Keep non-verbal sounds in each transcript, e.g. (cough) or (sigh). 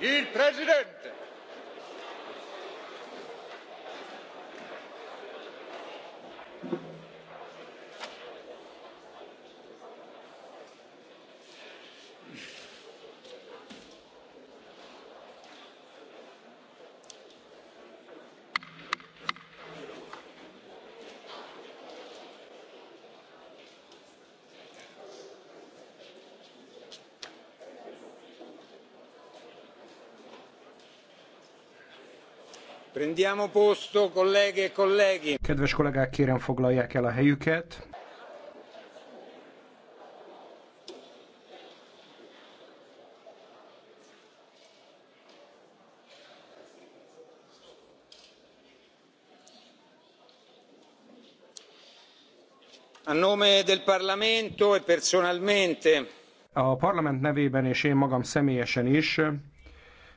il presidente! Prendiamo posto, colleghe e colleghi. Kedves kollégák, kérem foglalják el a helyüket. A nome del Parlamento e personalmente. A parlament nevében és én magam személyesen is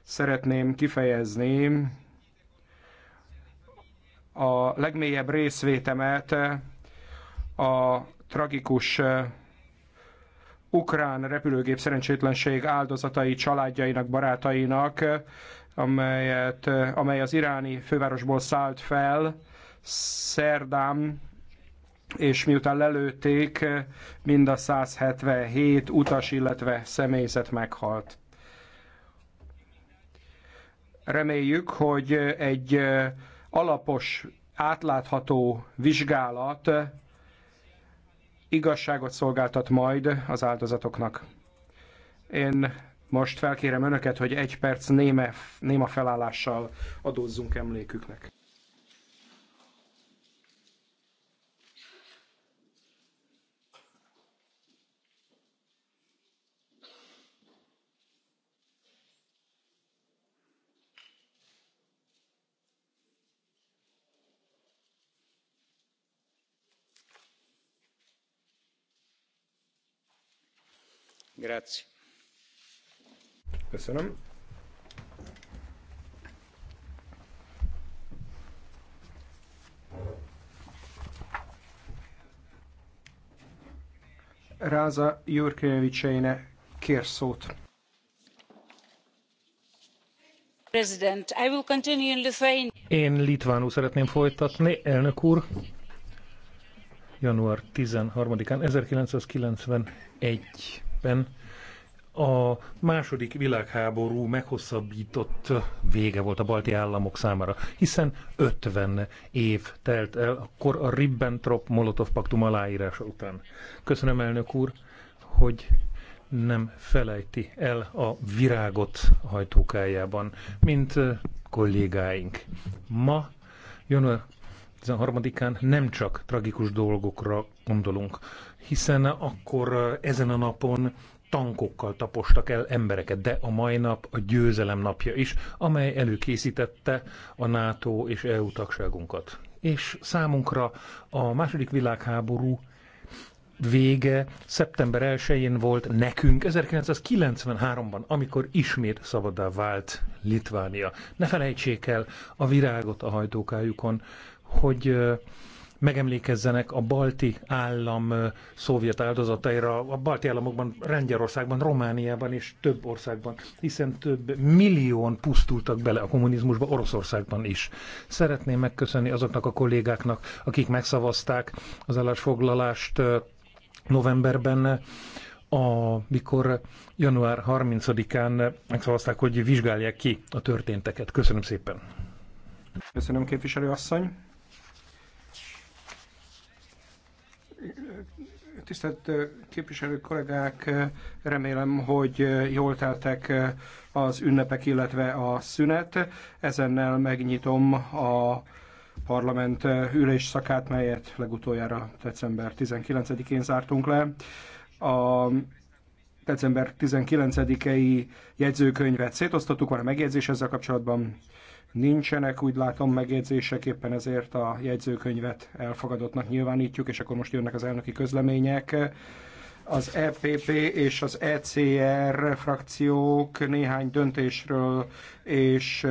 szeretném kifejezni legmélyebb részvétemet eh, a tragikus eh, ukrán repülőgép szerencsétlenség áldozatai, családjainak, barátainak, eh, amelyet, amely az iráni fővárosból szállt fel, Szerdám, és miután lelőtték, mind a 177 utas, illetve személyzet meghalt. Reméljük, hogy egy alapos átlátható vizsgálat igazságot szolgáltat majd az áldozatoknak. Én most felkérem önöket, hogy egy perc néme, néma felállással adózzunk emléküknek. Köszönöm. Ráza Jurkevicsejne kér szót. Én litvánul szeretném folytatni, elnök úr. Január 13-án 1991 években a második világháború meghosszabbított vége volt a balti államok számára, hiszen 50 év telt el akkor a Ribbentrop-Molotov paktum aláírása után. Köszönöm elnök úr, hogy nem felejti el a virágot hajtókájában, mint kollégáink. Ma, a 13-án nem csak tragikus dolgokra gondolunk, hiszen akkor ezen a napon tankokkal tapostak el embereket, de a mai nap a győzelem napja is, amely előkészítette a NATO és EU tagságunkat. És számunkra a második világháború vége szeptember 1-én volt nekünk 1993-ban, amikor ismét szabadá vált Litvánia. Ne felejtsék el a virágot a hajtókájukon, hogy megemlékezzenek a balti állam szovjet áldozataira, a balti államokban, Lengyelországban, Romániában és több országban, hiszen több millióan pusztultak bele a kommunizmusba Oroszországban is. Szeretném megköszönni azoknak a kollégáknak, akik megszavazták az állásfoglalást novemberben, amikor január 30-án megszavazták, hogy vizsgálják ki a történteket. Köszönöm szépen! Köszönöm képviselő asszony! Tisztelt képviselő kollégák, remélem, hogy jól teltek az ünnepek, illetve a szünet. Ezennel megnyitom a parlament ülésszakát, melyet legutoljára december 19-én zártunk le. A december 19-i jegyzőkönyvet szétosztottuk, van a megjegyzés ezzel kapcsolatban? nincsenek, úgy látom megjegyzések, éppen ezért a jegyzőkönyvet elfogadottnak nyilvánítjuk, és akkor most jönnek az elnöki közlemények. Az EPP és az ECR frakciók néhány döntésről és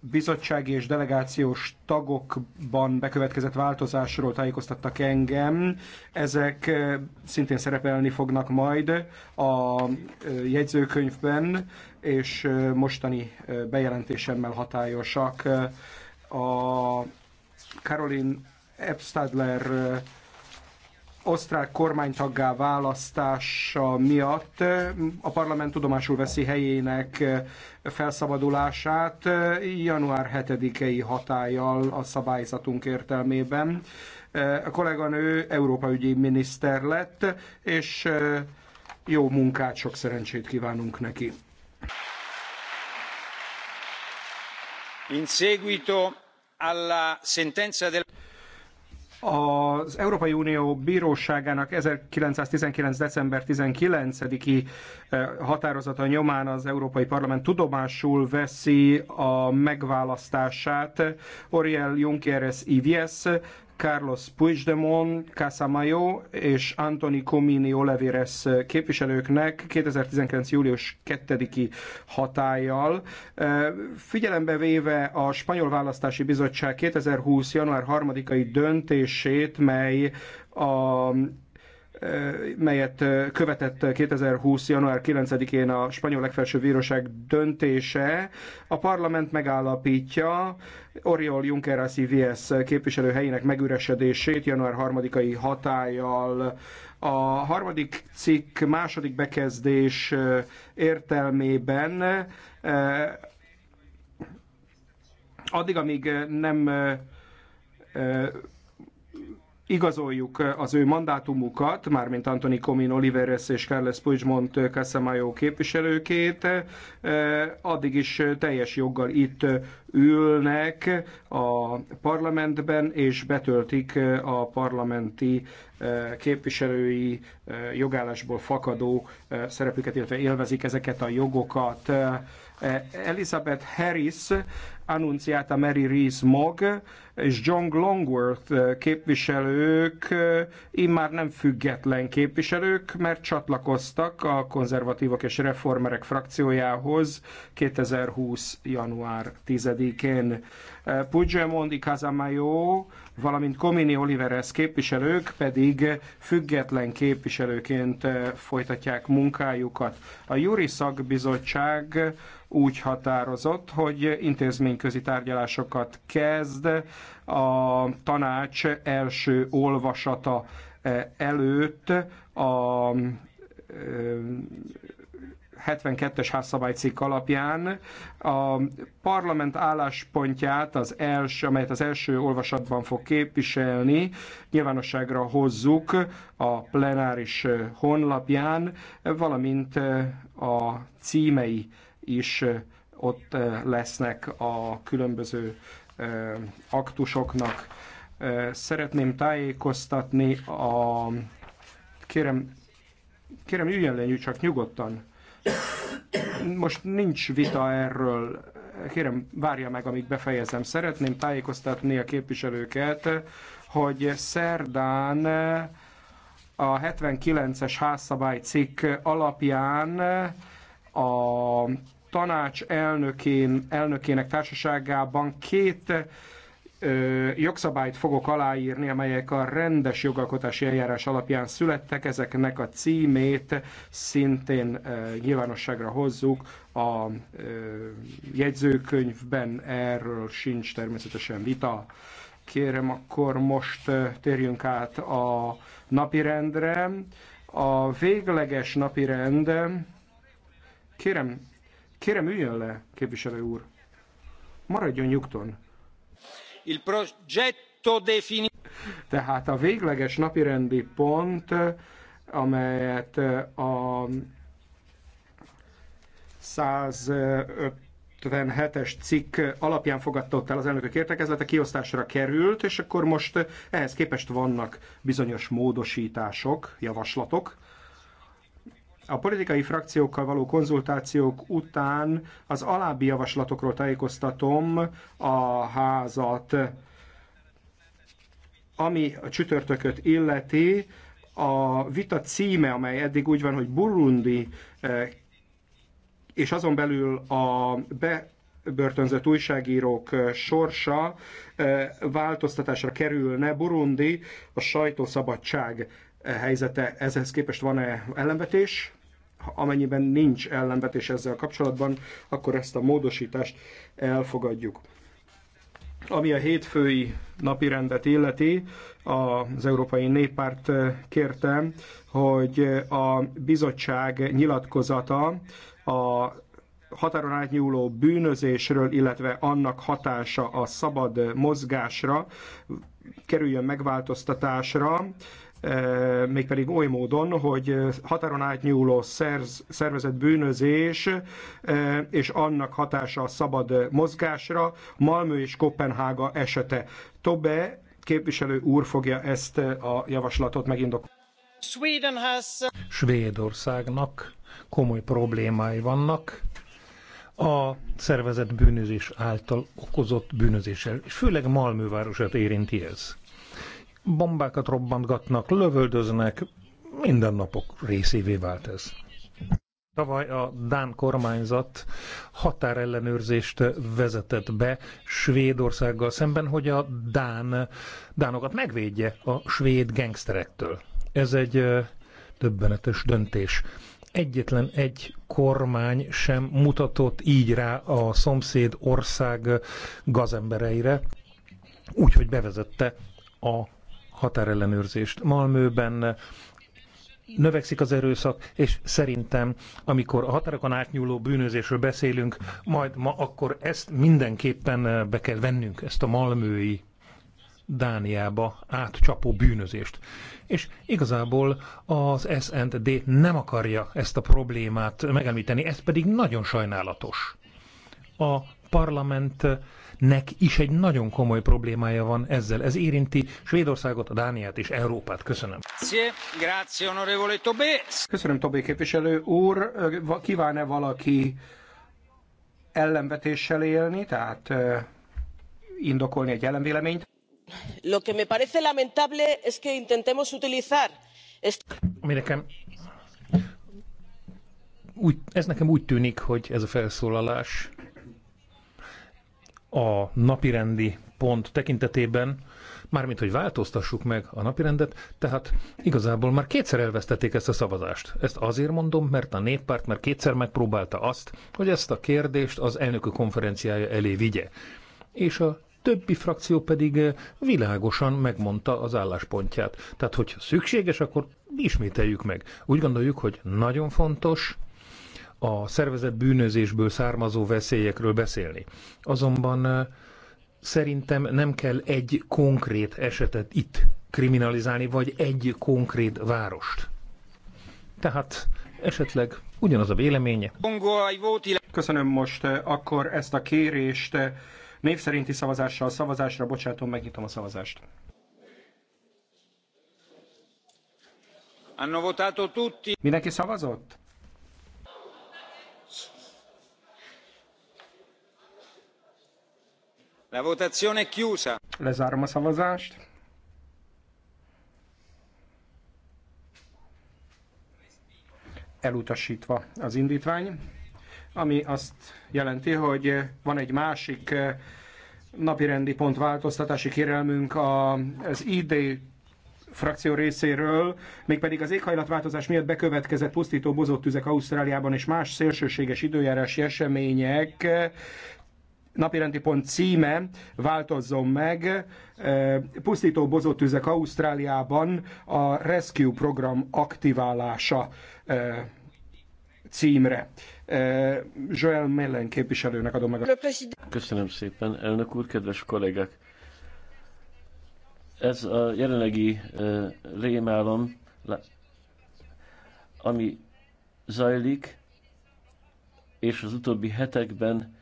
bizottsági és delegációs tagokban bekövetkezett változásról tájékoztattak engem. Ezek szintén szerepelni fognak majd a jegyzőkönyvben, és mostani bejelentésemmel hatályosak. A Caroline Epstadler osztrák kormánytaggá választása miatt mm, a parlament tudomásul veszi helyének eh, felszabadulását eh, január 7-i hatállyal a szabályzatunk értelmében. Eh, a kolléganő Európa ügyi miniszter lett, és jó munkát, sok szerencsét kívánunk neki. In seguito alla sentenza del az Európai Unió Bíróságának 1919. december 19-i eh, határozata nyomán az Európai Parlament tudomásul veszi a megválasztását Oriel Junqueres Ivies Carlos Puigdemont, Casamayo és Antoni Comini Oliveres képviselőknek 2019. július 2-i hatállyal. Figyelembe véve a Spanyol Választási Bizottság 2020. január 3-ai döntését, mely a melyet követett 2020. január 9-én a spanyol legfelső bíróság döntése, a parlament megállapítja Oriol Juncker CVS képviselő helyének megüresedését január 3-ai hatállyal. A harmadik cikk második bekezdés értelmében addig, amíg nem igazoljuk eh, az ő mandátumukat, mármint Antoni Comin, Oliveres és Carles Puigdemont eh, Casamayo képviselőkét, eh, addig is teljes joggal itt ülnek a parlamentben, és betöltik a parlamenti képviselői jogállásból fakadó szerepüket, illetve élvezik ezeket a jogokat. Eh, Elizabeth Harris, Annunciata Mary Rees Mogg és John Longworth eh, képviselők eh, immár nem független képviselők, mert csatlakoztak a konzervatívok és reformerek frakciójához 2020. január 10-én. Puigdemont y Casamayo valamint Komini Oliveres képviselők pedig független képviselőként eh, folytatják munkájukat. A Juri Szakbizottság úgy határozott, hogy intézményközi tárgyalásokat kezd a tanács első olvasata eh, előtt a eh, 72-es házszabálycikk alapján a parlament álláspontját, az első, amelyet az első olvasatban fog képviselni, nyilvánosságra hozzuk a plenáris honlapján, valamint a címei is ott lesznek a különböző aktusoknak. Szeretném tájékoztatni a... Kérem, kérem üljön le, csak nyugodtan. Most nincs vita erről. Kérem, várja meg, amíg befejezem. Szeretném tájékoztatni a képviselőket, hogy szerdán a 79-es házszabály cikk alapján a tanács elnökén, elnökének társaságában két jogszabályt fogok aláírni, amelyek a rendes jogalkotási eljárás alapján születtek. Ezeknek a címét szintén nyilvánosságra hozzuk. A jegyzőkönyvben erről sincs természetesen vita. Kérem, akkor most térjünk át a napirendre. A végleges napirend, kérem, kérem üljön le, képviselő úr, maradjon nyugton. Il progetto Tehát a végleges napirendi pont, amelyet a 157-es cikk alapján fogadtott el az elnökök értekezlete, kiosztásra került, és akkor most ehhez képest vannak bizonyos módosítások, javaslatok. A politikai frakciókkal való konzultációk után az alábbi javaslatokról tájékoztatom a házat. Ami a csütörtököt illeti, a vita címe, amely eddig úgy van, hogy Burundi, e, és azon belül a be börtönzött újságírók e, sorsa e, változtatásra kerülne. Burundi a sajtószabadság helyzete, ezhez képest van-e ellenvetés? amennyiben nincs ellenvetés ezzel kapcsolatban, akkor ezt a módosítást elfogadjuk. Ami a hétfői napi rendet illeti, az Európai Néppárt eh, kérte, hogy eh, a bizottság nyilatkozata a határon átnyúló bűnözésről, illetve annak hatása a szabad mozgásra kerüljön megváltoztatásra, mégpedig oly módon, hogy határon átnyúló szerz, szervezett bűnözés és annak hatása a szabad mozgásra, Malmö és Kopenhága esete. Tobbe képviselő úr fogja ezt a javaslatot megindokolni. Svédországnak komoly problémái vannak a szervezett bűnözés által okozott bűnözéssel, és főleg Malmővárosát érinti ez bombákat robbantgatnak, lövöldöznek, mindennapok részévé vált ez. Tavaly a Dán kormányzat határellenőrzést vezetett be Svédországgal szemben, hogy a Dán, Dánokat megvédje a svéd gengszterektől. Ez egy döbbenetes döntés. Egyetlen egy kormány sem mutatott így rá a szomszéd ország gazembereire, úgyhogy bevezette a határellenőrzést. Malmőben növekszik az erőszak, és szerintem, amikor a határokon átnyúló bűnözésről beszélünk, majd ma akkor ezt mindenképpen be kell vennünk, ezt a malmői Dániába átcsapó bűnözést. És igazából az SND nem akarja ezt a problémát megemlíteni, ez pedig nagyon sajnálatos. A parlament nek is egy nagyon komoly problémája van ezzel. Ez érinti Svédországot, a Dániát és Európát. Köszönöm. Köszönöm, Tobé képviselő úr. Kíván-e valaki ellenvetéssel élni, tehát indokolni egy ellenvéleményt? Lo que me parece lamentable es que intentemos utilizar... Ami nekem úgy, ez nekem úgy tűnik, hogy ez a felszólalás a napirendi pont tekintetében, mármint hogy változtassuk meg a napirendet, tehát igazából már kétszer elvesztették ezt a szavazást. Ezt azért mondom, mert a néppárt már kétszer megpróbálta azt, hogy ezt a kérdést az elnökök konferenciája elé vigye. És a többi frakció pedig világosan megmondta az álláspontját. Tehát, hogyha szükséges, akkor ismételjük meg. Úgy gondoljuk, hogy nagyon fontos, a szervezett bűnözésből származó veszélyekről beszélni. Azonban szerintem nem kell egy konkrét esetet itt kriminalizálni, vagy egy konkrét várost. Tehát esetleg ugyanaz a véleménye. Köszönöm most akkor ezt a kérést. Név szerinti szavazással szavazásra bocsátom, megnyitom a szavazást. Hanno votato tutti. Mindenki szavazott? La votazione è chiusa. Lezárom a szavazást. Elutasítva az indítvány, ami azt jelenti, hogy van egy másik eh, napirendi pont változtatási kérelmünk az ID frakció részéről, mégpedig az éghajlatváltozás miatt bekövetkezett pusztító bozott tüzek Ausztráliában és más szélsőséges időjárási események napirendi pont címe változzon meg. E, pusztító bozótüzek Ausztráliában a Rescue program aktiválása e, címre. E, Joel Mellen képviselőnek adom meg. A... Köszönöm szépen, elnök úr, kedves kollégák! Ez a jelenlegi rémálom, ami zajlik, és az utóbbi hetekben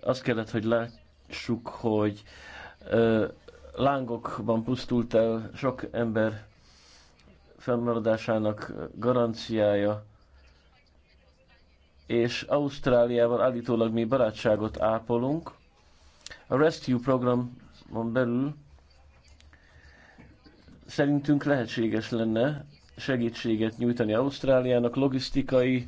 azt kellett, hogy lássuk, hogy lángokban pusztult el sok ember fennmaradásának garanciája, és Ausztráliával állítólag mi barátságot ápolunk. A Rescue programon belül szerintünk lehetséges lenne segítséget nyújtani Ausztráliának logisztikai,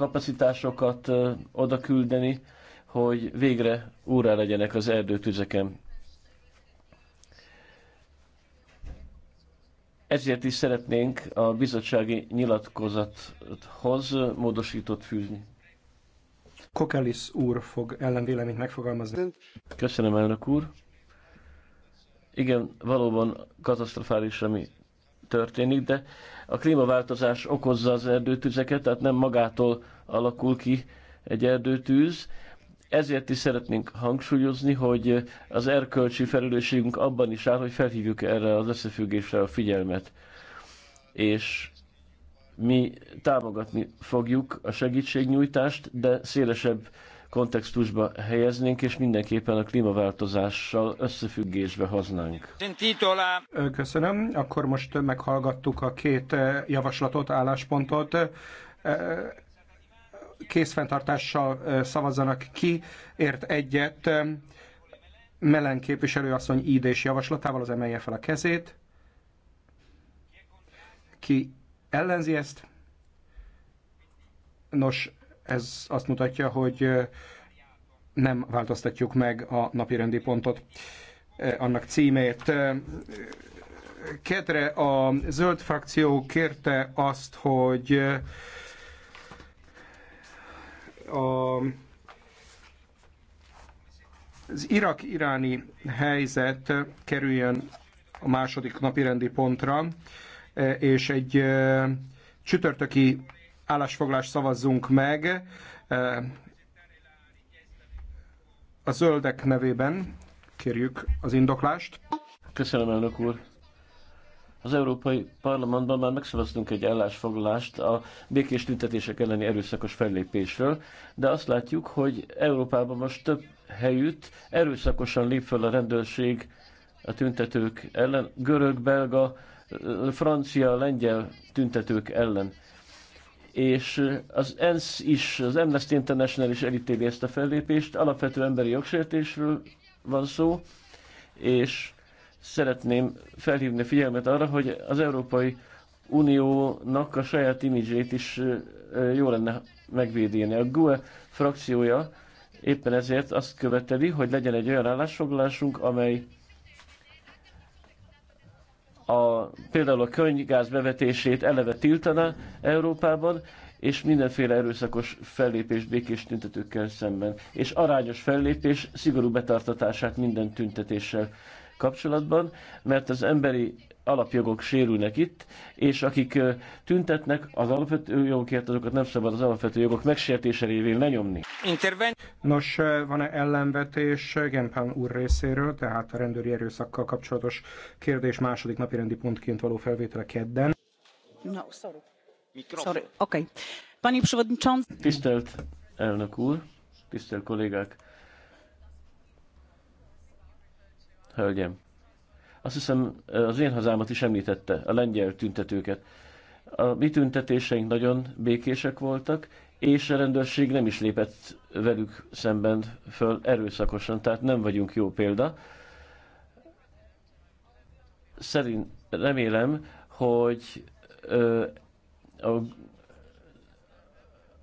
kapacitásokat oda küldeni, hogy végre úrá legyenek az erdőtüzeken. Ezért is szeretnénk a bizottsági nyilatkozathoz módosított fűzni. Kokelis úr fog ellenvéleményt megfogalmazni. Köszönöm, elnök úr. Igen, valóban katasztrofális, ami történik, de a klímaváltozás okozza az erdőtüzeket, tehát nem magától alakul ki egy erdőtűz. Ezért is szeretnénk hangsúlyozni, hogy az erkölcsi felelősségünk abban is áll, hogy felhívjuk erre az összefüggésre a figyelmet. És mi támogatni fogjuk a segítségnyújtást, de szélesebb kontextusba helyeznénk, és mindenképpen a klímaváltozással összefüggésbe hoznánk. Köszönöm. Akkor most meghallgattuk a két eh, javaslatot, álláspontot eh, készfenntartással eh, szavazzanak ki, ért egyet Melen képviselőasszony ídés javaslatával, az emelje fel a kezét. Ki ellenzi ezt? Nos, ez azt mutatja, hogy nem változtatjuk meg a napirendi pontot, annak címét. Kedre a zöld frakció kérte azt, hogy a, az irak-iráni helyzet kerüljön a második napirendi pontra, és egy csütörtöki állásfoglalást szavazzunk meg eh, a zöldek nevében. Kérjük az indoklást. Köszönöm, elnök úr. Az Európai Parlamentben már megszavaztunk egy állásfoglalást a békés tüntetések elleni erőszakos fellépésről, de azt látjuk, hogy Európában most több helyütt erőszakosan lép fel a rendőrség a tüntetők ellen, görög, belga, eh, francia, lengyel tüntetők ellen és az ENSZ is, az Amnesty International is elítéli ezt a fellépést, alapvető emberi jogsértésről van szó, és szeretném felhívni figyelmet arra, hogy az Európai Uniónak a saját imidzsét is jó lenne megvédeni. A GUE frakciója éppen ezért azt követeli, hogy legyen egy olyan állásfoglalásunk, amely a, például a könyvgáz bevetését eleve tiltana Európában, és mindenféle erőszakos fellépés békés tüntetőkkel szemben, és arányos fellépés szigorú betartatását minden tüntetéssel kapcsolatban, mert az emberi alapjogok sérülnek itt, és akik tüntetnek az alapvető jogokért, azokat nem szabad az alapvető jogok megsértése révén lenyomni. Interven... Nos, van-e ellenvetés Genpán úr részéről, tehát a rendőri erőszakkal kapcsolatos kérdés második napi rendi pontként való felvétele kedden? No, sorry. Sorry, oké. Okay. Pani Przewodniczący. Tisztelt elnök úr, tisztelt kollégák, hölgyem. Azt hiszem az én hazámat is említette, a lengyel tüntetőket. A mi tüntetéseink nagyon békések voltak, és a rendőrség nem is lépett velük szemben föl erőszakosan, tehát nem vagyunk jó példa. Szerint remélem, hogy ö, a,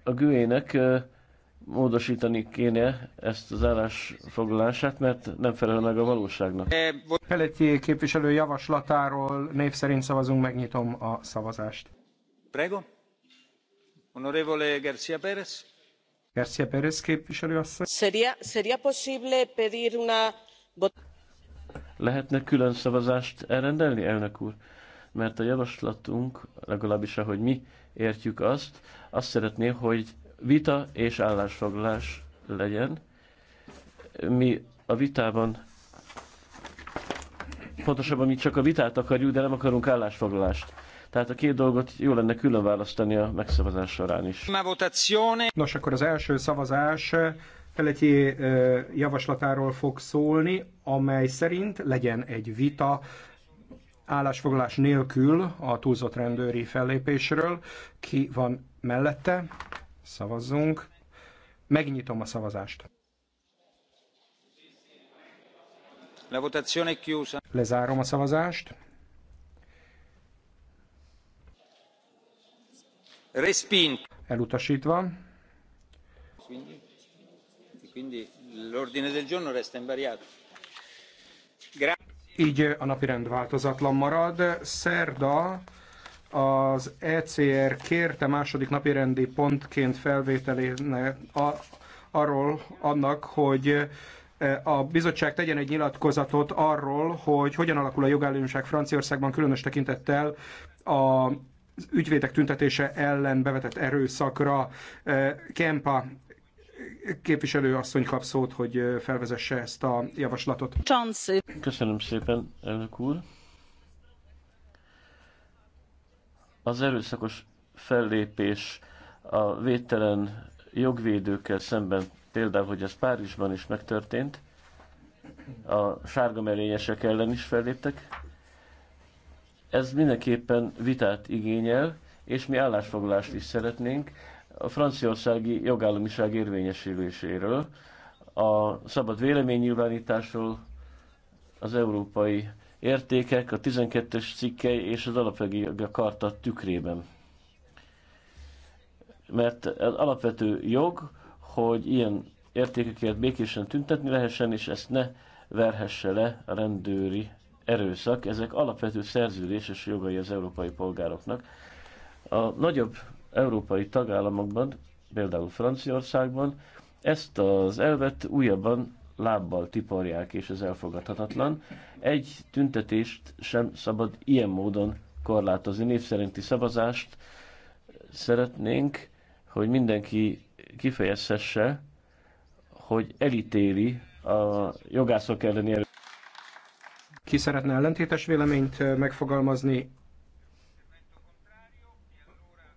a gőének ö, módosítani kéne ezt az állásfoglalását, mert nem felel meg a valóságnak. Peleti képviselő javaslatáról név szerint szavazunk, megnyitom a szavazást. Prego. Honorevole García Pérez. García Pérez képviselő asszony. Seria, seria posible pedir una... Lehetne külön szavazást elrendelni, elnök úr? Mert a javaslatunk, legalábbis ahogy mi értjük azt, azt szeretné, hogy vita és állásfoglalás legyen. Mi a vitában, pontosabban mi csak a vitát akarjuk, de nem akarunk állásfoglalást. Tehát a két dolgot jó lenne külön választani a megszavazás során is. Nos, akkor az első szavazás Peleti javaslatáról fog szólni, amely szerint legyen egy vita állásfoglalás nélkül a túlzott rendőri fellépésről. Ki van mellette? szavazzunk. Megnyitom a szavazást. La votazione è chiusa. Lezárom a szavazást. Respint. Elutasítva. Quindi, quindi l'ordine del giorno resta invariato. Grazie. Így a napirend változatlan marad. Szerda az ECR kérte második napirendi pontként felvételének arról annak, hogy e, a bizottság tegyen egy nyilatkozatot arról, hogy hogyan alakul a jogállamiság Franciaországban, különös tekintettel a ügyvédek tüntetése ellen bevetett erőszakra. E, Kempa képviselő asszony kap szót, hogy e, felvezesse ezt a javaslatot. Köszönöm szépen, elnök úr. Az erőszakos fellépés a védtelen jogvédőkkel szemben, például, hogy ez Párizsban is megtörtént, a sárga merényesek ellen is felléptek. Ez mindenképpen vitát igényel, és mi állásfoglalást is szeretnénk a franciaországi jogállamiság érvényesüléséről, a szabad véleménynyilvánításról, az európai értékek, a 12-es cikkei és az alapjogi karta tükrében. Mert az alapvető jog, hogy ilyen értékekért békésen tüntetni lehessen, és ezt ne verhesse le a rendőri erőszak. Ezek alapvető szerződéses jogai az európai polgároknak. A nagyobb európai tagállamokban, például Franciaországban, ezt az elvet újabban lábbal tiporják, és ez elfogadhatatlan. Egy tüntetést sem szabad ilyen módon korlátozni. Népszerinti szavazást szeretnénk, hogy mindenki kifejezhesse, hogy elítéli a jogászok elleni erő. Ki szeretne ellentétes véleményt megfogalmazni?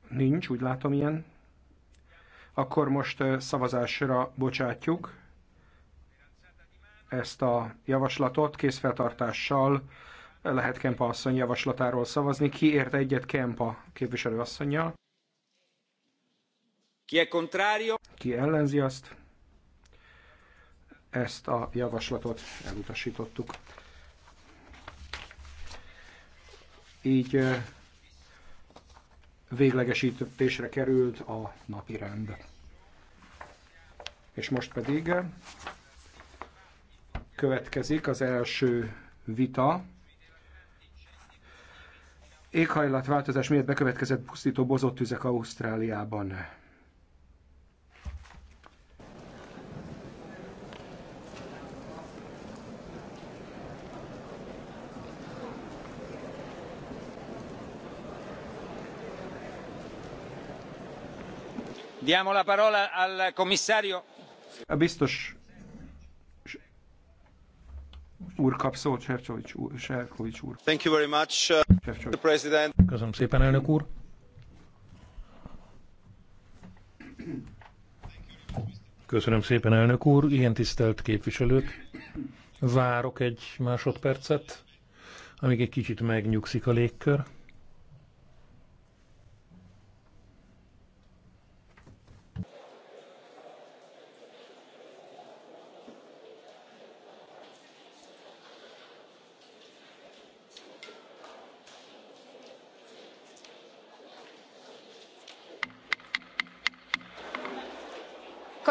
Nincs, úgy látom ilyen. Akkor most szavazásra bocsátjuk ezt a javaslatot, készfeltartással lehet Kempa asszony javaslatáról szavazni. Ki ért egyet Kempa képviselő asszonyjal? Ki è contrario? Ki ellenzi azt? Ezt a javaslatot elutasítottuk. Így véglegesítésre került a napi rend. És most pedig következik az első vita. Éghajlatváltozás miatt bekövetkezett pusztító bozott tüzek Ausztráliában. Diamo la parola al commissario. A biztos úr kap szót, Sefcovics úr. Sefcovics úr. Thank you very much, uh, the President. Köszönöm szépen, elnök úr. Köszönöm szépen, elnök úr. Ilyen tisztelt képviselők. Várok egy másodpercet, amíg egy kicsit megnyugszik a légkör.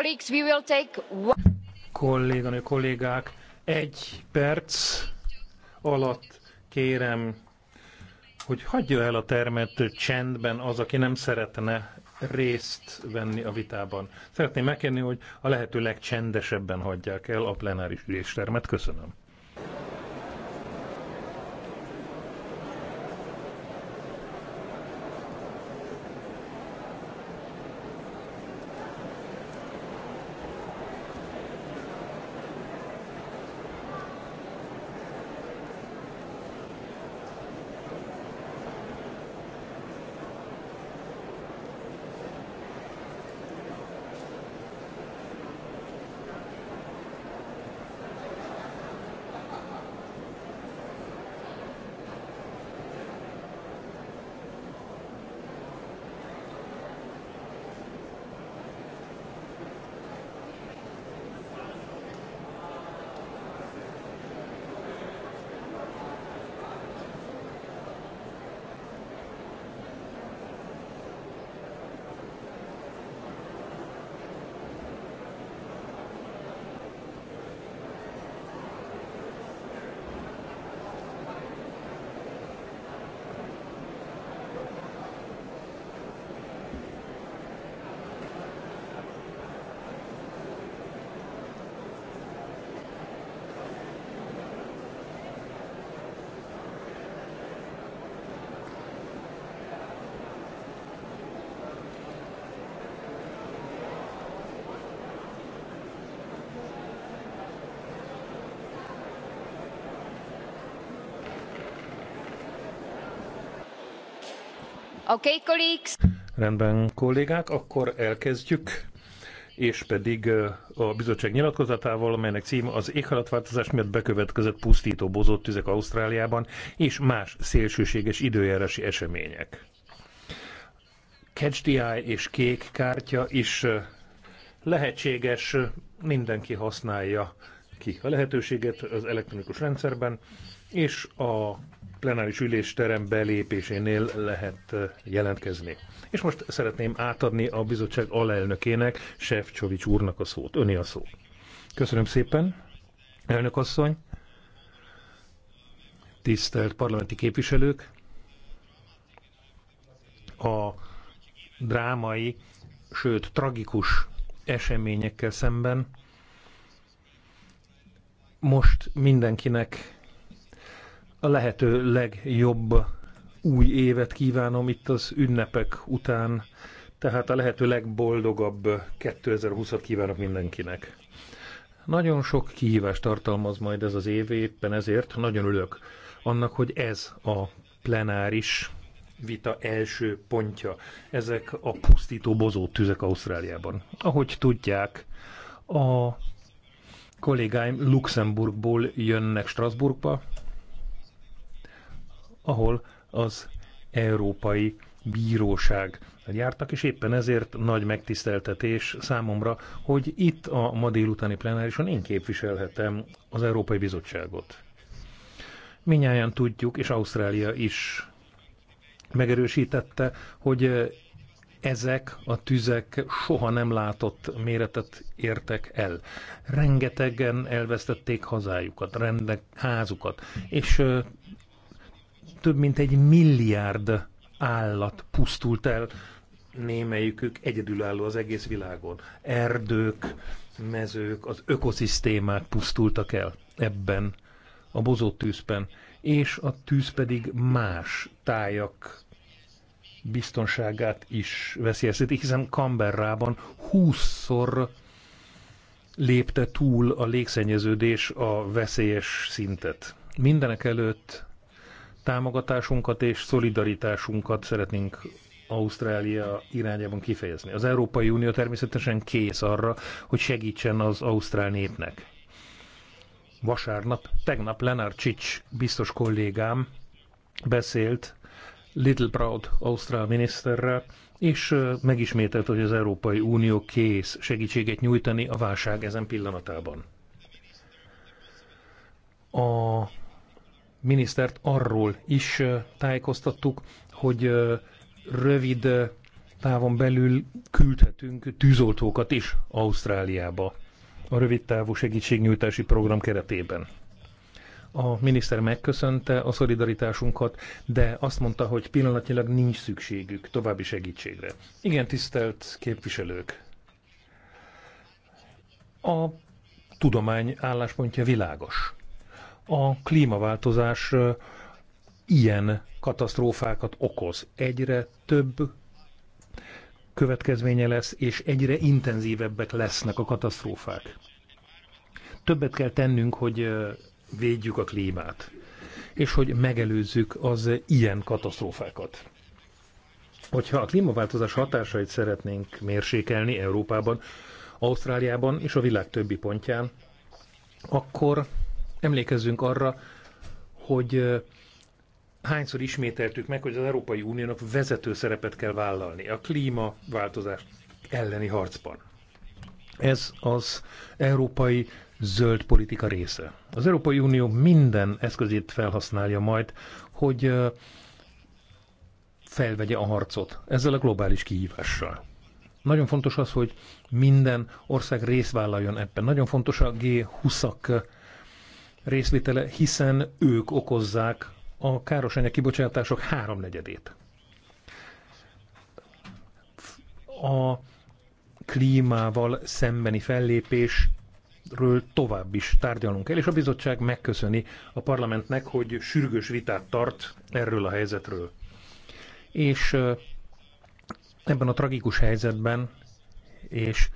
Colleagues, we will take... Kolléganő, kollégák, egy perc alatt kérem, hogy hagyja el a termet csendben az, aki nem szeretne részt venni a vitában. Szeretném megkérni, hogy a lehető legcsendesebben hagyják el a plenáris üléstermet. Köszönöm. Okay, colleagues. Rendben, kollégák, akkor elkezdjük, és pedig a bizottság nyilatkozatával, amelynek címe az éghajlatváltozás miatt bekövetkezett pusztító bozott tüzek Ausztráliában és más szélsőséges időjárási események. Catch the Eye és kék kártya is lehetséges, mindenki használja ki a lehetőséget az elektronikus rendszerben, és a plenáris ülésterem belépésénél lehet jelentkezni. És most szeretném átadni a bizottság alelnökének, Sefcsovics úrnak a szót. Öni a szó. Köszönöm szépen, elnök asszony, tisztelt parlamenti képviselők, a drámai, sőt tragikus eseményekkel szemben most mindenkinek a lehető legjobb új évet kívánom itt az ünnepek után, tehát a lehető legboldogabb 2020-at kívánok mindenkinek. Nagyon sok kihívást tartalmaz majd ez az év, éppen ezért nagyon örülök annak, hogy ez a plenáris vita első pontja. Ezek a pusztító bozó tüzek Ausztráliában. Ahogy tudják, a kollégáim Luxemburgból jönnek Strasbourgba, ahol az Európai Bíróság jártak, és éppen ezért nagy megtiszteltetés számomra, hogy itt a ma délutáni plenárison én képviselhetem az Európai Bizottságot. Minnyáján tudjuk, és Ausztrália is megerősítette, hogy ezek a tüzek soha nem látott méretet értek el. Rengetegen elvesztették hazájukat, rendek, házukat, és több mint egy milliárd állat pusztult el, némelyikük egyedülálló az egész világon. Erdők, mezők, az ökoszisztémák pusztultak el ebben a bozott tűzben, és a tűz pedig más tájak biztonságát is veszélyezteti, hiszen Kamberrában 20-szor lépte túl a légszennyeződés a veszélyes szintet. Mindenek előtt támogatásunkat és szolidaritásunkat szeretnénk Ausztrália irányában kifejezni. Az Európai Unió természetesen kész arra, hogy segítsen az ausztrál népnek. Vasárnap, tegnap Lenár Csics biztos kollégám beszélt Little Proud ausztrál miniszterrel, és megismételt, hogy az Európai Unió kész segítséget nyújtani a válság ezen pillanatában. A minisztert arról is tájékoztattuk, hogy rövid távon belül küldhetünk tűzoltókat is Ausztráliába a rövid távú segítségnyújtási program keretében. A miniszter megköszönte a szolidaritásunkat, de azt mondta, hogy pillanatnyilag nincs szükségük további segítségre. Igen, tisztelt képviselők! A tudomány álláspontja világos a klímaváltozás ilyen katasztrófákat okoz. Egyre több következménye lesz, és egyre intenzívebbek lesznek a katasztrófák. Többet kell tennünk, hogy védjük a klímát, és hogy megelőzzük az ilyen katasztrófákat. Hogyha a klímaváltozás hatásait szeretnénk mérsékelni Európában, Ausztráliában és a világ többi pontján, akkor Emlékezzünk arra, hogy hányszor ismételtük meg, hogy az Európai Uniónak vezető szerepet kell vállalni a klímaváltozás elleni harcban. Ez az európai zöld politika része. Az Európai Unió minden eszközét felhasználja majd, hogy felvegye a harcot ezzel a globális kihívással. Nagyon fontos az, hogy minden ország részvállaljon ebben. Nagyon fontos a G20-ak részvétele, hiszen ők okozzák a károsanyag kibocsátások háromnegyedét. A klímával szembeni fellépésről tovább is tárgyalunk el, és a bizottság megköszöni a parlamentnek, hogy sürgős vitát tart erről a helyzetről. És ebben a tragikus helyzetben és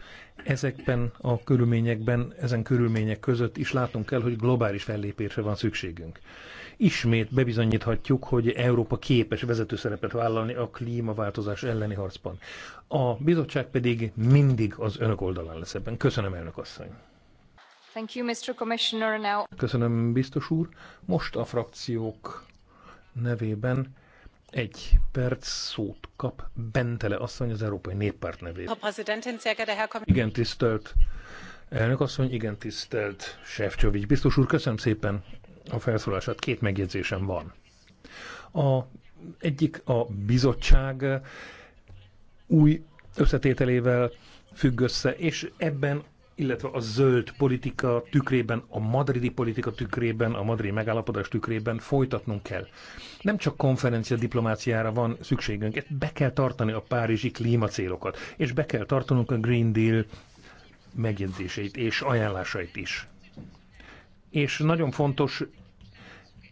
Ezekben a körülményekben, ezen körülmények között is látunk kell, hogy globális fellépésre van szükségünk. Ismét bebizonyíthatjuk, hogy Európa képes vezető szerepet vállalni a klímaváltozás elleni harcban. A bizottság pedig mindig az önök oldalán lesz ebben. Köszönöm, elnök asszony! Thank you, Mr. Commissioner. Now... Köszönöm, biztos úr. Most a frakciók nevében egy perc szót kap Bentele asszony az Európai Néppárt nevét. Igen, tisztelt elnök asszony, igen, tisztelt Sefcsovics. Biztos úr, köszönöm szépen a felszólását. Két megjegyzésem van. A egyik a bizottság új összetételével függ össze, és ebben illetve a zöld politika tükrében, a madridi politika tükrében, a madridi megállapodás tükrében folytatnunk kell. Nem csak konferencia diplomáciára van szükségünk, be kell tartani a párizsi klímacélokat, és be kell tartanunk a Green Deal megjegyzéseit és ajánlásait is. És nagyon fontos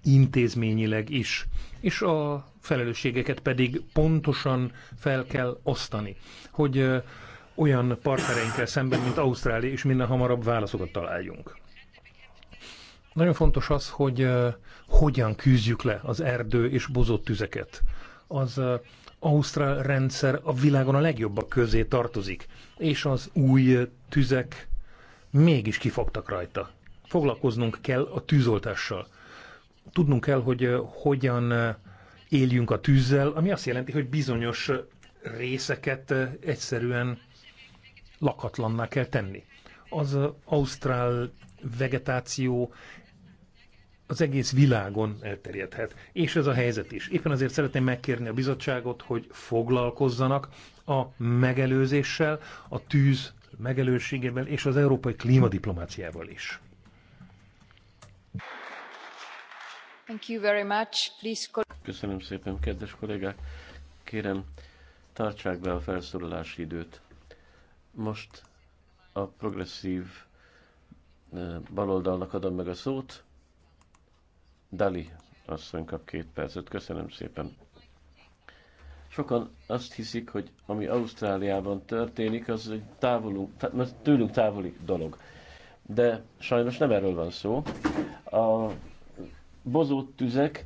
intézményileg is, és a felelősségeket pedig pontosan fel kell osztani, hogy olyan partnereinkkel szemben, mint Ausztrália, és minden hamarabb válaszokat találjunk. Nagyon fontos az, hogy hogyan küzdjük le az erdő és bozott tüzeket. Az Ausztrál rendszer a világon a legjobbak közé tartozik, és az új tüzek mégis kifogtak rajta. Foglalkoznunk kell a tűzoltással. Tudnunk kell, hogy hogyan éljünk a tűzzel, ami azt jelenti, hogy bizonyos részeket egyszerűen lakatlanná kell tenni. Az ausztrál vegetáció az egész világon elterjedhet. És ez a helyzet is. Éppen azért szeretném megkérni a bizottságot, hogy foglalkozzanak a megelőzéssel, a tűz megelőségével és az európai klímadiplomáciával is. Thank you very much. Please... Köszönöm szépen, kedves kollégák! Kérem, tartsák be a felszólalási időt. Most a progresszív baloldalnak adom meg a szót. Dali asszony kap két percet. Köszönöm szépen. Sokan azt hiszik, hogy ami Ausztráliában történik, az egy távolunk, tőlünk távoli dolog. De sajnos nem erről van szó. A bozót tüzek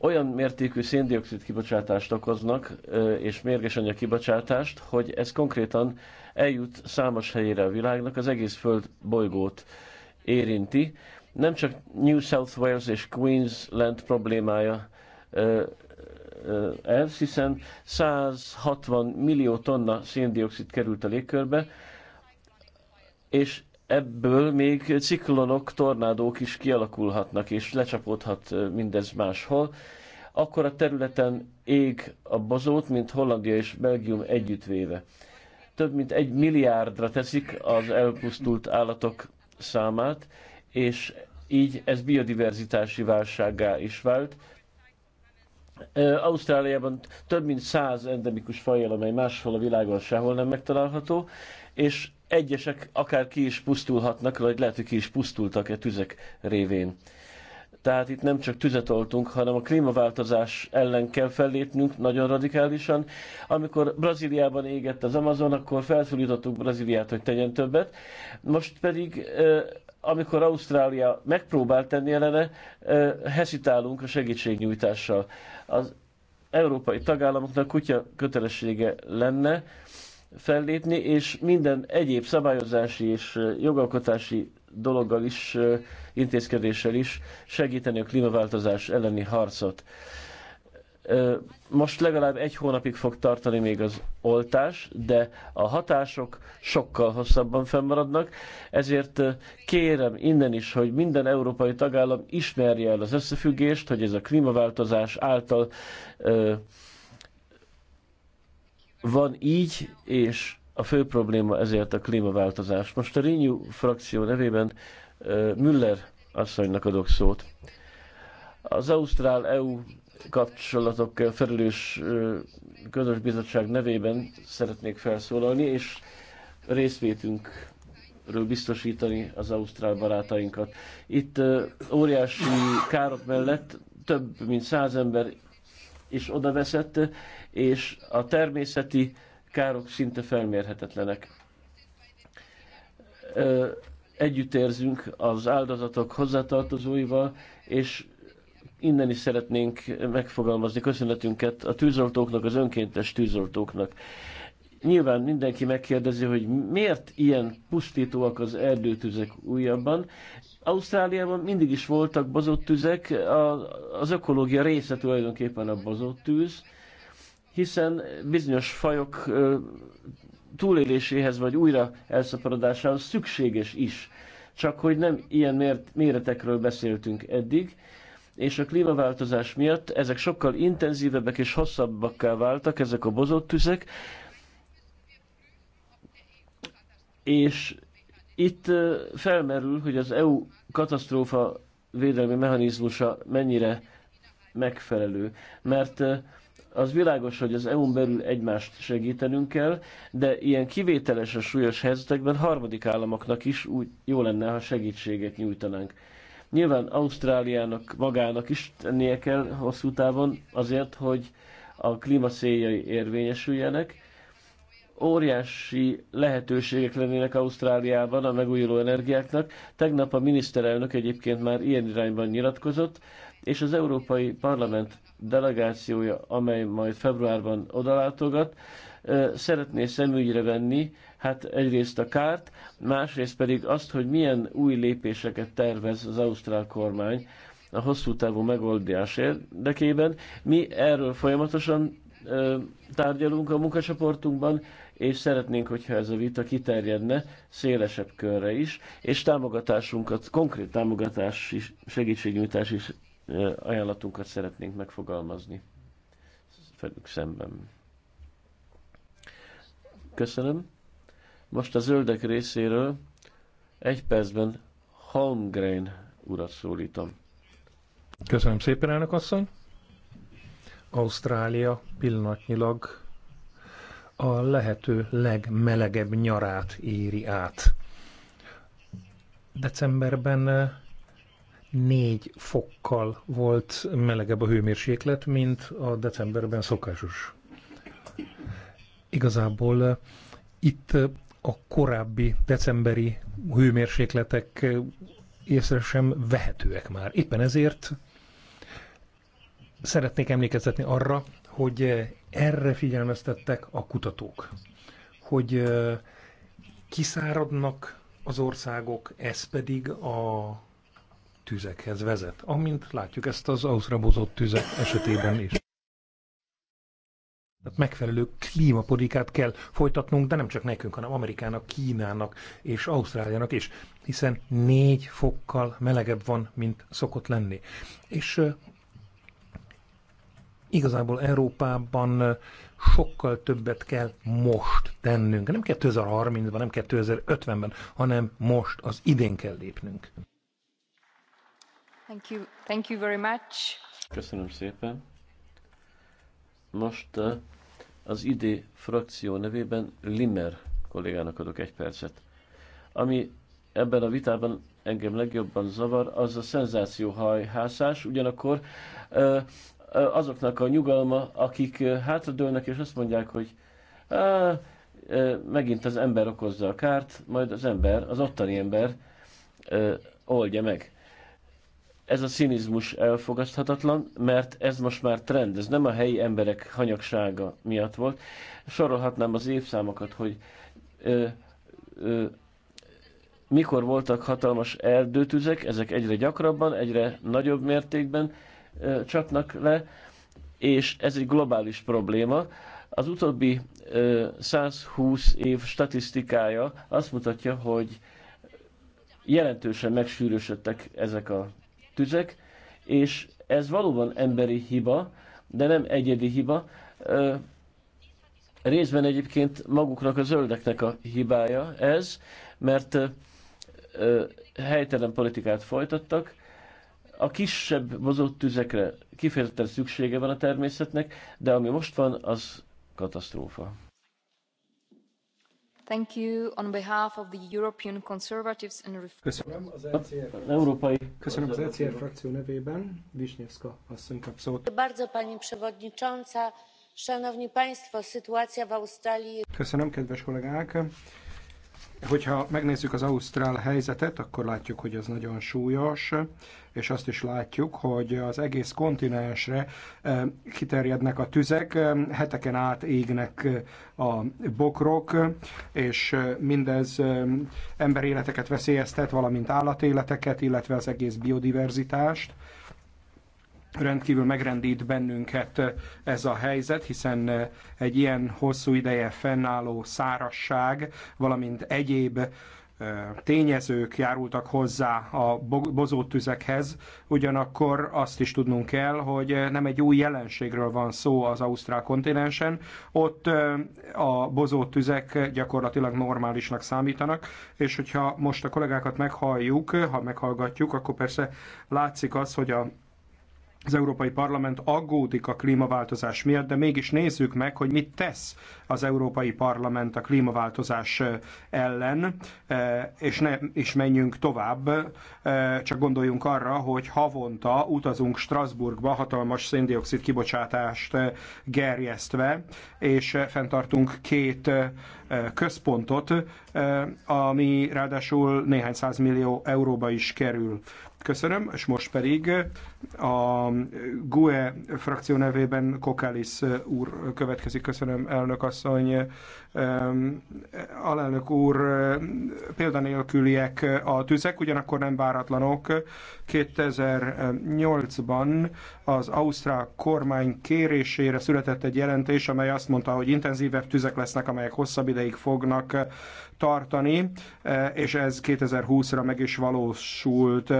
olyan mértékű széndiokszid kibocsátást okoznak, és mérges anyag kibocsátást, hogy ez konkrétan eljut számos helyére a világnak, az egész föld bolygót érinti. Nem csak New South Wales és Queensland problémája ez, hiszen 160 millió tonna széndiokszid került a légkörbe, és ebből még ciklonok, tornádók is kialakulhatnak, és lecsapódhat mindez máshol. Akkor a területen ég a bozót, mint Hollandia és Belgium együttvéve. Több mint egy milliárdra teszik az elpusztult állatok számát, és így ez biodiverzitási válsággá is vált. Ausztráliában több mint száz endemikus fajjal, amely máshol a világon sehol nem megtalálható, és egyesek akár ki is pusztulhatnak, vagy lehet, hogy ki is pusztultak e tüzek révén. Tehát itt nem csak tüzet oltunk, hanem a klímaváltozás ellen kell fellépnünk nagyon radikálisan. Amikor Brazíliában égett az Amazon, akkor felszólítottuk Brazíliát, hogy tegyen többet. Most pedig, amikor Ausztrália megpróbál tenni ellene, hesitálunk a segítségnyújtással. Az európai tagállamoknak kutya kötelessége lenne, fellépni, és minden egyéb szabályozási és jogalkotási dologgal is, intézkedéssel is segíteni a klímaváltozás elleni harcot. Most legalább egy hónapig fog tartani még az oltás, de a hatások sokkal hosszabban fennmaradnak, ezért kérem innen is, hogy minden európai tagállam ismerje el az összefüggést, hogy ez a klímaváltozás által van így, és a fő probléma ezért a klímaváltozás. Most a Renew frakció nevében Müller asszonynak adok szót. Az Ausztrál-EU kapcsolatok felelős közös bizottság nevében szeretnék felszólalni, és részvétünkről biztosítani az ausztrál barátainkat. Itt óriási károk mellett több mint száz ember is veszett, és a természeti károk szinte felmérhetetlenek. Együttérzünk az áldozatok hozzátartozóival, és innen is szeretnénk megfogalmazni köszönetünket a tűzoltóknak, az önkéntes tűzoltóknak. Nyilván mindenki megkérdezi, hogy miért ilyen pusztítóak az erdőtüzek újabban. Ausztráliában mindig is voltak bozott tüzek, az ökológia része tulajdonképpen a bozott tűz, hiszen bizonyos fajok túléléséhez vagy újra elszaporodásához szükséges is. Csak hogy nem ilyen méretekről beszéltünk eddig, és a klímaváltozás miatt ezek sokkal intenzívebbek és hosszabbakká váltak, ezek a bozott tüzek, és itt felmerül, hogy az EU katasztrófa védelmi mechanizmusa mennyire megfelelő, mert az világos, hogy az EU-n belül egymást segítenünk kell, de ilyen kivételes a súlyos helyzetekben harmadik államoknak is úgy jó lenne, ha segítséget nyújtanánk. Nyilván Ausztráliának magának is tennie kell hosszú távon azért, hogy a klíma céljai érvényesüljenek. Óriási lehetőségek lennének Ausztráliában a megújuló energiáknak. Tegnap a miniszterelnök egyébként már ilyen irányban nyilatkozott, és az Európai Parlament delegációja, amely majd februárban odalátogat, szeretné szemügyre venni, hát egyrészt a kárt, másrészt pedig azt, hogy milyen új lépéseket tervez az ausztrál kormány a hosszú távú megoldás érdekében. Mi erről folyamatosan tárgyalunk a munkacsoportunkban, és szeretnénk, hogyha ez a vita kiterjedne szélesebb körre is, és támogatásunkat, konkrét támogatási is ajánlatunkat szeretnénk megfogalmazni velük szemben. Köszönöm. Most a zöldek részéről egy percben Holmgren urat szólítom. Köszönöm szépen, elnök asszony. Ausztrália pillanatnyilag a lehető legmelegebb nyarát éri át. Decemberben 4 fokkal volt melegebb a hőmérséklet, mint a decemberben szokásos. Igazából eh, itt eh, a korábbi decemberi hőmérsékletek eh, észre sem vehetőek már. Éppen ezért szeretnék emlékeztetni arra, hogy erre figyelmeztettek a kutatók, hogy kiszáradnak az országok, ez pedig a tüzekhez vezet, amint látjuk ezt az ausztrabozott tüzek esetében is. Tehát megfelelő klímapolitikát kell folytatnunk, de nem csak nekünk, hanem Amerikának, Kínának és Ausztráliának is, hiszen négy fokkal melegebb van, mint szokott lenni. És uh, igazából Európában uh, sokkal többet kell most tennünk. Nem 2030-ban, nem 2050-ben, hanem most, az idén kell lépnünk. Thank you. very much. Köszönöm szépen. Most eh, az ID frakció nevében Limer kollégának adok egy percet. Ami ebben a vitában engem legjobban zavar, az a szenzációhajhászás, ugyanakkor eh, eh, azoknak a nyugalma, akik hátradőlnek és azt mondják, hogy megint az ember okozza a kárt, majd az ember, az ottani ember oldja meg. Ez a cinizmus elfogadhatatlan, mert ez most már trend, ez nem a helyi emberek hanyagsága miatt volt. Sorolhatnám az évszámokat, hogy ö, ö, mikor voltak hatalmas erdőtüzek, ezek egyre gyakrabban, egyre nagyobb mértékben ö, csapnak le, és ez egy globális probléma. Az utóbbi ö, 120 év statisztikája azt mutatja, hogy jelentősen megsűrűsödtek ezek a tüzek, és ez valóban emberi hiba, de nem egyedi hiba. Részben egyébként maguknak a zöldeknek a hibája ez, mert helytelen politikát folytattak, a kisebb mozott tüzekre kifejezetten szüksége van a természetnek, de ami most van, az katasztrófa. Köszönöm e e frakció nevében. Bardzo pani przewodnicząca, szanowni państwo, sytuacja w Australii. Köszönöm kedves kollégák. Hogyha megnézzük az Ausztrál helyzetet, akkor látjuk, hogy ez nagyon súlyos, és azt is látjuk, hogy az egész kontinensre eh, kiterjednek a tüzek, eh, heteken át égnek eh, a bokrok, és mindez emberéleteket veszélyeztet, valamint állatéleteket, illetve az egész biodiverzitást rendkívül megrendít bennünket ez a helyzet, hiszen egy ilyen hosszú ideje fennálló szárasság, valamint egyéb tényezők járultak hozzá a bozótüzekhez, ugyanakkor azt is tudnunk kell, hogy nem egy új jelenségről van szó az Ausztrál kontinensen, ott a bozótüzek gyakorlatilag normálisnak számítanak, és hogyha most a kollégákat meghalljuk, ha meghallgatjuk, akkor persze látszik az, hogy a az Európai Parlament aggódik a klímaváltozás miatt, de mégis nézzük meg, hogy mit tesz az Európai Parlament a klímaváltozás ellen, és ne is menjünk tovább, csak gondoljunk arra, hogy havonta utazunk Strasbourgba hatalmas széndiokszid kibocsátást gerjesztve, és fenntartunk két központot, ami ráadásul néhány százmillió euróba is kerül. Köszönöm, és most pedig a GUE frakció nevében Kokalis úr következik. Köszönöm, elnök asszony. Alelnök úr, példanélküliek a tüzek, ugyanakkor nem váratlanok. 2008-ban az Ausztrál kormány kérésére született egy jelentés, amely azt mondta, hogy intenzívebb tüzek lesznek, amelyek hosszabb ideig fognak tartani, e, és ez 2020-ra meg is valósult.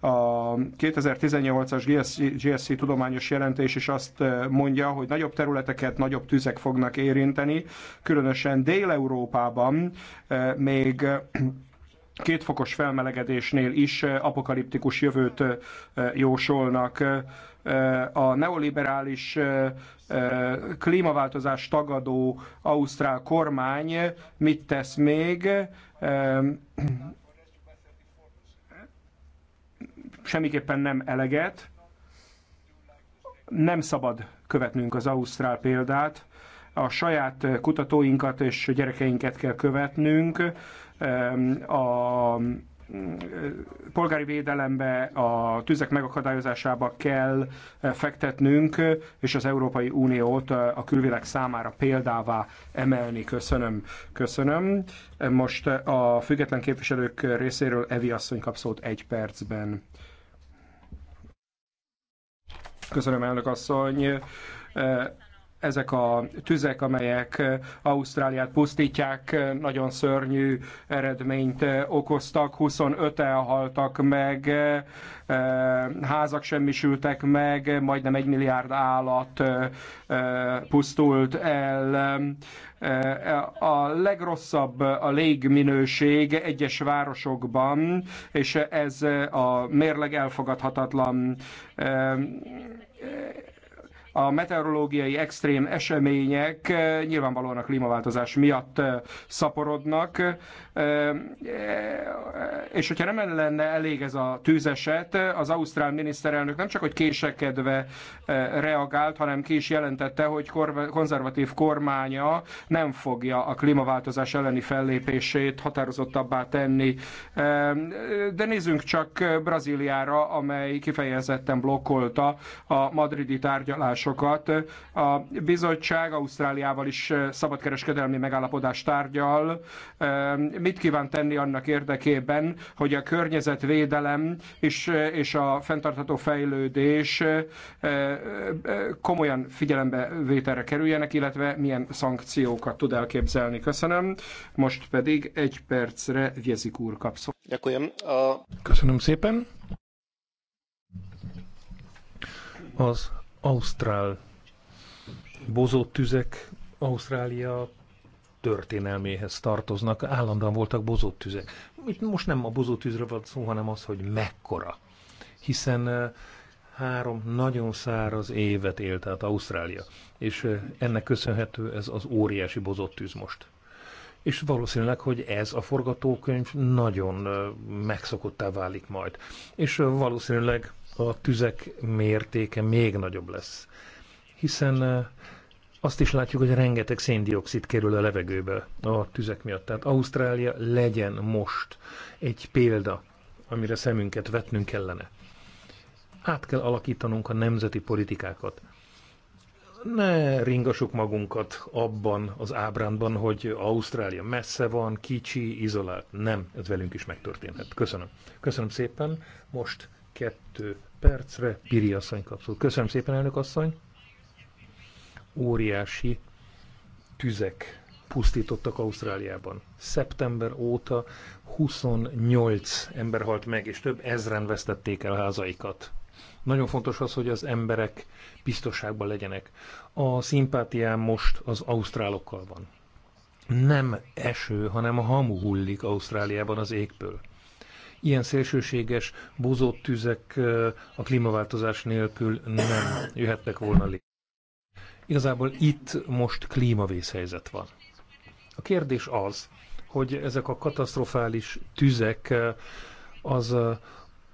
A 2018-as GSC, GSC tudományos jelentés is azt e, mondja, hogy nagyobb területeket nagyobb tüzek fognak érinteni, különösen Dél-Európában e, még kétfokos felmelegedésnél is apokaliptikus jövőt jósolnak a neoliberális klímaváltozás tagadó ausztrál kormány mit tesz még, semmiképpen nem eleget. Nem szabad követnünk az Ausztrál példát. A saját kutatóinkat és gyerekeinket kell követnünk. A polgári védelembe, a tüzek megakadályozásába kell eh, fektetnünk, és az Európai Uniót eh, a külvilág számára példává emelni. Köszönöm. Köszönöm. Most eh, a független képviselők részéről Evi asszony kap szót egy percben. Köszönöm, elnök asszony ezek a tüzek, amelyek eh, Ausztráliát pusztítják, eh, nagyon szörnyű eredményt eh, okoztak. 25-en haltak meg, házak semmisültek meg, majdnem egy milliárd állat pusztult el. A legrosszabb a légminőség egyes városokban, és ez a mérleg elfogadhatatlan a meteorológiai extrém események eh, nyilvánvalóan a klímaváltozás miatt eh, szaporodnak, eh, és hogyha nem lenne elég ez a tűzeset, az ausztrál miniszterelnök nem csak hogy késekedve reagált, hanem ki is jelentette, hogy konzervatív kormánya nem fogja a klímaváltozás elleni fellépését határozottabbá tenni. De nézzünk csak Brazíliára, amely kifejezetten blokkolta a madridi tárgyalás tárgyalásokat. A bizottság Ausztráliával is eh, szabadkereskedelmi megállapodást tárgyal. Eh, mit kíván tenni annak érdekében, hogy a környezetvédelem és, eh, és a fenntartható fejlődés komolyan figyelembe vételre kerüljenek, illetve milyen szankciókat tud elképzelni. Köszönöm. Most pedig egy percre Jezik úr kap szó. Köszönöm szépen. Az Ausztrál bozott tüzek Ausztrália történelméhez tartoznak, állandóan voltak bozott tüzek. Itt most nem a bozott tűzről van szó, hanem az, hogy mekkora. Hiszen három nagyon száraz évet élt át Ausztrália, és ennek köszönhető ez az óriási bozott tűz most. És valószínűleg, hogy ez a forgatókönyv nagyon megszokottá válik majd. És valószínűleg a tüzek mértéke még nagyobb lesz. Hiszen eh, azt is látjuk, hogy rengeteg széndiokszid kerül a levegőbe a tüzek miatt. Tehát Ausztrália legyen most egy példa, amire szemünket vetnünk kellene. Át kell alakítanunk a nemzeti politikákat. Ne ringassuk magunkat abban az ábrándban, hogy Ausztrália messze van, kicsi, izolált. Nem, ez velünk is megtörténhet. Köszönöm. Köszönöm szépen. Most kettő percre Piri asszony kapszul. Köszönöm szépen, elnök asszony. Óriási tüzek pusztítottak Ausztráliában. Szeptember óta 28 ember halt meg, és több ezren vesztették el házaikat. Nagyon fontos az, hogy az emberek biztonságban legyenek. A szimpátiám most az ausztrálokkal van. Nem eső, hanem a hamu hullik Ausztráliában az égből ilyen szélsőséges búzott tüzek a klímaváltozás nélkül nem jöhettek volna létre. Igazából itt most klímavészhelyzet van. A kérdés az, hogy ezek a katasztrofális tüzek az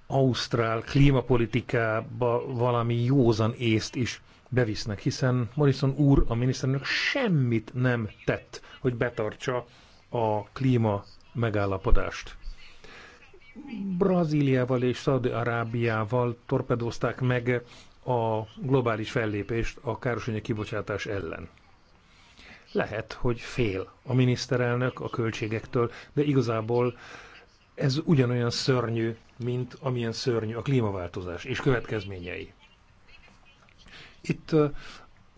ausztrál klímapolitikába valami józan észt is bevisznek, hiszen Morrison úr, a miniszterelnök semmit nem tett, hogy betartsa a klíma megállapodást. Brazíliával és Szaudi-Arábiával torpedózták meg a globális fellépést a károsanyag kibocsátás ellen. Lehet, hogy fél a miniszterelnök a költségektől, de igazából ez ugyanolyan szörnyű, mint amilyen szörnyű a klímaváltozás és következményei. Itt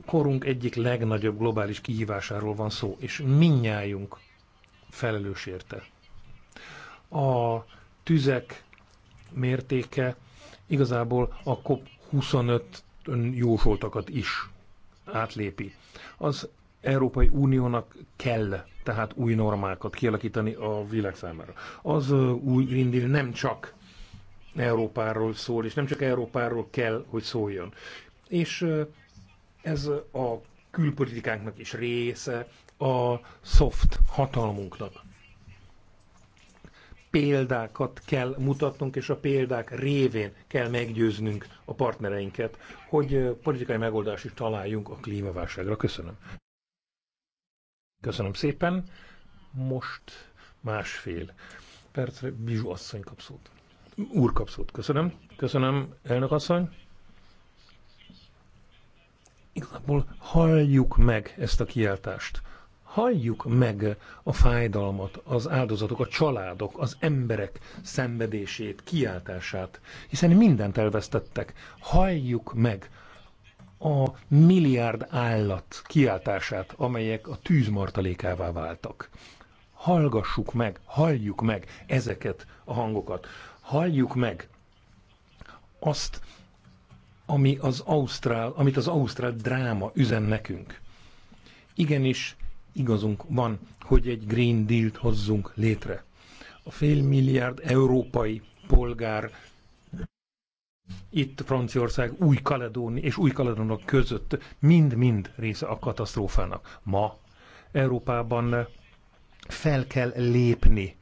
korunk egyik legnagyobb globális kihívásáról van szó, és minnyájunk felelős érte. A tüzek mértéke igazából a COP25 jósoltakat is átlépi. Az Európai Uniónak kell tehát új normákat kialakítani a világ számára. Az új Green Deal nem csak Európáról szól, és nem csak Európáról kell, hogy szóljon. És ez a külpolitikánknak is része, a soft hatalmunknak példákat kell mutatnunk, és a példák révén kell meggyőznünk a partnereinket, hogy politikai megoldást is találjunk a klímaválságra. Köszönöm. Köszönöm szépen. Most másfél percre Bizsó asszony kapszót. Úr kapszót. Köszönöm. Köszönöm, elnök asszony. Igazából halljuk meg ezt a kiáltást halljuk meg a fájdalmat, az áldozatok, a családok, az emberek szenvedését, kiáltását, hiszen mindent elvesztettek. Halljuk meg a milliárd állat kiáltását, amelyek a tűzmartalékává váltak. Hallgassuk meg, halljuk meg ezeket a hangokat. Halljuk meg azt, ami az ausztrál, amit az ausztrál dráma üzen nekünk. Igenis, igazunk van, hogy egy Green Deal-t hozzunk létre. A fél milliárd európai polgár itt Franciaország, Új-Kaledóni és Új-Kaledónak között mind-mind része a katasztrófának. Ma Európában fel kell lépni.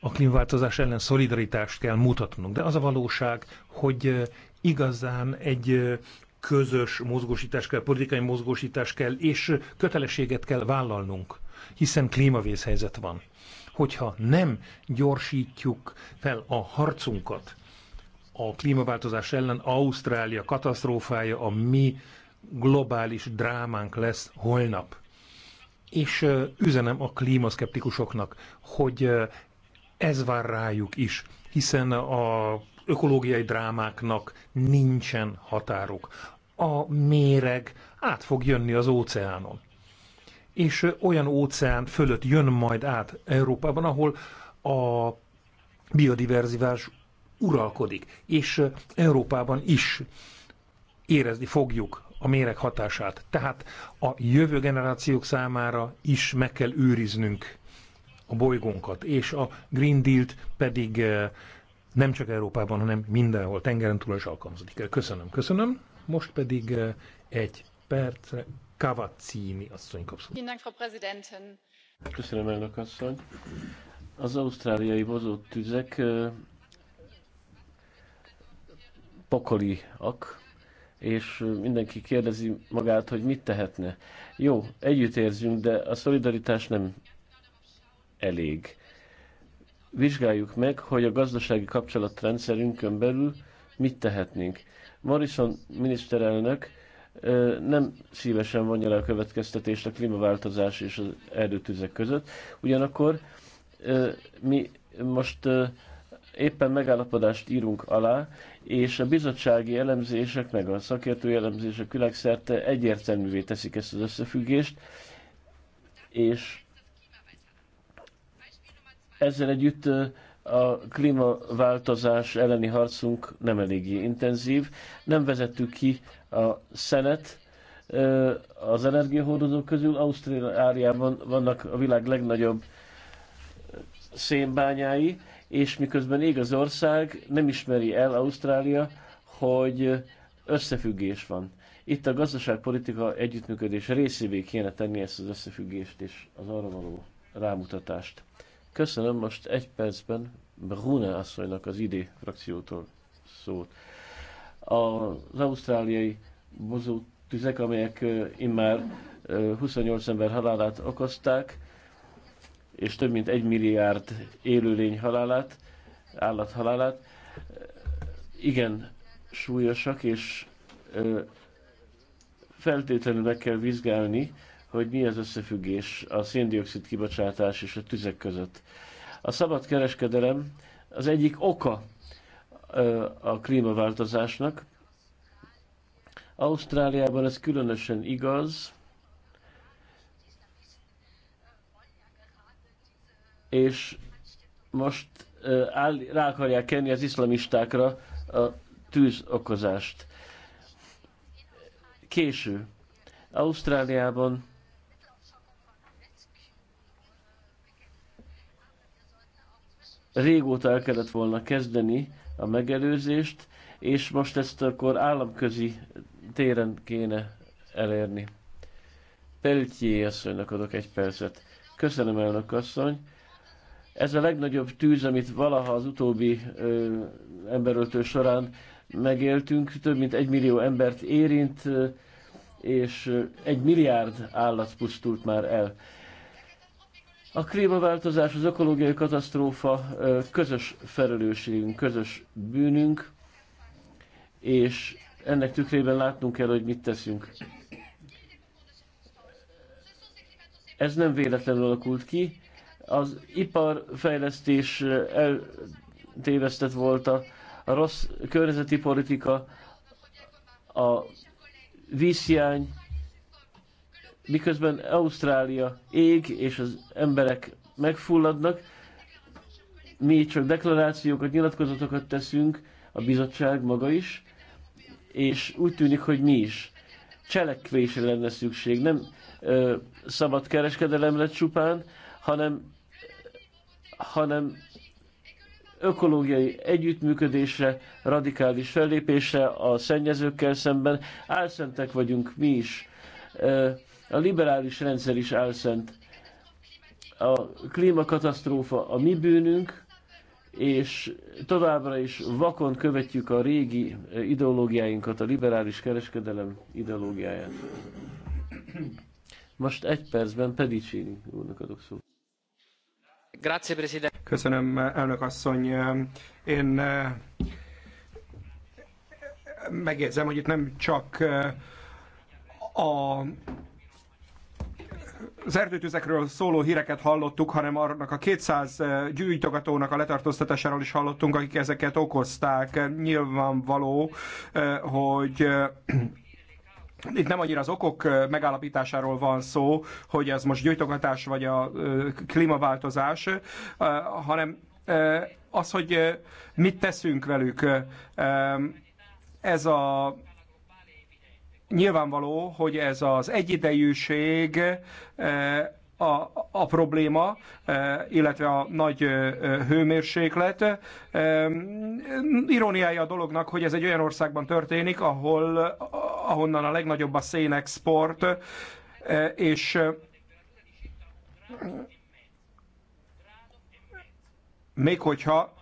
A klímaváltozás ellen szolidaritást kell mutatnunk, de az a valóság, hogy igazán egy közös mozgósítás kell, politikai mozgósítás kell, és kötelességet kell vállalnunk, hiszen klímavészhelyzet van. Hogyha nem gyorsítjuk fel a harcunkat a klímaváltozás ellen, Ausztrália katasztrófája a mi globális drámánk lesz holnap. És üzenem a klímaszkeptikusoknak, hogy ez vár rájuk is, hiszen a ökológiai drámáknak nincsen határok a méreg át fog jönni az óceánon. És olyan óceán fölött jön majd át Európában, ahol a biodiverzivás uralkodik, és Európában is érezni fogjuk a méreg hatását. Tehát a jövő generációk számára is meg kell őriznünk a bolygónkat, és a Green Deal-t pedig nem csak Európában, hanem mindenhol tengeren túl is alkalmazni kell. Köszönöm, köszönöm. Most pedig eh, egy percre Cavazzini asszony kapszul. Köszönöm, elnök asszony. Az ausztráliai bozott tüzek eh, pokoliak, és eh, mindenki kérdezi magát, hogy mit tehetne. Jó, együtt érzünk, de a szolidaritás nem elég. Vizsgáljuk meg, hogy a gazdasági kapcsolatrendszerünkön belül mit tehetnénk. Morrison miniszterelnök nem szívesen vonja le a következtetést a klímaváltozás és az erdőtüzek között. Ugyanakkor mi most éppen megállapodást írunk alá, és a bizottsági elemzések, meg a szakértő elemzések világszerte egyértelművé teszik ezt az összefüggést, és ezzel együtt a klímaváltozás elleni harcunk nem eléggé intenzív. Nem vezettük ki a szenet az energiahordozók közül. Ausztráliában vannak a világ legnagyobb szénbányái, és miközben ég az ország, nem ismeri el Ausztrália, hogy összefüggés van. Itt a gazdaságpolitika együttműködés részévé kéne tenni ezt az összefüggést és az arra való rámutatást. Köszönöm most egy percben Brune asszonynak az ID frakciótól szót. Az ausztráliai mozó tüzek, amelyek immár 28 ember halálát okozták, és több mint egy milliárd élőlény halálát, állathalálát, igen súlyosak, és feltétlenül meg kell vizsgálni hogy mi az összefüggés a széndiokszid kibocsátás és a tüzek között. A szabad kereskedelem az egyik oka a klímaváltozásnak. Ausztráliában ez különösen igaz, és most rá akarják kenni az iszlamistákra a tűz okozást. Késő. Ausztráliában Régóta el kellett volna kezdeni a megelőzést, és most ezt akkor államközi téren kéne elérni. Peltjé asszonynak adok egy percet. Köszönöm, elnök asszony. Ez a legnagyobb tűz, amit valaha az utóbbi ö, emberöltő során megéltünk. Több mint egy millió embert érint, ö, és egy milliárd állat pusztult már el. A klímaváltozás, az ökológiai katasztrófa közös felelősségünk, közös bűnünk, és ennek tükrében látnunk kell, hogy mit teszünk. Ez nem véletlenül alakult ki. Az iparfejlesztés eltévesztett volt a, rossz környezeti politika, a vízhiány, miközben Ausztrália ég és az emberek megfulladnak, mi csak deklarációkat, nyilatkozatokat teszünk, a bizottság maga is, és úgy tűnik, hogy mi is. Cselekvésre lenne szükség, nem ö, szabad kereskedelemre csupán, hanem, hanem ökológiai együttműködésre, radikális fellépésre a szennyezőkkel szemben. Álszentek vagyunk mi is. Ö, a liberális rendszer is álszent. A klímakatasztrófa a mi bűnünk, és továbbra is vakon követjük a régi ideológiáinkat, a liberális kereskedelem ideológiáját. Most egy percben Pedicini úrnak adok szót. Köszönöm, elnök asszony. Én eh, megjegyzem, hogy itt nem csak eh, a az erdőtüzekről szóló híreket hallottuk, hanem annak a 200 eh, gyűjtogatónak a letartóztatásáról is hallottunk, akik ezeket okozták. Nyilvánvaló, eh, hogy eh, (clears throat) itt nem annyira az okok megállapításáról van szó, hogy ez most gyűjtogatás vagy a klímaváltozás, hanem az, hogy mit teszünk velük. Ez a Nyilvánvaló, hogy ez az egyidejűség eh, a, a probléma, eh, illetve a nagy eh, hőmérséklet. Iróniája a dolognak, hogy ez egy olyan országban történik, ahol ahonnan a legnagyobb a szénexport, és még hogyha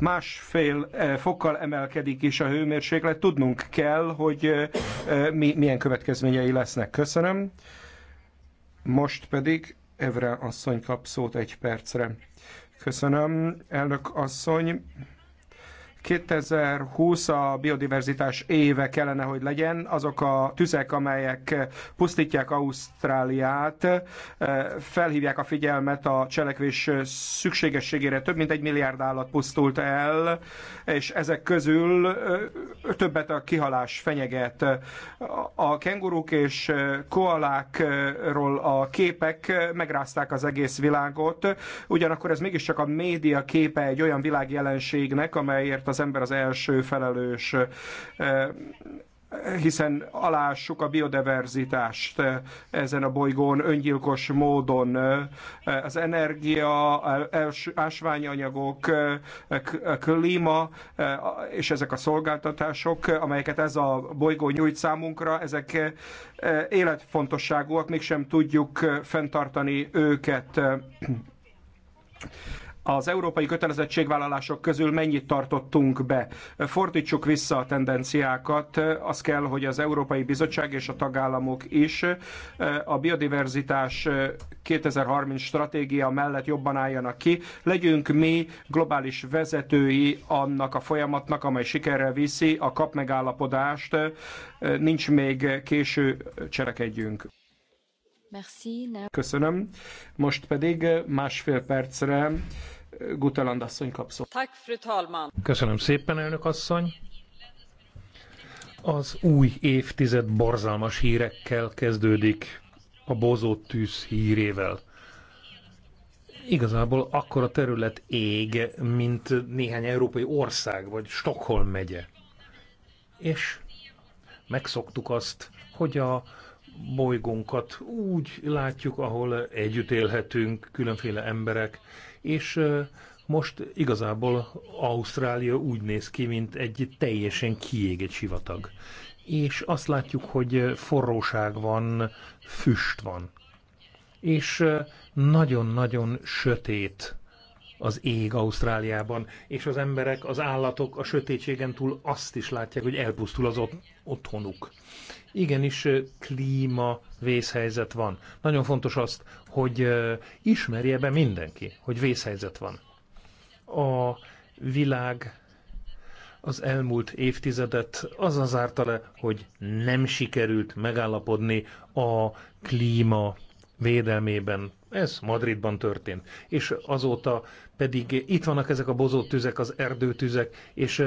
másfél eh, fokkal emelkedik is a hőmérséklet, tudnunk kell, hogy eh, eh, mi, milyen következményei lesznek. Köszönöm. Most pedig Evre asszony kap szót egy percre. Köszönöm, elnök asszony. 2020 a biodiverzitás éve kellene, hogy legyen. Azok a tüzek, amelyek pusztítják Ausztráliát, eh, felhívják a figyelmet a cselekvés szükségességére. Több mint egy milliárd állat pusztult el, és ezek közül eh, többet a kihalás fenyeget. A kenguruk és koalákról a képek megrázták az egész világot, ugyanakkor ez mégiscsak a média képe egy olyan világjelenségnek, amelyért az ember az első felelős hiszen alássuk a biodiverzitást ezen a bolygón öngyilkos módon. Az energia, ásványanyagok, a klíma és ezek a szolgáltatások, amelyeket ez a bolygó nyújt számunkra, ezek életfontosságúak, mégsem tudjuk fenntartani őket az európai kötelezettségvállalások közül mennyit tartottunk be. Fordítsuk vissza a tendenciákat, az kell, hogy az Európai Bizottság és a tagállamok is a biodiverzitás 2030 stratégia mellett jobban álljanak ki. Legyünk mi globális vezetői annak a folyamatnak, amely sikerrel viszi a kap megállapodást. Nincs még késő, cselekedjünk. Köszönöm. Most pedig másfél percre Guteland asszony kap Köszönöm szépen, elnök asszony. Az új évtized borzalmas hírekkel kezdődik, a bozott tűz hírével. Igazából akkor a terület ég, mint néhány európai ország, vagy Stockholm megye. És megszoktuk azt, hogy a bolygónkat úgy látjuk, ahol együtt élhetünk, különféle emberek, és most igazából Ausztrália úgy néz ki, mint egy teljesen kiégett sivatag. És azt látjuk, hogy forróság van, füst van. És nagyon-nagyon sötét az ég Ausztráliában, és az emberek, az állatok a sötétségen túl azt is látják, hogy elpusztul az ott otthonuk. Igenis klíma vészhelyzet van. Nagyon fontos azt, hogy ismerje be mindenki, hogy vészhelyzet van. A világ az elmúlt évtizedet az zárta le, hogy nem sikerült megállapodni a klíma védelmében. Ez Madridban történt. És azóta pedig itt vannak ezek a bozót tüzek, az erdőtüzek, és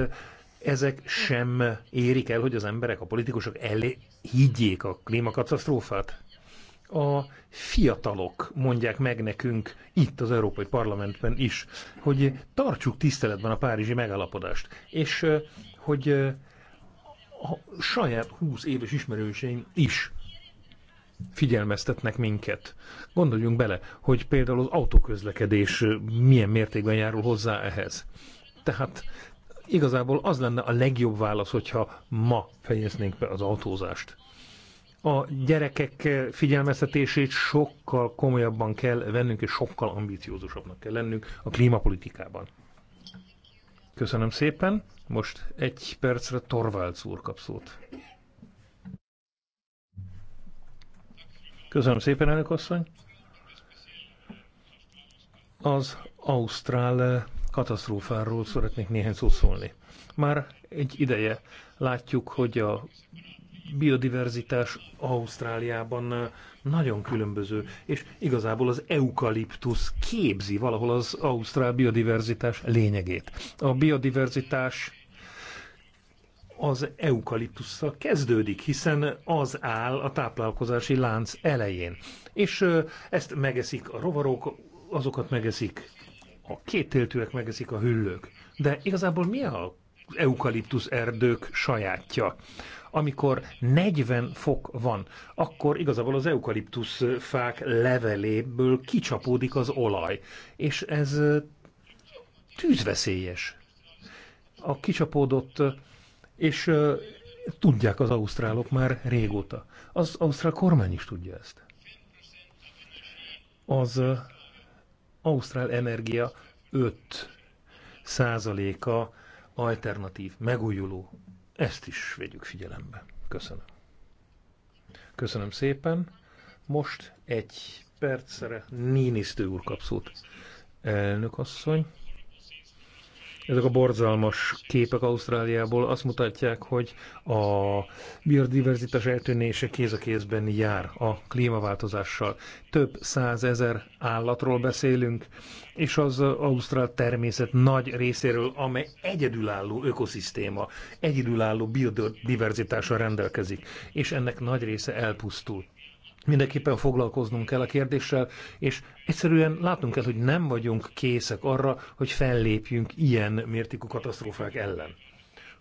ezek sem érik el, hogy az emberek, a politikusok elé higgyék a klímakatasztrófát. A fiatalok mondják meg nekünk itt az Európai Parlamentben is, hogy tartsuk tiszteletben a párizsi megállapodást, és hogy a saját 20 éves ismerőseim is figyelmeztetnek minket. Gondoljunk bele, hogy például az autóközlekedés milyen mértékben járul hozzá ehhez. Tehát Igazából az lenne a legjobb válasz, hogyha ma fejeznénk be az autózást. A gyerekek figyelmeztetését sokkal komolyabban kell vennünk, és sokkal ambíciózusabbnak kell lennünk a klímapolitikában. Köszönöm szépen. Most egy percre Torvalds úr kap szót. Köszönöm szépen, elnök asszony. Az Ausztrál katasztrófáról szeretnék néhány szót szólni. Már egy ideje látjuk, hogy a biodiverzitás Ausztráliában nagyon különböző, és igazából az eukaliptusz képzi valahol az ausztrál biodiverzitás lényegét. A biodiverzitás az eukaliptusszal kezdődik, hiszen az áll a táplálkozási lánc elején. És ezt megeszik a rovarok, azokat megeszik a téltőek megeszik a hüllők. De igazából mi a eukaliptusz erdők sajátja? Amikor 40 fok van, akkor igazából az eukaliptusz fák leveléből kicsapódik az olaj, és ez tűzveszélyes. A kicsapódott, és tudják az ausztrálok már régóta. Az ausztrál kormány is tudja ezt. Az Ausztrál Energia 5 százaléka alternatív, megújuló. Ezt is vegyük figyelembe. Köszönöm. Köszönöm szépen. Most egy percre Nínisztő úr kap szót. Elnök asszony. Ezek a borzalmas képek Ausztráliából azt mutatják, hogy a biodiverzitás eltűnése kéz a kézben jár a klímaváltozással. Több százezer állatról beszélünk, és az ausztrál természet nagy részéről, amely egyedülálló ökoszisztéma, egyedülálló biodiverzitással rendelkezik, és ennek nagy része elpusztul. Mindenképpen foglalkoznunk kell a kérdéssel, és egyszerűen látnunk kell, hogy nem vagyunk készek arra, hogy fellépjünk ilyen mértékű katasztrófák ellen.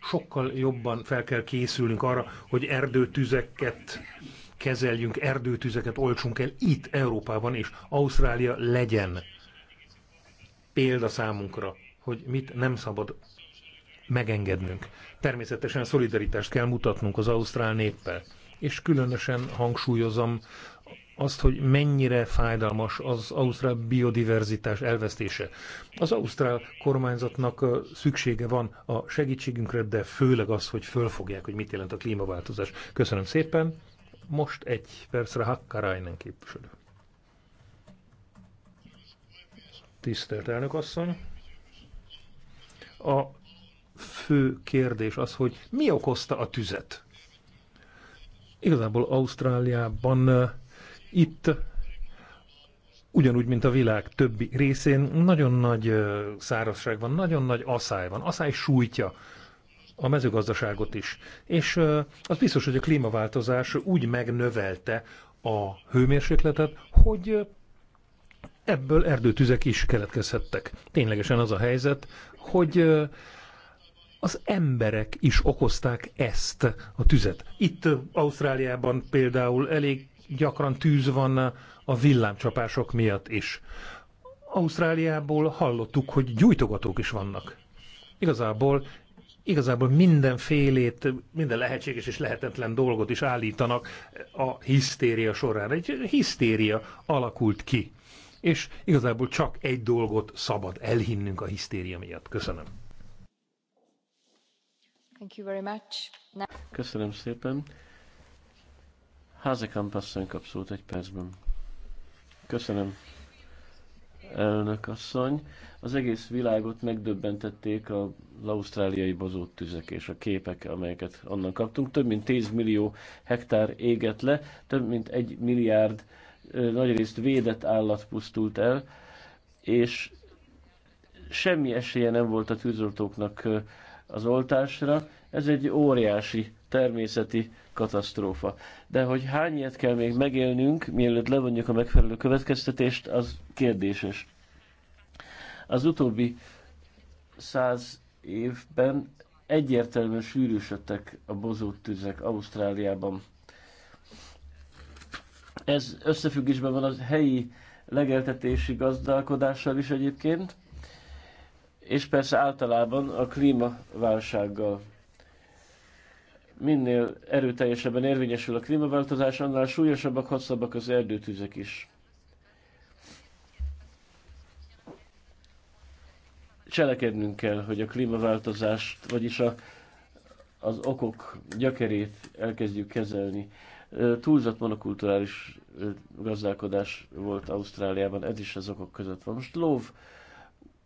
Sokkal jobban fel kell készülnünk arra, hogy erdőtüzeket kezeljünk, erdőtüzeket olcsunk el itt Európában, és Ausztrália legyen példa számunkra, hogy mit nem szabad megengednünk. Természetesen szolidaritást kell mutatnunk az ausztrál néppel és különösen hangsúlyozom azt, hogy mennyire fájdalmas az ausztrál biodiverzitás elvesztése. Az ausztrál kormányzatnak szüksége van a segítségünkre, de főleg az, hogy fölfogják, hogy mit jelent a klímaváltozás. Köszönöm szépen. Most egy percre Hakkarainen képviselő. Tisztelt elnök asszony. A fő kérdés az, hogy mi okozta a tüzet? Igazából Ausztráliában itt ugyanúgy, mint a világ többi részén, nagyon nagy szárazság van, nagyon nagy aszály van. aszály sújtja a mezőgazdaságot is. És az biztos, hogy a klímaváltozás úgy megnövelte a hőmérsékletet, hogy ebből erdőtüzek is keletkezhettek. Ténylegesen az a helyzet, hogy az emberek is okozták ezt a tüzet. Itt Ausztráliában például elég gyakran tűz van a villámcsapások miatt is. Ausztráliából hallottuk, hogy gyújtogatók is vannak. Igazából igazából mindenfélét, minden lehetséges és lehetetlen dolgot is állítanak a hisztéria során. Egy hisztéria alakult ki. És igazából csak egy dolgot szabad elhinnünk a hisztéria miatt. Köszönöm. Köszönöm szépen. Házekamp asszony kap szót egy percben. Köszönöm, elnök asszony. Az egész világot megdöbbentették az ausztráliai bozott tüzek és a képek, amelyeket onnan kaptunk. Több mint 10 millió hektár égett le, több mint egy milliárd nagyrészt védett állat pusztult el, és semmi esélye nem volt a tűzoltóknak az oltásra. Ez egy óriási természeti katasztrófa. De hogy hány ilyet kell még megélnünk, mielőtt levonjuk a megfelelő következtetést, az kérdéses. Az utóbbi száz évben egyértelműen sűrűsödtek a bozót tüzek Ausztráliában. Ez összefüggésben van az helyi legeltetési gazdálkodással is egyébként, és persze általában a klímaválsággal. Minél erőteljesebben érvényesül a klímaváltozás, annál súlyosabbak, hosszabbak az erdőtüzek is. Cselekednünk kell, hogy a klímaváltozást, vagyis a, az okok gyökerét elkezdjük kezelni. Túlzott monokulturális gazdálkodás volt Ausztráliában, ez is az okok között van. Most lóv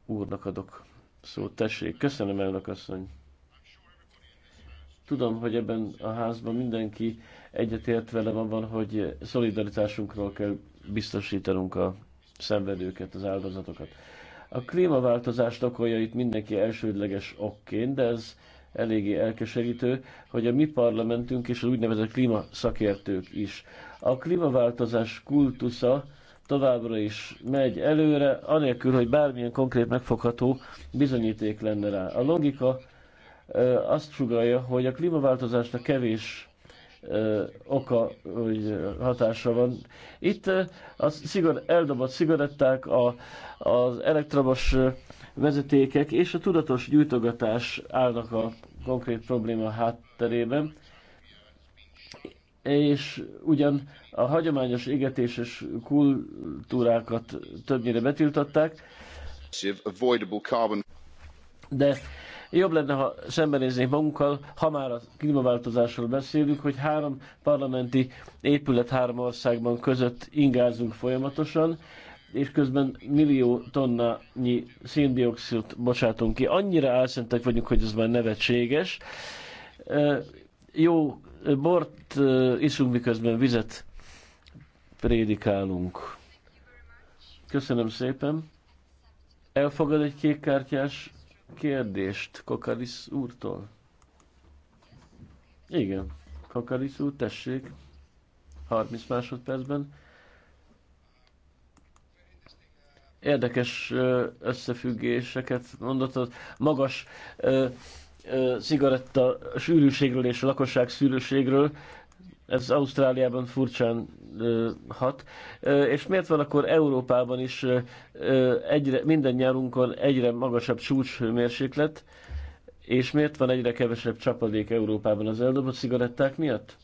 úrnak adok szót. Tessék, köszönöm elnök asszony. Tudom, hogy ebben a házban mindenki egyetért velem abban, hogy szolidaritásunkról kell biztosítanunk a szenvedőket, az áldozatokat. A klímaváltozást okolja itt mindenki elsődleges okként, de ez eléggé elkeserítő, hogy a mi parlamentünk és az úgynevezett klímaszakértők is. A klímaváltozás kultusza továbbra is megy előre, anélkül, hogy bármilyen konkrét megfogható bizonyíték lenne rá. A logika azt sugalja, hogy a klímaváltozásnak kevés oka, hogy hatása van. Itt a szigor, eldobott cigaretták, a, az elektromos vezetékek és a tudatos gyújtogatás állnak a konkrét probléma hátterében és ugyan a hagyományos égetéses kultúrákat többnyire betiltották, de jobb lenne, ha szembenéznék magunkkal, ha már a klímaváltozásról beszélünk, hogy három parlamenti épület három országban között ingázunk folyamatosan, és közben millió tonnányi széndiokszidot bocsátunk ki. Annyira álszentek vagyunk, hogy ez már nevetséges. Jó bort iszunk, miközben vizet prédikálunk. Köszönöm szépen. Elfogad egy kékkártyás kérdést Kokarisz úrtól? Igen. Kokarisz úr, tessék. 30 másodpercben. Érdekes összefüggéseket mondott, magas cigaretta sűrűségről és a lakosság sűrűségről, ez Ausztráliában furcsán ö, hat. Ö, és miért van akkor Európában is ö, egyre, minden nyárunkon egyre magasabb csúcshőmérséklet, és miért van egyre kevesebb csapadék Európában az eldobott cigaretták miatt?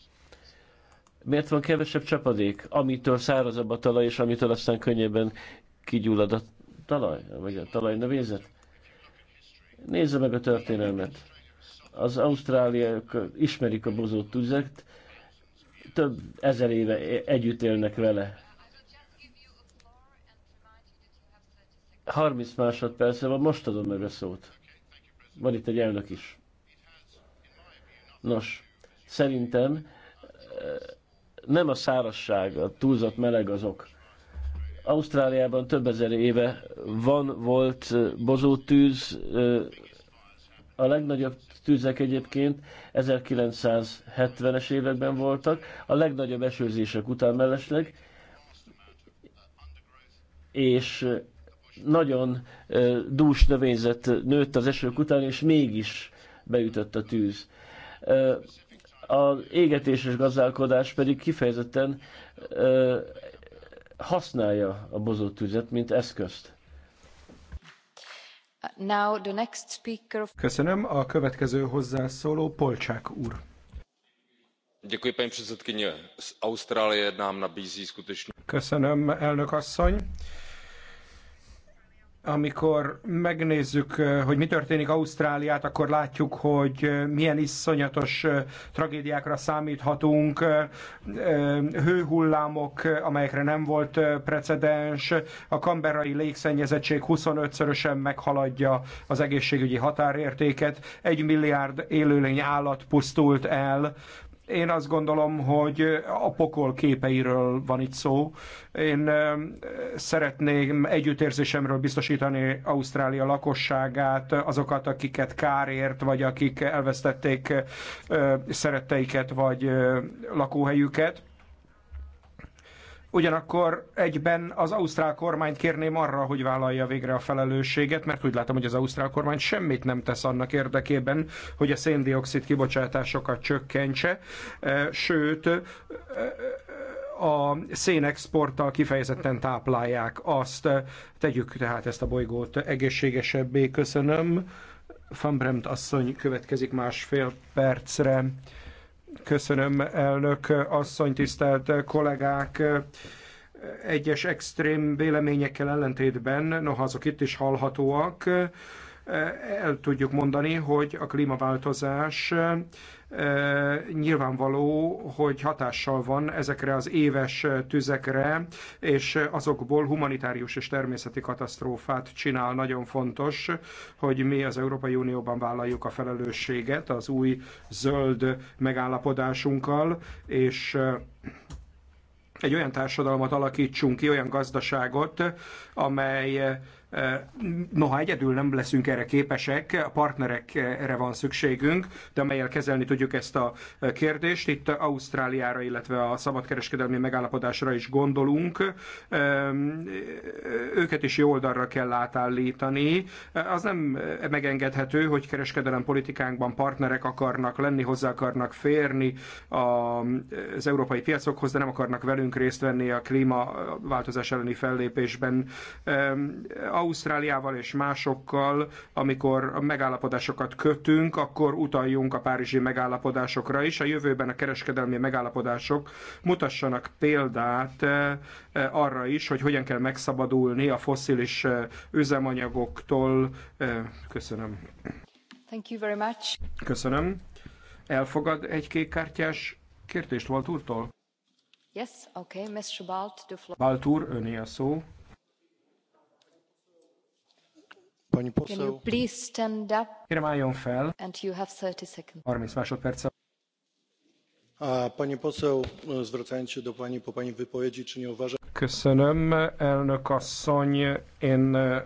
Miért van kevesebb csapadék, amitől szárazabb a talaj, és amitől aztán könnyebben kigyullad a talaj, vagy a talajnövézet? Nézze meg a történelmet az ausztráliak ismerik a bozott tüzet, több ezer éve együtt élnek vele. 30 másodperc, van, most adom meg a szót. Van itt egy elnök is. Nos, szerintem eh, nem a szárasság, a túlzott meleg azok. Ausztráliában több ezer éve van, volt eh, bozótűz, eh, a legnagyobb tűzek egyébként 1970-es években voltak, a legnagyobb esőzések után mellesleg, és nagyon dús növényzet nőtt az esők után, és mégis beütött a tűz. Az égetéses gazdálkodás pedig kifejezetten használja a tüzet, mint eszközt. Köszönöm. A következő hozzászóló Polcsák úr. Děkuji, paní předsedkyně. Austrálie nám nabízí skutečnou... Köszönöm, elnök asszony amikor megnézzük, hogy mi történik Ausztráliát, akkor látjuk, hogy milyen iszonyatos tragédiákra számíthatunk, hőhullámok, amelyekre nem volt precedens, a kamberai légszennyezettség 25-szörösen meghaladja az egészségügyi határértéket, egy milliárd élőlény állat pusztult el, én azt gondolom, hogy a pokol képeiről van itt szó. Én szeretném együttérzésemről biztosítani Ausztrália lakosságát, azokat, akiket kárért, vagy akik elvesztették szeretteiket, vagy lakóhelyüket Ugyanakkor egyben az ausztrál kormányt kérném arra, hogy vállalja végre a felelősséget, mert úgy látom, hogy az ausztrál kormány semmit nem tesz annak érdekében, hogy a széndiokszid kibocsátásokat csökkentse, e, sőt e, e, a szénexporttal kifejezetten táplálják azt. Tegyük tehát ezt a bolygót egészségesebbé. Köszönöm. Van Bremt asszony következik másfél percre. Köszönöm, elnök asszony, tisztelt kollégák. Egyes extrém véleményekkel ellentétben, noha azok itt is hallhatóak, el tudjuk mondani, hogy a klímaváltozás nyilvánvaló, hogy hatással van ezekre az éves tüzekre, és azokból humanitárius és természeti katasztrófát csinál. Nagyon fontos, hogy mi az Európai Unióban vállaljuk a felelősséget az új zöld megállapodásunkkal, és egy olyan társadalmat alakítsunk ki, olyan gazdaságot, amely Noha egyedül nem leszünk erre képesek, a partnerekre van szükségünk, de amelyel kezelni tudjuk ezt a kérdést. Itt Ausztráliára, illetve a szabadkereskedelmi megállapodásra is gondolunk. Őket is jó oldalra kell átállítani. Az nem megengedhető, hogy kereskedelem politikánkban partnerek akarnak lenni, hozzá akarnak férni az európai piacokhoz, de nem akarnak velünk részt venni a klímaváltozás elleni fellépésben Ausztráliával és másokkal, amikor megállapodásokat kötünk, akkor utaljunk a párizsi megállapodásokra is. A jövőben a kereskedelmi megállapodások mutassanak példát eh, eh, arra is, hogy hogyan kell megszabadulni a fosszilis eh, üzemanyagoktól. Köszönöm. Thank you very much. Köszönöm. Elfogad egy kékkártyás kérdést Valtúrtól? Yes, okay, Mr. Balt, the floor. Baltúr, öné a szó. Pani poseł. Can you please stand up? Kérem álljon fel. And you have 30 seconds. 30 másodperc. A Pani poseł, zwracając się do pani po pani wypowiedzi, czy nie uważa... Köszönöm, elnök asszony. Én e,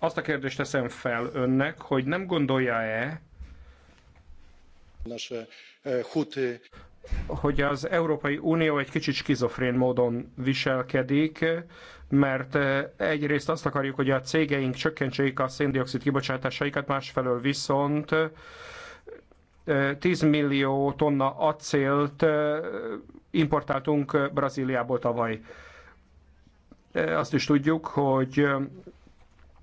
azt a kérdést teszem fel önnek, hogy nem gondolja-e, nasze e, huty, hogy az Európai Unió egy kicsit skizofrén módon viselkedik, mert egyrészt azt akarjuk, hogy a cégeink csökkentsék a széndiokszid kibocsátásaikat, másfelől viszont 10 millió tonna acélt importáltunk Brazíliából tavaly. Azt is tudjuk, hogy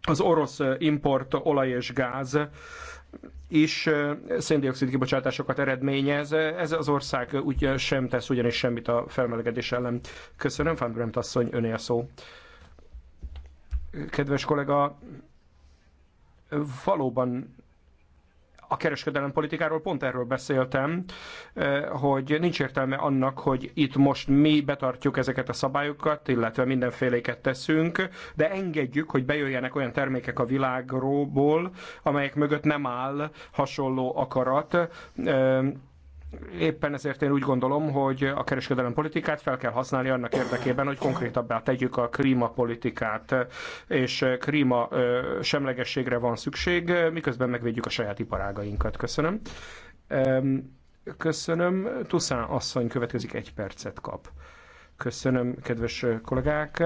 az orosz import olaj és gáz is széndiokszid kibocsátásokat eredményez. Ez az ország úgy sem tesz ugyanis semmit a felmelegedés ellen. Köszönöm, Van Bremt asszony, öné a szó. Kedves kollega, valóban a kereskedelem politikáról pont erről beszéltem, eh, hogy nincs értelme annak, hogy itt most mi betartjuk ezeket a szabályokat, illetve mindenféléket teszünk, de engedjük, hogy bejöjjenek olyan termékek a világról, amelyek mögött nem áll hasonló akarat, eh, éppen ezért én úgy gondolom, hogy a kereskedelem politikát fel kell használni annak érdekében, hogy konkrétabbá tegyük a klímapolitikát, és klíma semlegességre van szükség, miközben megvédjük a saját iparágainkat. Köszönöm. Köszönöm. Tuszán asszony következik, egy percet kap. Köszönöm, kedves kollégák.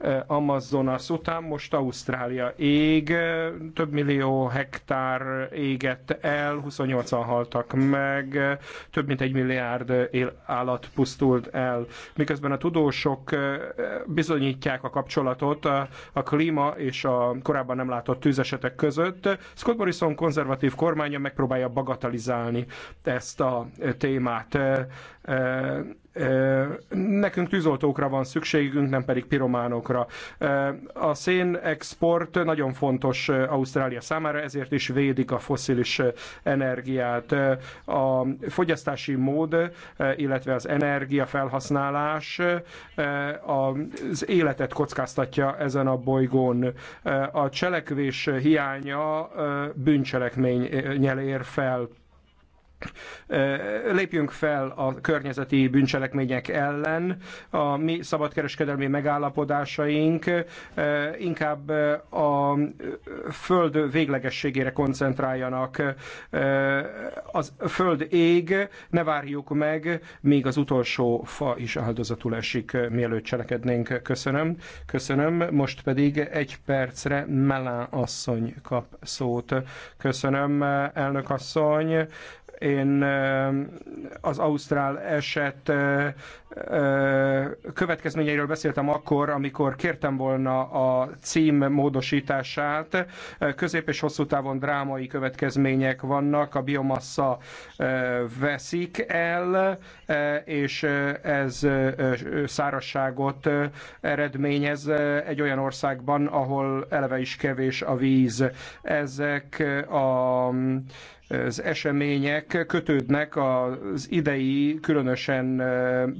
Eh, Amazonas után most Ausztrália ég, eh, több millió hektár égett el, 28-an haltak meg, eh, több mint egy milliárd él, állat pusztult el. Miközben a tudósok bizonyítják a kapcsolatot a, a klíma és a korábban nem látott tűzesetek között, Scott Morrison konzervatív kormánya megpróbálja bagatalizálni ezt a témát Nekünk tűzoltókra van szükségünk, nem pedig pirománokra. A szénexport nagyon fontos Ausztrália számára, ezért is védik a foszilis energiát. A fogyasztási mód, illetve az energia felhasználás, az életet kockáztatja ezen a bolygón. A cselekvés hiánya bűncselekmény nyelér fel lépjünk fel a környezeti bűncselekmények ellen. A mi szabadkereskedelmi megállapodásaink inkább a föld véglegességére koncentráljanak. Az föld ég, ne várjuk meg, még az utolsó fa is áldozatul esik, mielőtt cselekednénk. Köszönöm. Köszönöm. Most pedig egy percre Melán asszony kap szót. Köszönöm, elnök asszony. Én az Ausztrál eset következményeiről beszéltem akkor, amikor kértem volna a cím módosítását. Közép és hosszú távon drámai következmények vannak, a biomassa veszik el, és ez szárasságot eredményez egy olyan országban, ahol eleve is kevés a víz. Ezek a az események kötődnek az idei különösen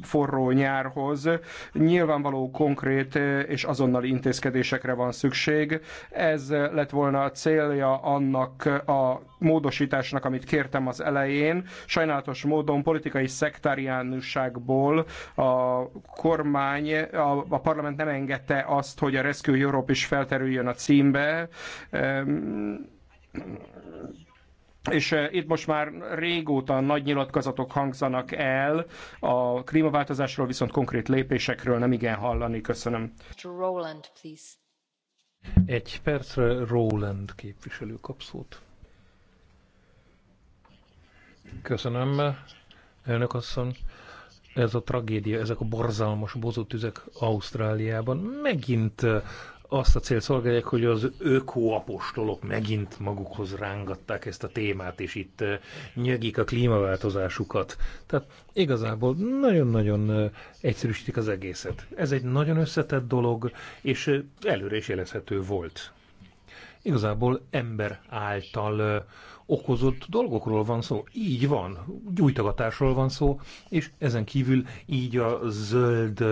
forró nyárhoz. Nyilvánvaló konkrét és azonnali intézkedésekre van szükség. Ez lett volna a célja annak a módosításnak, amit kértem az elején. Sajnálatos módon politikai szektáriánusságból a kormány, a, a parlament nem engedte azt, hogy a Rescue Europe is felterüljön a címbe és eh, itt most már régóta nagy nyilatkozatok hangzanak el, a klímaváltozásról viszont konkrét lépésekről nem igen hallani. Köszönöm. Roland, please. Egy percre Roland képviselő kap szót. Köszönöm, elnök asszony. Ez a tragédia, ezek a borzalmas bozótüzek Ausztráliában megint eh, azt a cél szolgálják, hogy az ökoapostolok megint magukhoz rángatták ezt a témát, és itt nyögik a klímaváltozásukat. Tehát igazából nagyon-nagyon egyszerűsítik az egészet. Ez egy nagyon összetett dolog, és előre is jelezhető volt. Igazából ember által okozott dolgokról van szó. Így van, gyújtogatásról van szó, és ezen kívül így a zöld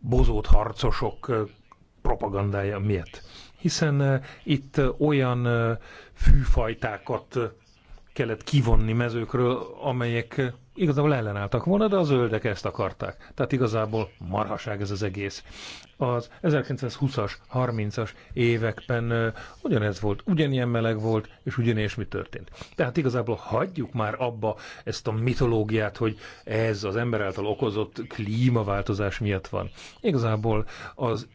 bozót harcosok propagandája miatt. Hiszen eh, itt eh, olyan eh, fűfajtákat kellett kivonni mezőkről, amelyek igazából ellenálltak volna, de a zöldek ezt akarták. Tehát igazából marhaság ez az egész. Az 1920-as, 30-as években ugyanez volt, ugyanilyen meleg volt, és ugyanis mi történt. Tehát igazából hagyjuk már abba ezt a mitológiát, hogy ez az ember által okozott klímaváltozás miatt van. Igazából az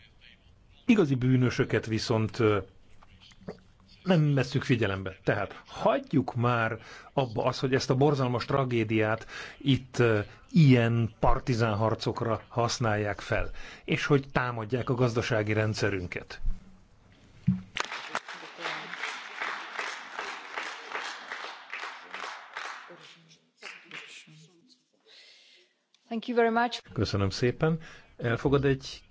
igazi bűnösöket viszont nem vesszük figyelembe. Tehát hagyjuk már abba az, hogy ezt a borzalmas tragédiát itt ilyen partizán harcokra használják fel, és hogy támadják a gazdasági rendszerünket. Köszönöm szépen. Elfogad egy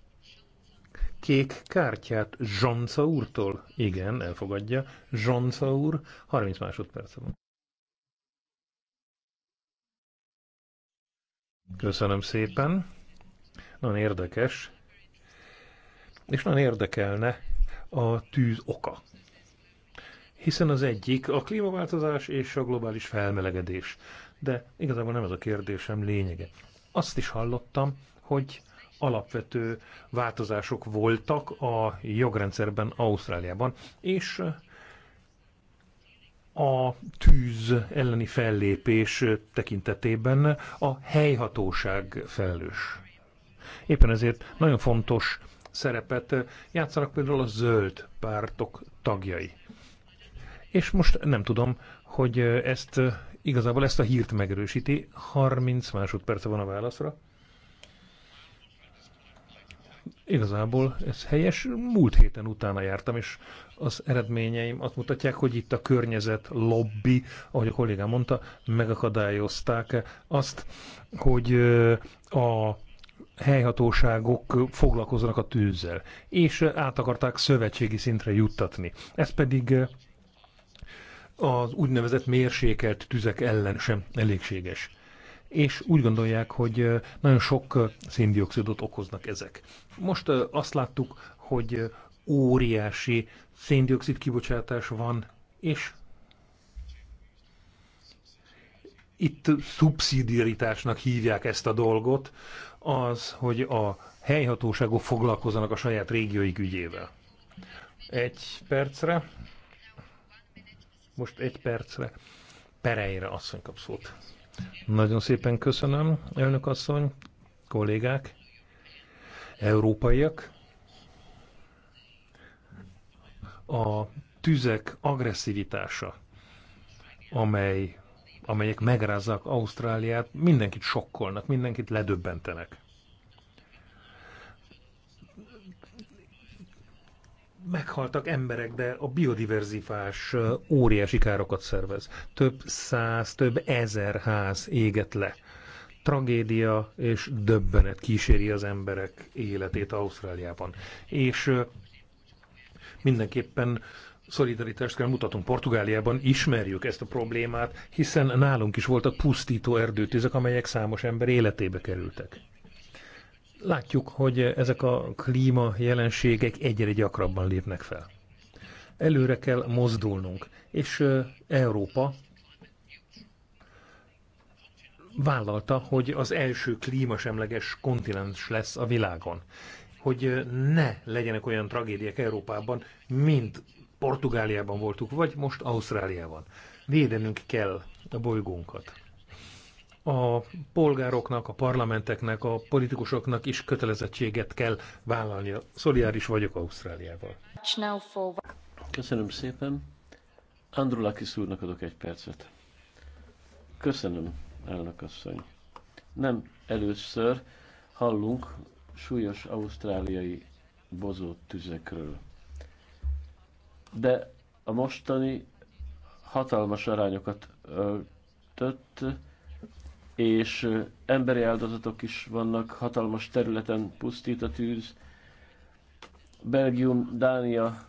kék kártyát Zsonca úrtól? Igen, elfogadja. Zsonca úr, 30 másodperc van. Köszönöm szépen. Nagyon érdekes. És nagyon érdekelne a tűz oka. Hiszen az egyik a klímaváltozás és a globális felmelegedés. De igazából nem ez a kérdésem lényege. Azt is hallottam, hogy alapvető változások voltak a jogrendszerben Ausztráliában, és a tűz elleni fellépés tekintetében a helyhatóság felelős. Éppen ezért nagyon fontos szerepet játszanak például a zöld pártok tagjai. És most nem tudom, hogy ezt igazából ezt a hírt megerősíti. 30 másodperce van a válaszra. Igazából ez helyes. Múlt héten utána jártam, és az eredményeim azt mutatják, hogy itt a környezet lobby, ahogy a kollégám mondta, megakadályozták azt, hogy a helyhatóságok foglalkozzanak a tűzzel, és át akarták szövetségi szintre juttatni. Ez pedig az úgynevezett mérsékelt tüzek ellen sem elégséges és úgy gondolják, hogy nagyon sok széndiokszidot okoznak ezek. Most azt láttuk, hogy óriási széndiokszid kibocsátás van, és itt szubszidiaritásnak hívják ezt a dolgot, az, hogy a helyhatóságok foglalkozanak a saját régióik ügyével. Egy percre. Most egy percre. Pereire asszony kap szót. Nagyon szépen köszönöm, elnök asszony, kollégák, európaiak. A tüzek agresszivitása, amely, amelyek megrázzák Ausztráliát, mindenkit sokkolnak, mindenkit ledöbbentenek. meghaltak emberek, de a biodiverzifás óriási károkat szervez. Több száz, több ezer ház éget le. Tragédia és döbbenet kíséri az emberek életét Ausztráliában. És mindenképpen szolidaritást kell mutatunk. Portugáliában ismerjük ezt a problémát, hiszen nálunk is voltak pusztító erdőtüzek, amelyek számos ember életébe kerültek. Látjuk, hogy ezek a klíma jelenségek egyre gyakrabban lépnek fel. Előre kell mozdulnunk, és Európa vállalta, hogy az első klímasemleges kontinens lesz a világon. Hogy ne legyenek olyan tragédiák Európában, mint Portugáliában voltuk, vagy most Ausztráliában. Védenünk kell a bolygónkat a polgároknak, a parlamenteknek, a politikusoknak is kötelezettséget kell vállalnia. Szoliáris vagyok Ausztráliával. Köszönöm szépen. Andrulakis úrnak adok egy percet. Köszönöm, elnök asszony. Nem először hallunk súlyos ausztráliai bozott tüzekről. De a mostani hatalmas arányokat öltött, és emberi áldozatok is vannak, hatalmas területen pusztít a tűz. Belgium, Dánia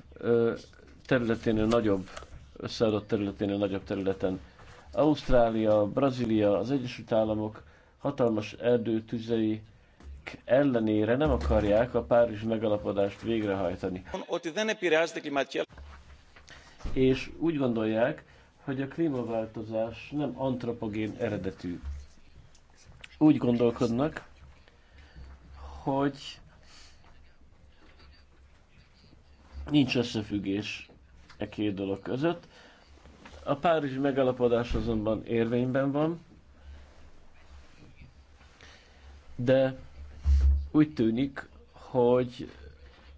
területénél nagyobb, összeadott területénél nagyobb területen. Ausztrália, Brazília, az Egyesült Államok hatalmas erdőtüzei ellenére nem akarják a Párizs megalapodást végrehajtani. És úgy gondolják, hogy a klímaváltozás nem antropogén eredetű úgy gondolkodnak, hogy nincs összefüggés e két dolog között. A Párizsi megállapodás azonban érvényben van, de úgy tűnik, hogy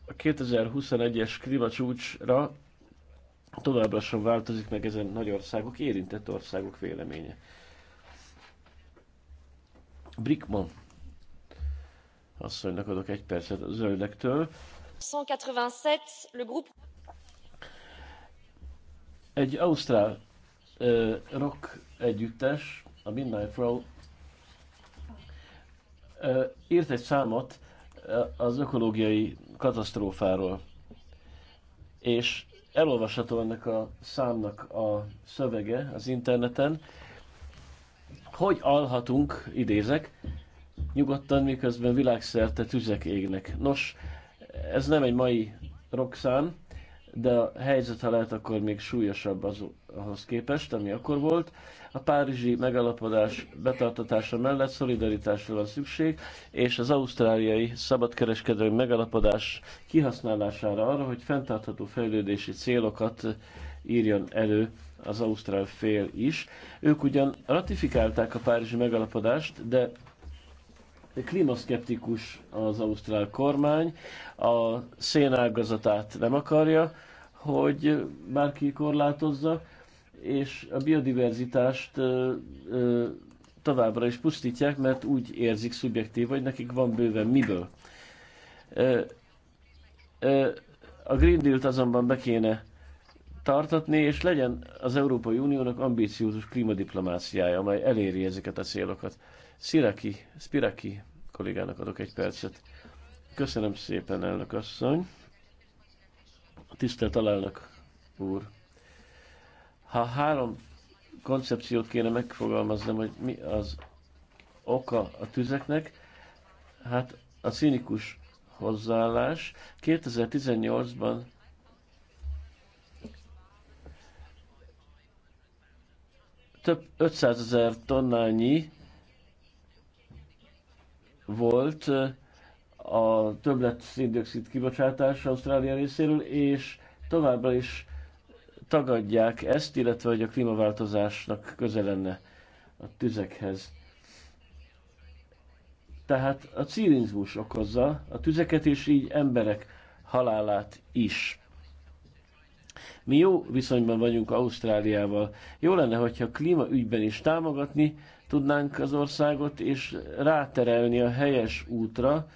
a 2021-es klímacsúcsra továbbra sem változik meg ezen nagy országok, érintett országok véleménye. Brickman asszonynak adok egy percet a zöldektől. 187, le groupe... Egy ausztrál uh, rock együttes, a Midnight Row, uh, írt egy számot az ökológiai katasztrófáról, és elolvasható ennek a számnak a szövege az interneten, hogy alhatunk, idézek, nyugodtan, miközben világszerte tüzek égnek. Nos, ez nem egy mai rokszám, de a helyzet, ha lehet, akkor még súlyosabb az, ahhoz képest, ami akkor volt. A párizsi megalapodás betartatása mellett szolidaritásra van szükség, és az ausztráliai szabadkereskedelmi megalapodás kihasználására arra, hogy fenntartható fejlődési célokat írjon elő az Ausztrál fél is. Ők ugyan ratifikálták a Párizsi megalapodást, de klímaszkeptikus az Ausztrál kormány, a szénágazatát nem akarja, hogy bárki korlátozza, és a biodiverzitást ö, ö, továbbra is pusztítják, mert úgy érzik szubjektív, hogy nekik van bőven miből. Ö, ö, a Green Deal-t azonban be kéne tartatni, és legyen az Európai Uniónak ambíciózus klímadiplomáciája, amely eléri ezeket a célokat. Sziraki, Spiraki kollégának adok egy percet. Köszönöm szépen, elnök asszony. Tisztelt alelnök úr. Ha három koncepciót kéne megfogalmazni, hogy mi az oka a tüzeknek, hát a színikus hozzáállás. 2018-ban több 500 ezer tonnányi volt a többlet széndiokszid kibocsátás Ausztrália részéről, és továbbra is tagadják ezt, illetve hogy a klímaváltozásnak köze lenne a tüzekhez. Tehát a cirinizmus okozza a tüzeket, és így emberek halálát is. Mi jó viszonyban vagyunk Ausztráliával. Jó lenne, hogyha klímaügyben is támogatni tudnánk az országot, és ráterelni a helyes útra,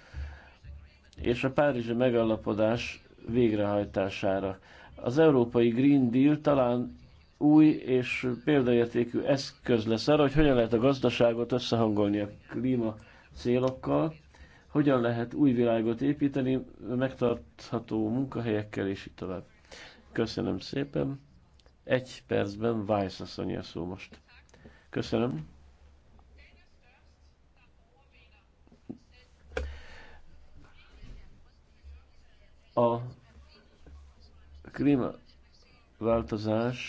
és a Párizsi megállapodás végrehajtására. Az európai Green Deal talán új és példaértékű eszköz lesz arra, hogy hogyan lehet a gazdaságot összehangolni a klíma célokkal, hogyan lehet új világot építeni, megtartható munkahelyekkel és így tovább. Köszönöm szépen. Egy percben Vájsz asszony a szó most. Köszönöm. A klímaváltozás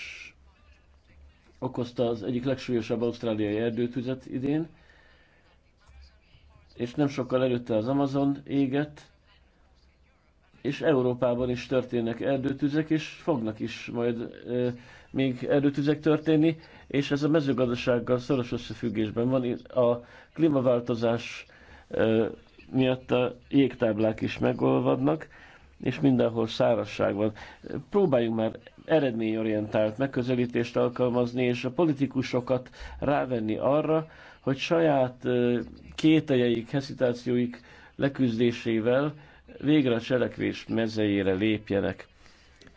okozta az egyik legsúlyosabb ausztráliai erdőtüzet idén, és nem sokkal előtte az Amazon égett, és Európában is történnek erdőtüzek, és fognak is majd e, még erdőtüzek történni, és ez a mezőgazdasággal szoros összefüggésben van. A klímaváltozás e, miatt a jégtáblák is megolvadnak, és mindenhol szárazság van. Próbáljunk már eredményorientált megközelítést alkalmazni, és a politikusokat rávenni arra, hogy saját kételjeik, hesitációik leküzdésével végre a cselekvés mezejére lépjenek,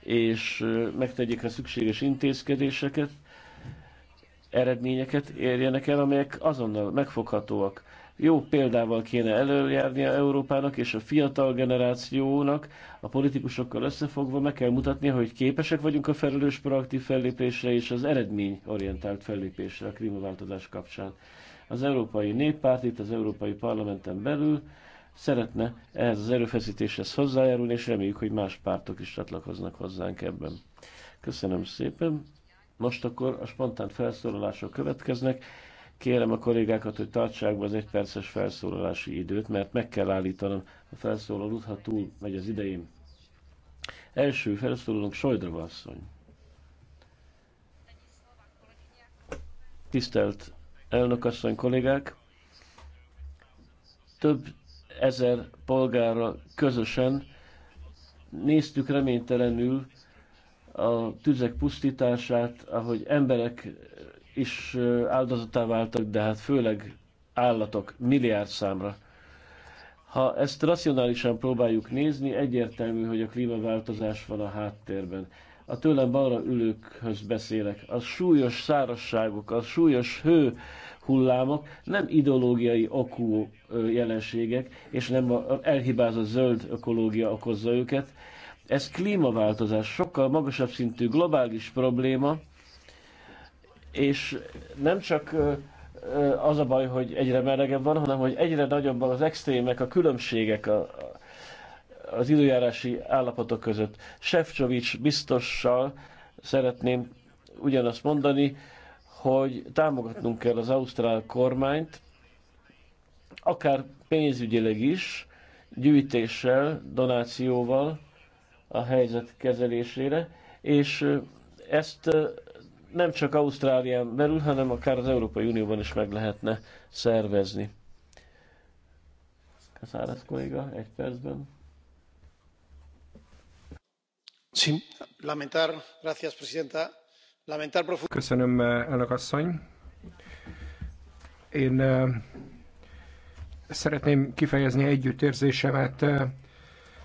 és megtegyék a szükséges intézkedéseket, eredményeket érjenek el, amelyek azonnal megfoghatóak. Jó példával kéne előjárnia Európának és a fiatal generációnak, a politikusokkal összefogva meg kell mutatni, hogy képesek vagyunk a felelős proaktív fellépésre és az eredményorientált fellépésre a klímaváltozás kapcsán. Az Európai Néppárt itt az Európai Parlamenten belül szeretne ehhez az erőfeszítéshez hozzájárulni, és reméljük, hogy más pártok is csatlakoznak hozzánk ebben. Köszönöm szépen. Most akkor a spontán felszólalások következnek. Kérem a kollégákat, hogy tartsák be az egyperces felszólalási időt, mert meg kell állítanom a felszólalót, ha túl megy az idején. Első felszólalónk Sojdrova asszony. Tisztelt elnökasszony kollégák! Több ezer polgárra közösen néztük reménytelenül a tüzek pusztítását, ahogy emberek is áldozatá váltak, de hát főleg állatok milliárd számra. Ha ezt racionálisan próbáljuk nézni, egyértelmű, hogy a klímaváltozás van a háttérben. A tőlem balra ülőkhöz beszélek. A súlyos szárasságok, a súlyos hő, hullámok nem ideológiai okú jelenségek, és nem a elhibázott zöld ökológia okozza őket. Ez klímaváltozás, sokkal magasabb szintű globális probléma, és nem csak az a baj, hogy egyre melegebb van, hanem hogy egyre nagyobb az extrémek, a különbségek a, az időjárási állapotok között. Sefcsovics biztossal szeretném ugyanazt mondani, hogy támogatnunk kell az ausztrál kormányt, akár pénzügyileg is, gyűjtéssel, donációval a helyzet kezelésére, és ezt nem csak Ausztrálián belül, hanem akár az Európai Unióban is meg lehetne szervezni. Kaszáraz kolléga, egy percben. Sí. Lamentar, gracias, presidenta. Köszönöm, eh, elnök asszony. Én eh, szeretném kifejezni együttérzésemet eh,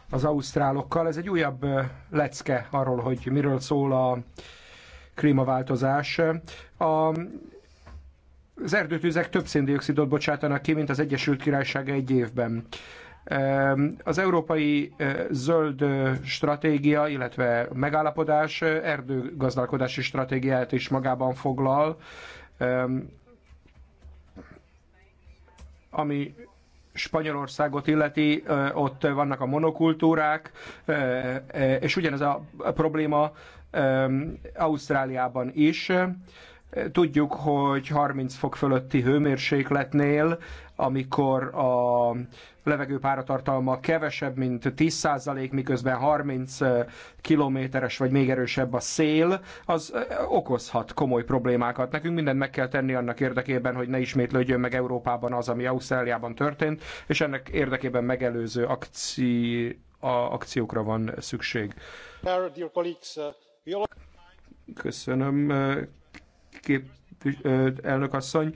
az ausztrálokkal. Ez egy újabb lecke arról, hogy miről szól a klímaváltozás. A az erdőtűzek több széndiokszidot bocsátanak ki, mint az Egyesült Királyság egy évben. Az európai eh, zöld eh, stratégia, illetve megállapodás eh, erdőgazdálkodási stratégiát is magában foglal, ami Spanyolországot illeti, ott vannak a monokultúrák, és ugyanez a probléma Ausztráliában is. Tudjuk, hogy 30 fok fölötti hőmérsékletnél, amikor a levegőpáratartalma kevesebb, mint 10%, miközben 30 kilométeres vagy még erősebb a szél, az okozhat komoly problémákat. Nekünk mindent meg kell tenni annak érdekében, hogy ne ismétlődjön meg Európában az, ami Ausztráliában történt, és ennek érdekében megelőző akci... a akciókra van szükség. Uh, Köszönöm, kép elnökasszony.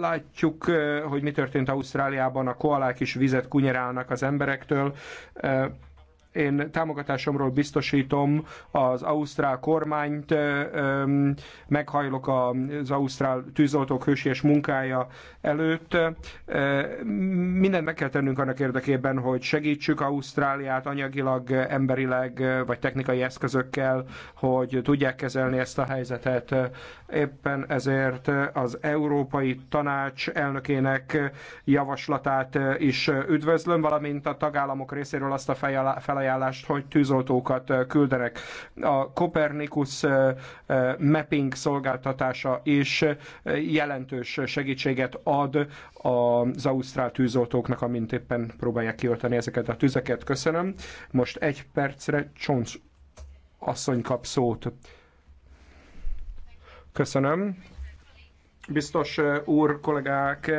Látjuk, hogy mi történt Ausztráliában, a koalák is vizet kunyerálnak az emberektől én támogatásomról biztosítom az ausztrál kormányt, meghajlok az ausztrál tűzoltók hősies munkája előtt. Mindent meg kell tennünk annak érdekében, hogy segítsük Ausztráliát anyagilag, emberileg vagy technikai eszközökkel, hogy tudják kezelni ezt a helyzetet. Éppen ezért az Európai Tanács elnökének javaslatát is üdvözlöm, valamint a tagállamok részéről azt a fel felajánlást, hogy tűzoltókat küldenek. A Copernicus mapping szolgáltatása is jelentős segítséget ad az ausztrál tűzoltóknak, amint éppen próbálják kioltani ezeket a tüzeket. Köszönöm. Most egy percre Csonc asszony kap szót. Köszönöm. Biztos úr, kollégák,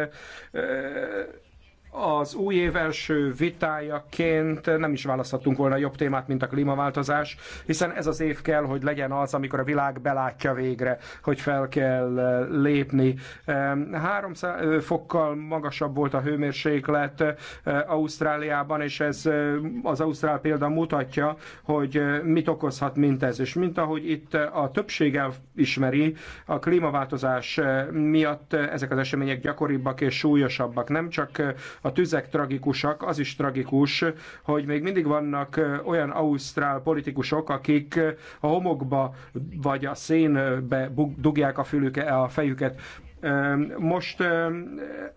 az új év első vitájaként nem is választhatunk volna jobb témát, mint a klímaváltozás, hiszen ez az év kell, hogy legyen az, amikor a világ belátja végre, hogy fel kell eh, lépni. Eh, három eh, fokkal magasabb volt a hőmérséklet Ausztráliában, és ez az Ausztrál példa mutatja, hogy mit okozhat ez És mint ahogy itt a többség ismeri, a klímaváltozás miatt ezek az események gyakoribbak és súlyosabbak. Nem csak a tüzek tragikusak, az is tragikus, hogy még mindig vannak olyan ausztrál politikusok, akik a homokba vagy a szénbe dugják a fülüke, a fejüket. Most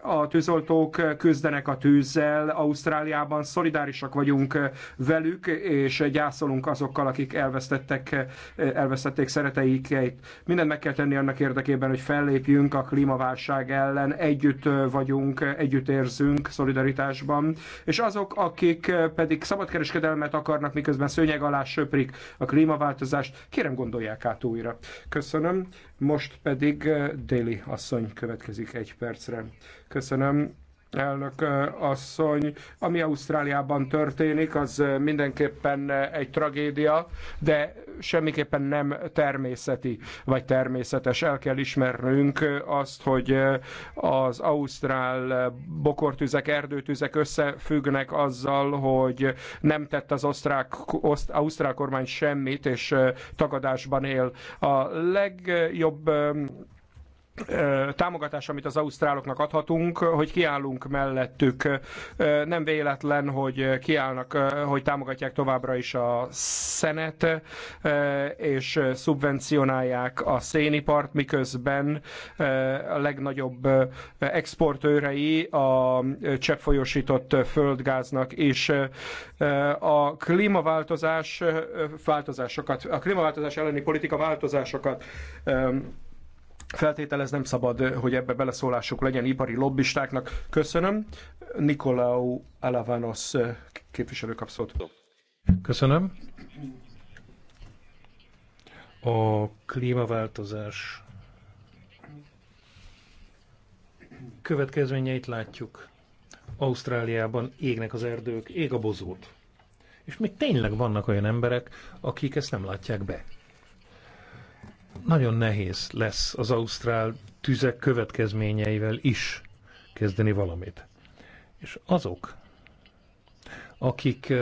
a tűzoltók küzdenek a tűzzel, Ausztráliában szolidárisak vagyunk velük, és gyászolunk azokkal, akik elvesztettek, elvesztették szereteiket. Mindent meg kell tenni annak érdekében, hogy fellépjünk a klímaválság ellen, együtt vagyunk, együtt érzünk szolidaritásban, és azok, akik pedig szabadkereskedelmet akarnak, miközben szőnyeg alá söprik a klímaváltozást, kérem gondolják át újra. Köszönöm. Most pedig Déli asszony asszony következik egy percre. Köszönöm elnök asszony. Ami Ausztráliában történik, az mindenképpen egy tragédia, de semmiképpen nem természeti vagy természetes. El kell ismernünk azt, hogy az ausztrál bokortüzek, erdőtüzek összefüggnek azzal, hogy nem tett az osztrák, oszt, ausztrál kormány semmit, és tagadásban él. A legjobb támogatás, amit az ausztráloknak adhatunk, hogy kiállunk mellettük. Nem véletlen, hogy kiállnak, hogy támogatják továbbra is a szenet, és szubvencionálják a szénipart, miközben a legnagyobb exportőrei a cseppfolyósított földgáznak, és a klímaváltozás változásokat, a klímaváltozás elleni politika változásokat feltételez, nem szabad, hogy ebbe beleszólásuk legyen ipari lobbistáknak. Köszönöm. Nikolau Alavanos képviselő kapszót. Köszönöm. A klímaváltozás következményeit látjuk. Ausztráliában égnek az erdők, ég a bozót. És még tényleg vannak olyan emberek, akik ezt nem látják be nagyon nehéz lesz az ausztrál tüzek következményeivel is kezdeni valamit. És azok, akik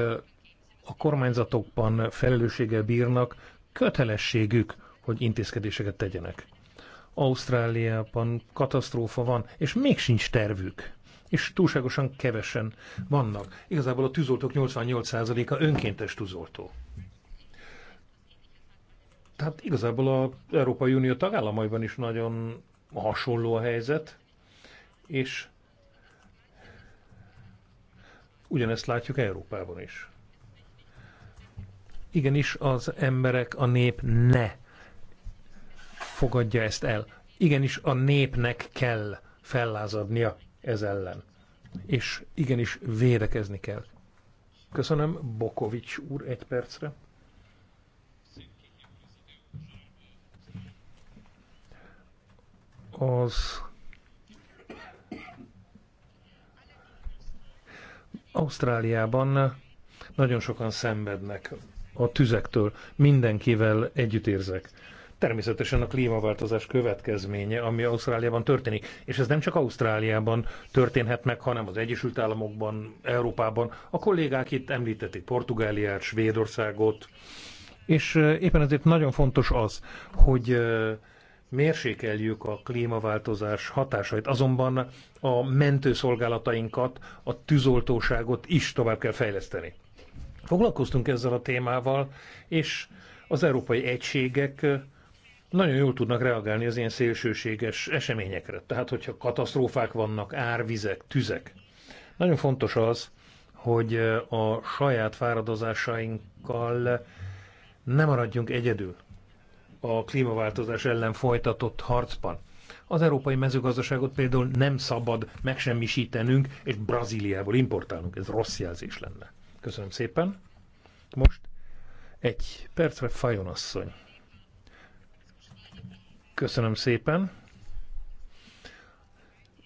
a kormányzatokban felelősséggel bírnak, kötelességük, hogy intézkedéseket tegyenek. Ausztráliában katasztrófa van, és még sincs tervük. És túlságosan kevesen vannak. Igazából a tűzoltók 88%-a önkéntes tűzoltó hát igazából az Európai Unió tagállamaiban is nagyon hasonló a helyzet, és ugyanezt látjuk Európában is. Igenis, az emberek, a nép ne fogadja ezt el. Igenis, a népnek kell fellázadnia ez ellen. És igenis védekezni kell. Köszönöm, Bokovics úr, egy percre. az Ausztráliában nagyon sokan szenvednek a tüzektől. Mindenkivel együtt érzek. Természetesen a klímaváltozás következménye, ami Ausztráliában történik. És ez nem csak Ausztráliában történhet meg, hanem az Egyesült Államokban, Európában. A kollégák itt említették Portugáliát, Svédországot. És eh, éppen ezért nagyon fontos az, hogy eh, mérsékeljük a klímaváltozás hatásait, azonban a mentőszolgálatainkat, a tűzoltóságot is tovább kell fejleszteni. Foglalkoztunk ezzel a témával, és az európai egységek nagyon jól tudnak reagálni az ilyen szélsőséges eseményekre. Tehát, hogyha katasztrófák vannak, árvizek, tüzek. Nagyon fontos az, hogy a saját fáradozásainkkal nem maradjunk egyedül a klímaváltozás ellen folytatott harcban. Az európai mezőgazdaságot például nem szabad megsemmisítenünk, és Brazíliából importálnunk. Ez rossz jelzés lenne. Köszönöm szépen. Most egy percre Fajon asszony. Köszönöm szépen.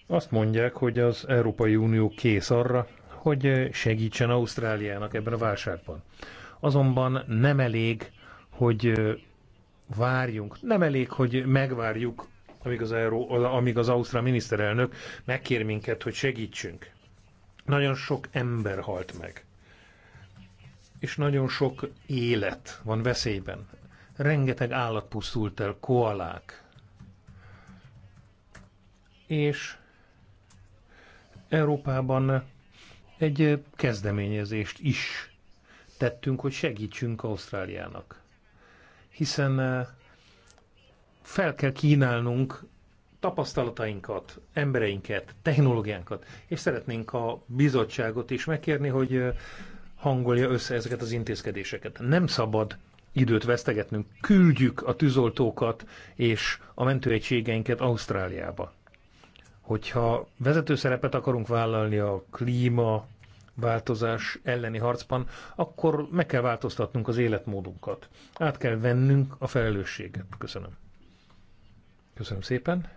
Azt mondják, hogy az Európai Unió kész arra, hogy segítsen Ausztráliának ebben a válságban. Azonban nem elég, hogy várjunk. Nem elég, hogy megvárjuk, amíg az, Euró, amíg az Ausztrál miniszterelnök megkér minket, hogy segítsünk. Nagyon sok ember halt meg. És nagyon sok élet van veszélyben. Rengeteg állat pusztult el, koalák. És Európában egy kezdeményezést is tettünk, hogy segítsünk Ausztráliának hiszen eh, fel kell kínálnunk tapasztalatainkat, embereinket, technológiánkat, és szeretnénk a bizottságot is megkérni, hogy eh, hangolja össze ezeket az intézkedéseket. Nem szabad időt vesztegetnünk, küldjük a tűzoltókat és a mentőegységeinket Ausztráliába. Hogyha vezető szerepet akarunk vállalni a klíma változás elleni harcban, akkor meg kell változtatnunk az életmódunkat. Át kell vennünk a felelősséget. Köszönöm. Köszönöm szépen.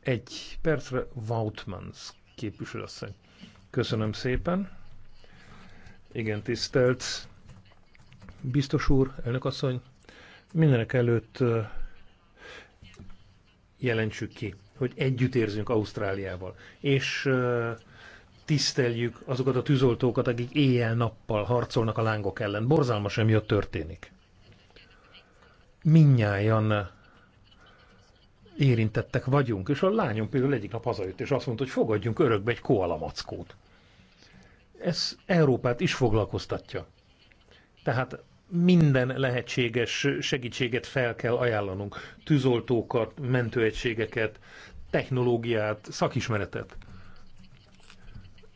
Egy percre Vautmans képviselőasszony. Köszönöm szépen. Igen, tisztelt biztos úr, elnökasszony. Mindenek előtt jelentsük ki, hogy együtt érzünk Ausztráliával. És tiszteljük azokat a tűzoltókat, akik éjjel-nappal harcolnak a lángok ellen. Borzalmas, ami ott történik. Minnyáján érintettek vagyunk, és a lányom például egyik nap hazajött, és azt mondta, hogy fogadjunk örökbe egy koalamackót. Ez Európát is foglalkoztatja. Tehát minden lehetséges segítséget fel kell ajánlanunk. Tűzoltókat, mentőegységeket, technológiát, szakismeretet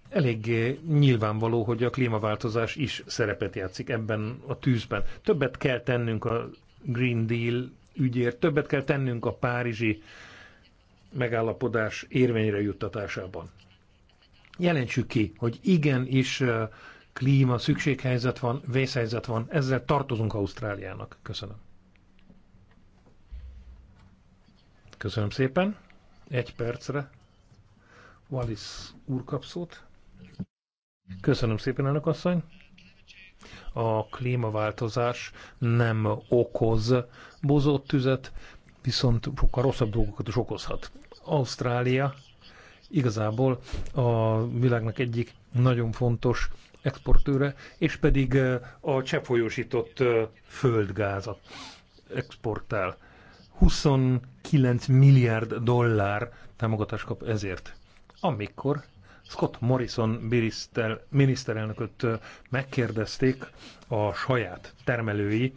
elég nyilvánvaló, hogy a klímaváltozás is szerepet játszik ebben a tűzben. Többet kell tennünk a Green Deal ügyért, többet kell tennünk a párizsi megállapodás érvényre juttatásában. Jelentsük ki, hogy igenis klíma szükséghelyzet van, vészhelyzet van, ezzel tartozunk Ausztráliának. Köszönöm. Köszönöm szépen. Egy percre. Wallis úr Köszönöm szépen, elnök asszony. A klímaváltozás nem okoz bozott tüzet, viszont sokkal rosszabb dolgokat is okozhat. Ausztrália igazából a világnak egyik nagyon fontos exportőre, és pedig eh, a cseppfolyósított eh, földgázat exportál. 29 milliárd dollár támogatást kap ezért. Amikor Scott Morrison miniszterelnököt megkérdezték a saját termelői,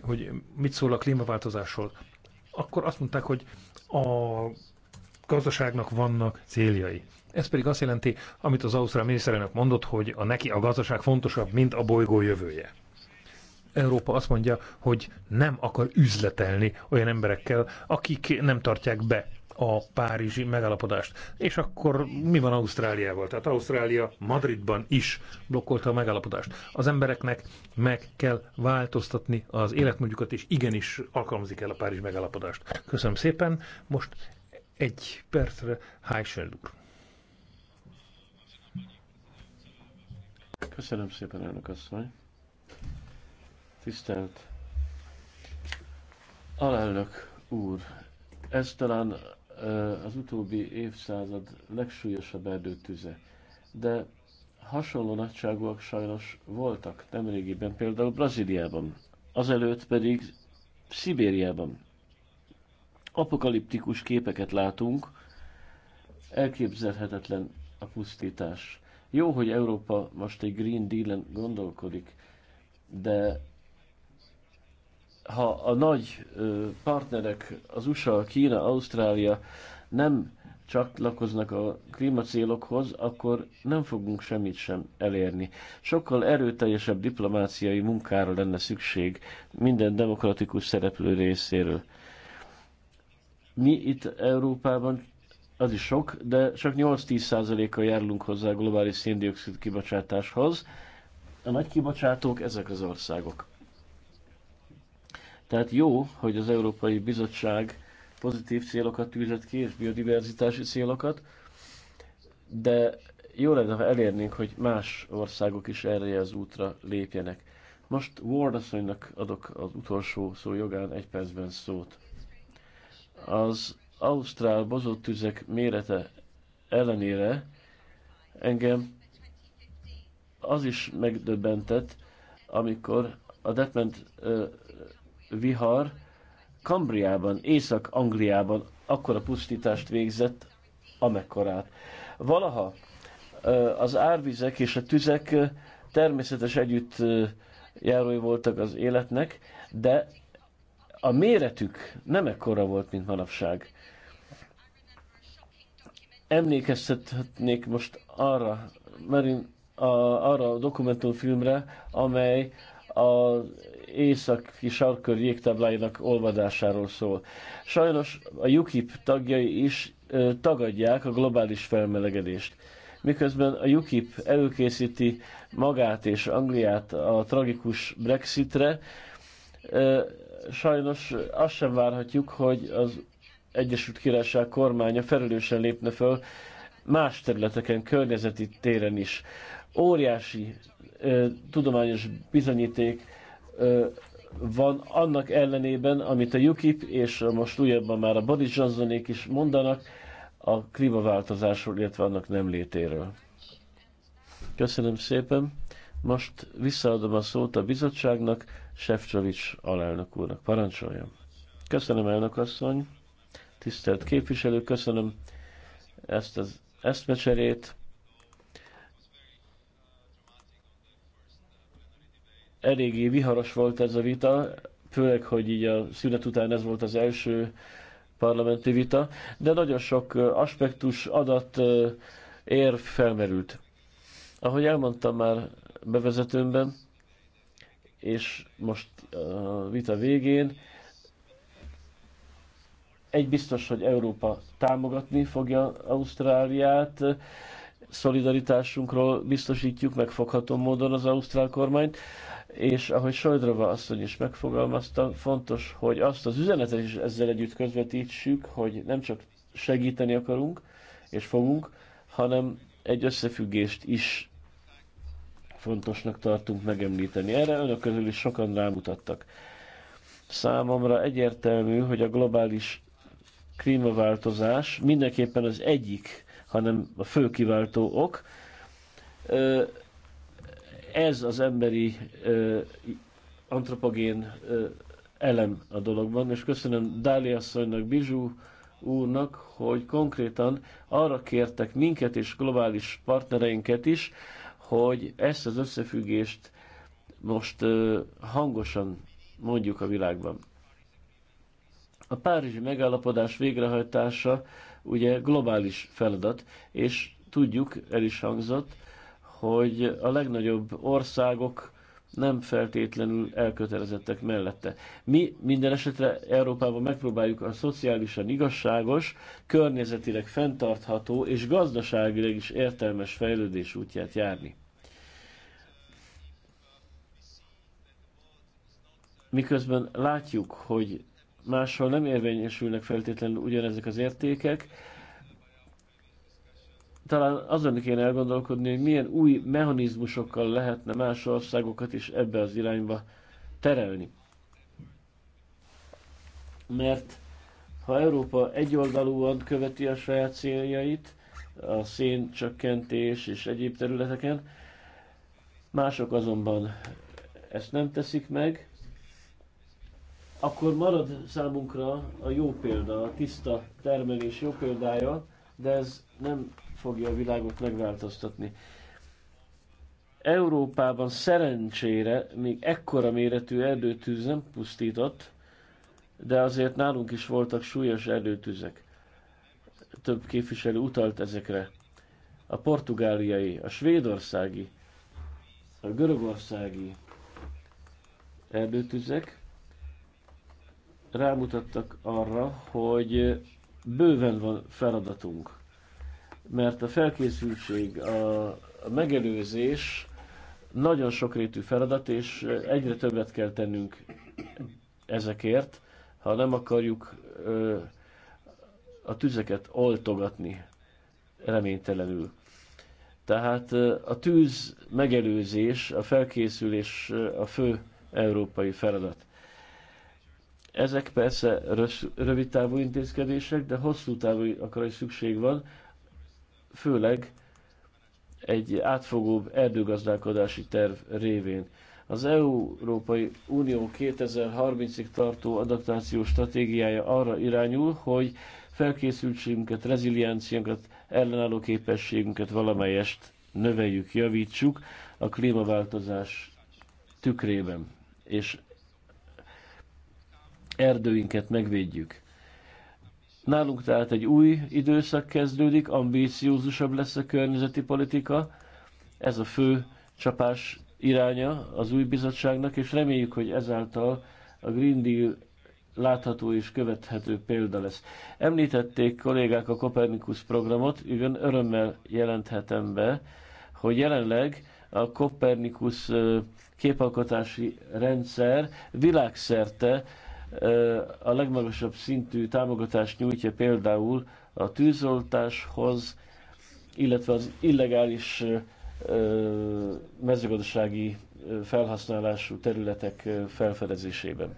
hogy mit szól a klímaváltozásról. Akkor azt mondták, hogy a gazdaságnak vannak céljai. Ez pedig azt jelenti, amit az ausztrál miniszterelnök mondott, hogy a neki a gazdaság fontosabb, mint a bolygó jövője. Európa azt mondja, hogy nem akar üzletelni olyan emberekkel, akik nem tartják be a párizsi megállapodást. És akkor mi van Ausztráliával? Tehát Ausztrália Madridban is blokkolta a megállapodást. Az embereknek meg kell változtatni az életmódjukat, és igenis alkalmazik el a párizsi megállapodást. Köszönöm szépen. Most egy percre Heysel úr. Köszönöm szépen, elnök asszony. Tisztelt alelnök úr, ez talán az utóbbi évszázad legsúlyosabb erdőtüze. De hasonló nagyságúak sajnos voltak nemrégiben, például Brazíliában, azelőtt pedig Szibériában. Apokaliptikus képeket látunk, elképzelhetetlen a pusztítás. Jó, hogy Európa most egy Green Deal-en gondolkodik, de ha a nagy partnerek, az USA, Kína, Ausztrália nem csatlakoznak a klímacélokhoz, akkor nem fogunk semmit sem elérni. Sokkal erőteljesebb diplomáciai munkára lenne szükség minden demokratikus szereplő részéről. Mi itt Európában az is sok, de csak 8-10%-kal járulunk hozzá a globális széndiokszid kibocsátáshoz. A nagy kibocsátók ezek az országok. Tehát jó, hogy az Európai Bizottság pozitív célokat tűzött ki, és biodiverzitási célokat, de jó lenne, ha elérnénk, hogy más országok is erre az útra lépjenek. Most Ward asszonynak adok az utolsó szó jogán egy percben szót. Az ausztrál bozott tüzek mérete ellenére engem az is megdöbbentett, amikor a Detment vihar Kambriában, Észak-Angliában akkora pusztítást végzett, amekkorát. Valaha az árvizek és a tüzek természetes együtt járói voltak az életnek, de a méretük nem ekkora volt, mint manapság. Emlékeztetnék most arra, Marin, a, arra a dokumentumfilmre, amely a északi sarkör jégtábláinak olvadásáról szól. Sajnos a UKIP tagjai is tagadják a globális felmelegedést. Miközben a UKIP előkészíti magát és Angliát a tragikus Brexitre, sajnos azt sem várhatjuk, hogy az Egyesült Királyság kormánya felelősen lépne föl más területeken, környezeti téren is. Óriási tudományos bizonyíték van annak ellenében, amit a UKIP és most újabban már a Boris Johnsonék is mondanak a klímaváltozásról, illetve annak nem létéről. Köszönöm szépen. Most visszaadom a szót a bizottságnak, Sefcsovics alelnök úrnak. Parancsoljon. Köszönöm, elnök asszony. Tisztelt képviselő, köszönöm ezt az eszmecserét. eléggé viharos volt ez a vita, főleg, hogy így a szünet után ez volt az első parlamenti vita, de nagyon sok aspektus, adat, ér felmerült. Ahogy elmondtam már bevezetőmben, és most a vita végén, egy biztos, hogy Európa támogatni fogja Ausztráliát, szolidaritásunkról biztosítjuk megfogható módon az ausztrál kormányt és ahogy Sojdrova asszony is megfogalmazta, fontos, hogy azt az üzenetet is ezzel együtt közvetítsük, hogy nem csak segíteni akarunk, és fogunk, hanem egy összefüggést is fontosnak tartunk megemlíteni. Erre önök közül is sokan rámutattak. Számomra egyértelmű, hogy a globális klímaváltozás mindenképpen az egyik, hanem a fő kiváltó ok, ez az emberi ö, antropogén ö, elem a dologban, és köszönöm Dáli asszonynak, Bizsú úrnak, hogy konkrétan arra kértek minket és globális partnereinket is, hogy ezt az összefüggést most ö, hangosan mondjuk a világban. A párizsi megállapodás végrehajtása ugye globális feladat, és tudjuk, el is hangzott, hogy a legnagyobb országok nem feltétlenül elkötelezettek mellette. Mi minden esetre Európában megpróbáljuk a szociálisan igazságos, környezetileg fenntartható és gazdaságileg is értelmes fejlődés útját járni. Miközben látjuk, hogy máshol nem érvényesülnek feltétlenül ugyanezek az értékek, talán azon kéne elgondolkodni, hogy milyen új mechanizmusokkal lehetne más országokat is ebbe az irányba terelni. Mert ha Európa egyoldalúan követi a saját céljait, a széncsökkentés és egyéb területeken, mások azonban ezt nem teszik meg, akkor marad számunkra a jó példa, a tiszta termelés jó példája, de ez nem fogja a világot megváltoztatni. Európában szerencsére még ekkora méretű erdőtűz nem pusztított, de azért nálunk is voltak súlyos erdőtűzek. Több képviselő utalt ezekre. A portugáliai, a svédországi, a görögországi erdőtűzek rámutattak arra, hogy bőven van feladatunk, mert a felkészültség, a, a megelőzés nagyon sokrétű feladat, és egyre többet kell tennünk ezekért, ha nem akarjuk ö, a tüzeket oltogatni reménytelenül. Tehát a tűz megelőzés, a felkészülés a fő európai feladat. Ezek persze rövid távú intézkedések, de hosszú távú akarai szükség van, főleg egy átfogóbb erdőgazdálkodási terv révén. Az Európai Unió 2030-ig tartó adaptációs stratégiája arra irányul, hogy felkészültségünket, rezilienciánkat, ellenálló képességünket valamelyest növeljük, javítsuk a klímaváltozás tükrében. És erdőinket megvédjük. Nálunk tehát egy új időszak kezdődik, ambíciózusabb lesz a környezeti politika, ez a fő csapás iránya az új bizottságnak, és reméljük, hogy ezáltal a Green Deal látható és követhető példa lesz. Említették kollégák a Kopernikus programot, igen, örömmel jelenthetem be, hogy jelenleg a Kopernikus képalkotási rendszer világszerte a legmagasabb szintű támogatást nyújtja például a tűzoltáshoz, illetve az illegális mezőgazdasági felhasználású területek felfedezésében.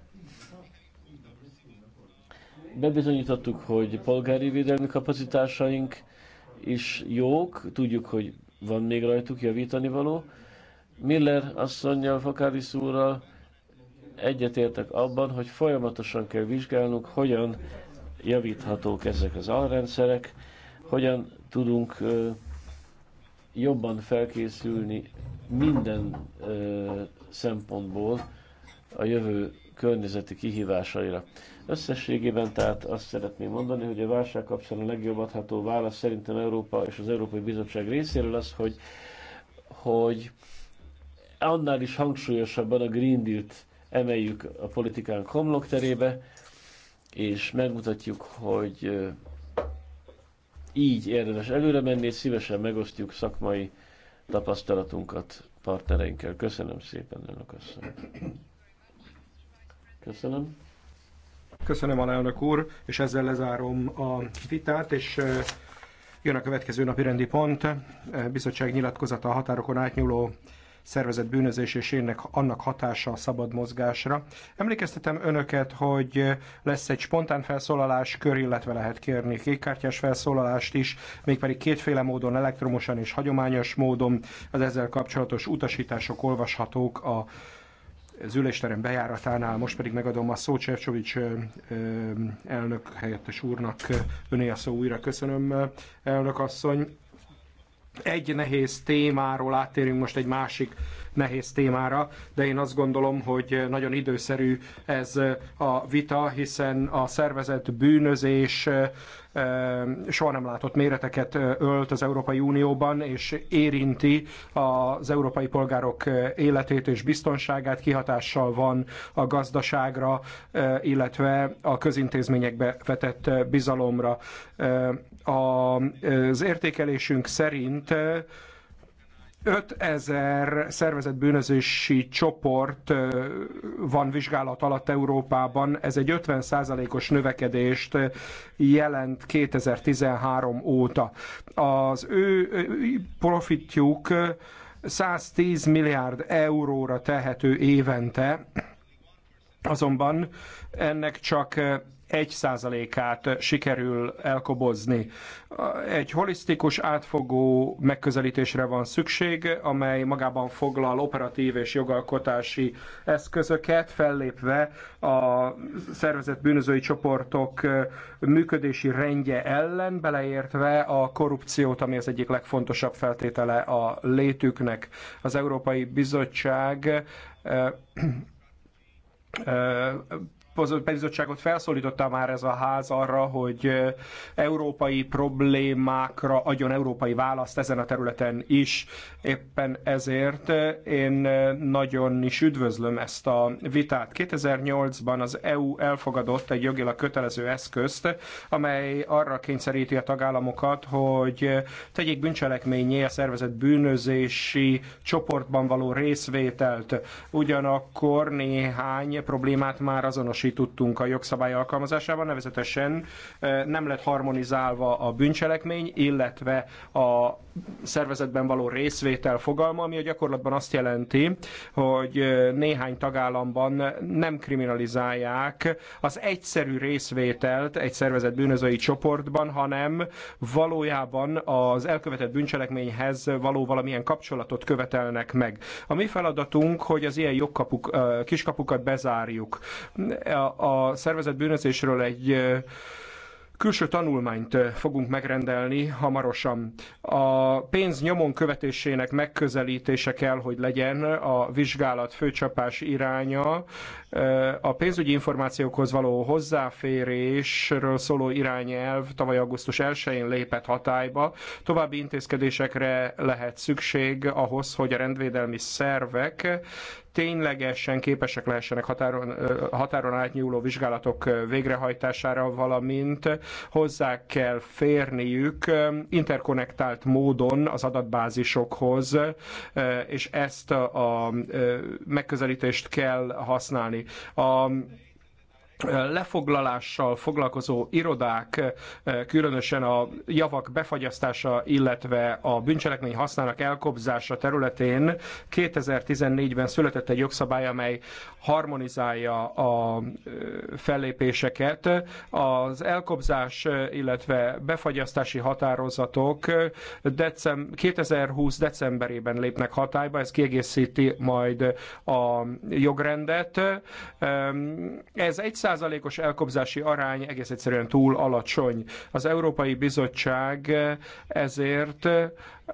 Bebizonyítottuk, hogy polgári védelmi kapacitásaink is jók, tudjuk, hogy van még rajtuk javítani való. Miller asszonyjal, Fakáris úrral, egyetértek abban, hogy folyamatosan kell vizsgálnunk, hogyan javíthatók ezek az alrendszerek, hogyan tudunk jobban felkészülni minden szempontból a jövő környezeti kihívásaira. Összességében tehát azt szeretném mondani, hogy a válság kapcsán a legjobb adható válasz szerintem Európa és az Európai Bizottság részéről az, hogy, hogy annál is hangsúlyosabban a Green Deal-t emeljük a politikánk homlokterébe, és megmutatjuk, hogy így érdemes előre menni, és szívesen megosztjuk szakmai tapasztalatunkat partnereinkkel. Köszönöm szépen, elnök asszony. Köszönöm. Köszönöm, alelnök úr, és ezzel lezárom a vitát, és jön a következő napi rendi pont, bizottság nyilatkozata a határokon átnyúló szervezett bűnözés és énnek, annak hatása a szabad mozgásra. Emlékeztetem önöket, hogy lesz egy spontán felszólalás kör, illetve lehet kérni kékkártyás felszólalást is, mégpedig kétféle módon, elektromosan és hagyományos módon az ezzel kapcsolatos utasítások olvashatók a az ülésterem bejáratánál. Most pedig megadom a szót Csefcsovics elnök helyettes úrnak. Öné a szó újra. Köszönöm, elnök asszony egy nehéz témáról áttérünk most egy másik nehéz témára, de én azt gondolom, hogy nagyon időszerű ez a vita, hiszen a szervezett bűnözés soha nem látott méreteket ölt az Európai Unióban, és érinti az európai polgárok életét és biztonságát, kihatással van a gazdaságra, illetve a közintézményekbe vetett bizalomra. Az értékelésünk szerint 5000 szervezett bűnözési csoport van vizsgálat alatt Európában. Ez egy 50%-os növekedést jelent 2013 óta. Az ő profitjuk 110 milliárd euróra tehető évente, azonban ennek csak egy százalékát sikerül elkobozni. Egy holisztikus, átfogó megközelítésre van szükség, amely magában foglal operatív és jogalkotási eszközöket, fellépve a szervezett bűnözői csoportok működési rendje ellen, beleértve a korrupciót, ami az egyik legfontosabb feltétele a létüknek. Az Európai Bizottság bizottságot felszólította már ez a ház arra, hogy európai problémákra adjon európai választ ezen a területen is. Éppen ezért én nagyon is üdvözlöm ezt a vitát. 2008-ban az EU elfogadott egy jogilag kötelező eszközt, amely arra kényszeríti a tagállamokat, hogy tegyék bűncselekményé a szervezet bűnözési csoportban való részvételt. Ugyanakkor néhány problémát már azonosít módosítottunk a jogszabály alkalmazásában, nevezetesen eh, nem lett harmonizálva a bűncselekmény, illetve a szervezetben való részvétel fogalma, ami a gyakorlatban azt jelenti, hogy néhány tagállamban nem kriminalizálják az egyszerű részvételt egy szervezet bűnözői csoportban, hanem valójában az elkövetett bűncselekményhez való valamilyen kapcsolatot követelnek meg. A mi feladatunk, hogy az ilyen jogkapuk, kiskapukat bezárjuk. A szervezet bűnözésről egy külső tanulmányt eh, fogunk megrendelni hamarosan. A pénz nyomon követésének megközelítése kell, hogy legyen a vizsgálat főcsapás iránya. Eh, a pénzügyi információkhoz való hozzáférésről szóló irányelv tavaly augusztus 1-én lépett hatályba. További intézkedésekre lehet szükség ahhoz, hogy a rendvédelmi szervek ténylegesen képesek lehessenek határon, határon átnyúló vizsgálatok végrehajtására, valamint hozzá kell férniük interkonnektált módon az adatbázisokhoz, és ezt a megközelítést kell használni. A lefoglalással foglalkozó irodák, eh, különösen a javak befagyasztása, illetve a bűncselekmény használnak elkobzása területén 2014-ben született egy jogszabály, amely harmonizálja a eh, fellépéseket. Az elkobzás, eh, illetve befagyasztási határozatok decem 2020 decemberében lépnek hatályba, ez kiegészíti majd a jogrendet. Ez egyszer százalékos elkobzási arány egész egyszerűen túl alacsony. Az Európai Bizottság ezért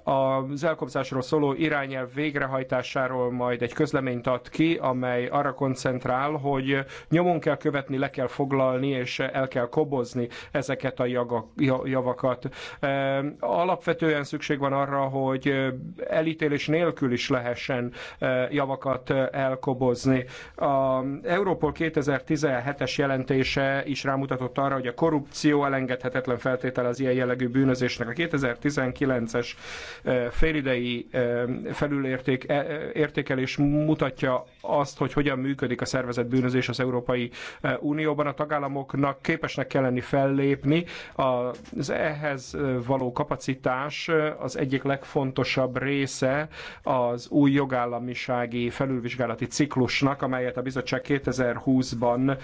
az elkobzásról szóló irányelv végrehajtásáról majd egy közleményt ad ki, amely arra koncentrál, hogy nyomon kell követni, le kell foglalni és el kell kobozni ezeket a javakat. Alapvetően szükség van arra, hogy elítélés nélkül is lehessen javakat elkobozni. A Európol 2017-es jelentése is rámutatott arra, hogy a korrupció elengedhetetlen feltétele az ilyen jellegű bűnözésnek. A 2019-es félidei felülérték, e, értékelés mutatja azt, hogy hogyan működik a szervezett bűnözés az Európai Unióban. A tagállamoknak képesnek kell lenni fellépni. Az ehhez való kapacitás az egyik legfontosabb része az új jogállamisági felülvizsgálati ciklusnak, amelyet a bizottság 2020-ban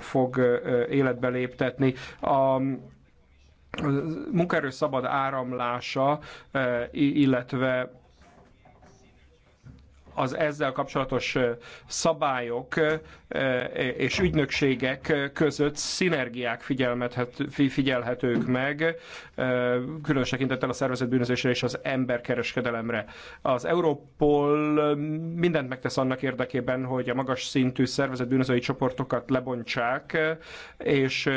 fog életbe léptetni. A munkaerő szabad áramlása, eh, illetve az ezzel kapcsolatos szabályok és ügynökségek között szinergiák figyelhetők meg, különös tekintettel a szervezett bűnözésre és az emberkereskedelemre. Az Europol mindent megtesz annak érdekében, hogy a magas szintű szervezett bűnözői csoportokat lebontsák, és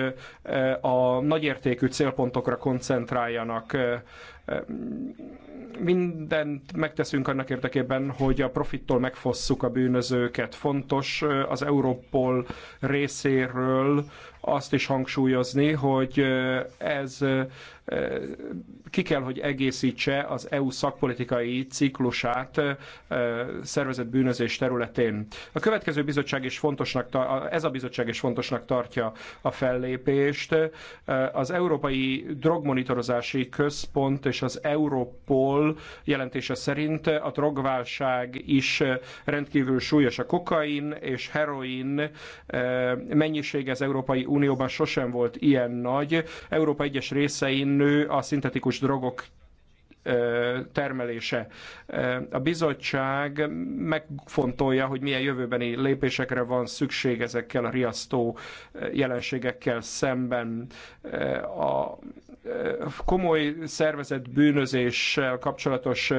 a nagyértékű célpontokra koncentráljanak mindent megteszünk annak érdekében, hogy a profittól megfosszuk a bűnözőket. Fontos az Európol részéről azt is hangsúlyozni, hogy ez ki kell, hogy egészítse az EU szakpolitikai ciklusát szervezett bűnözés területén. A következő bizottság is fontosnak, ez a bizottság is fontosnak tartja a fellépést. Az Európai Drogmonitorozási Központ és az Europol jelentése szerint a drogválság is rendkívül súlyos. A kokain és heroin mennyisége az Európai Unióban sosem volt ilyen nagy. Európa egyes részein nő a szintetikus drogok termelése. A bizottság megfontolja, hogy milyen jövőbeni lépésekre van szükség ezekkel a riasztó jelenségekkel szemben. A komoly szervezett bűnözéssel kapcsolatos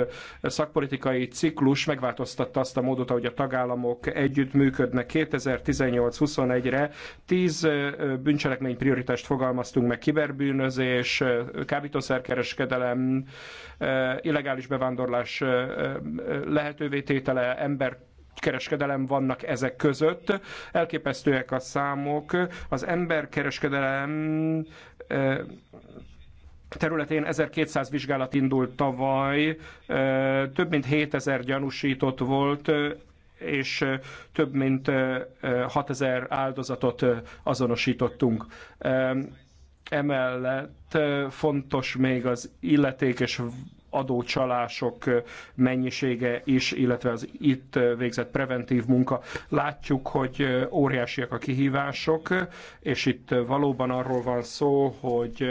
szakpolitikai ciklus megváltoztatta azt a módot, ahogy a tagállamok együttműködnek. 2018-21-re 10 bűncselekmény prioritást fogalmaztunk meg, kiberbűnözés, kábítószerkereskedelem, illegális bevándorlás lehetővé tétele, ember kereskedelem vannak ezek között. Elképesztőek a számok. Az emberkereskedelem területén 1200 vizsgálat indult tavaly, több mint 7000 gyanúsított volt, és több mint 6000 áldozatot azonosítottunk. Emellett fontos még az illetékes adócsalások mennyisége is, illetve az itt végzett preventív munka. Látjuk, hogy óriásiak a kihívások, és itt valóban arról van szó, hogy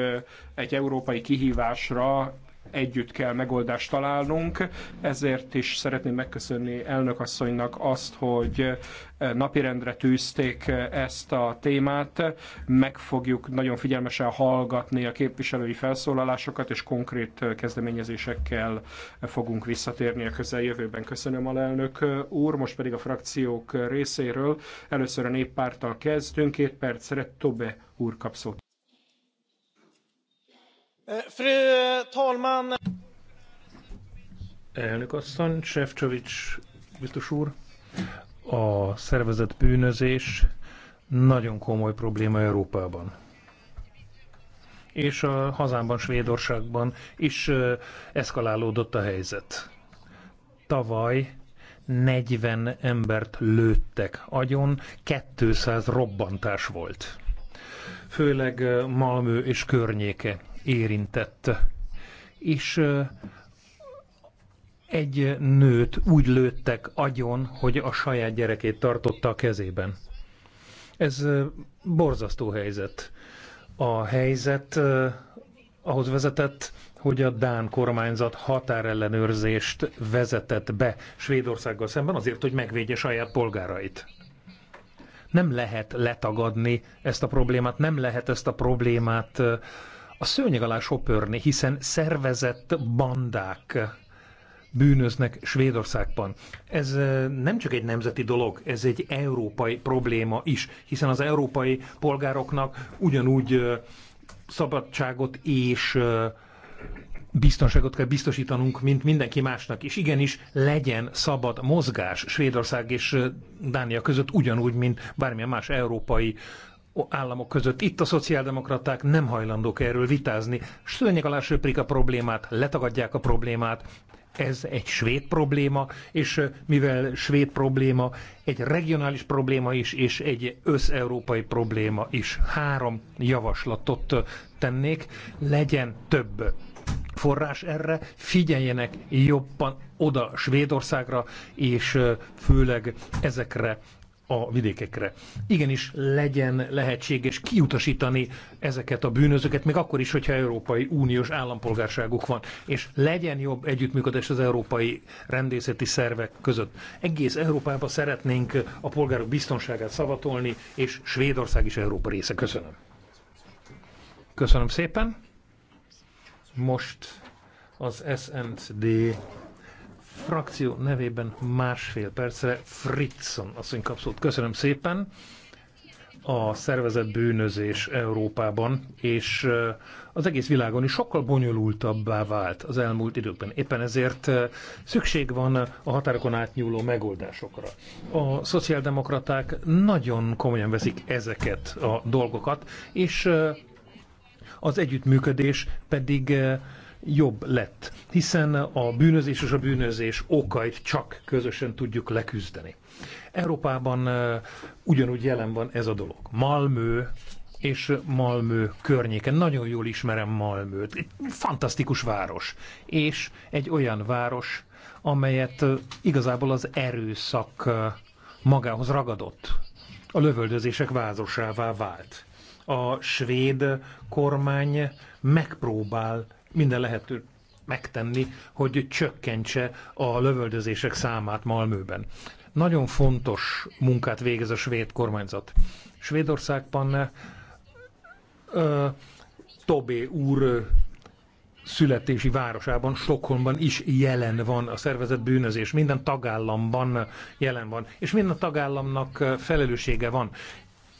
egy európai kihívásra együtt kell megoldást találnunk. Ezért is szeretném megköszönni elnökasszonynak azt, hogy e, napirendre tűzték e, ezt a témát. Meg fogjuk nagyon figyelmesen hallgatni a képviselői felszólalásokat, és konkrét e, kezdeményezésekkel fogunk visszatérni a közeljövőben. Köszönöm a elnök úr, most pedig a frakciók részéről. Először a néppárttal kezdünk, két percre Tobe úr kap szót. Fru talman! Elnök asszony, Sefcsovics biztos úr, a szervezett bűnözés nagyon komoly probléma Európában. És a hazámban, Svédországban is eszkalálódott a helyzet. Tavaly 40 embert lőttek agyon, 200 robbantás volt. Főleg Malmö és környéke érintett. És egy nőt úgy lőttek agyon, hogy a saját gyerekét tartotta a kezében. Ez borzasztó helyzet. A helyzet ahhoz vezetett, hogy a Dán kormányzat határellenőrzést vezetett be Svédországgal szemben azért, hogy megvédje saját polgárait. Nem lehet letagadni ezt a problémát, nem lehet ezt a problémát a szőnyeg alá sopörni, hiszen szervezett bandák bűnöznek Svédországban. Ez nem csak egy nemzeti dolog, ez egy európai probléma is, hiszen az európai polgároknak ugyanúgy szabadságot és biztonságot kell biztosítanunk, mint mindenki másnak, és igenis legyen szabad mozgás Svédország és Dánia között ugyanúgy, mint bármilyen más európai államok között. Itt a szociáldemokraták nem hajlandók erről vitázni. Szörnyek alá söprik a problémát, letagadják a problémát. Ez egy svéd probléma, és mivel svéd probléma, egy regionális probléma is, és egy összeurópai probléma is. Három javaslatot tennék, legyen több forrás erre, figyeljenek jobban oda Svédországra, és főleg ezekre a vidékekre. Igenis legyen lehetséges kiutasítani ezeket a bűnözőket, még akkor is, hogyha Európai Uniós állampolgárságuk van, és legyen jobb együttműködés az európai rendészeti szervek között. Egész Európában szeretnénk a polgárok biztonságát szavatolni, és Svédország is Európa része. Köszönöm. Köszönöm szépen. Most az SND frakció nevében másfél percre Fritzon asszony kapszót. Köszönöm szépen. A szervezett bűnözés Európában és az egész világon is sokkal bonyolultabbá vált az elmúlt időkben. Éppen ezért szükség van a határokon átnyúló megoldásokra. A szociáldemokraták nagyon komolyan veszik ezeket a dolgokat, és az együttműködés pedig jobb lett, hiszen a bűnözés és a bűnözés okait csak közösen tudjuk leküzdeni. Európában ugyanúgy jelen van ez a dolog. Malmö és Malmö környéken. Nagyon jól ismerem Malmőt. Egy fantasztikus város. És egy olyan város, amelyet igazából az erőszak magához ragadott. A lövöldözések vázosává vált. A svéd kormány megpróbál minden lehető megtenni, hogy csökkentse a lövöldözések számát Malmőben. Nagyon fontos munkát végez a svéd kormányzat. Svédországban ö, Tobé úr születési városában, Stockholmban is jelen van a szervezet bűnözés, minden tagállamban jelen van, és minden tagállamnak felelőssége van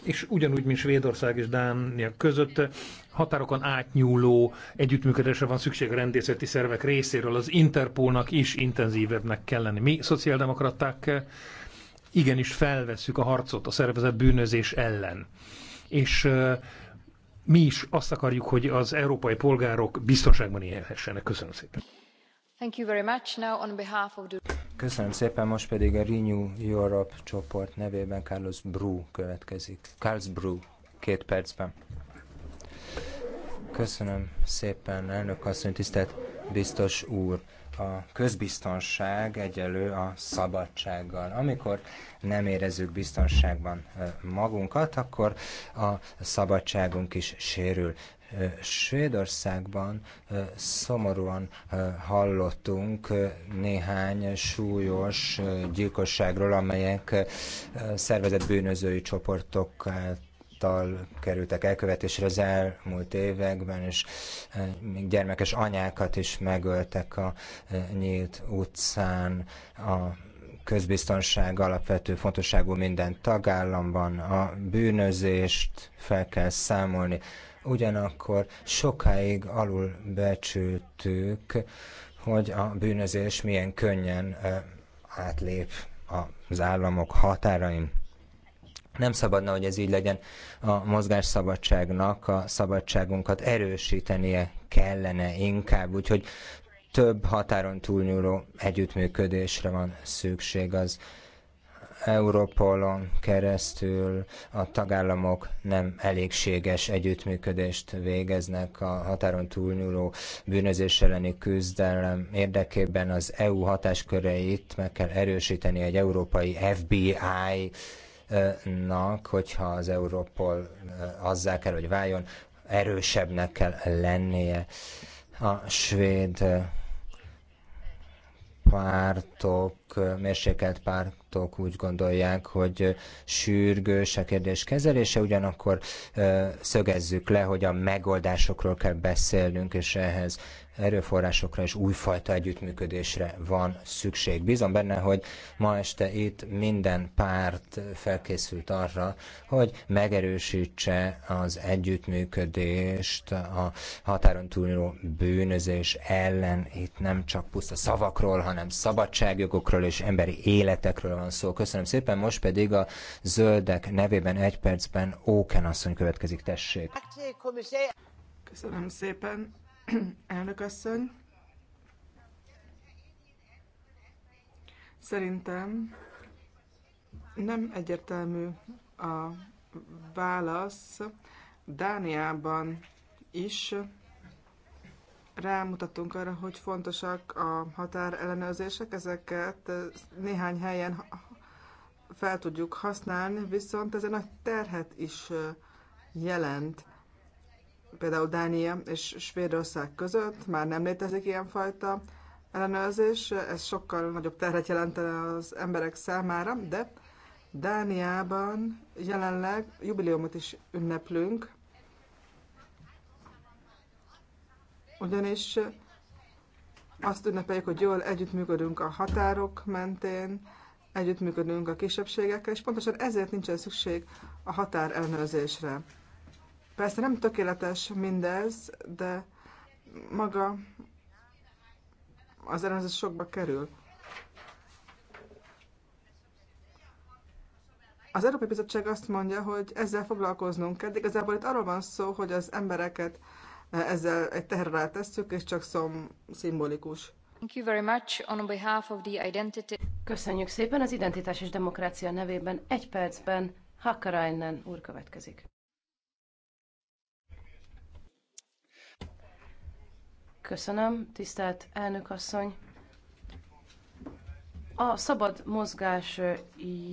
és ugyanúgy, mint Svédország és Dánia között határokon átnyúló együttműködésre van szükség a rendészeti szervek részéről. Az Interpolnak is intenzívebbnek kell lenni. Mi, szociáldemokraták, igenis felveszük a harcot a szervezett bűnözés ellen. És mi is azt akarjuk, hogy az európai polgárok biztonságban élhessenek. Köszönöm szépen. Köszönöm szépen, most pedig a Renew Europe csoport nevében Carlos Bru következik. Carlos Bru, két percben. Köszönöm szépen, elnök asszony, tisztelt biztos úr a közbiztonság egyelő a szabadsággal. Amikor nem érezzük biztonságban magunkat, akkor a szabadságunk is sérül. Svédországban szomorúan hallottunk néhány súlyos gyilkosságról, amelyek szervezett bűnözői csoportok fiatal kerültek elkövetésre az elmúlt években, és eh, még gyermekes anyákat is megöltek a eh, nyílt utcán, a közbiztonság alapvető fontosságú minden tagállamban, a bűnözést fel kell számolni. Ugyanakkor sokáig alul becsültük, hogy a bűnözés milyen könnyen eh, átlép az államok határain. Nem szabadna, hogy ez így legyen. A mozgásszabadságnak a szabadságunkat erősítenie kellene inkább, úgyhogy több határon túlnyúló együttműködésre van szükség az Európolon keresztül a tagállamok nem elégséges együttműködést végeznek a határon túlnyúló bűnözés elleni küzdelem érdekében az EU hatásköreit meg kell erősíteni egy európai FBI Nak, hogyha az Európol eh, azzá kell, hogy váljon, erősebbnek kell lennie. A svéd eh, pártok, eh, mérsékelt pártok úgy gondolják, hogy sürgős a kérdés kezelése, ugyanakkor szögezzük le, hogy a megoldásokról kell beszélnünk, és ehhez erőforrásokra és újfajta együttműködésre van szükség. Bízom benne, hogy ma este itt minden párt felkészült arra, hogy megerősítse az együttműködést a határon túlnyúló bűnözés ellen. Itt nem csak puszta szavakról, hanem szabadságjogokról és emberi életekről van szó. Köszönöm szépen, most pedig a zöldek nevében egy percben Ókenasszony következik, tessék. Köszönöm szépen. Elnök asszony, szerintem nem egyértelmű a válasz. Dániában is rámutatunk arra, hogy fontosak a határellenőrzések, ezeket néhány helyen fel tudjuk használni, viszont ez egy nagy terhet is jelent például Dánia és Svédország között már nem létezik ilyenfajta ellenőrzés, ez sokkal nagyobb terhet jelentene az emberek számára, de Dániában jelenleg jubileumot is ünneplünk, ugyanis azt ünnepeljük, hogy jól együttműködünk a határok mentén, együttműködünk a kisebbségekkel, és pontosan ezért nincsen szükség a határellenőrzésre. Persze nem tökéletes mindez, de maga az elemzés sokba kerül. Az Európai Bizottság azt mondja, hogy ezzel foglalkoznunk kell, de igazából itt arról van szó, hogy az embereket eh, ezzel egy teherrel tesszük, és csak szom szimbolikus. Thank you very much on behalf of the identity. Köszönjük szépen az Identitás és Demokrácia nevében egy percben Hakkarainen úr következik. Köszönöm, tisztelt elnök asszony. A szabad mozgás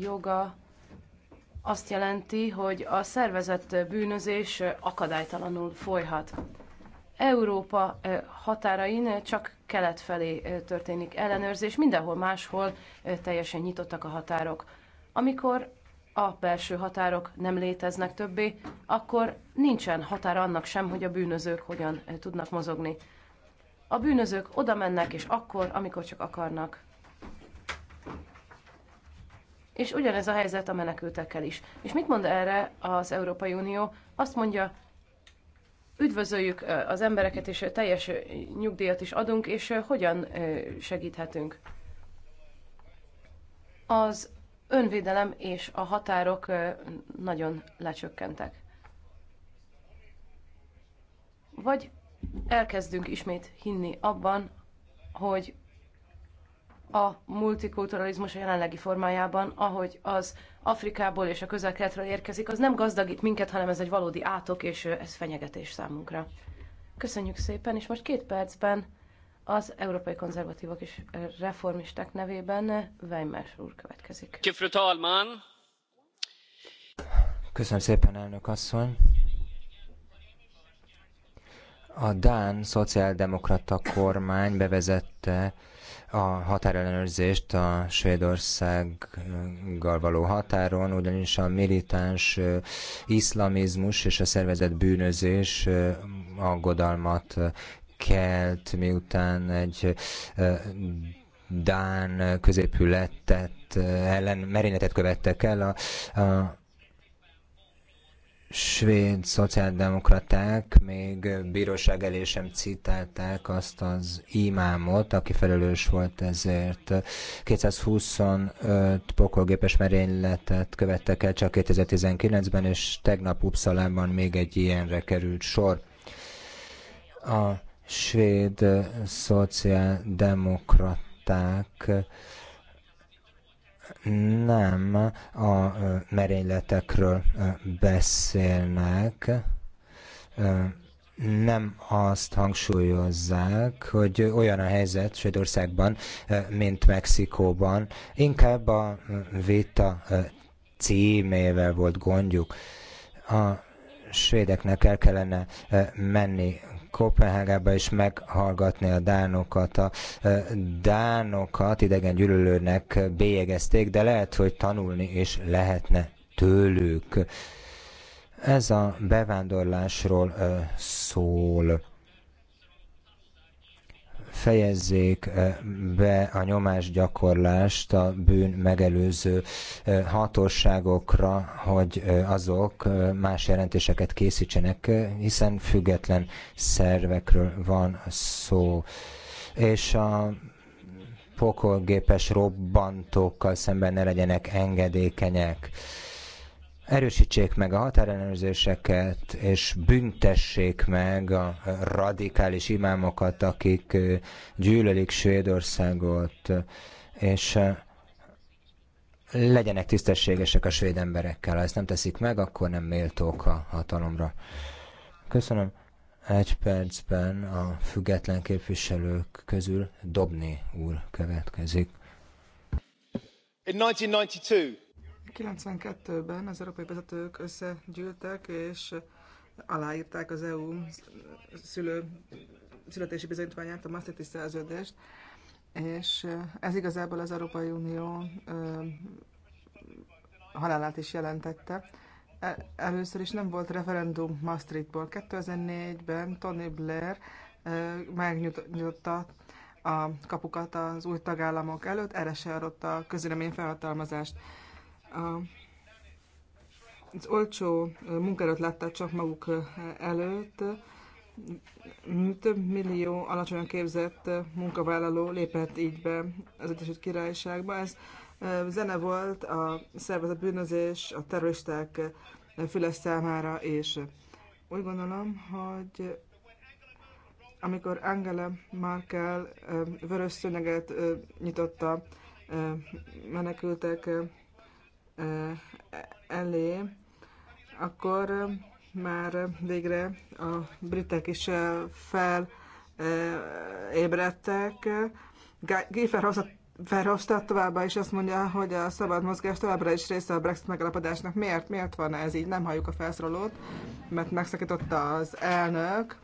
joga azt jelenti, hogy a szervezett bűnözés akadálytalanul folyhat. Európa határain csak kelet felé történik ellenőrzés, mindenhol máshol teljesen nyitottak a határok. Amikor a belső határok nem léteznek többé, akkor nincsen határ annak sem, hogy a bűnözők hogyan tudnak mozogni. A bűnözők oda mennek, és akkor, amikor csak akarnak. És ugyanez a helyzet a menekültekkel is. És mit mond erre az Európai Unió? Azt mondja, üdvözöljük az embereket, és teljes nyugdíjat is adunk, és hogyan segíthetünk? Az önvédelem és a határok nagyon lecsökkentek. Vagy elkezdünk ismét hinni abban, hogy a multikulturalizmus a jelenlegi formájában, ahogy az Afrikából és a közel-keletről érkezik, az nem gazdagít minket, hanem ez egy valódi átok, és ez fenyegetés számunkra. Köszönjük szépen, és most két percben az Európai Konzervatívok és Reformisták nevében Weimers úr következik. Köszönöm szépen, elnök asszony! A Dán szociáldemokrata kormány bevezette a határellenőrzést a Svédországgal való határon, ugyanis a militáns iszlamizmus és a szervezett bűnözés aggodalmat kelt, miután egy Dán középületet ellen merényletet követtek el a, a svéd szociáldemokraták még bíróság elé sem citálták azt az imámot, aki felelős volt ezért. 225 pokolgépes merényletet követtek el csak 2019-ben, és tegnap Uppsalában még egy ilyenre került sor. A svéd szociáldemokraták nem a merényletekről beszélnek, nem azt hangsúlyozzák, hogy olyan a helyzet Svédországban, mint Mexikóban. Inkább a vita címével volt gondjuk. A svédeknek el kellene menni Kopenhágába is meghallgatni a dánokat. A dánokat idegen gyűlölőnek bélyegezték, de lehet, hogy tanulni is lehetne tőlük. Ez a bevándorlásról szól fejezzék be a nyomásgyakorlást a bűn megelőző hatóságokra, hogy azok más jelentéseket készítsenek, hiszen független szervekről van szó. És a pokolgépes robbantókkal szemben ne legyenek engedékenyek erősítsék meg a határellenőrzéseket, és büntessék meg a radikális imámokat, akik gyűlölik Svédországot, és legyenek tisztességesek a svéd emberekkel. Ha ezt nem teszik meg, akkor nem méltók a hatalomra. Köszönöm. Egy percben a független képviselők közül Dobni úr következik. In 1992, 92-ben az európai vezetők összegyűltek, és aláírták az EU szülő, születési bizonyítványát, a Maastrichti szerződést, és eh, ez igazából az Európai Unió ö, eh, halálát is jelentette. E, először is nem volt referendum Maastrichtból. 2004-ben Tony Blair eh, megnyitotta a kapukat az új tagállamok előtt, erre se adott a közülemény felhatalmazást a, az olcsó munkerőt látták csak maguk előtt, több millió alacsonyan képzett munkavállaló lépett így be az Egyesült Királyságba. Ez zene volt a szervezet bűnözés, a terroristák füle számára, és úgy gondolom, hogy amikor Angela Merkel vörös szőnyeget nyitotta menekültek elé, akkor már végre a britek is eh, felébredtek. Eh, Guy Verhofstadt továbbá is azt mondja, hogy a szabad mozgás továbbra is része a Brexit megalapodásnak. Miért? Miért van ez így? Nem halljuk a felszólalót, mert megszakította az elnök.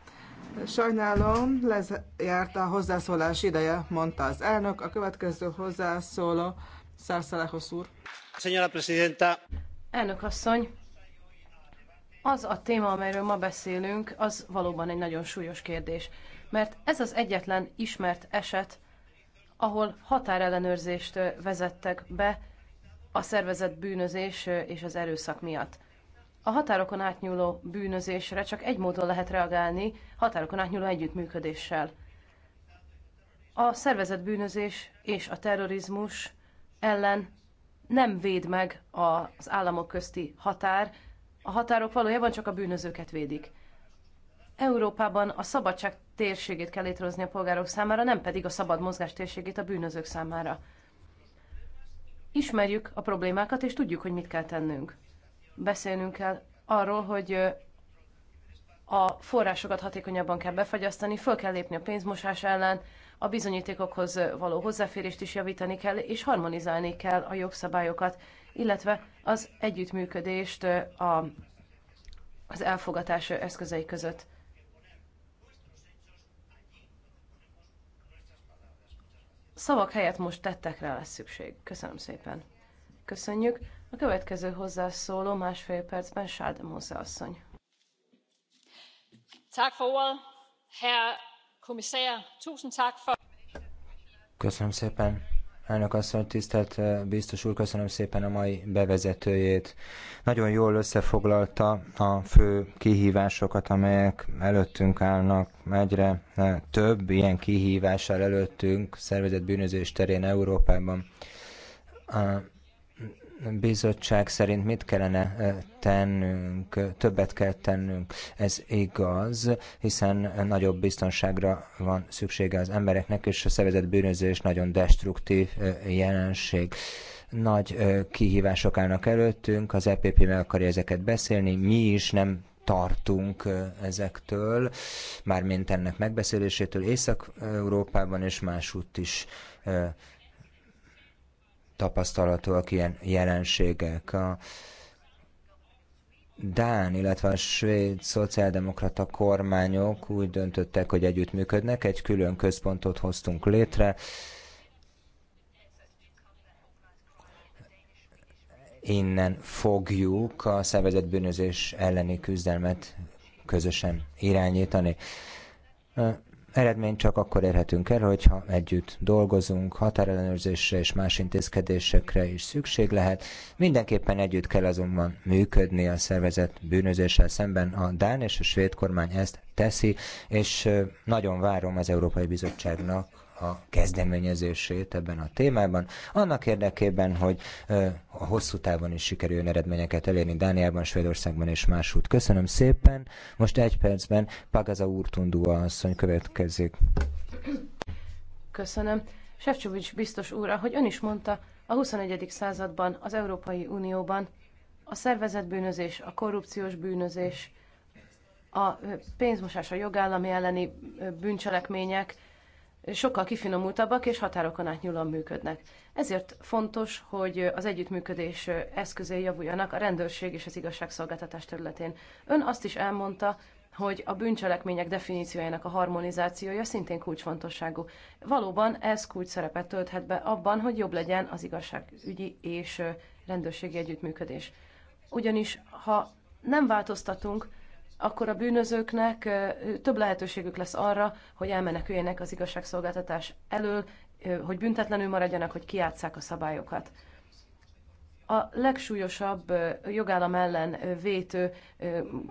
Sajnálom, lezárt a hozzászólás ideje, mondta az elnök. A következő hozzászóló Presidenta. Elnök asszony, az a téma, amelyről ma beszélünk, az valóban egy nagyon súlyos kérdés, mert ez az egyetlen ismert eset, ahol határellenőrzést vezettek be a szervezett bűnözés és az erőszak miatt. A határokon átnyúló bűnözésre csak egy módon lehet reagálni, határokon átnyúló együttműködéssel. A szervezett bűnözés és a terrorizmus ellen nem véd meg az államok közti határ, a határok valójában csak a bűnözőket védik. Európában a szabadság térségét kell létrehozni a polgárok számára, nem pedig a szabad mozgás térségét a bűnözők számára. Ismerjük a problémákat, és tudjuk, hogy mit kell tennünk. Beszélnünk kell arról, hogy a forrásokat hatékonyabban kell befagyasztani, föl kell lépni a pénzmosás ellen, a bizonyítékokhoz való hozzáférést is javítani kell, és harmonizálni kell a jogszabályokat, illetve az együttműködést a, az elfogatás eszközei között. Szavak helyett most tettekre lesz szükség. Köszönöm szépen. Köszönjük. A következő hozzászóló másfél percben Sáldem asszony. Tak for all, herr Köszönöm szépen. Elnök asszony, tisztelt eh, biztos úr, köszönöm szépen a mai bevezetőjét. Nagyon jól összefoglalta a fő kihívásokat, amelyek előttünk állnak. Egyre eh, több ilyen kihívással előttünk szervezett bűnözés terén Európában bizottság szerint mit kellene tennünk, többet kell tennünk. Ez igaz, hiszen nagyobb biztonságra van szüksége az embereknek, és a szervezett bűnözés nagyon destruktív jelenség nagy kihívások állnak előttünk, az EPP meg akarja ezeket beszélni, mi is nem tartunk ezektől, mármint ennek megbeszélésétől Észak-Európában és másútt is tapasztalatok ilyen jelenségek. A Dán, illetve a svéd szociáldemokrata kormányok úgy döntöttek, hogy együttműködnek, egy külön központot hoztunk létre, innen fogjuk a szervezett bűnözés elleni küzdelmet közösen irányítani. Eredményt csak akkor érhetünk el, hogyha együtt dolgozunk, határellenőrzésre és más intézkedésekre is szükség lehet. Mindenképpen együtt kell azonban működni a szervezet bűnözéssel szemben. A Dán és a svéd kormány ezt teszi, és nagyon várom az Európai Bizottságnak a kezdeményezését ebben a témában, annak érdekében, hogy a hosszú távon is sikerüljön eredményeket elérni Dániában, Svédországban és máshogy. Köszönöm szépen. Most egy percben Pagaza Úrtundúa asszony következik. Köszönöm. Sefcsovics biztos úr, ahogy ön is mondta, a 21. században az Európai Unióban a szervezetbűnözés, a korrupciós bűnözés, a pénzmosás, a jogállami elleni bűncselekmények, sokkal kifinomultabbak és határokon átnyúlóan működnek. Ezért fontos, hogy az együttműködés eszközei javuljanak a rendőrség és az igazságszolgáltatás területén. Ön azt is elmondta, hogy a bűncselekmények definíciójának a harmonizációja szintén kulcsfontosságú. Valóban ez kulcs szerepet tölthet be abban, hogy jobb legyen az igazságügyi és rendőrségi együttműködés. Ugyanis, ha nem változtatunk, akkor a bűnözőknek több lehetőségük lesz arra, hogy elmeneküljenek az igazságszolgáltatás elől, hogy büntetlenül maradjanak, hogy kiátszák a szabályokat. A legsúlyosabb jogállam ellen vétő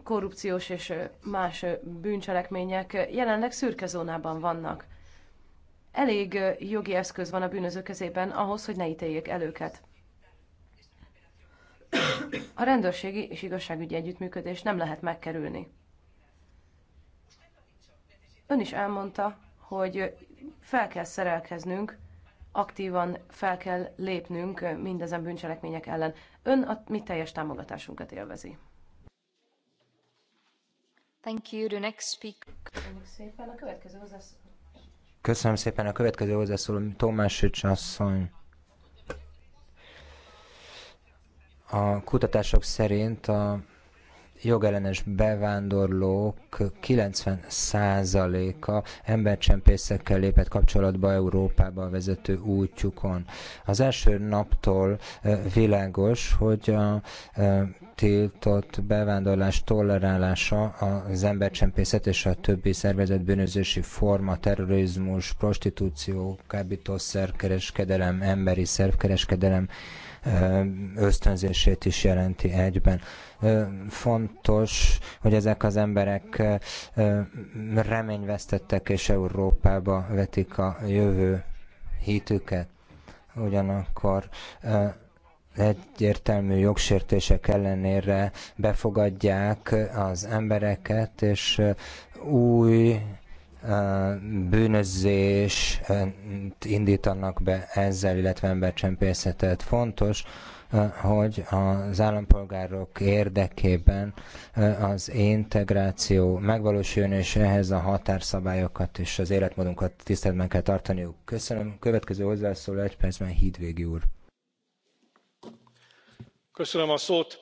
korrupciós és más bűncselekmények jelenleg szürke zónában vannak. Elég jogi eszköz van a bűnöző kezében ahhoz, hogy ne ítéljék el őket. A rendőrségi és igazságügyi együttműködés nem lehet megkerülni. Ön is elmondta, hogy fel kell szerelkeznünk, aktívan fel kell lépnünk mindezen bűncselekmények ellen. Ön a mi teljes támogatásunkat élvezi. Thank you. The next speaker. szépen. A következő hozzászóló. Köszönöm szépen. A következő hozzászóló Tomás asszony. A kutatások szerint a jogellenes bevándorlók 90%-a embercsempészekkel lépett kapcsolatba Európába vezető útjukon. Az első naptól világos, hogy a tiltott bevándorlás tolerálása az embercsempészet és a többi szervezet bűnözési forma, terrorizmus, prostitúció, kábítószerkereskedelem, emberi szervkereskedelem, ösztönzését is jelenti egyben. Fontos, hogy ezek az emberek reményvesztettek és Európába vetik a jövő hitüket. Ugyanakkor egyértelmű jogsértések ellenére befogadják az embereket, és új bűnözést indítanak be ezzel, illetve embercsempészetet. Fontos, hogy az állampolgárok érdekében az integráció megvalósuljon, és ehhez a határszabályokat és az életmódunkat tiszteletben kell tartaniuk. Köszönöm. Következő hozzászóló egy percben Hídvégi úr. Köszönöm a szót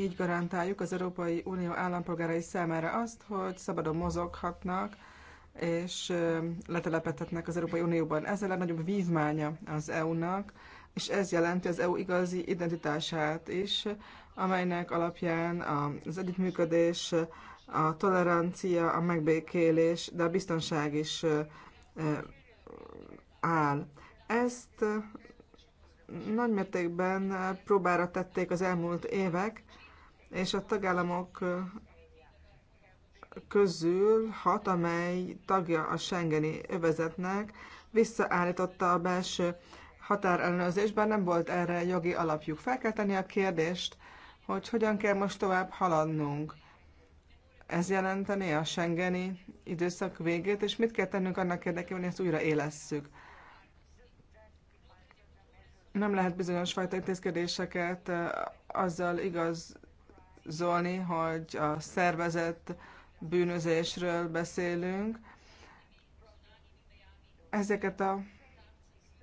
így garantáljuk az Európai Unió állampolgárai számára azt, hogy szabadon mozoghatnak, és letelepedhetnek az Európai Unióban. Ezzel a nagyobb vívmánya az EU-nak, és ez jelenti az EU igazi identitását is, amelynek alapján az együttműködés, a tolerancia, a megbékélés, de a biztonság is áll. Ezt nagymértékben próbára tették az elmúlt évek, és a tagállamok közül hat, amely tagja a Schengeni övezetnek, visszaállította a belső határellenőrzést, bár nem volt erre jogi alapjuk. Fel kell tenni a kérdést, hogy hogyan kell most tovább haladnunk. Ez jelenteni a Schengeni időszak végét, és mit kell tennünk annak érdekében, hogy ezt újra élesszük. Nem lehet bizonyos fajta intézkedéseket azzal igaz, Zolni, hogy a szervezett bűnözésről beszélünk. Ezeket a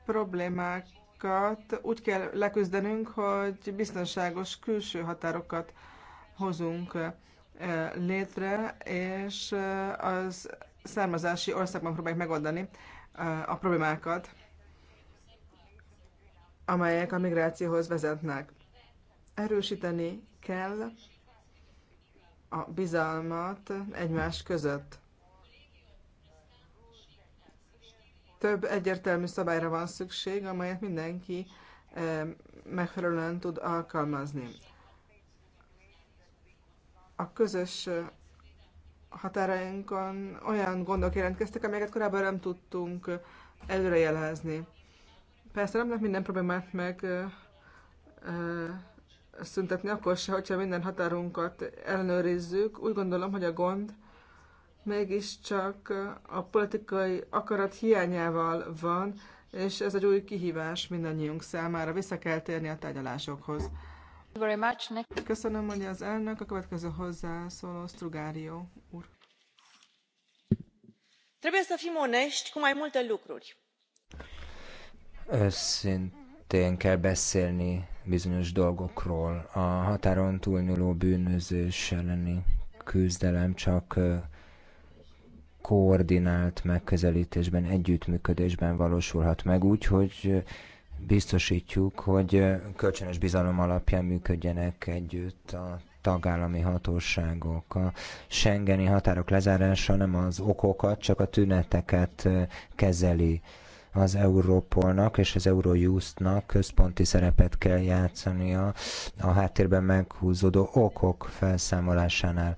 problémákat úgy kell leküzdenünk, hogy biztonságos külső határokat hozunk eh, létre, és eh, az származási országban próbáljuk megoldani eh, a problémákat, amelyek a migrációhoz vezetnek. Erősíteni kell a bizalmat egymás között. Több egyértelmű szabályra van szükség, amelyet mindenki eh, megfelelően tud alkalmazni. A közös eh, határainkon olyan gondok jelentkeztek, amelyeket korábban nem tudtunk eh, előrejelezni. Persze nem lehet minden problémát meg szüntetni, akkor se, hogyha minden határunkat ellenőrizzük. Úgy gondolom, hogy a gond mégiscsak a politikai akarat hiányával van, és ez egy új kihívás mindannyiunk számára. Vissza kell térni a tárgyalásokhoz. Köszönöm, hogy az elnök. A következő hozzászóló Strugárió úr. Trebuie să fim onești cu mai multe lucruri. Őszintén kell beszélni bizonyos dolgokról. A határon túlnyúló bűnözés elleni küzdelem csak koordinált megközelítésben, együttműködésben valósulhat meg, úgy, hogy biztosítjuk, hogy kölcsönös bizalom alapján működjenek együtt a tagállami hatóságok. A Schengeni határok lezárása nem az okokat, csak a tüneteket kezeli az Europolnak és az Eurojustnak központi szerepet kell játszania a háttérben meghúzódó okok felszámolásánál.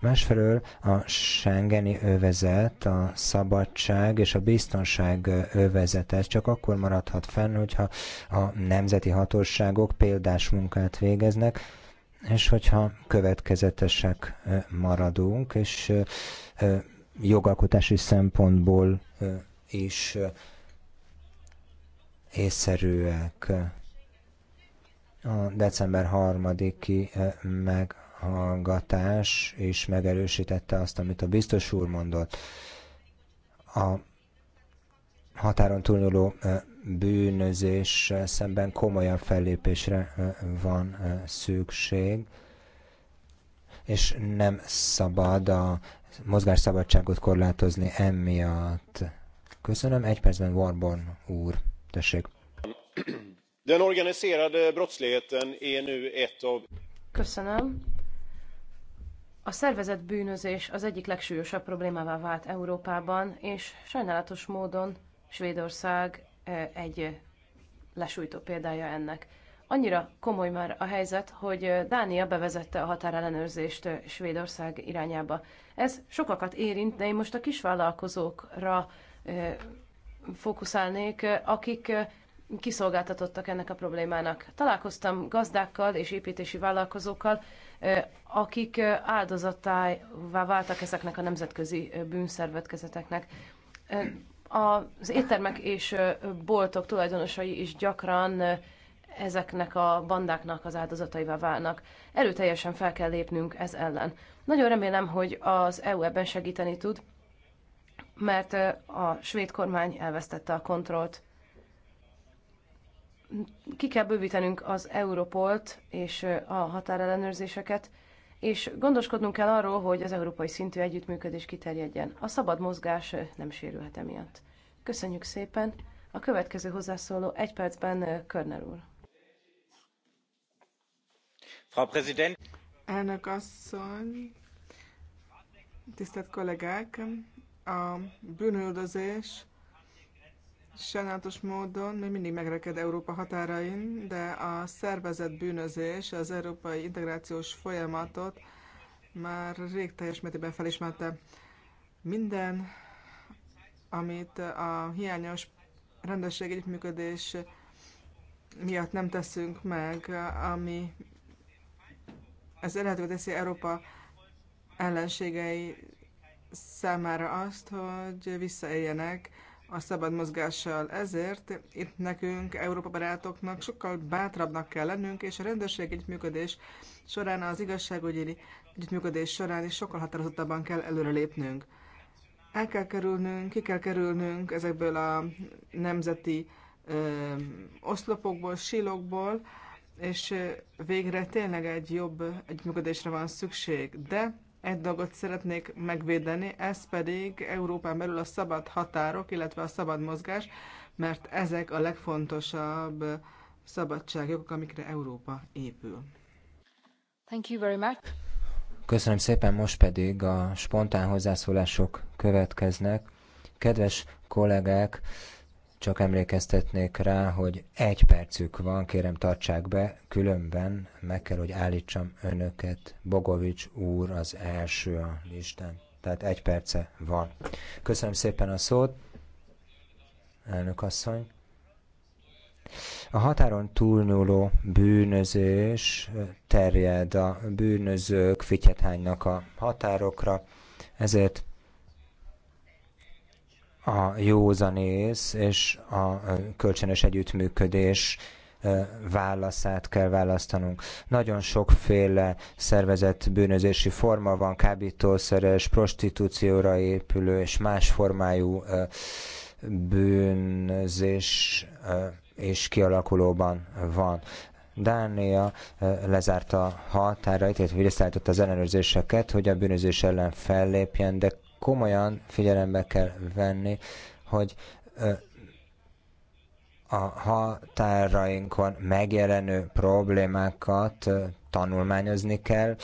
Másfelől a Schengeni övezet, a szabadság és a biztonság övezet, ez csak akkor maradhat fenn, hogyha a nemzeti hatóságok példás munkát végeznek, és hogyha következetesek maradunk, és jogalkotási szempontból is észszerűek. A december 3-i eh, meghallgatás is megerősítette azt, amit a biztos úr mondott. A határon túlnyúló eh, bűnözés szemben komolyabb fellépésre eh, van szükség, és nem szabad a mozgásszabadságot korlátozni emiatt. Köszönöm, egy percben Warborn úr. Tessék. Den organiserade brottsligheten är nu ett av... Köszönöm. A szervezett bűnözés az egyik legsúlyosabb problémává vált Európában, és sajnálatos módon Svédország egy lesújtó példája ennek. Annyira komoly már a helyzet, hogy Dánia bevezette a határellenőrzést Svédország irányába. Ez sokakat érint, de én most a kisvállalkozókra fókuszálnék, akik kiszolgáltatottak ennek a problémának. Találkoztam gazdákkal és építési vállalkozókkal, akik áldozatává váltak ezeknek a nemzetközi bűnszervetkezeteknek. Az éttermek és boltok tulajdonosai is gyakran ezeknek a bandáknak az áldozataival válnak. Erőteljesen fel kell lépnünk ez ellen. Nagyon remélem, hogy az EU ebben segíteni tud, mert a svéd kormány elvesztette a kontrollt. Ki kell bővítenünk az Europolt és a határellenőrzéseket, és gondoskodnunk kell arról, hogy az európai szintű együttműködés kiterjedjen. A szabad mozgás nem sérülhet emiatt. Köszönjük szépen! A következő hozzászóló egy percben Körner úr. Frau Präsident! Elnök asszony, tisztelt kollégák! a bűnöldözés sajnálatos módon még mindig megreked Európa határain, de a szervezett bűnözés az európai integrációs folyamatot már rég teljes mértékben felismerte. Minden, amit a hiányos rendesség együttműködés miatt nem teszünk meg, ami ez lehetővé teszi Európa ellenségei számára azt, hogy visszaéljenek a szabad mozgással. Ezért itt nekünk, Európa barátoknak sokkal bátrabbnak kell lennünk, és a rendőrség együttműködés során, az igazságügyi együttműködés során is sokkal határozottabban kell előrelépnünk. El kell kerülnünk, ki kell kerülnünk ezekből a nemzeti ö, oszlopokból, sílokból, és végre tényleg egy jobb együttműködésre van szükség. De egy dolgot szeretnék megvédeni, ez pedig Európán belül a szabad határok, illetve a szabad mozgás, mert ezek a legfontosabb szabadságok, amikre Európa épül. Thank you very much. Köszönöm szépen, most pedig a spontán hozzászólások következnek. Kedves kollégák, csak emlékeztetnék rá, hogy egy percük van, kérem tartsák be, különben meg kell, hogy állítsam önöket. Bogovics úr az első a listán, tehát egy perce van. Köszönöm szépen a szót, elnök asszony. A határon túlnyúló bűnözés terjed a bűnözők fityethánynak a határokra, ezért a józanész és a kölcsönös együttműködés válaszát kell választanunk. Nagyon sokféle szervezett bűnözési forma van, kábítószeres, prostitúcióra épülő és más formájú bűnözés és kialakulóban van. Dánia lezárta határait, illetve visszaállította az ellenőrzéseket, hogy a bűnözés ellen fellépjen, de komolyan figyelembe kell venni, hogy a határainkon megjelenő problémákat tanulmányozni kell,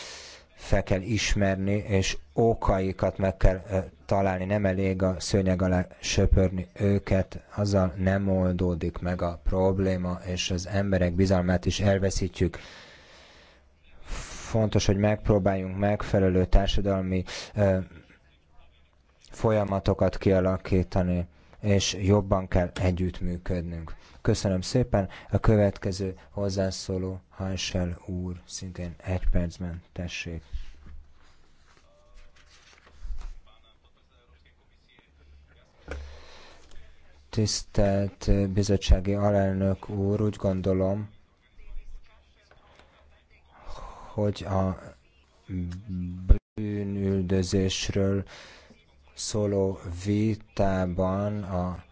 fel kell ismerni, és okaikat meg kell találni. Nem elég a szőnyeg alá söpörni őket, azzal nem oldódik meg a probléma, és az emberek bizalmát is elveszítjük. Fontos, hogy megpróbáljunk megfelelő társadalmi folyamatokat kialakítani, és jobban kell együttműködnünk. Köszönöm szépen. A következő hozzászóló Hansel úr, szintén egy percben tessék. Tisztelt bizottsági alelnök úr, úgy gondolom, hogy a bűnüldözésről szóló vitában a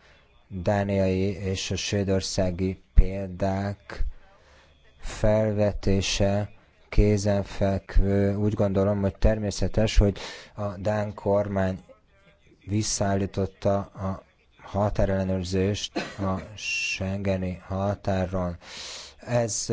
dániai és a svédországi példák felvetése kézenfekvő. Úgy gondolom, hogy természetes, hogy a Dán kormány visszaállította a határellenőrzést a Schengeni határon. Ez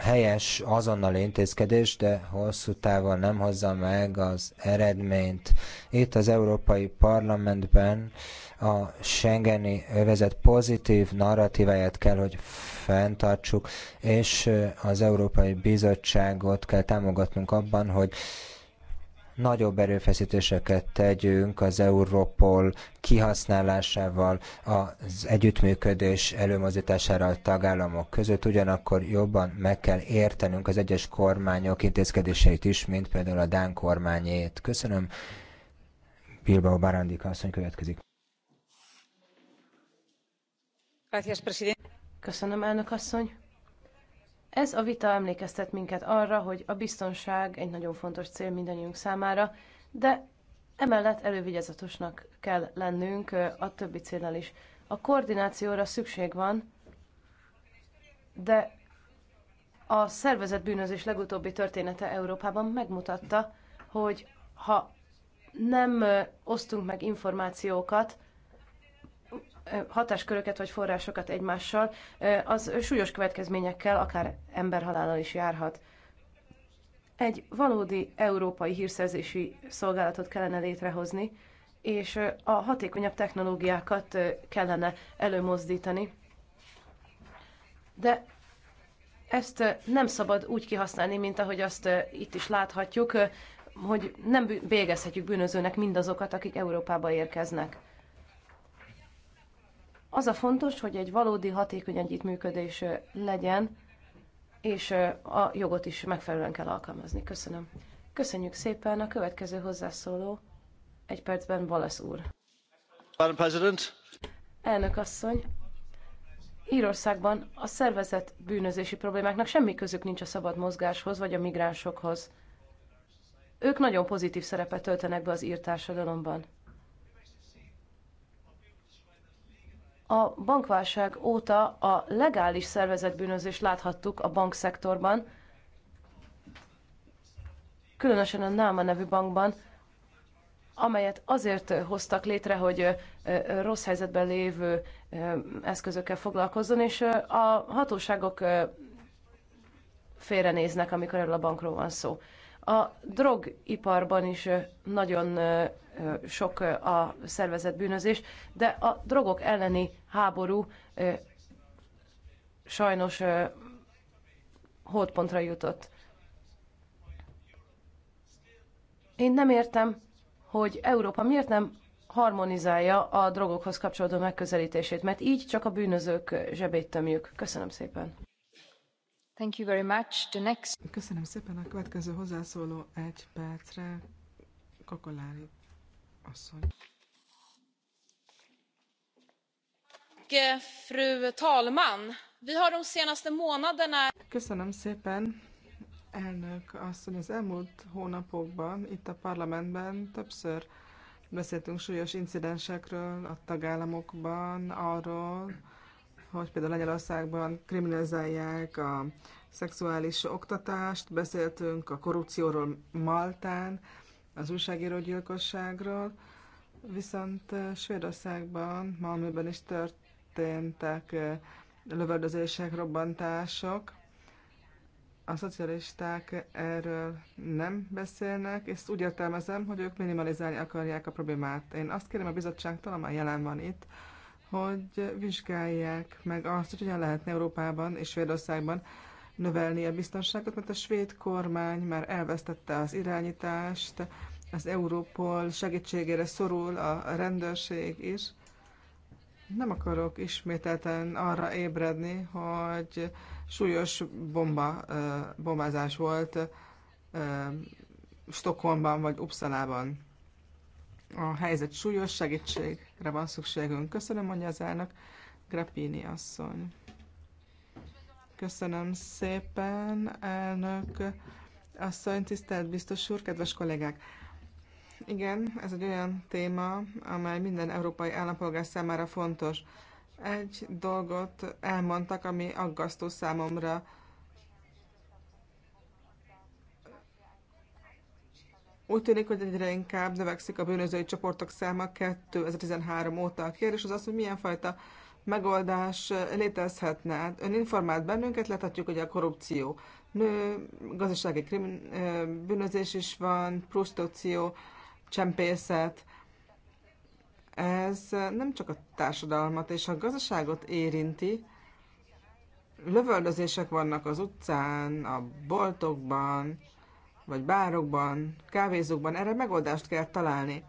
helyes azonnal intézkedés, de hosszú távon nem hozza meg az eredményt. Itt az Európai Parlamentben a Schengeni övezet pozitív narratíváját kell, hogy fenntartsuk, és az Európai Bizottságot kell támogatnunk abban, hogy nagyobb erőfeszítéseket tegyünk az Europol kihasználásával az együttműködés előmozdítására a tagállamok között, ugyanakkor jobban meg kell értenünk az egyes kormányok intézkedéseit is, mint például a Dán kormányét. Köszönöm. Bilbao Barándika asszony következik. Köszönöm, elnök asszony. Ez a vita emlékeztet minket arra, hogy a biztonság egy nagyon fontos cél mindannyiunk számára, de emellett elővigyázatosnak kell lennünk a többi célnál is. A koordinációra szükség van, de a szervezetbűnözés bűnözés legutóbbi története Európában megmutatta, hogy ha nem osztunk meg információkat, hatásköröket vagy forrásokat egymással, az súlyos következményekkel, akár emberhalállal is járhat. Egy valódi európai hírszerzési szolgálatot kellene létrehozni, és a hatékonyabb technológiákat kellene előmozdítani. De ezt nem szabad úgy kihasználni, mint ahogy azt itt is láthatjuk, hogy nem végezhetjük bűnözőnek mindazokat, akik Európába érkeznek. Az a fontos, hogy egy valódi hatékony együttműködés legyen, és a jogot is megfelelően kell alkalmazni. Köszönöm. Köszönjük szépen. A következő hozzászóló egy percben Balasz úr. President. Elnök asszony, Írországban a szervezet bűnözési problémáknak semmi közük nincs a szabad mozgáshoz vagy a migránsokhoz. Ők nagyon pozitív szerepet töltenek be az ír társadalomban. A bankválság óta a legális szervezetbűnözést láthattuk a bankszektorban, különösen a Náma nevű bankban, amelyet azért hoztak létre, hogy rossz helyzetben lévő eszközökkel foglalkozzon, és a hatóságok félrenéznek, amikor erről a bankról van szó. A drogiparban is nagyon sok a szervezett bűnözés, de a drogok elleni háború sajnos holdpontra jutott. Én nem értem, hogy Európa miért nem harmonizálja a drogokhoz kapcsolódó megközelítését, mert így csak a bűnözők zsebét tömjük. Köszönöm szépen. Thank you very much. The next... Köszönöm szépen. A következő hozzászóló egy percre. Kokolári asszony. Fru talman! Vi har de senaste månaderna... Köszönöm szépen, elnök asszony. Az elmúlt hónapokban itt a parlamentben többször beszéltünk súlyos incidensekről a tagállamokban, arról, hogy például Lengyelországban kriminalizálják a szexuális oktatást, beszéltünk a korrupcióról Maltán, az újságírógyilkosságról, viszont eh, Svédországban, Malmöben is történtek eh, lövöldözések, robbantások. A szocialisták erről nem beszélnek, és úgy értelmezem, hogy ők minimalizálni akarják a problémát. Én azt kérem a bizottságtól, amely jelen van itt, hogy vizsgálják meg azt, hogy hogyan lehetne Európában és Svédországban növelni a biztonságot, mert a svéd kormány már elvesztette az irányítást, az Európol segítségére szorul a rendőrség is. Nem akarok ismételten arra ébredni, hogy súlyos bomba, bombázás volt Stockholmban vagy Uppsalában. A helyzet súlyos, segítségre van szükségünk. Köszönöm, mondja az elnök, Grappini asszony. Köszönöm szépen, elnök asszony, tisztelt biztos úr, kedves kollégák! Igen, ez egy olyan téma, amely minden európai állampolgár számára fontos. Egy dolgot elmondtak, ami aggasztó számomra. Úgy tűnik, hogy egyre inkább növekszik a bűnözői csoportok száma 2013 óta. A kérdés az az, hogy milyen fajta megoldás létezhetne. Hát ön informált bennünket, láthatjuk, hogy a korrupció nő, gazdasági krim bűnözés is van, prostitúció, csempészet. Ez nem csak a társadalmat és a gazdaságot érinti, lövöldözések vannak az utcán, a boltokban, vagy bárokban, kávézókban, erre megoldást kell találni.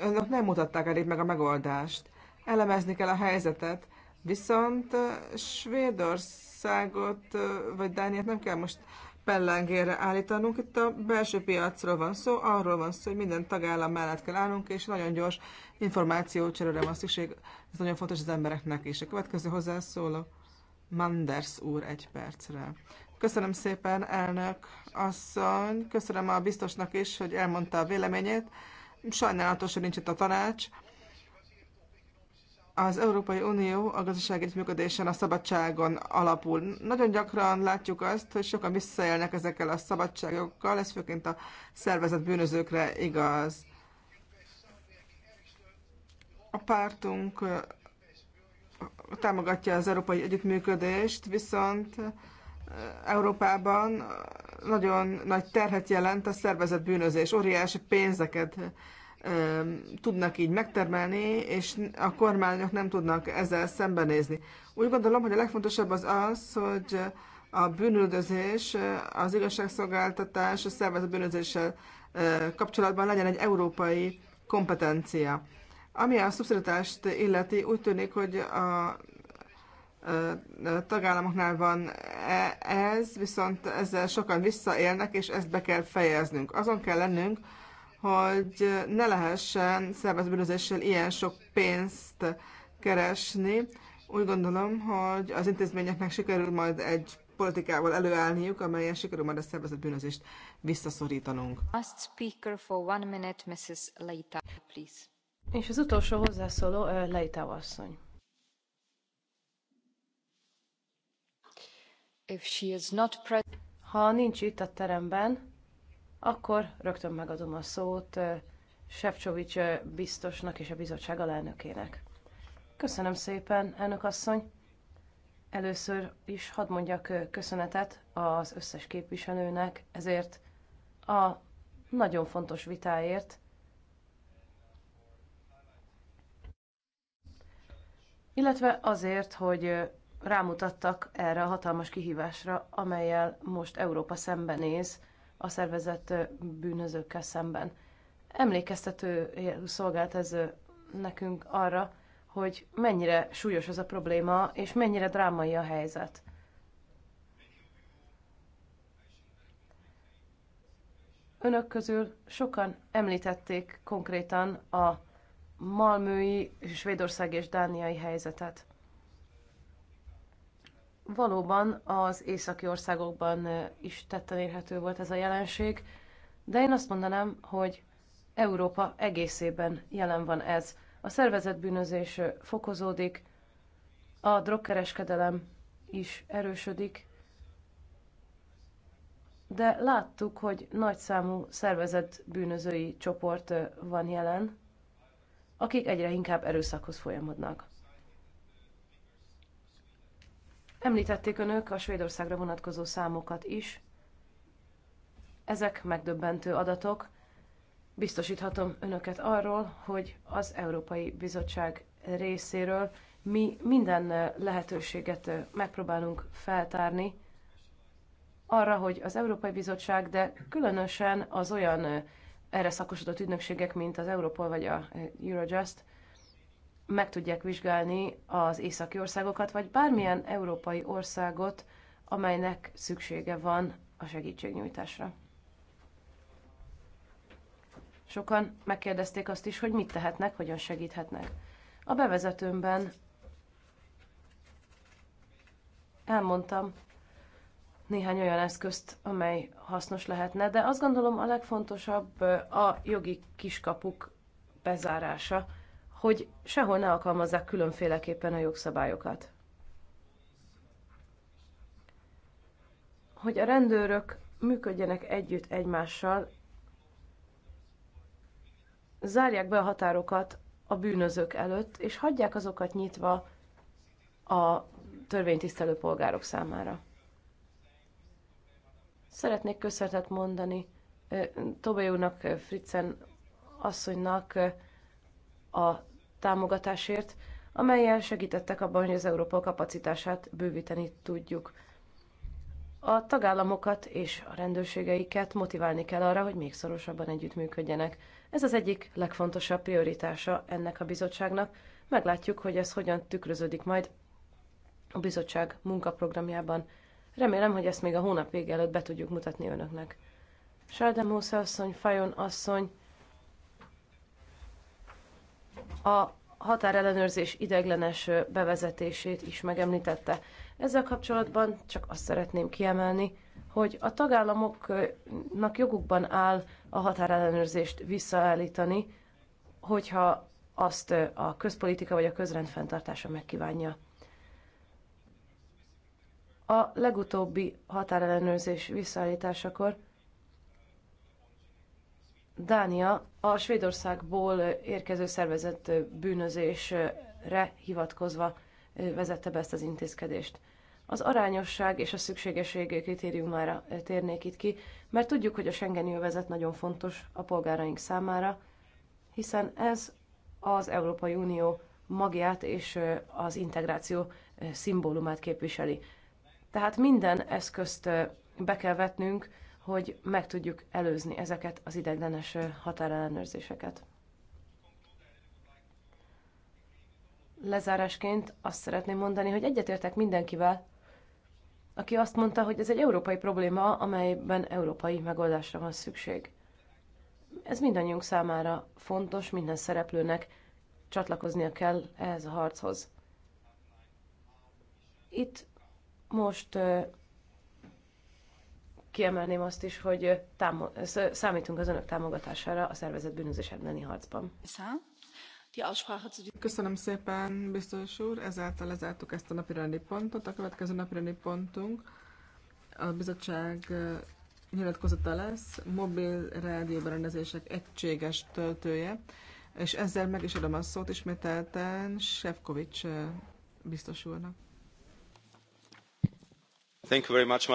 Önök nem mutatták elég meg a megoldást. Elemezni kell a helyzetet, viszont eh, Svédországot eh, vagy Dániát nem kell most pellengére állítanunk. Itt a belső piacról van szó, arról van szó, hogy minden tagállam mellett kell állnunk, és nagyon gyors információ cserére van szükség. Ez nagyon fontos az embereknek is. A következő hozzászóló Manders úr egy percre. Köszönöm szépen, elnök asszony, köszönöm a biztosnak is, hogy elmondta a véleményét. Sajnálatos, hogy nincs itt a tanács az Európai Unió a gazdasági működésen, a szabadságon alapul. Nagyon gyakran látjuk azt, hogy sokan visszaélnek ezekkel a szabadságokkal, ez főként a szervezet bűnözőkre igaz. A pártunk uh, támogatja az európai együttműködést, viszont uh, Európában uh, nagyon nagy terhet jelent a szervezet bűnözés, óriási pénzeket tudnak így megtermelni, és a kormányok nem tudnak ezzel szembenézni. Úgy gondolom, hogy a legfontosabb az az, hogy a bűnüldözés, az igazságszolgáltatás, a szervezett bűnözéssel kapcsolatban legyen egy európai kompetencia. Ami a szubszidatást illeti, úgy tűnik, hogy a tagállamoknál van e, ez, viszont ezzel sokan visszaélnek, és ezt be kell fejeznünk. Azon kell lennünk, hogy ne lehessen szervezbűnözéssel ilyen sok pénzt keresni. Úgy gondolom, hogy az intézményeknek sikerül majd egy politikával előállniuk, amelyen sikerül majd a szervezett bűnözést visszaszorítanunk. Last speaker for one minute, Mrs. Leita, please. És az utolsó hozzászóló Leita asszony. If she is not present... Ha nincs itt a teremben, akkor rögtön megadom a szót Sefcsovics biztosnak és a bizottság alelnökének. Köszönöm szépen, elnök asszony! Először is hadd mondjak köszönetet az összes képviselőnek ezért a nagyon fontos vitáért, illetve azért, hogy rámutattak erre a hatalmas kihívásra, amelyel most Európa szembenéz a szervezett bűnözőkkel szemben. Emlékeztető szolgált ez nekünk arra, hogy mennyire súlyos ez a probléma, és mennyire drámai a helyzet. Önök közül sokan említették konkrétan a malmői, svédország és dániai helyzetet valóban az északi országokban is tetten érhető volt ez a jelenség, de én azt mondanám, hogy Európa egészében jelen van ez. A szervezetbűnözés fokozódik, a drogkereskedelem is erősödik, de láttuk, hogy nagyszámú szervezett bűnözői csoport van jelen, akik egyre inkább erőszakhoz folyamodnak. Említették önök a Svédországra vonatkozó számokat is. Ezek megdöbbentő adatok. Biztosíthatom önöket arról, hogy az Európai Bizottság részéről mi minden lehetőséget megpróbálunk feltárni arra, hogy az Európai Bizottság, de különösen az olyan erre szakosodott ügynökségek, mint az Europol vagy a Eurojust meg tudják vizsgálni az északi országokat, vagy bármilyen európai országot, amelynek szüksége van a segítségnyújtásra. Sokan megkérdezték azt is, hogy mit tehetnek, hogyan segíthetnek. A bevezetőmben elmondtam néhány olyan eszközt, amely hasznos lehetne, de azt gondolom a legfontosabb a jogi kiskapuk bezárása hogy sehol ne alkalmazzák különféleképpen a jogszabályokat. Hogy a rendőrök működjenek együtt egymással, zárják be a határokat a bűnözők előtt, és hagyják azokat nyitva a törvénytisztelő polgárok számára. Szeretnék köszönetet mondani eh, Tobajónak, eh, Fritzen asszonynak, eh, a támogatásért, amelyel segítettek abban, hogy az Európa kapacitását bővíteni tudjuk. A tagállamokat és a rendőrségeiket motiválni kell arra, hogy még szorosabban együttműködjenek. Ez az egyik legfontosabb prioritása ennek a bizottságnak. Meglátjuk, hogy ez hogyan tükröződik majd a bizottság munkaprogramjában. Remélem, hogy ezt még a hónap vége előtt be tudjuk mutatni önöknek. Sárdemósze asszony, Fajon asszony, a határellenőrzés ideiglenes bevezetését is megemlítette. Ezzel kapcsolatban csak azt szeretném kiemelni, hogy a tagállamoknak jogukban áll a határellenőrzést visszaállítani, hogyha azt a közpolitika vagy a közrend fenntartása megkívánja. A legutóbbi határellenőrzés visszaállításakor Dánia a Svédországból érkező szervezett bűnözésre hivatkozva vezette be ezt az intézkedést. Az arányosság és a szükségesség kritériumára térnék itt ki, mert tudjuk, hogy a Schengeni övezet nagyon fontos a polgáraink számára, hiszen ez az Európai Unió magját és az integráció szimbólumát képviseli. Tehát minden eszközt be kell vetnünk, hogy meg tudjuk előzni ezeket az ideglenes határellenőrzéseket. Lezárásként azt szeretném mondani, hogy egyetértek mindenkivel, aki azt mondta, hogy ez egy európai probléma, amelyben európai megoldásra van szükség. Ez mindannyiunk számára fontos, minden szereplőnek csatlakoznia kell ehhez a harchoz. Itt most kiemelném azt is, hogy támo- számítunk az önök támogatására a szervezet bűnözés elleni harcban. Köszönöm szépen, biztos úr, ezáltal lezártuk ezt a napirendi pontot. A következő napirendi pontunk a bizottság nyilatkozata lesz, mobil rádióberendezések egységes töltője, és ezzel meg is adom a szót ismételten Sefcovics biztos úrnak. Thank you very much,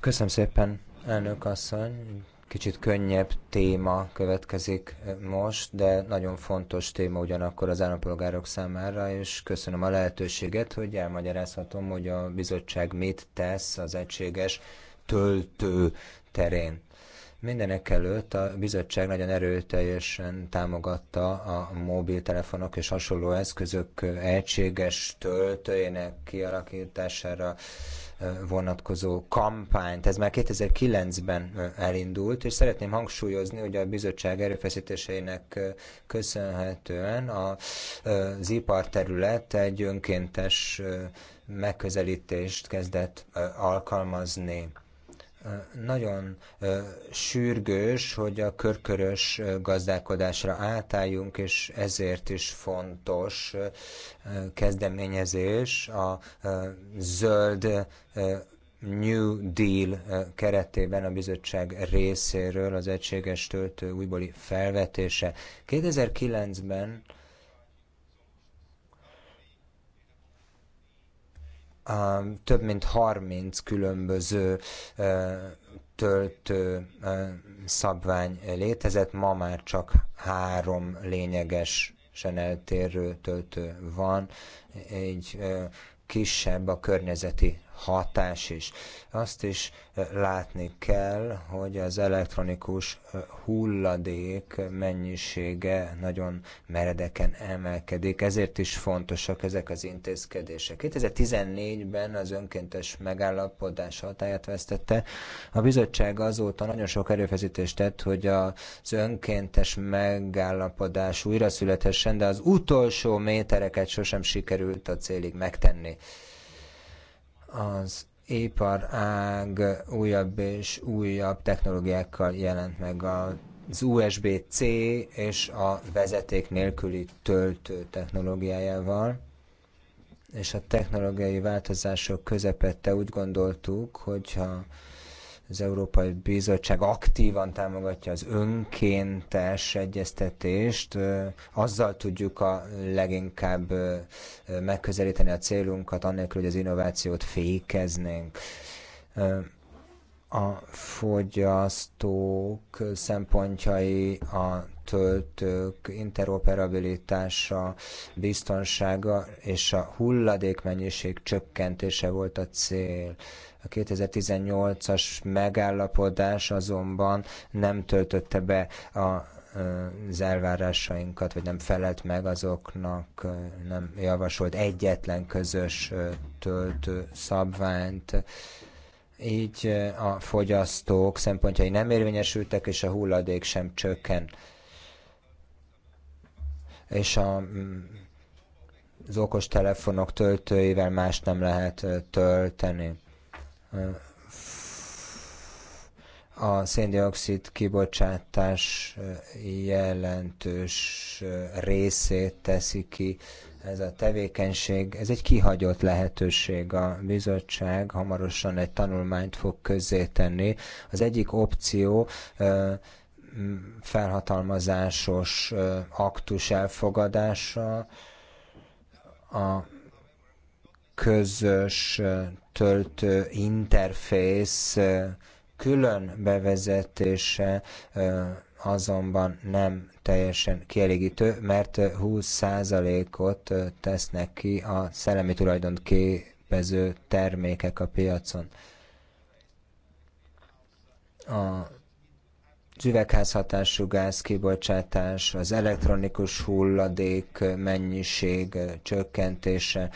Köszönöm szépen, elnök asszony. Kicsit könnyebb téma következik most, de nagyon fontos téma ugyanakkor az állampolgárok számára, és köszönöm a lehetőséget, hogy elmagyarázhatom, hogy a bizottság mit tesz az egységes töltő terén. Mindenek előtt a bizottság nagyon erőteljesen támogatta a mobiltelefonok és hasonló eszközök egységes töltőjének kialakítására vonatkozó kampányt. Ez már 2009-ben elindult, és szeretném hangsúlyozni, hogy a bizottság erőfeszítéseinek köszönhetően az iparterület egy önkéntes megközelítést kezdett alkalmazni nagyon sürgős, hogy a körkörös gazdálkodásra átálljunk, és ezért is fontos kezdeményezés a zöld New Deal keretében a bizottság részéről az egységes töltő újbóli felvetése. 2009-ben több mint 30 különböző töltő szabvány létezett, ma már csak három lényegesen eltérő töltő van, egy kisebb a környezeti hatás is. Azt is eh, látni kell, hogy az elektronikus eh, hulladék mennyisége nagyon meredeken emelkedik, ezért is fontosak ezek az intézkedések. 2014-ben az önkéntes megállapodás hatáját vesztette. A bizottság azóta nagyon sok erőfeszítést tett, hogy az önkéntes megállapodás újra születhessen, de az utolsó métereket sosem sikerült a célig megtenni az iparág újabb és újabb technológiákkal jelent meg az USB-C és a vezeték nélküli töltő technológiájával. És a technológiai változások közepette úgy gondoltuk, hogyha az Európai Bizottság aktívan támogatja az önkéntes egyeztetést, azzal tudjuk a leginkább megközelíteni a célunkat, annélkül, hogy az innovációt fékeznénk. A fogyasztók szempontjai a töltők interoperabilitása, biztonsága és a hulladékmennyiség csökkentése volt a cél. A 2018-as megállapodás azonban nem töltötte be a az elvárásainkat, vagy nem felelt meg azoknak, nem javasolt egyetlen közös töltő szabványt. Így a fogyasztók szempontjai nem érvényesültek, és a hulladék sem csökken. És a az okostelefonok töltőivel más nem lehet tölteni a széndiokszid kibocsátás jelentős részét teszi ki ez a tevékenység. Ez egy kihagyott lehetőség. A bizottság hamarosan egy tanulmányt fog közzétenni. Az egyik opció felhatalmazásos aktus elfogadása, a közös töltő interfész külön bevezetése azonban nem teljesen kielégítő, mert 20%-ot tesznek ki a szellemi tulajdon képező termékek a piacon. A az üvegházhatású gáz kibocsátás, az elektronikus hulladék mennyiség csökkentése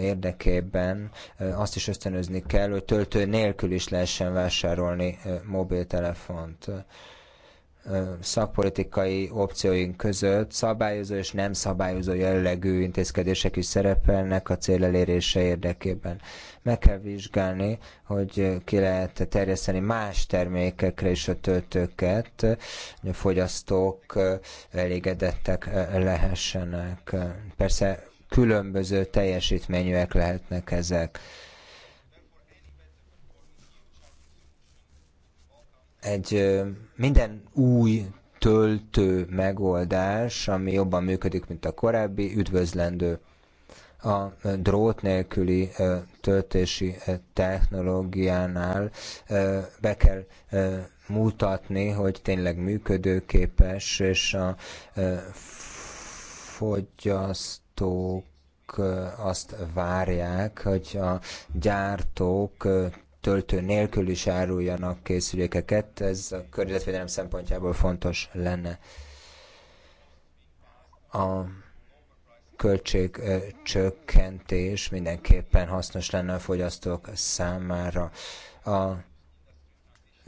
érdekében azt is ösztönözni kell, hogy töltő nélkül is lehessen vásárolni mobiltelefont szakpolitikai opcióink között szabályozó és nem szabályozó jellegű intézkedések is szerepelnek a cél elérése érdekében. Meg kell vizsgálni, hogy ki lehet terjeszteni más termékekre is a töltőket, hogy a fogyasztók elégedettek lehessenek. Persze különböző teljesítményűek lehetnek ezek egy minden új töltő megoldás, ami jobban működik, mint a korábbi, üdvözlendő. A drót nélküli töltési technológiánál be kell mutatni, hogy tényleg működőképes, és a fogyasztók azt várják, hogy a gyártók töltő nélkül is áruljanak készülékeket, ez a környezetvédelem szempontjából fontos lenne. A költségcsökkentés mindenképpen hasznos lenne a fogyasztók számára. A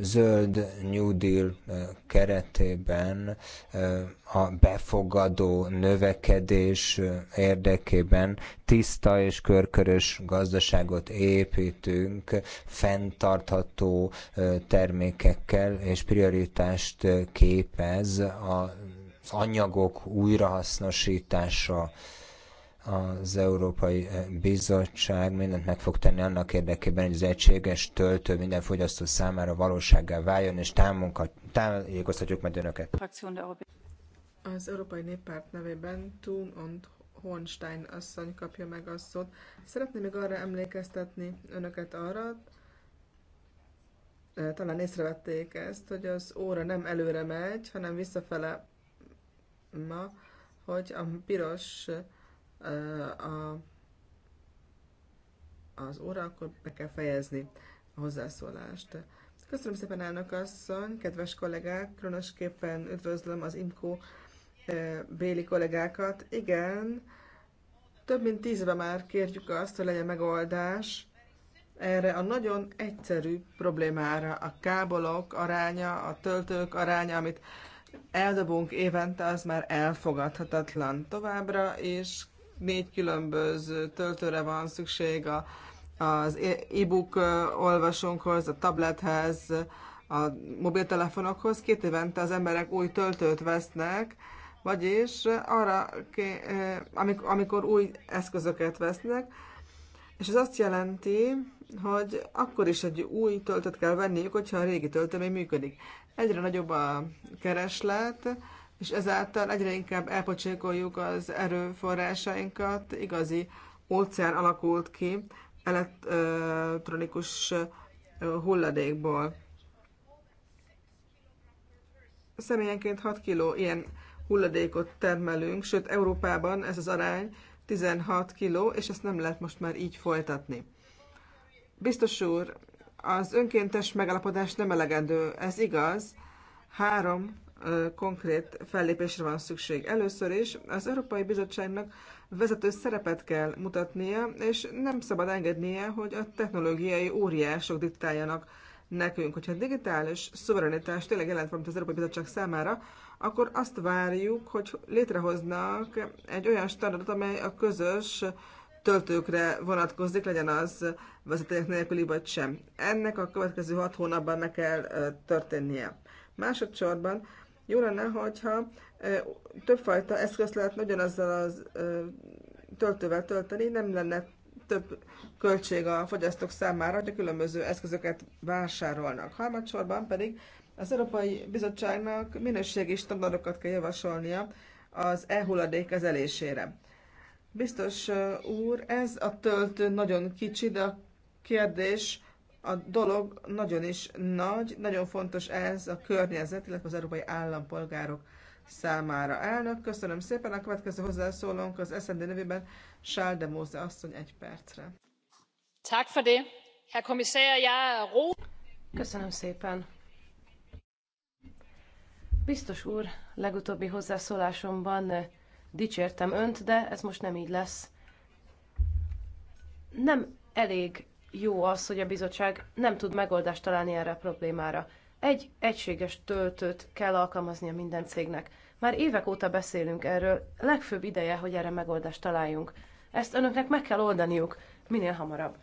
zöld New Deal keretében a befogadó növekedés érdekében tiszta és körkörös gazdaságot építünk, fenntartható termékekkel, és prioritást képez az anyagok újrahasznosítása az Európai eh, Bizottság mindent meg fog tenni annak érdekében, hogy az egységes töltő minden fogyasztó számára valósággá váljon, és tájékoztatjuk meg önöket. Az Európai Néppárt nevében Thun und Hornstein asszony kapja meg a szót. Szeretném még arra emlékeztetni önöket arra, eh, talán észrevették ezt, hogy az óra nem előre megy, hanem visszafele ma, hogy a piros a, az óra, akkor be kell fejezni a hozzászólást. Köszönöm szépen, elnök asszony, kedves kollégák, különösképpen üdvözlöm az IMCO béli kollégákat. Igen, több mint tíz éve már kérjük azt, hogy legyen megoldás erre a nagyon egyszerű problémára, a kábolok aránya, a töltők aránya, amit eldobunk évente, az már elfogadhatatlan továbbra, és négy különböző töltőre van szükség a, az e-book olvasónkhoz, a tablethez, a mobiltelefonokhoz. Két évente az emberek új töltőt vesznek, vagyis arra, amikor új eszközöket vesznek, és ez azt jelenti, hogy akkor is egy új töltőt kell venniük, hogyha a régi töltő még működik. Egyre nagyobb a kereslet, és ezáltal egyre inkább elpocsékoljuk az erőforrásainkat, igazi óceán alakult ki elektronikus hulladékból. Személyenként 6 kg ilyen hulladékot termelünk, sőt Európában ez az arány 16 kg, és ezt nem lehet most már így folytatni. Biztos úr, az önkéntes megalapodás nem elegendő, ez igaz. Három konkrét fellépésre van szükség. Először is az Európai Bizottságnak vezető szerepet kell mutatnia, és nem szabad engednie, hogy a technológiai óriások diktáljanak nekünk. Hogyha digitális szuverenitás tényleg jelent valamit az Európai Bizottság számára, akkor azt várjuk, hogy létrehoznak egy olyan standardot, amely a közös töltőkre vonatkozik, legyen az vezeték nélküli vagy sem. Ennek a következő hat hónapban meg kell történnie. Másodszorban jó lenne, hogyha többfajta eszközt lehetne ugyanazzal az töltővel tölteni, nem lenne több költség a fogyasztók számára, hogy a különböző eszközöket vásárolnak. Harmadsorban pedig az Európai Bizottságnak minőségi standardokat kell javasolnia az e-hulladék kezelésére. Biztos úr, ez a töltő nagyon kicsi, de a kérdés a dolog nagyon is nagy, nagyon fontos ez a környezet, illetve az európai állampolgárok számára. Elnök, köszönöm szépen. A következő hozzászólónk az SZND nevében Sál de Móze asszony egy percre. Er köszönöm szépen. Biztos úr, legutóbbi hozzászólásomban dicsértem önt, de ez most nem így lesz. Nem elég jó az, hogy a bizottság nem tud megoldást találni erre a problémára. Egy egységes töltőt kell alkalmaznia minden cégnek. Már évek óta beszélünk erről, legfőbb ideje, hogy erre megoldást találjunk. Ezt önöknek meg kell oldaniuk, minél hamarabb.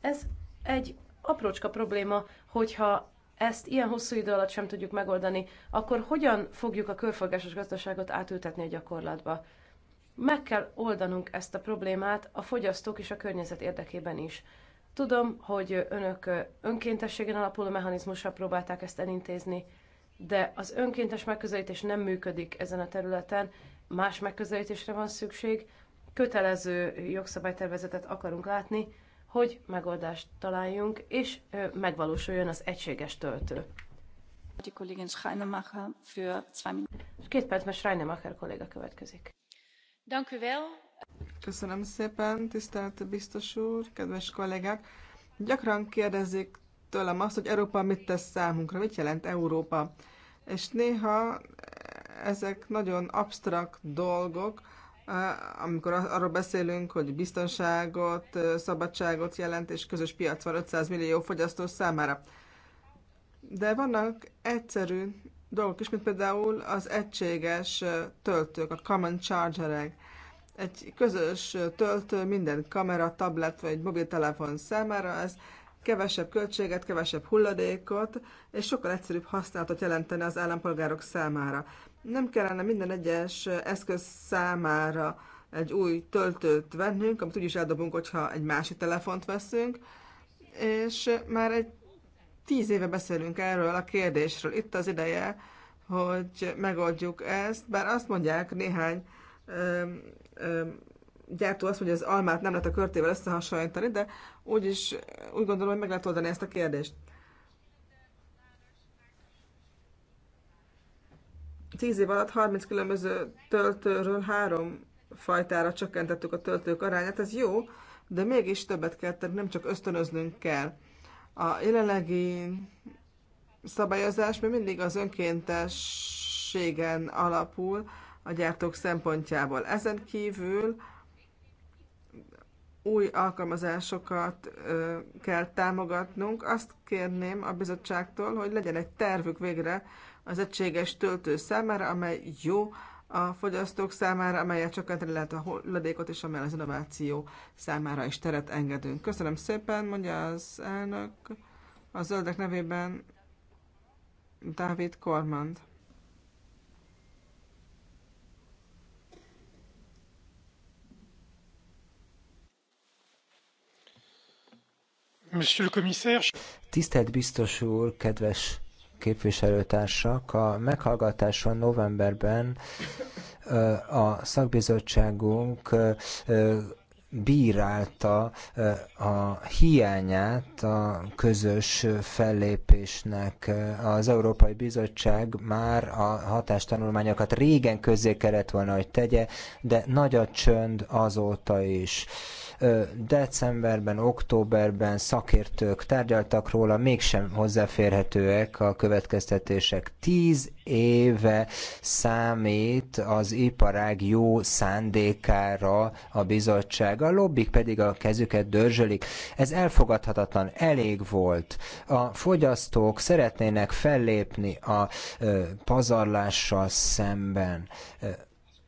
Ez egy aprócska probléma, hogyha ezt ilyen hosszú idő alatt sem tudjuk megoldani, akkor hogyan fogjuk a körforgásos gazdaságot átültetni a gyakorlatba? Meg kell oldanunk ezt a problémát a fogyasztók és a környezet érdekében is. Tudom, hogy önök önkéntességen alapuló mechanizmusra próbálták ezt elintézni, de az önkéntes megközelítés nem működik ezen a területen, más megközelítésre van szükség, kötelező jogszabálytervezetet akarunk látni, hogy megoldást találjunk, és megvalósuljon az egységes töltő. Két percben Schreinemacher kolléga következik. Köszönöm szépen, tisztelt biztos úr, kedves kollégák! Gyakran kérdezik tőlem azt, hogy Európa mit tesz számunkra, mit jelent Európa. És néha ezek nagyon absztrakt dolgok, eh, amikor arról beszélünk, hogy biztonságot, eh, szabadságot jelent, és közös piac van 500 millió fogyasztó számára. De vannak egyszerű dolgok is, mint például az egységes eh, töltők, a common chargerek egy közös töltő minden kamera, tablet vagy mobiltelefon számára, ez kevesebb költséget, kevesebb hulladékot, és sokkal egyszerűbb használatot jelentene az állampolgárok számára. Nem kellene minden egyes eszköz számára egy új töltőt vennünk, amit úgyis eldobunk, hogyha egy másik telefont veszünk, és már egy tíz éve beszélünk erről a kérdésről. Itt az ideje, hogy megoldjuk ezt, bár azt mondják néhány gyártó azt mondja, hogy az almát nem lehet a körtével összehasonlítani, de úgyis úgy gondolom, hogy meg lehet oldani ezt a kérdést. Tíz év alatt 30 különböző töltőről három fajtára csökkentettük a töltők arányát, ez jó, de mégis többet kell tenni, nem csak ösztönöznünk kell. A jelenlegi szabályozás még mindig az önkéntességen alapul, a gyártók szempontjából. Ezen kívül új alkalmazásokat ö, kell támogatnunk. Azt kérném a bizottságtól, hogy legyen egy tervük végre az egységes töltő számára, amely jó a fogyasztók számára, amelyet csökkenteni lehet a hulladékot, és amely az innováció számára is teret engedünk. Köszönöm szépen, mondja az elnök a zöldek nevében Dávid Kormand. Tisztelt biztos úr, kedves képviselőtársak, a meghallgatáson novemberben a szakbizottságunk bírálta a hiányát a közös fellépésnek. Az Európai Bizottság már a hatástanulmányokat régen közzé kellett volna, hogy tegye, de nagy a csönd azóta is decemberben, októberben szakértők tárgyaltak róla, mégsem hozzáférhetőek a következtetések. Tíz éve számít az iparág jó szándékára a bizottság, a lobbik pedig a kezüket dörzsölik. Ez elfogadhatatlan, elég volt. A fogyasztók szeretnének fellépni a ö, pazarlással szemben. Ö,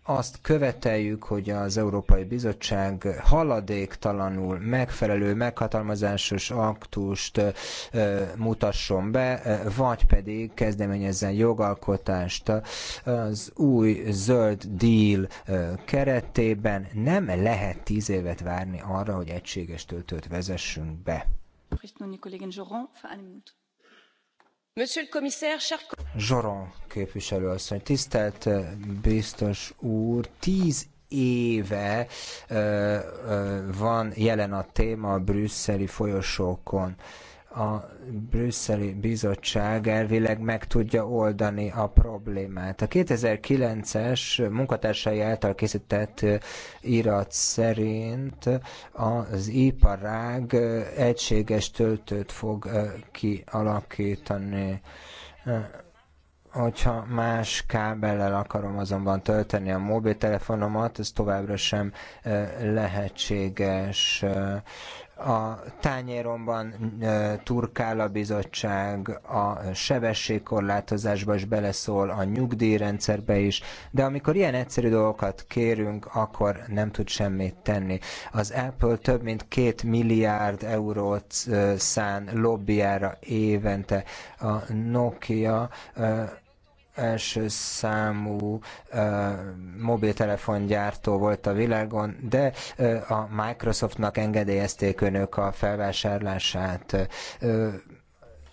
azt követeljük, hogy az Európai Bizottság haladéktalanul megfelelő meghatalmazásos aktust mutasson be, vagy pedig kezdeményezzen jogalkotást az új zöld deal keretében. Nem lehet tíz évet várni arra, hogy egységes töltőt vezessünk be. Monsieur le commissaire, Zsoron képviselőasszony, tisztelt biztos úr, tíz éve ö, ö, van jelen a téma a brüsszeli folyosókon. Ö, a brüsszeli bizottság elvileg meg tudja oldani a problémát. A 2009-es munkatársai által készített irat szerint az iparág egységes töltőt fog kialakítani hogyha más kábellel akarom azonban tölteni a mobiltelefonomat, ez továbbra sem lehetséges a tányéromban turkál a bizottság, a sebességkorlátozásba is beleszól, a nyugdíjrendszerbe is, de amikor ilyen egyszerű dolgokat kérünk, akkor nem tud semmit tenni. Az Apple több mint két milliárd eurót szán lobbyára évente, a Nokia első számú uh, mobiltelefongyártó volt a világon, de uh, a Microsoftnak engedélyezték önök a felvásárlását. Uh,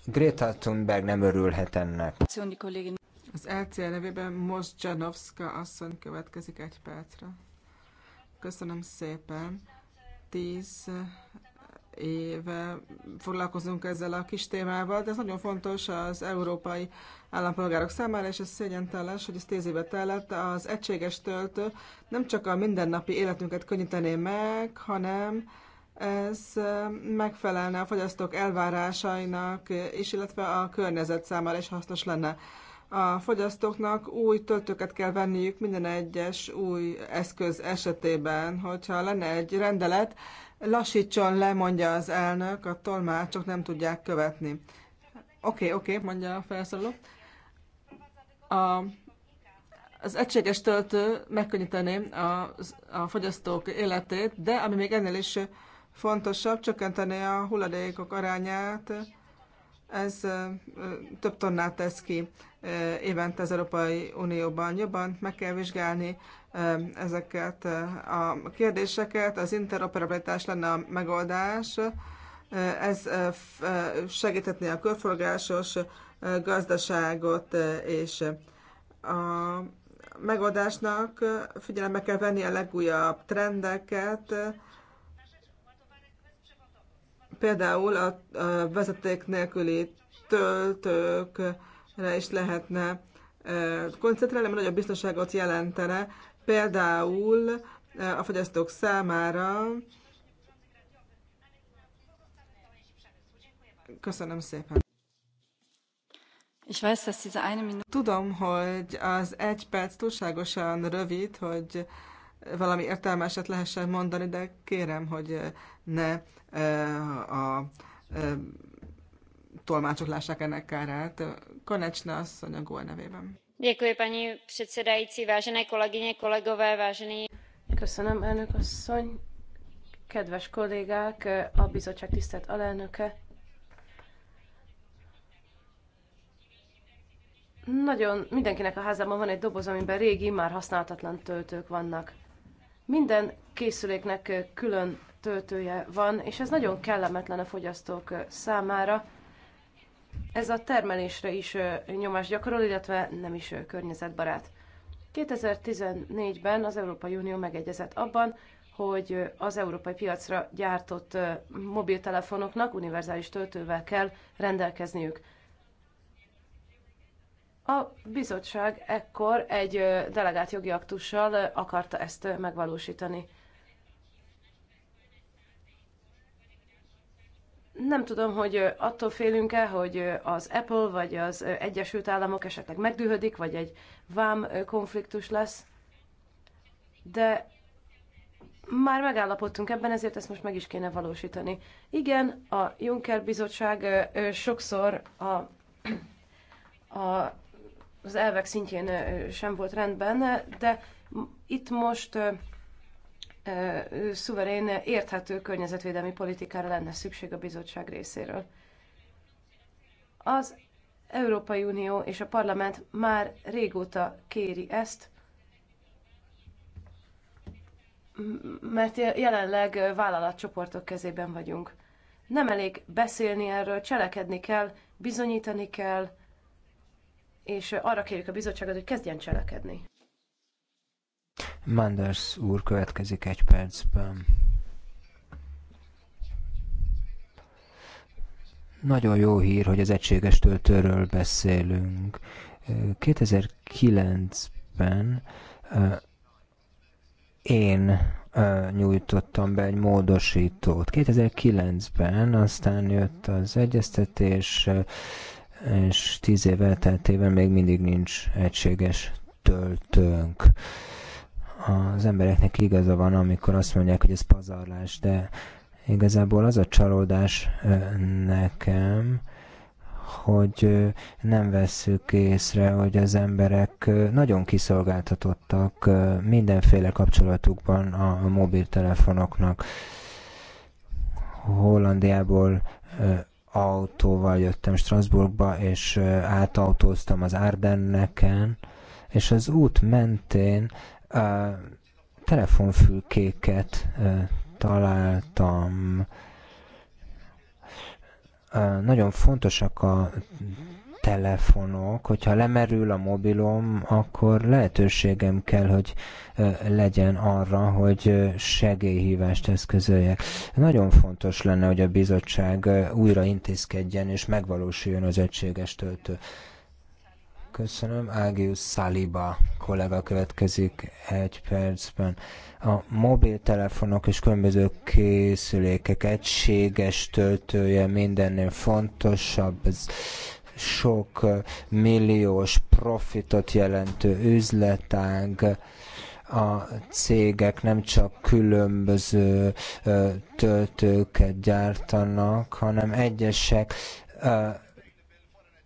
Greta Thunberg nem örülhet ennek. Az LCL e nevében most asszony következik egy percre. Köszönöm szépen. Tíz éve foglalkozunk ezzel a kis témával, de ez nagyon fontos az európai állampolgárok számára, és ez szégyentelen, hogy ez tíz éve tellett. Az egységes töltő nem csak a mindennapi életünket könnyítené meg, hanem ez megfelelne a fogyasztók elvárásainak és illetve a környezet számára is hasznos lenne. A fogyasztóknak új töltőket kell venniük minden egyes új eszköz esetében. Hogyha lenne egy rendelet, Lassítson le, mondja az elnök, a tolmácsok nem tudják követni. Oké, okay, oké, okay, mondja a felszólaló. A, az egységes töltő megkönnyíteni a, a fogyasztók életét, de ami még ennél is fontosabb, csökkenteni a hulladékok arányát ez több tonnát tesz ki évente az Európai Unióban. Jobban meg kell vizsgálni ezeket a kérdéseket. Az interoperabilitás lenne a megoldás. Ez segíthetné a körforgásos gazdaságot, és a megoldásnak figyelembe kell venni a legújabb trendeket, Például a, vezeték nélküli töltőkre is lehetne koncentrálni, mert nagyobb biztonságot jelentene, például a fogyasztók számára. Köszönöm szépen. Ich weiß, dass diese eine Minute... Tudom, hogy az egy perc túlságosan rövid, hogy valami értelmeset lehessen mondani, de kérem, hogy ne a tolmácsok lássák ennek kárát. Konecsna asszony a GOL nevében. Děkuji, paní předsedající, vážené kolegyně, kolegové, vážený... Köszönöm, elnök asszony. Kedves kollégák, a bizottság tisztelt alelnöke. Nagyon mindenkinek a házában van egy doboz, amiben régi, már használatlan töltők vannak. Minden készüléknek külön töltője van, és ez nagyon kellemetlen a fogyasztók számára. Ez a termelésre is nyomást gyakorol, illetve nem is környezetbarát. 2014-ben az Európai Unió megegyezett abban, hogy az európai piacra gyártott mobiltelefonoknak univerzális töltővel kell rendelkezniük. A bizottság ekkor egy delegált jogi aktussal akarta ezt megvalósítani. nem tudom, hogy attól félünk-e, hogy az Apple vagy az Egyesült Államok esetleg megdühödik, vagy egy vám konfliktus lesz, de már megállapodtunk ebben, ezért ezt most meg is kéne valósítani. Igen, a Juncker bizottság sokszor a, (clears throat) a, az elvek szintjén sem volt rendben, de itt most szuverén, érthető környezetvédelmi politikára lenne szükség a bizottság részéről. Az Európai Unió és a Parlament már régóta kéri ezt, mert jelenleg vállalatcsoportok kezében vagyunk. Nem elég beszélni erről, cselekedni kell, bizonyítani kell, és arra kérjük a bizottságot, hogy kezdjen cselekedni. Manders úr következik egy percben. Nagyon jó hír, hogy az egységes töltőről beszélünk. 2009-ben én nyújtottam be egy módosítót. 2009-ben aztán jött az egyeztetés, és tíz év elteltével még mindig nincs egységes töltőnk az embereknek igaza van, amikor azt mondják, hogy ez pazarlás, de igazából az a csalódás nekem, hogy nem vesszük észre, hogy az emberek nagyon kiszolgáltatottak mindenféle kapcsolatukban a mobiltelefonoknak. Hollandiából autóval jöttem Strasbourgba, és átautóztam az Ardenneken, és az út mentén telefonfülkéket találtam. Nagyon fontosak a telefonok, hogyha lemerül a mobilom, akkor lehetőségem kell, hogy legyen arra, hogy segélyhívást eszközöljek. Nagyon fontos lenne, hogy a bizottság újra intézkedjen és megvalósuljon az egységes töltő. Köszönöm. Ágius Saliba, kollega következik egy percben. A mobiltelefonok és különböző készülékek egységes töltője mindennél fontosabb. Ez sok milliós profitot jelentő üzletág a cégek nem csak különböző töltőket gyártanak, hanem egyesek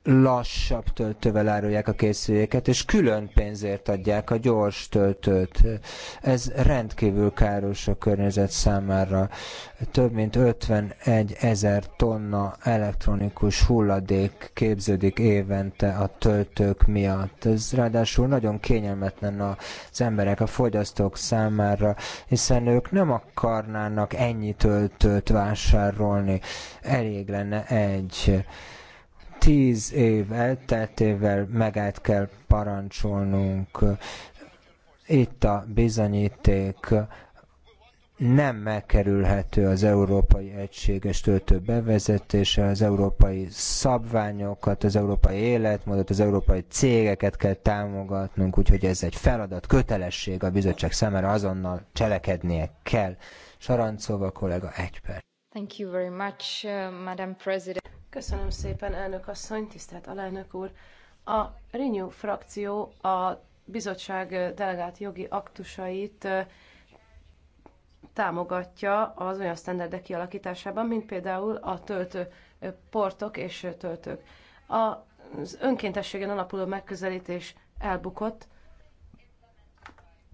lassabb töltővel árulják a készüléket, és külön pénzért adják a gyors töltőt. Ez rendkívül káros a környezet számára. Több mint 51 ezer tonna elektronikus hulladék képződik évente a töltők miatt. Ez ráadásul nagyon kényelmetlen az emberek, a fogyasztók számára, hiszen ők nem akarnának ennyi töltőt vásárolni. Elég lenne egy tíz év elteltével megállt kell parancsolnunk. Itt a bizonyíték nem megkerülhető az európai egységes töltő bevezetése, az európai szabványokat, az európai életmódot, az európai cégeket kell támogatnunk, úgyhogy ez egy feladat, kötelesség a bizottság szemére, azonnal cselekednie kell. Sarancova kollega, egy perc. Thank you very much, uh, Madam President. Köszönöm szépen, elnök asszony, tisztelt alelnök úr. A Renew frakció a bizottság delegált jogi aktusait támogatja az olyan sztenderdek kialakításában, mint például a töltő portok és töltők. Az önkéntességen alapuló megközelítés elbukott,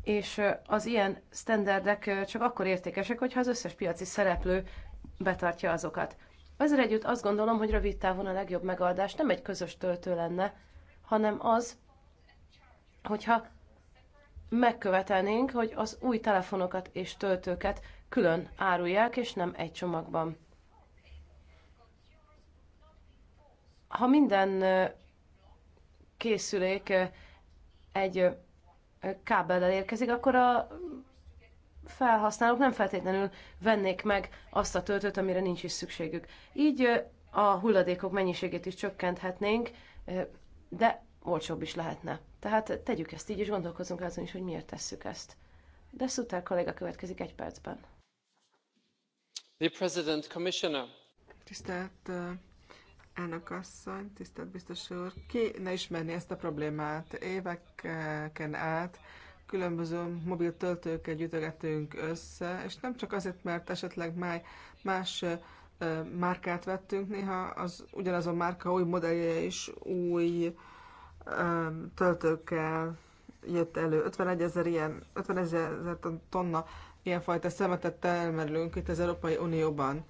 és az ilyen sztenderdek csak akkor értékesek, hogyha az összes piaci szereplő betartja azokat. Ezzel együtt azt gondolom, hogy rövid távon a legjobb megoldás nem egy közös töltő lenne, hanem az, hogyha megkövetelnénk, hogy az új telefonokat és töltőket külön árulják, és nem egy csomagban. Ha minden készülék egy kábellel érkezik, akkor a felhasználók nem feltétlenül vennék meg azt a töltőt, amire nincs is szükségük. Így a hulladékok mennyiségét is csökkenthetnénk, de olcsóbb is lehetne. Tehát tegyük ezt így, és gondolkozunk azon is, hogy miért tesszük ezt. De Szutár kolléga következik egy percben. The President Commissioner. Tisztelt asszony, tisztelt biztos úr, ki ne ismerni ezt a problémát éveken át, különböző mobil töltőket gyűjtögetünk össze, és nem csak azért, mert esetleg máj, más márkát vettünk, néha az ugyanazon márka új modellje is új um, töltőkkel jött elő. 51 ezer ilyen, 51 ezer tonna ilyenfajta szemetet termelünk itt az Európai Unióban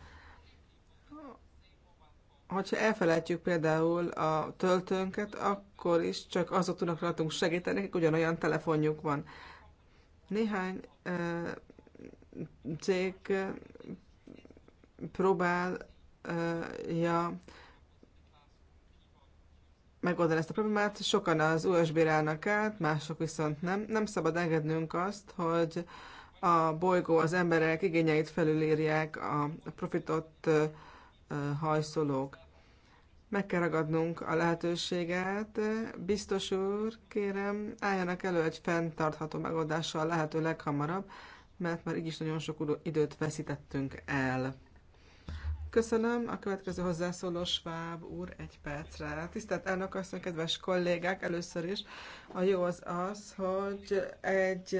hogyha elfelejtjük például a töltőnket, akkor is csak azok tudnak segíteni, akik ugyanolyan telefonjuk van. Néhány uh, cég próbálja megoldani ezt a problémát. Sokan az USB-re állnak át, mások viszont nem. Nem szabad engednünk azt, hogy a bolygó, az emberek igényeit felülírják, a profitot hajszolók. Meg kell ragadnunk a lehetőséget. Biztos úr, kérem, álljanak elő egy fenntartható megoldással lehető leghamarabb, mert már így is nagyon sok időt veszítettünk el. Köszönöm. A következő hozzászóló Schwab úr egy percre. Tisztelt elnök asszony, kedves kollégák, először is a jó az az, hogy egy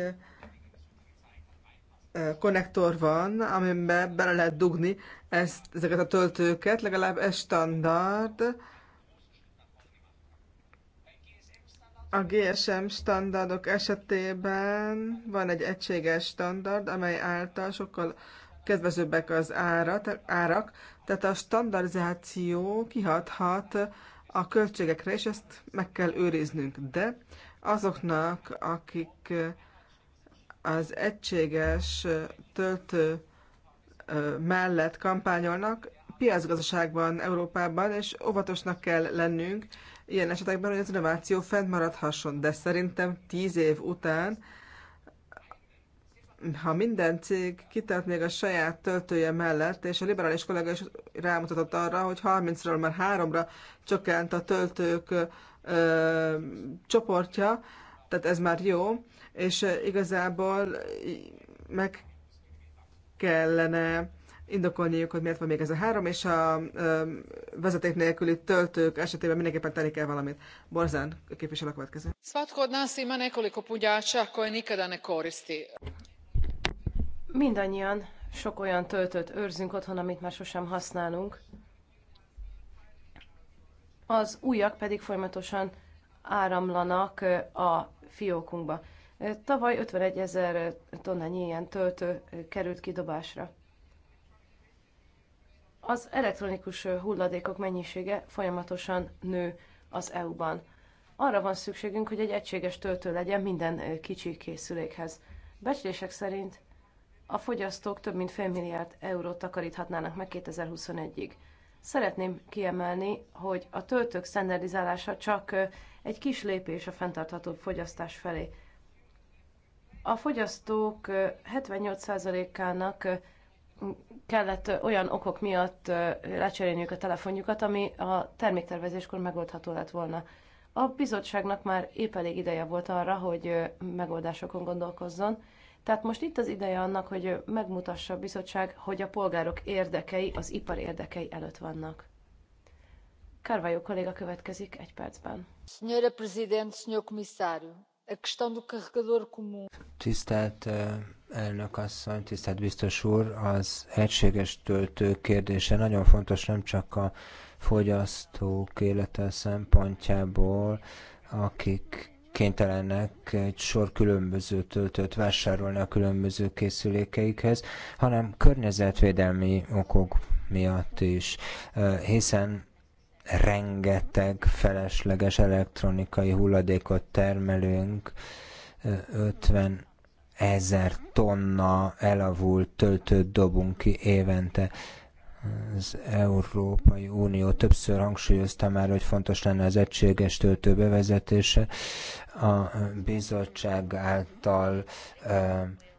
konnektor van, amiben bele lehet dugni ezt, ezeket a töltőket, legalább ez standard. A GSM standardok esetében van egy egységes standard, amely által sokkal kedvezőbbek az ára, árak, tehát a standardizáció kihathat a költségekre, és ezt meg kell őriznünk. De azoknak, akik az egységes töltő mellett kampányolnak, piacgazdaságban Európában, és óvatosnak kell lennünk ilyen esetekben, hogy az innováció fent maradhasson. De szerintem tíz év után, ha minden cég kitart még a saját töltője mellett, és a liberális kollega is rámutatott arra, hogy 30-ról már 3-ra csökkent a töltők ö, csoportja, tehát ez már jó, és eh, igazából meg kellene indokolniuk, hogy miért van még ez a három, és a ö, eh, vezeték nélküli töltők esetében mindenképpen tenni kell valamit. Borzán képviselő a következő. Svatko od nas ima nekoliko punjača koje nikada ne koristi. Mindannyian sok olyan töltőt őrzünk otthon, amit már sosem használunk. Az újak pedig folyamatosan áramlanak eh, a fiókunkba. Tavaly 51 ezer tonnányi ilyen töltő került kidobásra. Az elektronikus hulladékok mennyisége folyamatosan nő az EU-ban. Arra van szükségünk, hogy egy egységes töltő legyen minden kicsi készülékhez. Becslések szerint a fogyasztók több mint fél milliárd eurót takaríthatnának meg 2021-ig. Szeretném kiemelni, hogy a töltők standardizálása csak egy kis lépés a fenntarthatóbb fogyasztás felé. A fogyasztók 78%-ának kellett olyan okok miatt lecserélniük a telefonjukat, ami a terméktervezéskor megoldható lett volna. A bizottságnak már épp elég ideje volt arra, hogy megoldásokon gondolkozzon, tehát most itt az ideje annak, hogy megmutassa a bizottság, hogy a polgárok érdekei az ipar érdekei előtt vannak. Carvalho kolléga következik egy percben. Senhora Presidente, Senhor Comissário, a questão do carregador comum. Tisztelt eh, elnök asszony, tisztelt biztos úr, az egységes töltő kérdése nagyon fontos nem csak a fogyasztók élete szempontjából, akik kénytelenek egy sor különböző töltőt vásárolni a különböző készülékeikhez, hanem környezetvédelmi okok miatt is, eh, hiszen rengeteg felesleges elektronikai hulladékot termelünk, 50 ezer tonna elavult töltőt dobunk ki évente. Az Európai Unió többször hangsúlyozta már, hogy fontos lenne az egységes töltő bevezetése. A bizottság által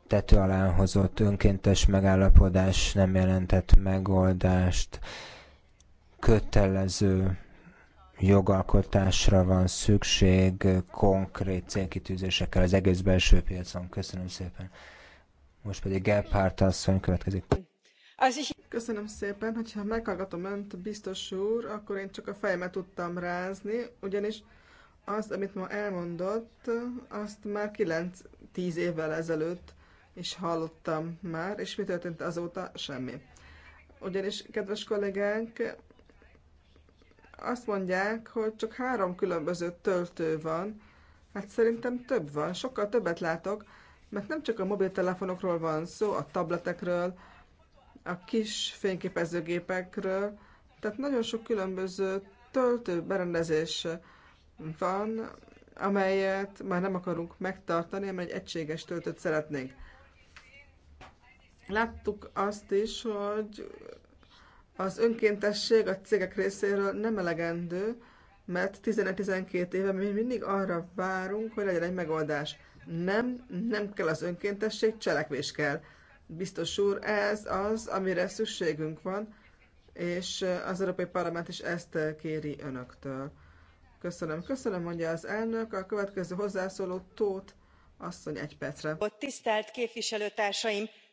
tető alá hozott önkéntes megállapodás nem jelentett megoldást kötelező jogalkotásra van szükség konkrét célkitűzésekkel az egész belső piacon. Köszönöm szépen. Most pedig Gebhardt asszony következik. Köszönöm szépen, hogyha meghallgatom önt, biztos úr, akkor én csak a fejemet tudtam rázni, ugyanis azt, amit ma elmondott, azt már 9-10 évvel ezelőtt is hallottam már, és mi történt azóta? Semmi. Ugyanis, kedves kollégánk, azt mondják, hogy csak három különböző töltő van. Hát szerintem több van, sokkal többet látok, mert nem csak a mobiltelefonokról van szó, a tabletekről, a kis fényképezőgépekről, tehát nagyon sok különböző töltő berendezés van, amelyet már nem akarunk megtartani, mert egy egységes töltőt szeretnénk. Láttuk azt is, hogy az önkéntesség a cégek részéről nem elegendő, mert 11-12 éve mi mindig arra várunk, hogy legyen egy megoldás. Nem, nem kell az önkéntesség, cselekvés kell. Biztos úr, ez az, amire szükségünk van, és az Európai Parlament is ezt kéri önöktől. Köszönöm, köszönöm, mondja az elnök. A következő hozzászóló Tóth asszony egy percre. Tisztelt képviselőtársaim!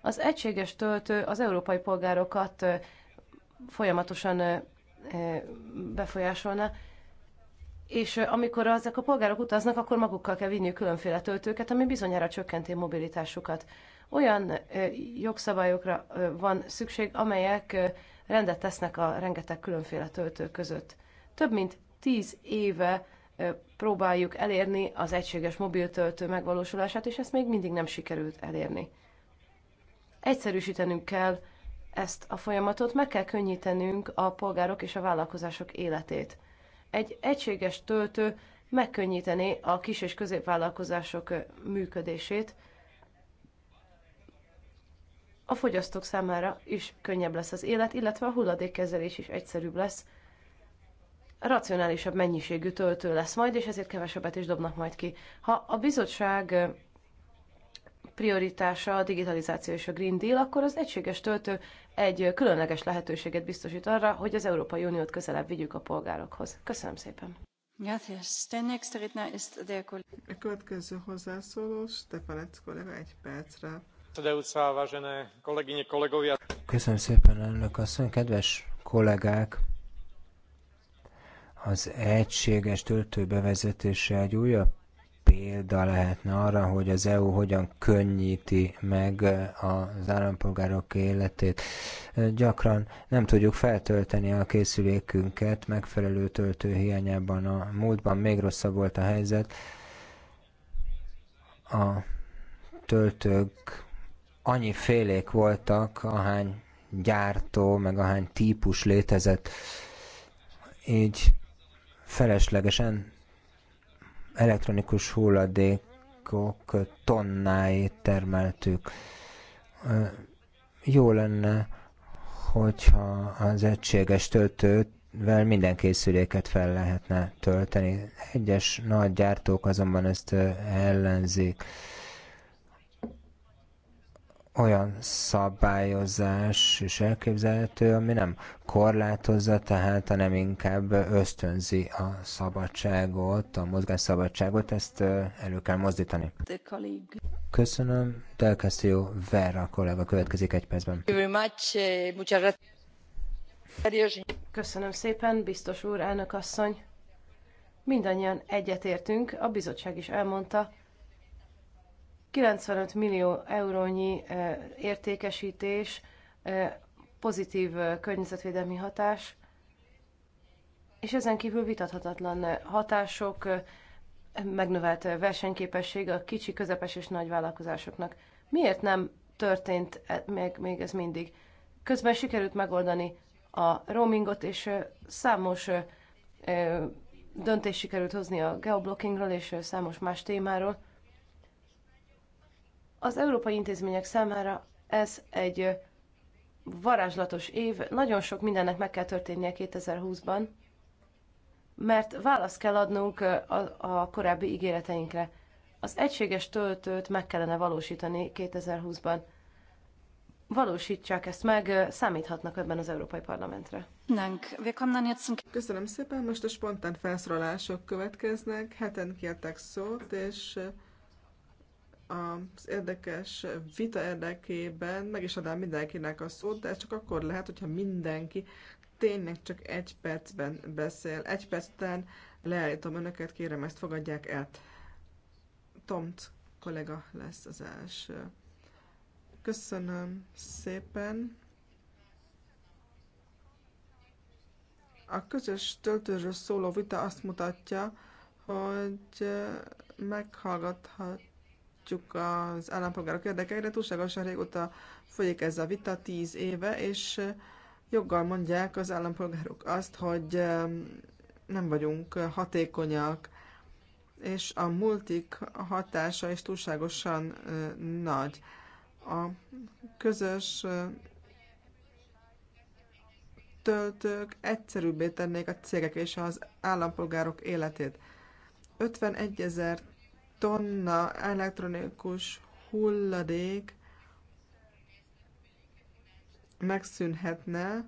Az egységes töltő az európai polgárokat folyamatosan befolyásolna, és amikor ezek a polgárok utaznak, akkor magukkal kell vinni különféle töltőket, ami bizonyára csökkenti mobilitásukat. Olyan jogszabályokra van szükség, amelyek rendet tesznek a rengeteg különféle töltő között. Több mint tíz éve próbáljuk elérni az egységes mobiltöltő megvalósulását, és ezt még mindig nem sikerült elérni. Egyszerűsítenünk kell ezt a folyamatot, meg kell könnyítenünk a polgárok és a vállalkozások életét. Egy egységes töltő megkönnyítené a kis és középvállalkozások működését, a fogyasztók számára is könnyebb lesz az élet, illetve a hulladékkezelés is egyszerűbb lesz. Racionálisabb mennyiségű töltő lesz majd, és ezért kevesebbet is dobnak majd ki. Ha a bizottság prioritása a digitalizáció és a Green Deal, akkor az egységes töltő egy különleges lehetőséget biztosít arra, hogy az Európai Uniót közelebb vigyük a polgárokhoz. Köszönöm szépen! A következő hozzászóló Stefanec kollega egy percre. Köszönöm szépen, elnök asszony, kedves kollégák! Az egységes töltő bevezetése egy újabb példa lehetne arra, hogy az EU hogyan könnyíti meg eh, az állampolgárok életét. Eh, gyakran nem tudjuk feltölteni a készülékünket megfelelő töltő hiányában. A múltban még rosszabb volt a helyzet. A töltők annyi félék voltak, ahány gyártó, meg ahány típus létezett. Így feleslegesen elektronikus hulladékok tonnáit termeltük. Jó lenne, hogyha az egységes töltőt minden készüléket fel lehetne tölteni. Egyes nagy gyártók azonban ezt ellenzik olyan szabályozás is elképzelhető, ami nem korlátozza, tehát, hanem inkább ösztönzi a szabadságot, a mozgásszabadságot, ezt elő kell mozdítani. Köszönöm, Del Castillo Vera kollega következik egy percben. Eh, Köszönöm szépen, biztos úr, elnök asszony. Mindannyian egyetértünk, a bizottság is elmondta, 95 millió eurónyi értékesítés, pozitív környezetvédelmi hatás, és ezen kívül vitathatatlan hatások, megnövelt versenyképesség a kicsi, közepes és nagy vállalkozásoknak. Miért nem történt e, még, még ez mindig? Közben sikerült megoldani a roamingot, és számos döntést sikerült hozni a geoblockingról és számos más témáról, az európai intézmények számára ez egy varázslatos év, nagyon sok mindennek meg kell történnie 2020-ban, mert választ kell adnunk a, a korábbi ígéreteinkre. Az egységes töltőt meg kellene valósítani 2020-ban. Valósítsák ezt meg, számíthatnak ebben az Európai Parlamentre. Köszönöm szépen, most a spontán felszólalások következnek. Heten kértek szót, és az érdekes vita érdekében meg is adnám mindenkinek a szót, de ez csak akkor lehet, hogyha mindenki tényleg csak egy percben beszél. Egy perc után leállítom önöket, kérem ezt fogadják el. Tomt kollega lesz az első. Köszönöm szépen. A közös töltőről szóló vita azt mutatja, hogy meghallgathat kihatjuk az állampolgárok érdekeire. Túlságosan régóta folyik ez a vita, tíz éve, és eh, joggal mondják az állampolgárok azt, hogy eh, nem vagyunk hatékonyak, és a multik hatása is túlságosan eh, nagy. A közös töltők egyszerűbbé tennék a cégek és az állampolgárok életét. 51 ezer tonna elektronikus hulladék megszűnhetne,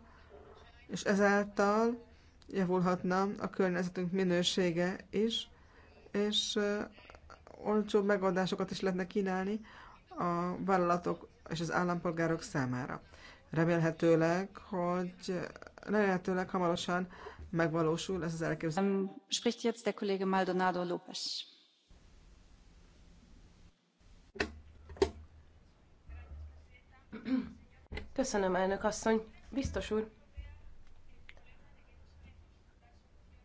és ezáltal javulhatna a környezetünk minősége is, és olcsóbb megoldásokat is lehetne kínálni a vállalatok és az állampolgárok számára. Remélhetőleg, hogy remélhetőleg hamarosan megvalósul ez az elképzelés. Spricht jetzt der Kollege Maldonado López. Köszönöm, elnök asszony. Biztos úr.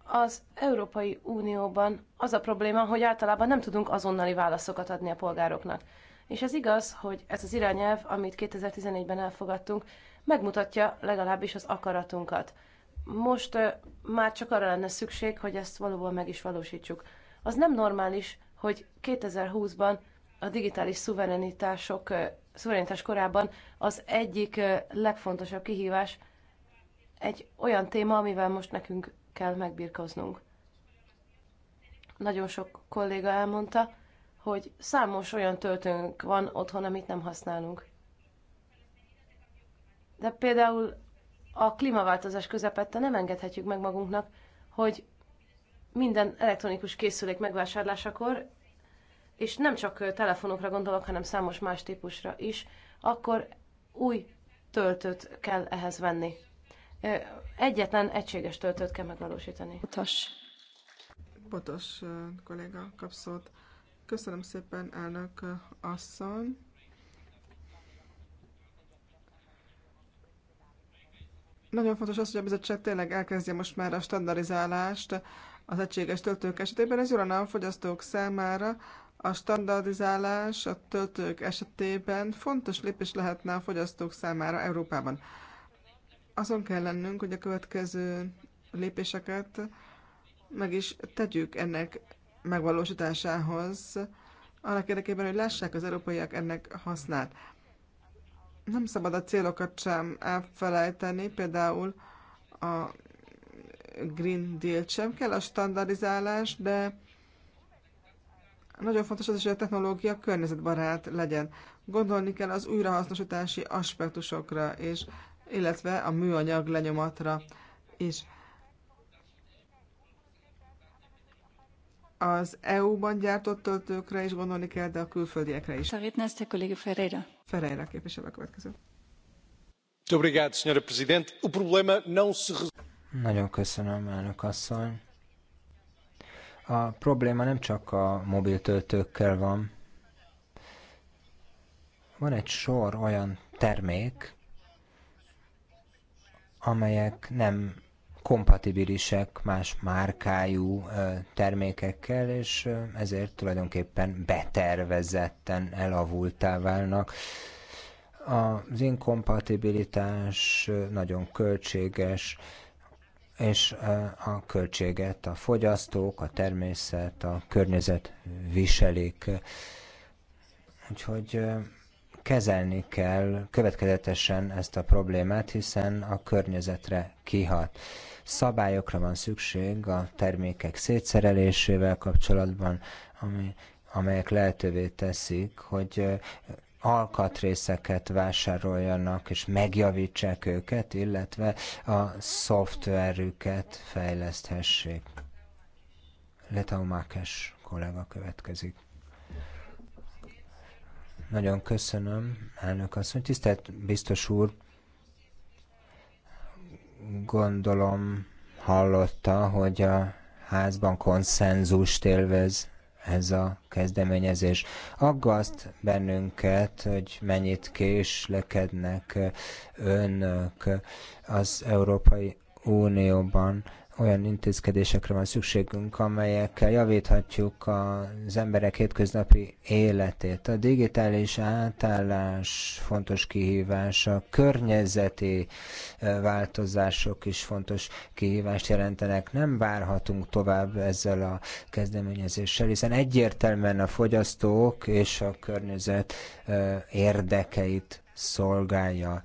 Az Európai Unióban az a probléma, hogy általában nem tudunk azonnali válaszokat adni a polgároknak. És ez igaz, hogy ez az irányelv, amit 2014 ben elfogadtunk, megmutatja legalábbis az akaratunkat. Most uh, már csak arra lenne szükség, hogy ezt valóban meg is valósítsuk. Az nem normális, hogy 2020-ban a digitális szuverenitások szuverenitás korában az egyik legfontosabb kihívás egy olyan téma, amivel most nekünk kell megbirkoznunk. Nagyon sok kolléga elmondta, hogy számos olyan töltőnk van otthon, amit nem használunk. De például a klímaváltozás közepette nem engedhetjük meg magunknak, hogy minden elektronikus készülék megvásárlásakor és nem csak telefonokra gondolok, hanem számos más típusra is, akkor új töltőt kell ehhez venni. Egyetlen egységes töltőt kell megvalósítani. Botos. Botos kolléga kap Köszönöm szépen, elnök asszony. Nagyon fontos az, hogy a bizottság tényleg elkezdje most már a standardizálást az egységes töltők esetében. Ez jól lenne a fogyasztók számára, a standardizálás a töltők esetében fontos lépés lehetne a fogyasztók számára Európában. Azon kell lennünk, hogy a következő lépéseket meg is tegyük ennek megvalósításához, annak érdekében, hogy lássák az európaiak ennek hasznát. Nem szabad a célokat sem elfelejteni, például a Green Deal sem kell a standardizálás, de nagyon fontos az is, hogy a technológia környezetbarát legyen. Gondolni kell az újrahasznosítási aspektusokra, és, illetve a műanyag lenyomatra is. Az EU-ban gyártott töltőkre is gondolni kell, de a külföldiekre is. Ferreira. Ferreira képviselő a következő. Nagyon köszönöm, elnök asszony a probléma nem csak a mobiltöltőkkel van. Van egy sor olyan termék, amelyek nem kompatibilisek más márkájú termékekkel, és ezért tulajdonképpen betervezetten elavultá válnak. Az inkompatibilitás nagyon költséges, és a költséget a fogyasztók, a természet, a környezet viselik. Úgyhogy kezelni kell következetesen ezt a problémát, hiszen a környezetre kihat. Szabályokra van szükség a termékek szétszerelésével kapcsolatban, ami amelyek lehetővé teszik, hogy alkatrészeket vásároljanak és megjavítsák őket, illetve a szoftverüket fejleszthessék. Letau Mákes kollega következik. Nagyon köszönöm, elnök asszony. Tisztelt biztos úr, gondolom hallotta, hogy a házban konszenzust élvez ez a kezdeményezés. Aggaszt bennünket, hogy mennyit késlekednek önök az Európai Unióban olyan intézkedésekre van szükségünk, amelyekkel javíthatjuk az emberek hétköznapi életét. A digitális átállás fontos kihívás, a környezeti változások is fontos kihívást jelentenek. Nem várhatunk tovább ezzel a kezdeményezéssel, hiszen egyértelműen a fogyasztók és a környezet érdekeit szolgálja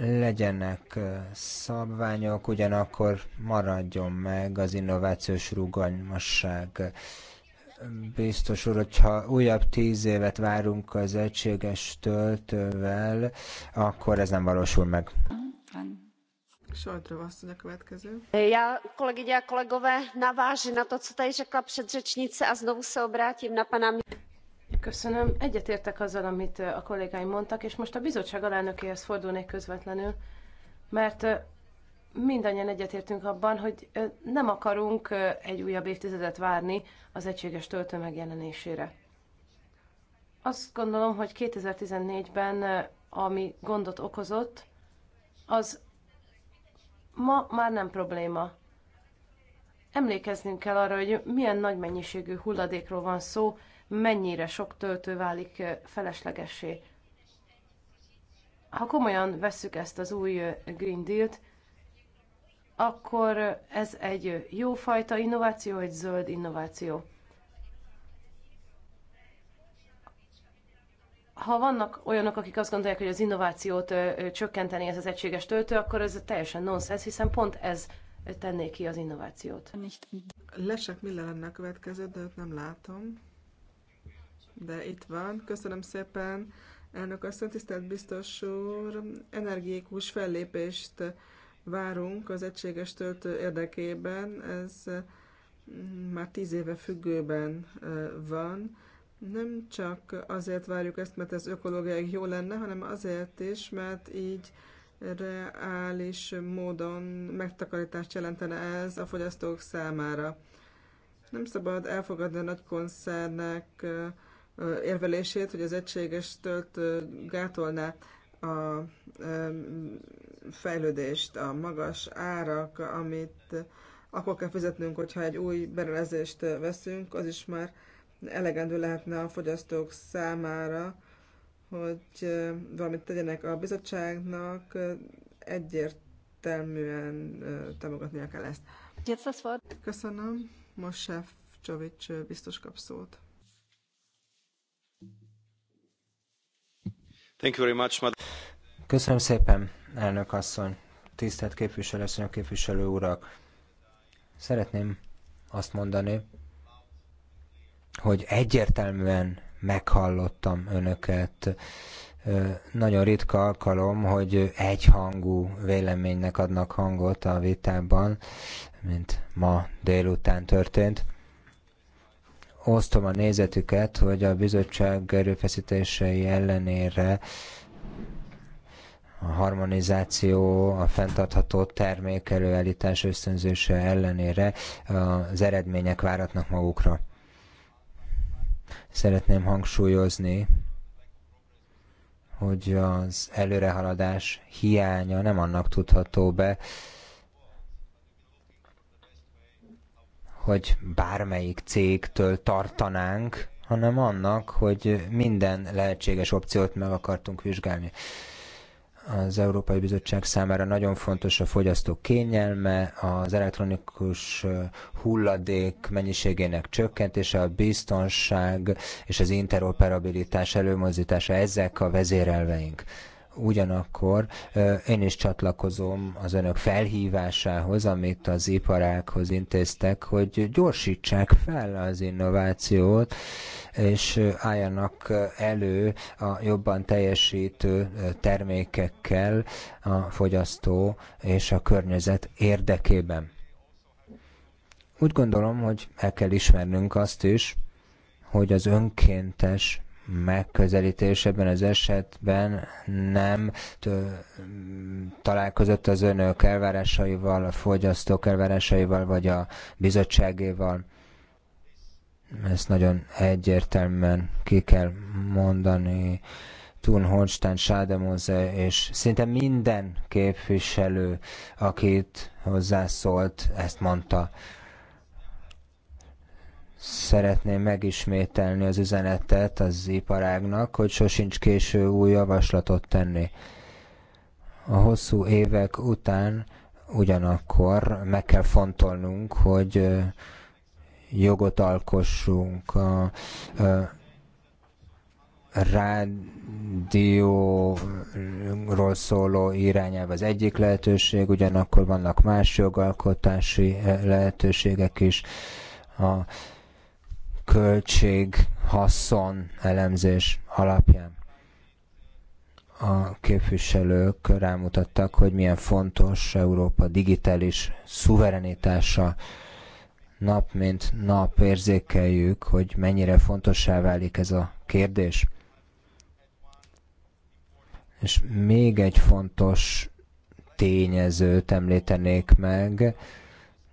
legyenek szabványok, ugyanakkor maradjon meg az innovációs rugalmasság. Biztos úr, hogyha újabb tíz évet várunk az egységes töltővel, akkor ez nem valósul meg. Šojdrova, a következő. Já, kolegyně a kolegové, navážu na to, co tady řekla předřečnice a znovu se obrátím na pana... Köszönöm. Egyetértek azzal, amit a kollégáim mondtak, és most a bizottság alelnökéhez fordulnék közvetlenül, mert mindannyian egyetértünk abban, hogy nem akarunk egy újabb évtizedet várni az egységes töltő megjelenésére. Azt gondolom, hogy 2014-ben ami gondot okozott, az ma már nem probléma. Emlékeznünk kell arra, hogy milyen nagy mennyiségű hulladékról van szó, mennyire sok töltő válik feleslegessé. Ha komolyan vesszük ezt az új Green Deal-t, akkor ez egy jó fajta innováció, egy zöld innováció. Ha vannak olyanok, akik azt gondolják, hogy az innovációt csökkenteni ez az egységes töltő, akkor ez teljesen nonsens, hiszen pont ez tenné ki az innovációt. Lesek mi lenne a következő, de őt nem látom de itt van. Köszönöm szépen, elnök asszony, tisztelt biztos úr. Energiékus fellépést várunk az egységes töltő érdekében. Ez mm, már tíz éve függőben van. Nem csak azért várjuk ezt, mert ez ökológiai jó lenne, hanem azért is, mert így reális módon megtakarítást jelentene ez a fogyasztók számára. Nem szabad elfogadni a nagy koncernek érvelését, hogy az egységes tölt gátolná a fejlődést, a magas árak, amit akkor kell fizetnünk, hogyha egy új berendezést veszünk, az is már elegendő lehetne a fogyasztók számára, hogy valamit tegyenek a bizottságnak, egyértelműen támogatnia kell ezt. Köszönöm. Most Sef Csovics biztos kap szót. Köszönöm szépen, elnök asszony, tisztelt képviselőasszony, képviselő urak. Szeretném azt mondani, hogy egyértelműen meghallottam önöket. Nagyon ritka alkalom, hogy egyhangú véleménynek adnak hangot a vitában, mint ma délután történt osztom a nézetüket, hogy a bizottság erőfeszítései ellenére a harmonizáció, a fenntartható termék előállítás ösztönzése ellenére az eredmények váratnak magukra. Szeretném hangsúlyozni, hogy az előrehaladás hiánya nem annak tudható be, hogy bármelyik cégtől tartanánk, hanem annak, hogy minden lehetséges opciót meg akartunk vizsgálni. Az Európai Bizottság számára nagyon fontos a fogyasztó kényelme, az elektronikus hulladék mennyiségének csökkentése, a biztonság és az interoperabilitás előmozdítása, ezek a vezérelveink. Ugyanakkor én is csatlakozom az önök felhívásához, amit az iparákhoz intéztek, hogy gyorsítsák fel az innovációt, és álljanak elő a jobban teljesítő termékekkel a fogyasztó és a környezet érdekében. Úgy gondolom, hogy el kell ismernünk azt is, hogy az önkéntes megközelítés ebben az esetben nem találkozott az önök elvárásaival, a fogyasztók elvárásaival, vagy a bizottságéval. Ezt nagyon egyértelműen ki kell mondani. Thun Holstein, Sádemoze, és szinte minden képviselő, akit hozzászólt, ezt mondta szeretném megismételni az üzenetet az iparágnak, hogy sosincs késő új javaslatot tenni. A hosszú évek után ugyanakkor meg kell fontolnunk, hogy jogot alkossunk. A, a rádióról szóló irányelv az egyik lehetőség, ugyanakkor vannak más jogalkotási lehetőségek is. A költség-haszon elemzés alapján a képviselők rámutattak, hogy milyen fontos Európa digitális szuverenitása. Nap mint nap érzékeljük, hogy mennyire fontossá válik ez a kérdés. És még egy fontos tényezőt említenék meg,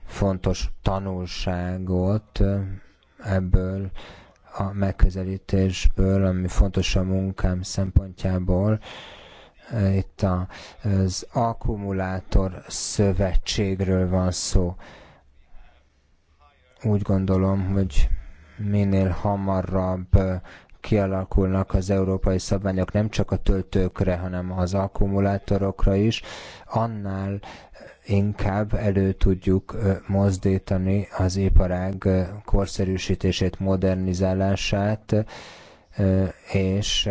fontos tanulságot ebből a megközelítésből, ami fontos a munkám szempontjából. E, itt az akkumulátor szövetségről van szó. Úgy gondolom, hogy minél hamarabb e, kialakulnak az európai szabványok nem csak a töltőkre, hanem az akkumulátorokra is, annál inkább elő tudjuk mozdítani az iparág korszerűsítését, modernizálását, és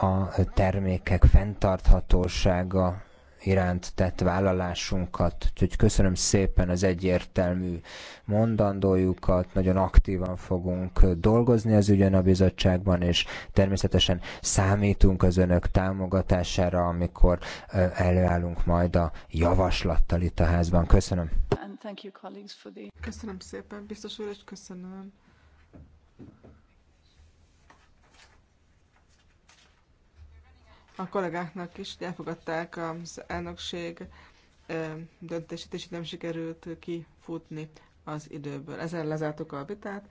a termékek fenntarthatósága iránt tett vállalásunkat. Úgyhogy köszönöm szépen az egyértelmű mondandójukat, nagyon aktívan fogunk dolgozni az ügyen a bizottságban, és természetesen számítunk az önök támogatására, amikor előállunk majd a javaslattal itt a házban. Köszönöm. Köszönöm szépen, biztos úr, és köszönöm a kollégáknak is, hogy elfogadták az elnökség döntését, és nem sikerült kifutni az időből. Ezzel lezártuk a vitát,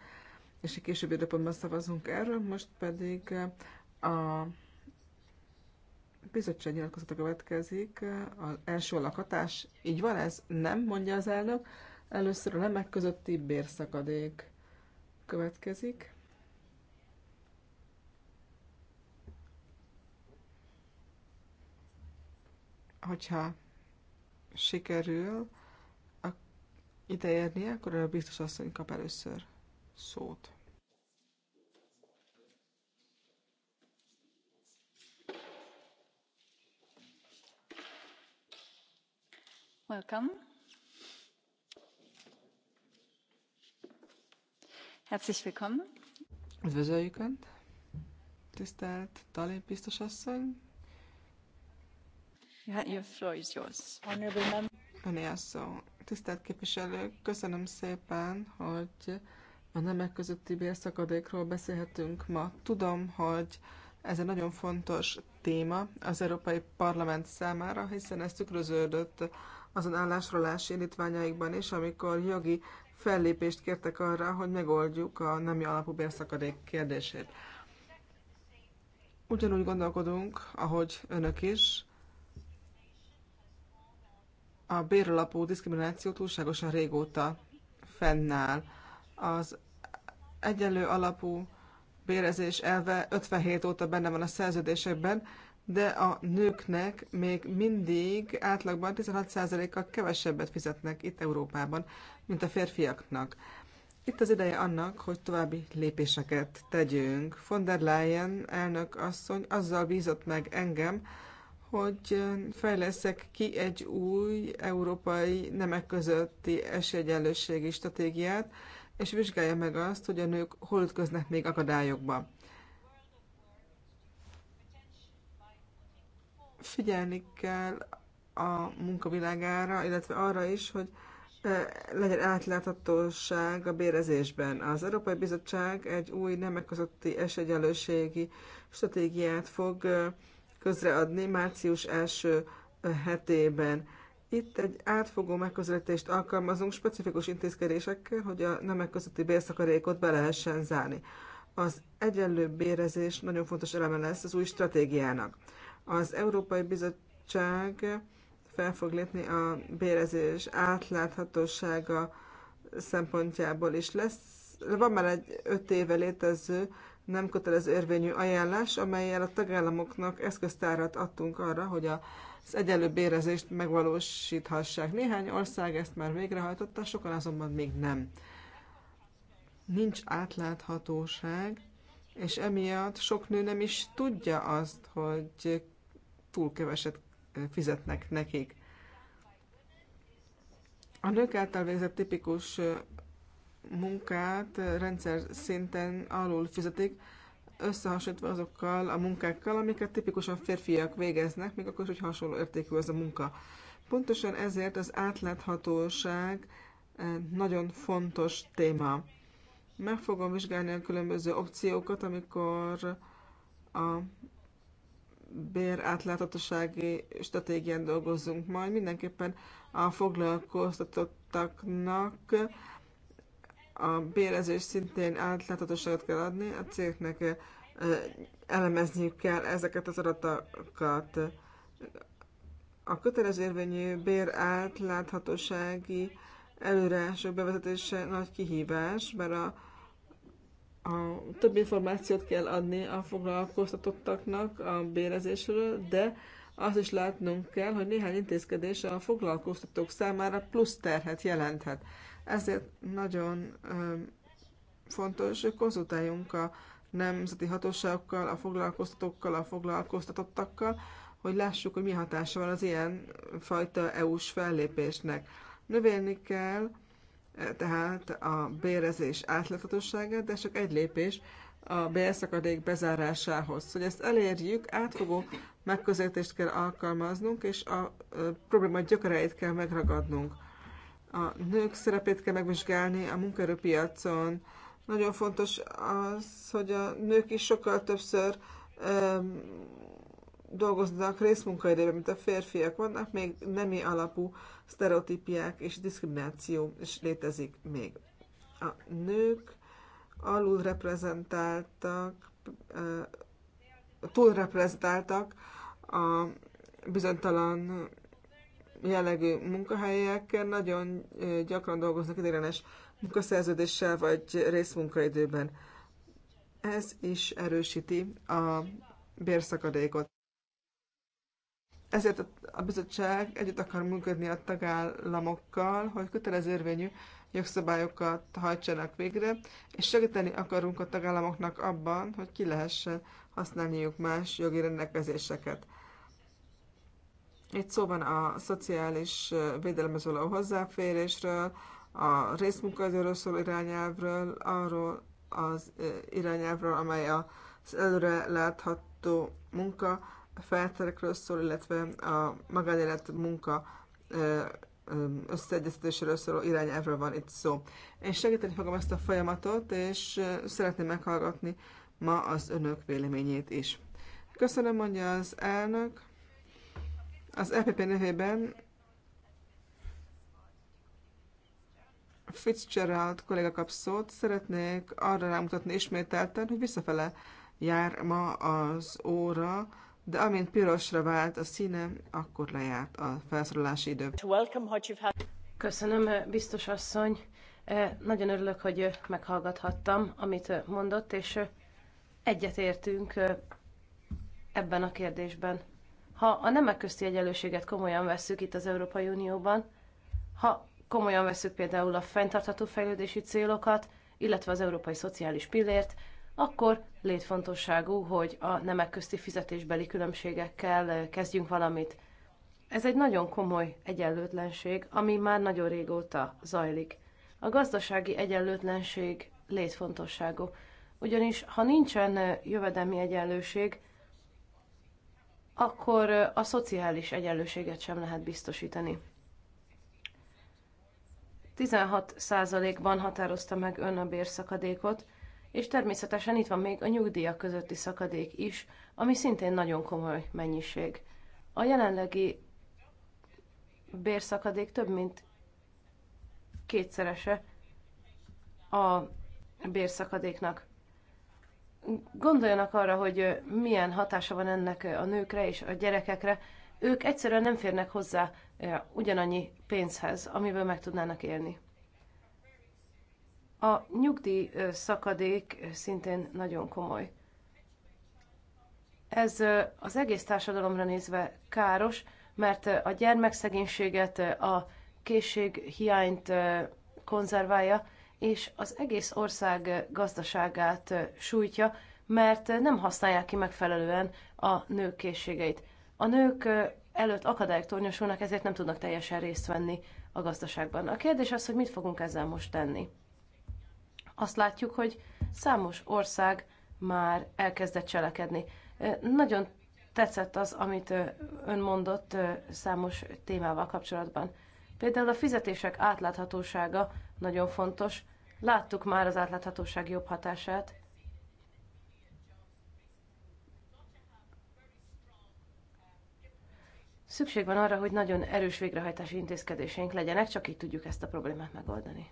és egy későbbi időpontban szavazunk erről, most pedig a bizottság nyilatkozata következik, az első lakatás. Így van ez? Nem, mondja az elnök. Először a nemek közötti bérszakadék következik. hogyha sikerül a, ide érni, akkor a biztos asszony kap először szót. Welcome. Herzlich willkommen. Üdvözöljük Önt! Tisztelt Talé biztos asszony, szó. Tisztelt képviselő, köszönöm szépen, hogy a nemek közötti bérszakadékról beszélhetünk ma. Tudom, hogy ez egy nagyon fontos téma az Európai Parlament számára, hiszen ez tükröződött azon állásrólási indítványaikban is, amikor jogi fellépést kértek arra, hogy megoldjuk a nemi alapú bérszakadék kérdését. Ugyanúgy gondolkodunk, ahogy önök is, a béralapú diszkrimináció túlságosan régóta fennáll. Az egyenlő alapú bérezés elve 57 óta benne van a szerződésekben, de a nőknek még mindig átlagban 16%-kal kevesebbet fizetnek itt Európában, mint a férfiaknak. Itt az ideje annak, hogy további lépéseket tegyünk. Von der Leyen elnök asszony azzal bízott meg engem, hogy fejleszek ki egy új európai nemek közötti esélyegyenlőségi stratégiát, és vizsgálja meg azt, hogy a nők hol ütköznek még akadályokba. Figyelni kell a munkavilágára, illetve arra is, hogy e, legyen átláthatóság a bérezésben. Az Európai Bizottság egy új nemek közötti esélyegyenlőségi stratégiát fog e, közreadni március első hetében. Itt egy átfogó megközelítést alkalmazunk specifikus intézkedésekkel, hogy a nemek közötti bérszakarékot be lehessen zárni. Az egyenlő bérezés nagyon fontos eleme lesz az új stratégiának. Az Európai Bizottság fel fog lépni a bérezés átláthatósága szempontjából is lesz. Van már egy öt éve létező nem kötelező érvényű ajánlás, amelyel a tagállamoknak eszköztárat adtunk arra, hogy az egyenlő bérezést megvalósíthassák. Néhány ország ezt már végrehajtotta, sokan azonban még nem. Nincs átláthatóság, és emiatt sok nő nem is tudja azt, hogy túl keveset fizetnek nekik. A nők által végzett tipikus munkát rendszer szinten alul fizetik, összehasonlítva azokkal a munkákkal, amiket tipikusan férfiak végeznek, még akkor is, hogy hasonló értékű ez a munka. Pontosan ezért az átláthatóság eh, nagyon fontos téma. Meg fogom vizsgálni a különböző opciókat, amikor a bér átláthatósági stratégián dolgozzunk majd. Mindenképpen a foglalkoztatottaknak a bérezés szintén átláthatóságot kell adni, a cégeknek elemezniük kell ezeket az adatokat. A kötelező érvényű bér átláthatósági előreások bevezetése nagy kihívás, mert a, a több információt kell adni a foglalkoztatottaknak a bérezésről, de azt is látnunk kell, hogy néhány intézkedés a foglalkoztatók számára plusz terhet jelenthet. Ezért nagyon fontos, hogy konzultáljunk a nemzeti hatóságokkal, a foglalkoztatókkal, a foglalkoztatottakkal, hogy lássuk, hogy mi hatása van az ilyen fajta EU-s fellépésnek. Növelni kell e, tehát a bérezés átláthatóságát, de csak egy lépés a bérszakadék bezárásához. Hogy ezt elérjük, átfogó megközelítést kell alkalmaznunk, és a probléma gyökereit kell megragadnunk a nők szerepét kell megvizsgálni a munkaerőpiacon. Nagyon fontos az, hogy a nők is sokkal többször um, dolgoznak részmunkaidőben, mint a férfiak. Vannak még nemi alapú sztereotípiák és diszkrimináció is létezik még. A nők alul reprezentáltak, túl reprezentáltak a bizonytalan jellegű munkahelyeken nagyon gyakran dolgoznak ideiglenes munkaszerződéssel vagy részmunkaidőben. Ez is erősíti a bérszakadékot. Ezért a bizottság együtt akar működni a tagállamokkal, hogy kötelező érvényű jogszabályokat hajtsanak végre, és segíteni akarunk a tagállamoknak abban, hogy ki lehessen használniuk más jogi rendelkezéseket. Itt szó van a szociális védelemhez való hozzáférésről, a részmunkaidőről szóló irányelvről, arról az irányelvről, amely az előre látható munka feltételekről szól, illetve a magánélet munka összeegyeztetéséről szóló irányelvről van itt szó. Én segíteni fogom ezt a folyamatot, és szeretném meghallgatni ma az önök véleményét is. Köszönöm, mondja az elnök. Az EPP nevében Fitzgerald kolléga kap szót, szeretnék arra rámutatni ismételten, hogy visszafele jár ma az óra, de amint pirosra vált a színe, akkor lejárt a felszorolási idő. Köszönöm, biztos asszony. Eh, nagyon örülök, hogy eh, meghallgathattam, amit eh, mondott, és egyetértünk ebben a kérdésben. Ha a nemek közti egyenlőséget komolyan vesszük itt az Európai Unióban, ha komolyan vesszük például a fenntartható fejlődési célokat, illetve az európai szociális pillért, akkor létfontosságú, hogy a nemek közti fizetésbeli különbségekkel eh, kezdjünk valamit. Ez egy nagyon komoly egyenlőtlenség, ami már nagyon régóta zajlik. A gazdasági egyenlőtlenség létfontosságú, ugyanis ha nincsen eh, jövedelmi egyenlőség, akkor a szociális egyenlőséget sem lehet biztosítani. 16%-ban határozta meg ön a bérszakadékot, és természetesen itt van még a nyugdíjak közötti szakadék is, ami szintén nagyon komoly mennyiség. A jelenlegi bérszakadék több mint kétszerese a bérszakadéknak gondoljanak arra, hogy milyen hatása van ennek a nőkre és a gyerekekre. Ők egyszerűen nem férnek hozzá ugyanannyi pénzhez, amiből meg tudnának élni. A nyugdíj szakadék szintén nagyon komoly. Ez az egész társadalomra nézve káros, mert a gyermekszegénységet, a készséghiányt konzerválja, és az egész ország gazdaságát sújtja, mert nem használják ki megfelelően a nők készségeit. A nők előtt akadályok tornyosulnak, ezért nem tudnak teljesen részt venni a gazdaságban. A kérdés az, hogy mit fogunk ezzel most tenni. Azt látjuk, hogy számos ország már elkezdett cselekedni. Nagyon tetszett az, amit ön mondott számos témával kapcsolatban. Például a fizetések átláthatósága nagyon fontos. Láttuk már az átláthatóság jobb hatását. Szükség van arra, hogy nagyon erős végrehajtási intézkedéseink legyenek, csak így tudjuk ezt a problémát megoldani.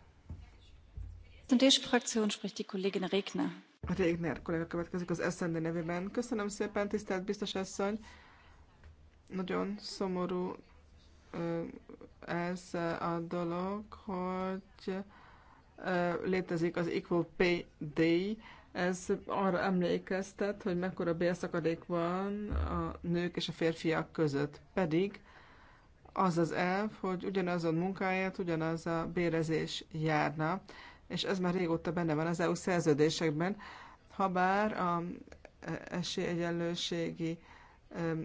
Régner kollega következik az SND nevében. Köszönöm szépen, tisztelt biztos asszony! Nagyon szomorú ez a dolog, hogy létezik az Equal Pay Day, ez arra emlékeztet, hogy mekkora bérszakadék van a nők és a férfiak között. Pedig az az elv, hogy ugyanazon munkáját, ugyanaz a bérezés járna, és ez már régóta benne van az EU szerződésekben, habár a e, esélyegyenlőségi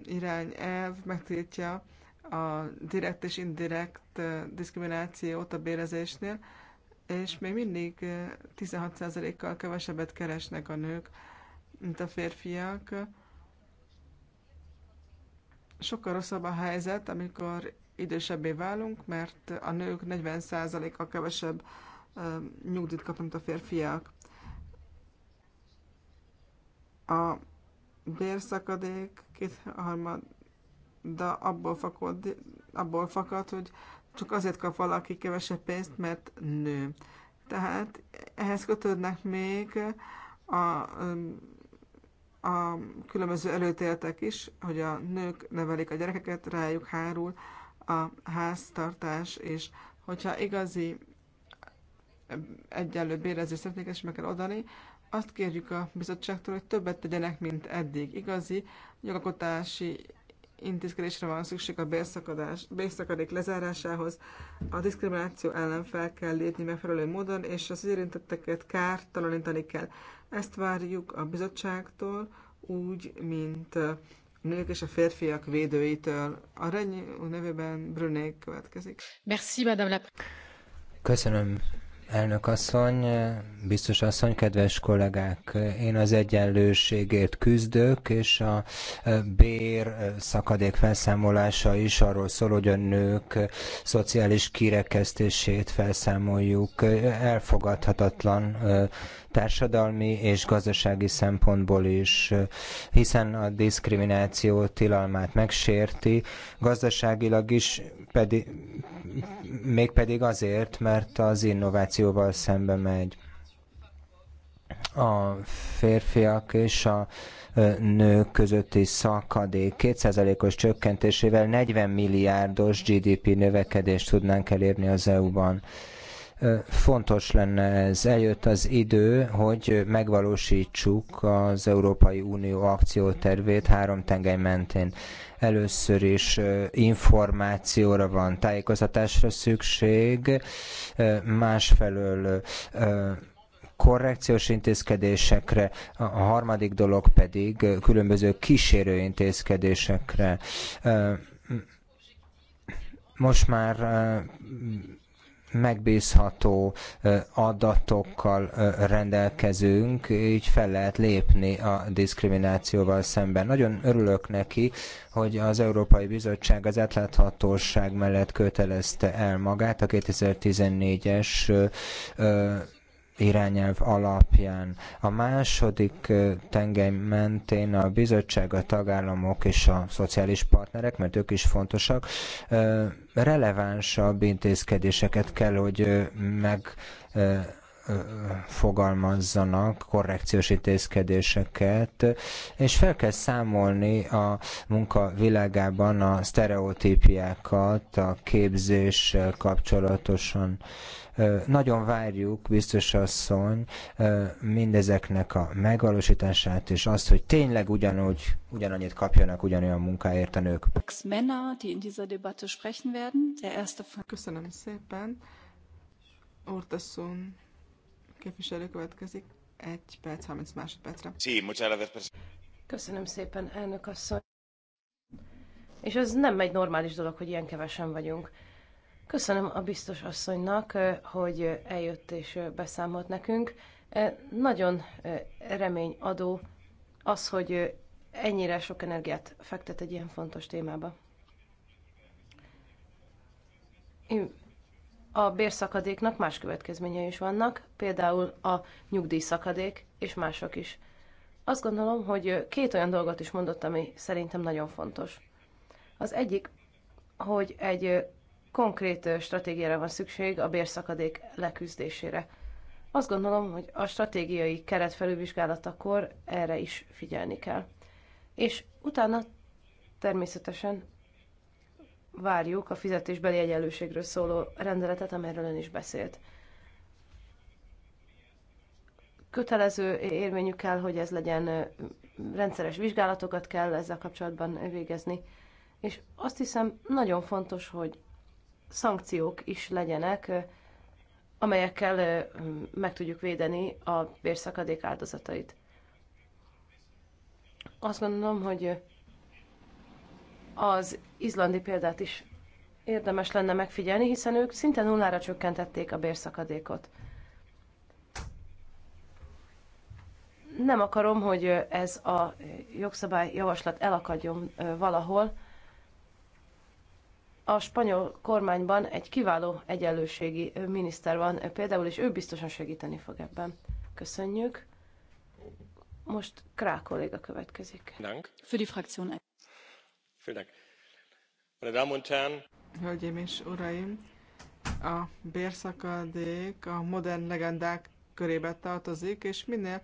irányelv megtiltja a direkt és indirekt diszkriminációt a bérezésnél, és még mindig 16%-kal kevesebbet keresnek a nők, mint a férfiak. Sokkal rosszabb a helyzet, amikor idősebbé válunk, mert a nők 40%-kal kevesebb nyugdíjat kapnak, mint a férfiak. A bérszakadék kétharmad de abból fakad, abból fakad, hogy csak azért kap valaki kevesebb pénzt, mert nő. Tehát ehhez kötődnek még a, a különböző előtéltek is, hogy a nők nevelik a gyerekeket, rájuk hárul a háztartás, és hogyha igazi egyenlő bérezést szeretnék, és meg kell adani, azt kérjük a bizottságtól, hogy többet tegyenek, mint eddig. Igazi jogalkotási intézkedésre van szükség a bérszakadás, bérszakadék lezárásához, a diszkrimináció ellen fel kell lépni megfelelő módon, és az érintetteket kártalanítani kell. Ezt várjuk a bizottságtól, úgy, mint a nők és a férfiak védőitől. A Renyú nevében Brunei következik. Merci, madame la... Köszönöm, Elnök asszony, biztos asszony, kedves kollégák, én az egyenlőségért küzdök, és a bér szakadék felszámolása is arról szól, hogy a nők szociális kirekesztését felszámoljuk. Elfogadhatatlan társadalmi és gazdasági szempontból is, hiszen a diszkrimináció tilalmát megsérti, gazdaságilag is pedig, mégpedig azért, mert az innovációval szembe megy. A férfiak és a nők közötti szakadék 2%-os csökkentésével 40 milliárdos GDP növekedést tudnánk elérni az EU-ban. Fontos lenne ez. Eljött az idő, hogy megvalósítsuk az Európai Unió akciótervét három tengely mentén. Először is információra van, tájékoztatásra szükség, másfelől korrekciós intézkedésekre, a harmadik dolog pedig különböző kísérő intézkedésekre. Most már megbízható adatokkal rendelkezünk, így fel lehet lépni a diszkriminációval szemben. Nagyon örülök neki, hogy az Európai Bizottság az átláthatóság mellett kötelezte el magát a 2014-es irányelv alapján. A második tengely mentén a bizottság, a tagállamok és a szociális partnerek, mert ők is fontosak, relevánsabb intézkedéseket kell, hogy meg fogalmazzanak korrekciós intézkedéseket, és fel kell számolni a munka világában a sztereotípiákat, a képzés kapcsolatosan nagyon várjuk, biztos asszony, mindezeknek a megvalósítását, és azt, hogy tényleg ugyanúgy, ugyanannyit kapjanak ugyanolyan munkáért a nők. Köszönöm szépen. Ortasun képviselő következik. Egy perc, 30 másodpercre. Köszönöm szépen, elnök asszony. És ez nem egy normális dolog, hogy ilyen kevesen vagyunk. Köszönöm a biztos asszonynak, hogy eljött és beszámolt nekünk. Nagyon remény adó, az, hogy ennyire sok energiát fektet egy ilyen fontos témába. A bérszakadéknak más következményei is vannak, például a nyugdíjszakadék és mások is. Azt gondolom, hogy két olyan dolgot is mondott, ami szerintem nagyon fontos. Az egyik, hogy egy konkrét stratégiára van szükség a bérszakadék leküzdésére. Azt gondolom, hogy a stratégiai keret felülvizsgálatakor erre is figyelni kell. És utána természetesen várjuk a fizetésbeli egyenlőségről szóló rendeletet, amelyről ön is beszélt. Kötelező érvényű kell, hogy ez legyen, rendszeres vizsgálatokat kell ezzel kapcsolatban végezni. És azt hiszem nagyon fontos, hogy szankciók is legyenek, amelyekkel meg tudjuk védeni a bérszakadék áldozatait. Azt gondolom, hogy az izlandi példát is érdemes lenne megfigyelni, hiszen ők szinte nullára csökkentették a bérszakadékot. Nem akarom, hogy ez a jogszabály javaslat elakadjon valahol, a spanyol kormányban egy kiváló egyenlőségi miniszter van például, és ő biztosan segíteni fog ebben. Köszönjük. Most Krá kolléga következik. Dank. Für die Fraktion. Vielen Dank. Meine Damen und Herren. Hölgyeim és uraim, a bérszakadék a modern legendák körébe tartozik, és minél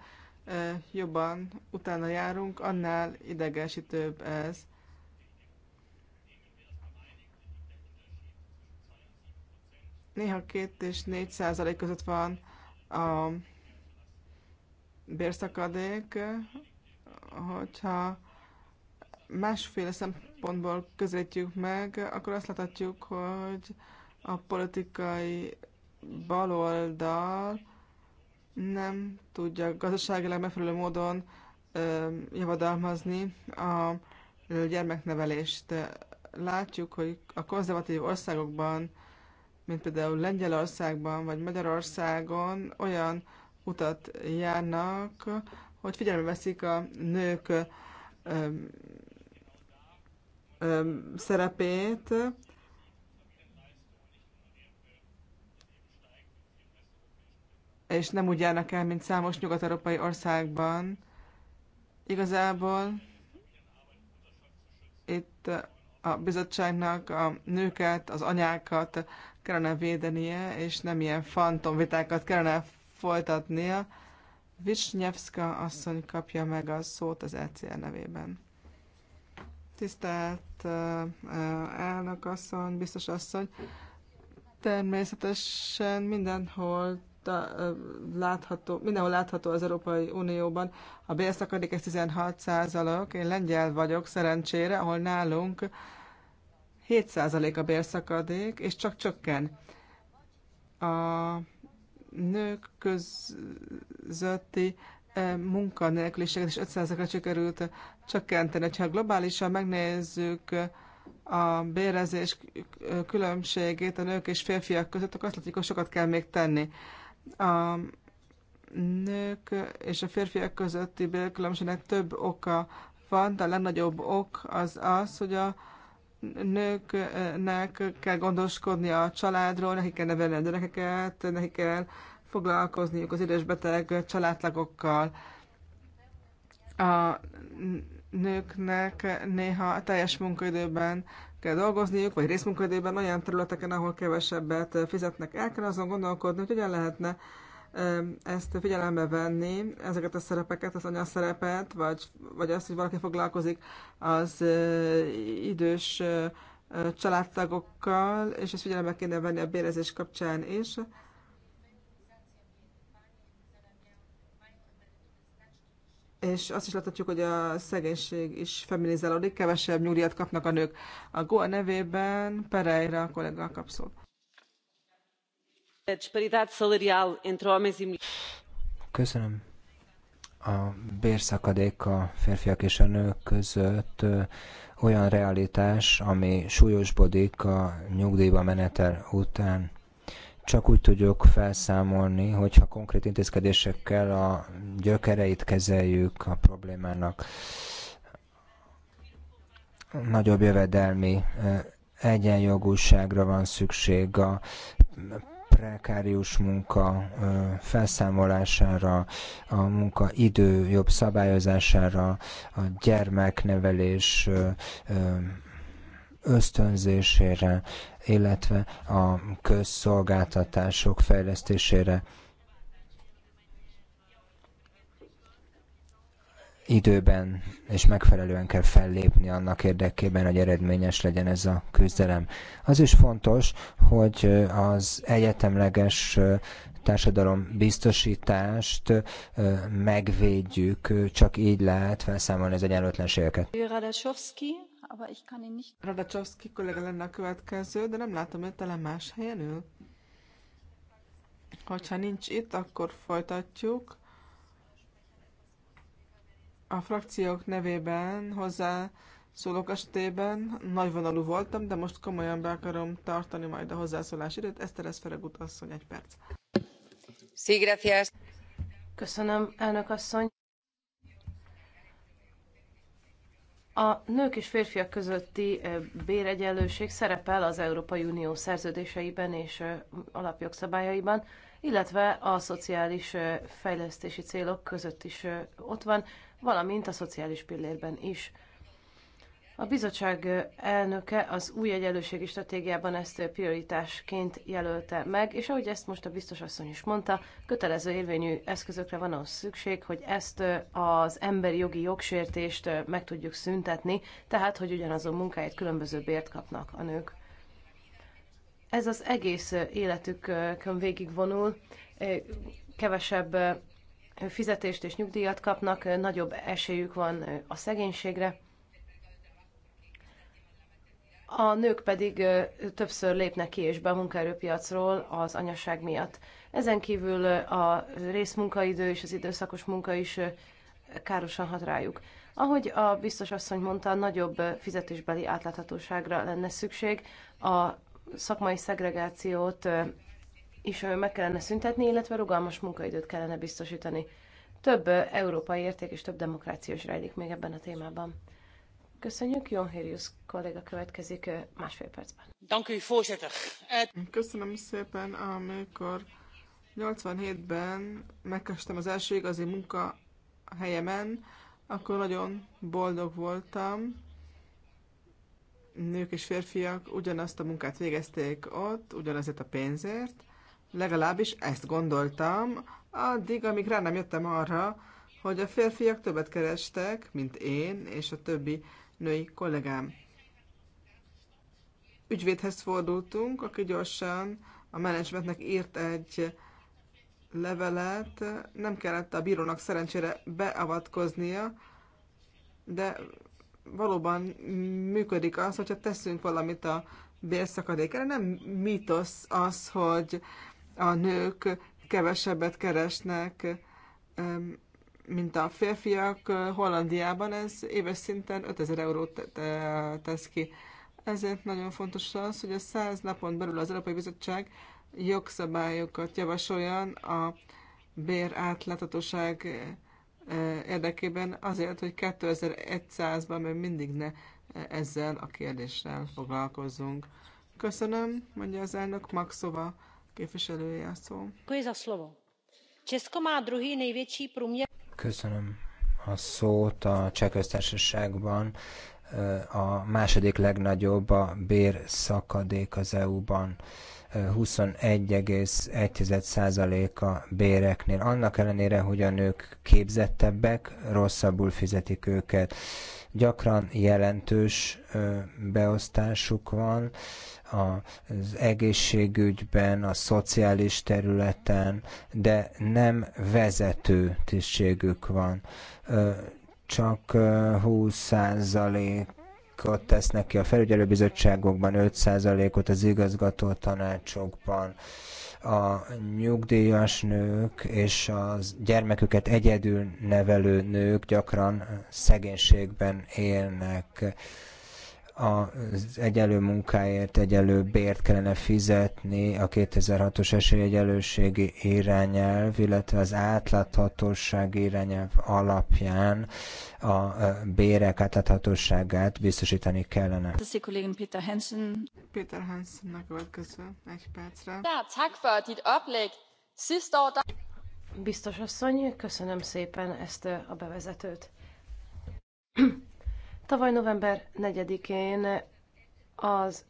jobban utána járunk, annál idegesítőbb ez néha két és négy százalék között van a bérszakadék, hogyha másféle szempontból közelítjük meg, akkor azt láthatjuk, hogy a politikai baloldal nem tudja gazdaságilag megfelelő módon ö, javadalmazni a gyermeknevelést. Látjuk, hogy a konzervatív országokban mint például Lengyelországban vagy Magyarországon olyan utat járnak, hogy figyelme veszik a nők ö, ö, szerepét, és nem úgy járnak el, mint számos nyugat-európai országban. Igazából itt a bizottságnak a nőket, az anyákat kellene védenie, és nem ilyen fantomvitákat kellene folytatnia. Visnyevska asszony kapja meg a szót az ECR nevében. Tisztelt elnök asszony, biztos asszony, természetesen mindenhol látható, mindenhol látható az Európai Unióban. A bérszakadék ez 16 százalék. Én lengyel vagyok szerencsére, ahol nálunk 7% a bérszakadék, és csak csökken. A nők közötti munkanélküliséget is 5%-ra sikerült csökkenteni. Ha globálisan megnézzük a bérezés különbségét a nők és férfiak között, akkor azt látjuk, hogy sokat kell még tenni. A nők és a férfiak közötti bérkülönbségnek több oka van, de a legnagyobb ok az az, hogy a nőknek kell gondoskodni a családról, nekik kell nevelni a gyerekeket, nekik kell foglalkozniuk az idősbeteg családlagokkal. A nőknek néha teljes munkaidőben kell dolgozniuk, vagy részmunkaidőben olyan területeken, ahol kevesebbet fizetnek. El kell azon gondolkodni, hogy hogyan lehetne ezt figyelembe venni, ezeket a szerepeket, az anyaszerepet, vagy, vagy azt, hogy valaki foglalkozik az idős családtagokkal, és ezt figyelembe kéne venni a bérezés kapcsán is. És azt is láthatjuk, hogy a szegénység is feminizálódik, kevesebb nyugdíjat kapnak a nők. A GOA nevében Pereira kollega kap szót. E Köszönöm. A bérszakadék a férfiak és a nők között olyan realitás, ami súlyosbodik a nyugdíjba menetel után. Csak úgy tudjuk felszámolni, hogyha konkrét intézkedésekkel a gyökereit kezeljük a problémának. Nagyobb jövedelmi egyenjogúságra van szükség a prekárius munka felszámolására, a munkaidő jobb szabályozására, a gyermeknevelés ösztönzésére, illetve a közszolgáltatások fejlesztésére időben és megfelelően kell fellépni annak érdekében, hogy eredményes legyen ez a küzdelem. Az is fontos, hogy az egyetemleges társadalom biztosítást megvédjük, csak így lehet felszámolni az egyenlőtlenségeket. Radacsovszki kollega lenne a következő, de nem látom, hogy talán más helyen ül. Hogyha nincs itt, akkor folytatjuk a frakciók nevében hozzá szólok estében. nagyvonalú voltam, de most komolyan be akarom tartani majd a hozzászólás időt. Eszteres Feregut asszony, egy perc. Sí, gracias. Köszönöm, elnök asszony. A nők és férfiak közötti eh, béregyenlőség szerepel az Európai Unió szerződéseiben és eh, alapjogszabályaiban, illetve a szociális eh, fejlesztési célok között is ott van, valamint a szociális pillérben is. A bizottság elnöke az új egyenlőségi stratégiában ezt prioritásként jelölte meg, és ahogy ezt most a biztos asszony is mondta, kötelező érvényű eszközökre van ahhoz szükség, hogy ezt az emberi jogi jogsértést meg tudjuk szüntetni, tehát hogy ugyanazon munkáért különböző bért kapnak a nők. Ez az egész életükön végigvonul, kevesebb fizetést és nyugdíjat kapnak, nagyobb esélyük van a szegénységre. A nők pedig többször lépnek ki és be a munkaerőpiacról az anyaság miatt. Ezen kívül a részmunkaidő és az időszakos munka is károsan hat rájuk. Ahogy a biztos asszony mondta, nagyobb fizetésbeli átláthatóságra lenne szükség, a szakmai szegregációt is meg kellene szüntetni, illetve rugalmas munkaidőt kellene biztosítani. Több európai érték és több demokrácia is rejlik még ebben a témában. Köszönjük, Jon Hérius kolléga következik másfél percben. Eh, Köszönöm szépen, amikor 87-ben megkestem az első igazi munkahelyemen, akkor nagyon boldog voltam. Nők és férfiak ugyanazt a munkát végezték ott, ugyanazért a pénzért, Legalábbis ezt gondoltam, addig, amíg rá nem jöttem arra, hogy a férfiak többet kerestek, mint én és a többi női kollégám. Ügyvédhez fordultunk, aki gyorsan a menedzsmentnek írt egy levelet, nem kellett a bírónak szerencsére beavatkoznia, de valóban működik az, hogyha teszünk valamit a bérszakadékára. Nem mítosz az, hogy a nők kevesebbet keresnek, mint a férfiak. Hollandiában ez éves szinten 5000 eurót tesz ki. Ezért nagyon fontos az, hogy a 100 napon belül az Európai Bizottság jogszabályokat javasoljon a bér átláthatóság e, érdekében azért, hogy 2100-ban még mindig ne e, ezzel a kérdéssel foglalkozzunk. Köszönöm, mondja az elnök Maxova képviselője a szó. Köszönöm a szót a cseh köztársaságban. A második legnagyobb a bérszakadék az EU-ban. 21,1% a béreknél. Annak ellenére, hogy a nők képzettebbek, rosszabbul fizetik őket. Gyakran jelentős beosztásuk van, az egészségügyben, a szociális területen, de nem vezető tisztségük van. Csak 20 ot tesznek ki a felügyelőbizottságokban, 5%-ot az igazgató tanácsokban. A nyugdíjas nők és a gyermeküket egyedül nevelő nők gyakran szegénységben élnek az egyelő munkáért egyelő bért kellene fizetni, a 2006-os esélyegyelőségi irányelv, illetve az átláthatóság irányelv alapján a bérek átláthatóságát biztosítani kellene. Peter Hansen. Peter Hansen, egy percre. Biztos asszony, köszönöm szépen ezt a bevezetőt Tavaly november 4-én az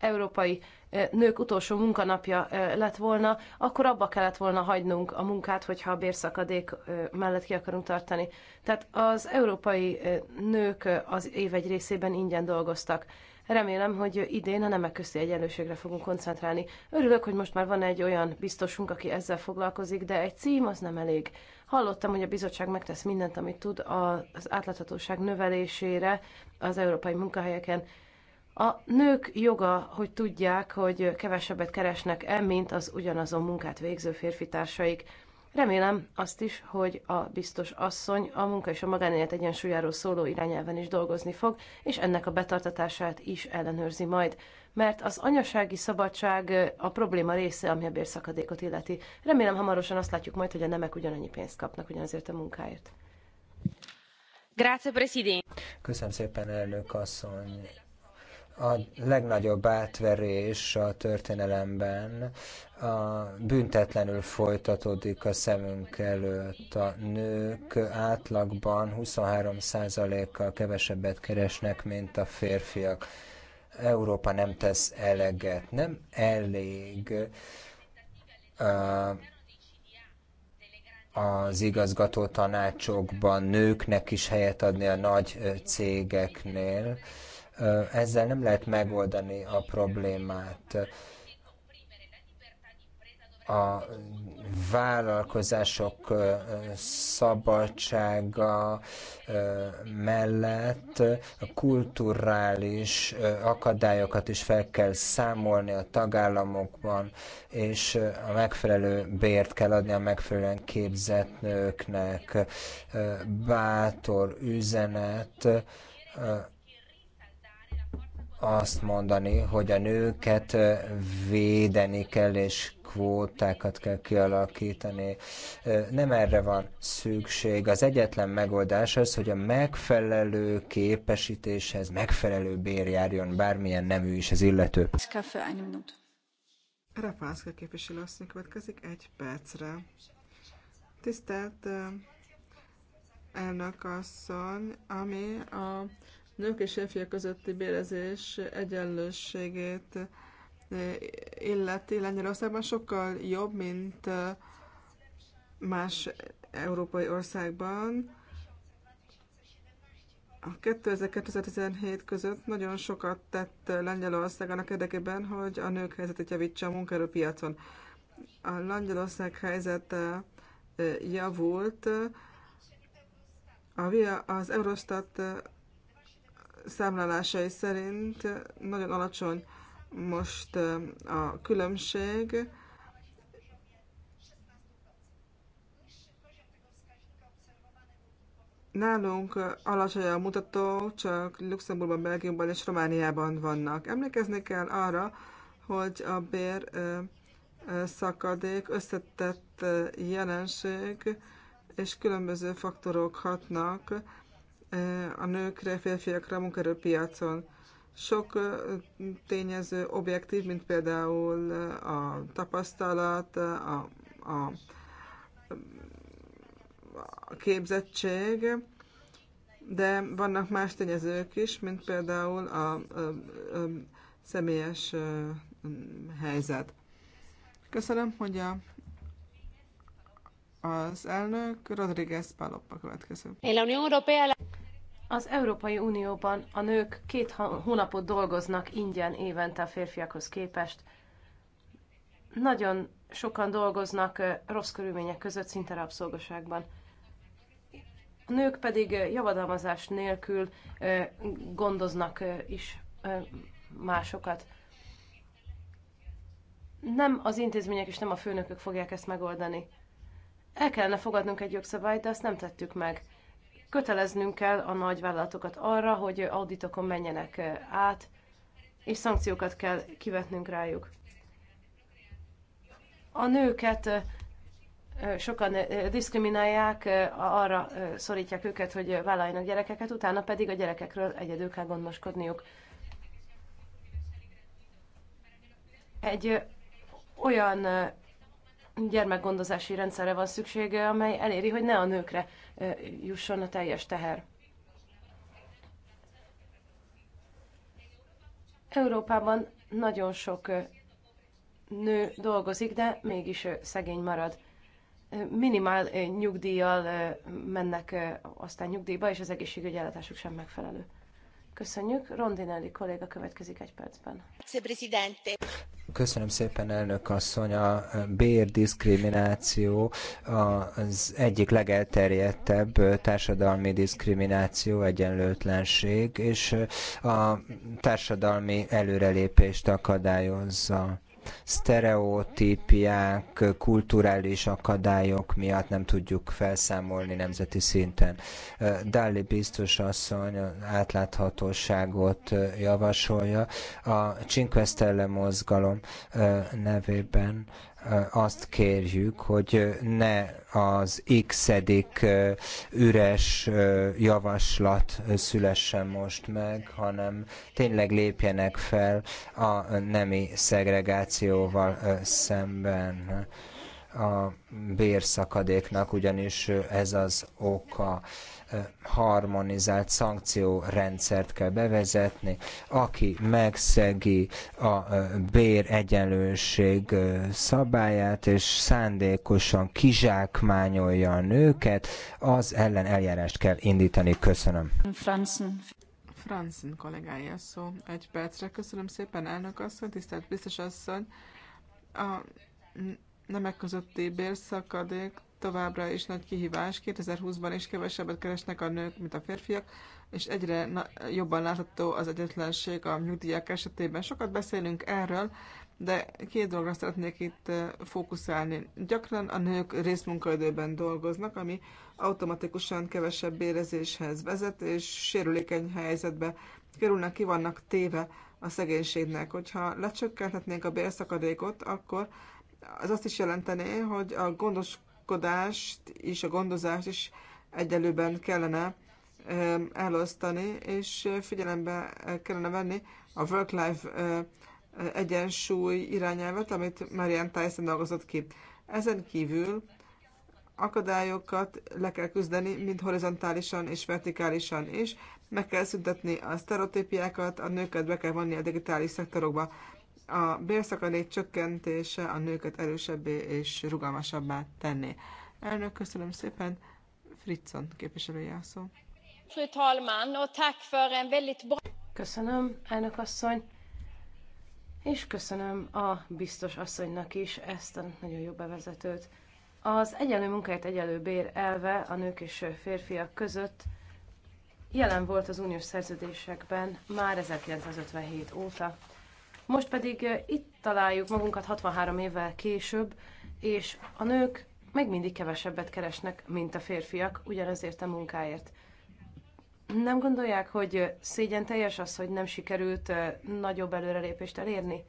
Európai eh, Nők utolsó munkanapja eh, lett volna, akkor abba kellett volna hagynunk a munkát, hogyha a bérszakadék eh, mellett ki akarunk tartani. Tehát az európai nők az év egy részében ingyen dolgoztak. Remélem, hogy idén a nemek közti egyenlőségre fogunk koncentrálni. Örülök, hogy most már van egy olyan biztosunk, aki ezzel foglalkozik, de egy cím az nem elég. Hallottam, hogy a bizottság megtesz mindent, amit tud az átláthatóság növelésére az európai munkahelyeken. A nők joga, hogy tudják, hogy kevesebbet keresnek el, mint az ugyanazon munkát végző férfi társaik. Remélem azt is, hogy a biztos asszony a munka és a magánélet egyensúlyáról szóló irányelven is dolgozni fog, és ennek a betartatását is ellenőrzi majd mert az anyasági szabadság a probléma része, ami a bérszakadékot illeti. Remélem hamarosan azt látjuk majd, hogy a nemek ugyanannyi pénzt kapnak ugyanazért a munkáért. Grazie, Köszönöm szépen, elnök asszony a legnagyobb átverés a történelemben a büntetlenül folytatódik a szemünk előtt. A nők átlagban 23%-kal kevesebbet keresnek, mint a férfiak. Európa nem tesz eleget, nem elég az igazgató tanácsokban nőknek is helyet adni a nagy cégeknél. Ezzel nem lehet megoldani a problémát a vállalkozások szabadsága mellett a kulturális akadályokat is fel kell számolni a tagállamokban, és a megfelelő bért kell adni a megfelelően képzett nőknek. Bátor üzenet azt mondani, hogy a nőket védeni kell, és kvótákat kell kialakítani. Nem erre van szükség. Az egyetlen megoldás az, hogy a megfelelő képesítéshez megfelelő bér járjon, bármilyen nemű is az illető. Rapánszka képviselő asszony következik egy percre. Tisztelt elnök asszony, ami a nők és férfiak közötti bérezés egyenlőségét eh, illeti Lengyelországban sokkal jobb, mint eh, más európai országban. A 2017 között nagyon sokat tett Lengyelország annak érdekében, hogy a nők helyzetét javítsa a munkaerőpiacon. A Lengyelország helyzete eh, javult. A VIA, az Eurostat számlálásai szerint nagyon alacsony most a különbség. Nálunk alacsony a mutató, csak Luxemburgban, Belgiumban és Romániában vannak. Emlékezni kell arra, hogy a bér szakadék összetett jelenség, és különböző faktorok hatnak a nőkre, férfiakra a munkerőpiacon. Sok tényező objektív, mint például a tapasztalat, a, a, a képzettség, de vannak más tényezők is, mint például a, a, a személyes helyzet. Köszönöm, hogy a, az elnök Rodríguez Paloppa következő. Az Európai Unióban a nők két hónapot dolgoznak ingyen évente a férfiakhoz képest. Nagyon sokan dolgoznak rossz körülmények között, szinte rabszolgaságban. A nők pedig javadalmazás nélkül gondoznak is másokat. Nem az intézmények és nem a főnökök fogják ezt megoldani. El kellene fogadnunk egy jogszabályt, de azt nem tettük meg köteleznünk kell a nagyvállalatokat arra, hogy auditokon menjenek át, és szankciókat kell kivetnünk rájuk. A nőket sokan diszkriminálják, arra szorítják őket, hogy vállaljanak gyerekeket, utána pedig a gyerekekről egyedül kell gondoskodniuk. Egy olyan gyermekgondozási rendszerre van szüksége, amely eléri, hogy ne a nőkre jusson a teljes teher. Európában nagyon sok nő dolgozik, de mégis szegény marad. Minimál nyugdíjjal mennek aztán nyugdíjba, és az egészségügyi ellátásuk sem megfelelő. Köszönjük. Rondinelli kolléga következik egy percben. Köszönöm szépen, elnök asszony. A bérdiszkrimináció az egyik legelterjedtebb társadalmi diszkrimináció, egyenlőtlenség, és a társadalmi előrelépést akadályozza sztereotípiák, kulturális akadályok miatt nem tudjuk felszámolni nemzeti szinten. Dalli biztos asszony átláthatóságot javasolja. A Stelle mozgalom nevében azt kérjük, hogy ne az x üres javaslat szülessen most meg, hanem tényleg lépjenek fel a nemi szegregációval szemben. A bérszakadéknak ugyanis ez az oka harmonizált szankciórendszert kell bevezetni. Aki megszegi a bér egyenlőség szabályát, és szándékosan kizsákmányolja a nőket, az ellen eljárást kell indítani. Köszönöm. Franzen. Franzen kollégája szó. Egy percre. Köszönöm szépen, elnök asszony, tisztelt biztos asszony. A nemek közötti bérszakadék továbbra is nagy kihívás. 2020-ban is kevesebbet keresnek a nők, mint a férfiak, és egyre jobban látható az egyetlenség a nyugdíjak esetében. Sokat beszélünk erről, de két dologra szeretnék itt fókuszálni. Gyakran a nők részmunkaidőben dolgoznak, ami automatikusan kevesebb érezéshez vezet, és sérülékeny helyzetbe kerülnek, ki vannak téve a szegénységnek. Hogyha lecsökkenthetnénk a bérszakadékot, akkor az azt is jelentené, hogy a gondos gondoskodást és a gondozást is egyelőben kellene elosztani, és figyelembe kellene venni a work-life egyensúly irányelvet, amit Marian Tyson dolgozott ki. Ezen kívül akadályokat le kell küzdeni, mind horizontálisan és vertikálisan is, meg kell szüntetni a sztereotípiákat, a nőket be kell vonni a digitális szektorokba a bérszakadék csökkentése a nőket erősebbé és rugalmasabbá tenné. Elnök, köszönöm szépen. Fritzon képviselője a szó. Köszönöm, elnök asszony. És köszönöm a biztos asszonynak is ezt a nagyon jó bevezetőt. Az egyenlő munkáért egyenlő bér elve a nők és férfiak között jelen volt az uniós szerződésekben már 1957 óta. Most pedig eh, itt találjuk magunkat 63 évvel később, és a nők még mindig kevesebbet keresnek, mint a férfiak, ugyanezért a munkáért. Nem gondolják, hogy eh, szégyen teljes az, hogy nem sikerült eh, nagyobb előrelépést elérni?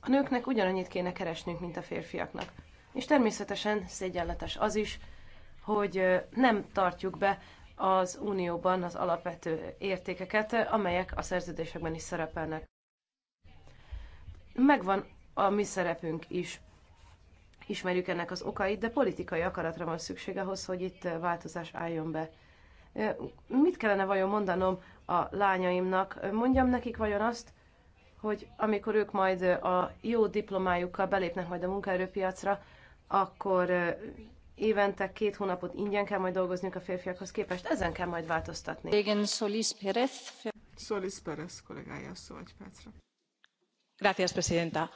A nőknek ugyanannyit kéne keresnünk, mint a férfiaknak. És természetesen szégyenletes az is, hogy nem tartjuk be az Unióban az alapvető értékeket, amelyek a szerződésekben is szerepelnek. Megvan a mi szerepünk is. Ismerjük ennek az okait, de politikai akaratra van szükség ahhoz, hogy itt változás álljon be. Mit kellene vajon mondanom a lányaimnak? Mondjam nekik vajon azt, hogy amikor ők majd a jó diplomájukkal belépnek majd a munkaerőpiacra, akkor évente két hónapot ingyen kell majd dolgozniuk a férfiakhoz képest, ezen kell majd változtatni. Igen, Solis Pérez. Solis Pérez kollégája szó egy percre. Gracias, presidenta.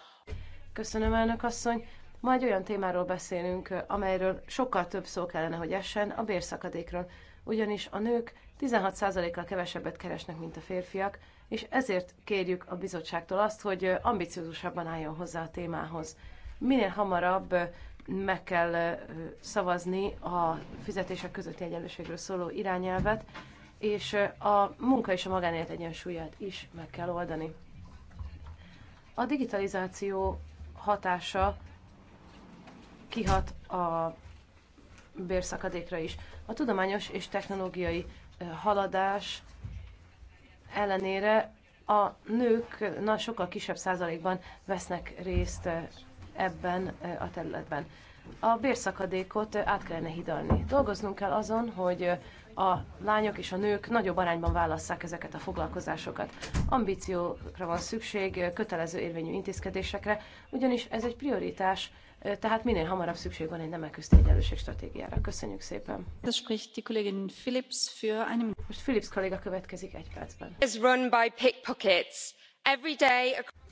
Köszönöm, elnök asszony. Ma egy olyan témáról beszélünk, amelyről sokkal több szó kellene, hogy essen, a bérszakadékról. Ugyanis a nők 16%-kal kevesebbet keresnek, mint a férfiak, és ezért kérjük a bizottságtól azt, hogy ambiciózusabban álljon hozzá a témához. Minél hamarabb meg kell szavazni a fizetések közötti egyenlőségről szóló irányelvet, és a munka és a magánélet egyensúlyát is meg kell oldani. A digitalizáció hatása kihat a bérszakadékra is. A tudományos és technológiai haladás ellenére a nők na, sokkal kisebb százalékban vesznek részt ebben a területben. A bérszakadékot át kellene hidalni. Dolgoznunk kell azon, hogy a lányok és a nők nagyobb arányban válasszák ezeket a foglalkozásokat. Ambíciókra van szükség, kötelező érvényű intézkedésekre, ugyanis ez egy prioritás, tehát minél hamarabb szükség van egy nemek közti egyenlőség stratégiára. Köszönjük szépen. Most Philips kolléga következik egy percben.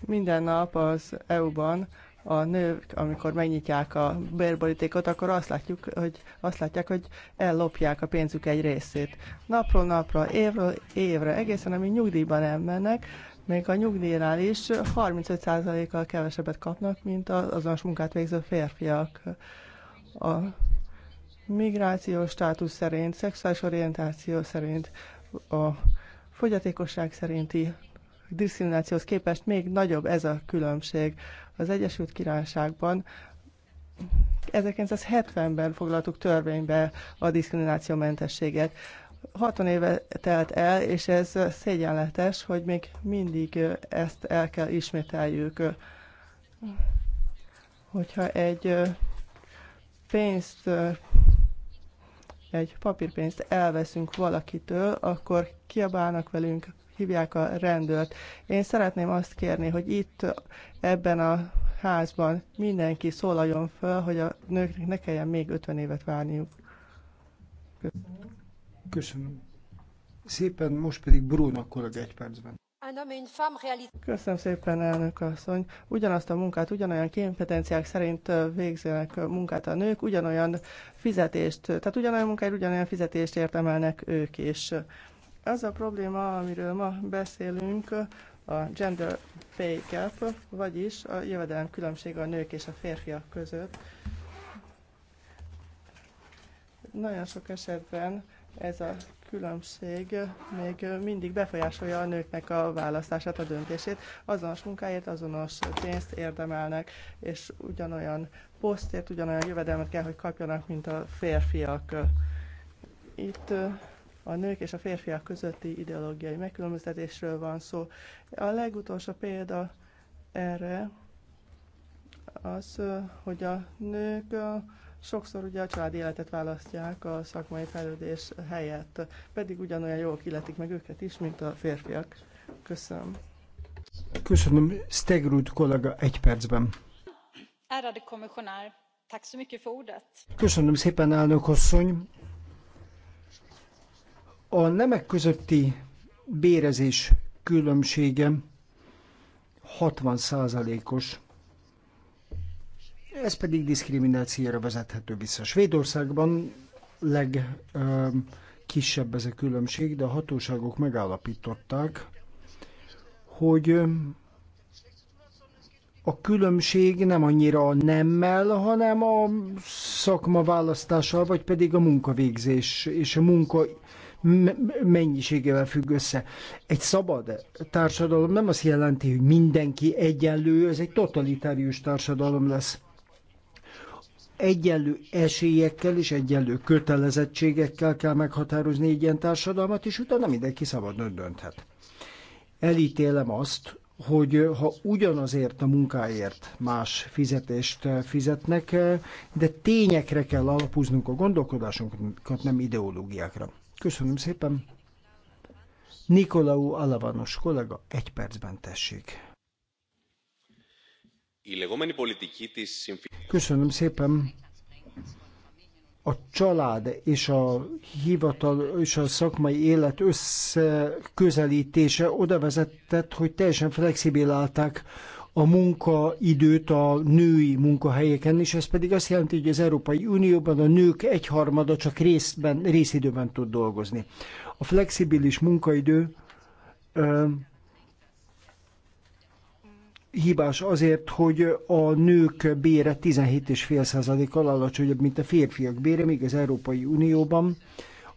Minden nap az EU-ban a nők, amikor megnyitják a bérborítékot, akkor azt, látjuk, hogy, azt látják, hogy ellopják a pénzük egy részét. Napról napra, évről évre, egészen amíg nyugdíjban elmennek, még a nyugdíjnál is 35%-kal kevesebbet kapnak, mint az azonos munkát végző férfiak. A migrációs státusz szerint, szexuális orientáció szerint, a fogyatékosság szerinti diszkriminációhoz képest még nagyobb ez a különbség. Az Egyesült Királyságban 1970-ben foglaltuk törvénybe a diszkriminációmentességet. 60 éve telt el, és ez szégyenletes, hogy még mindig ezt el kell ismételjük. Hogyha egy pénzt, egy papírpénzt elveszünk valakitől, akkor kiabálnak velünk, hívják a rendőrt. Én szeretném azt kérni, hogy itt ebben a házban mindenki szólaljon föl, hogy a nőknek ne kelljen még 50 évet várniuk. Köszönöm. Köszönöm. Szépen most pedig Bruno kollega egy percben. Köszönöm szépen, elnök asszony. Ugyanazt a munkát, ugyanolyan kompetenciák szerint végzőnek munkát a nők, ugyanolyan fizetést, tehát ugyanolyan munkáért, ugyanolyan fizetést értemelnek ők is. Az a probléma, amiről ma beszélünk, a gender pay gap, vagyis a jövedelem különbség a nők és a férfiak között. Nagyon sok esetben ez a különbség még mindig befolyásolja a nőknek a választását, a döntését. Azonos munkáért azonos pénzt érdemelnek, és ugyanolyan posztért, ugyanolyan jövedelmet kell, hogy kapjanak, mint a férfiak. Itt a nők és a férfiak közötti ideológiai megkülönböztetésről van szó. A legutolsó példa erre az, hogy a nők sokszor ugye a családi életet választják a szakmai fejlődés helyett, pedig ugyanolyan jól kiletik meg őket is, mint a férfiak. Köszönöm. Köszönöm, Stegrud kollega egy percben. Ärade kommissionär, tack så mycket för ordet. Köszönöm szépen, elnök asszony. A nemek közötti bérezés különbsége 60%-os, ez pedig diszkriminációra vezethető vissza. Svédországban legkisebb ez a különbség, de a hatóságok megállapították, hogy a különbség nem annyira a nemmel, hanem a szakma választással, vagy pedig a munkavégzés és a munka mennyiségével függ össze. Egy szabad társadalom nem azt jelenti, hogy mindenki egyenlő, ez egy totalitárius társadalom lesz egyenlő esélyekkel és egyenlő kötelezettségekkel kell meghatározni egy ilyen társadalmat, és utána mindenki szabadon dönthet. Elítélem azt, hogy ha ugyanazért a munkáért más fizetést fizetnek, de tényekre kell alapoznunk a gondolkodásunkat, nem ideológiákra. Köszönöm szépen. Nikolaú Alavanos kollega, egy percben tessék. Köszönöm szépen. A család és a hivatal és a szakmai élet összeközelítése oda vezetett, hogy teljesen flexibilálták a munkaidőt a női munkahelyeken, és ez pedig azt jelenti, hogy az Európai Unióban a nők egyharmada csak részben, részidőben tud dolgozni. A flexibilis munkaidő ö, hibás azért, hogy a nők bére 17,5%-kal alacsonyabb, mint a férfiak bére, míg az Európai Unióban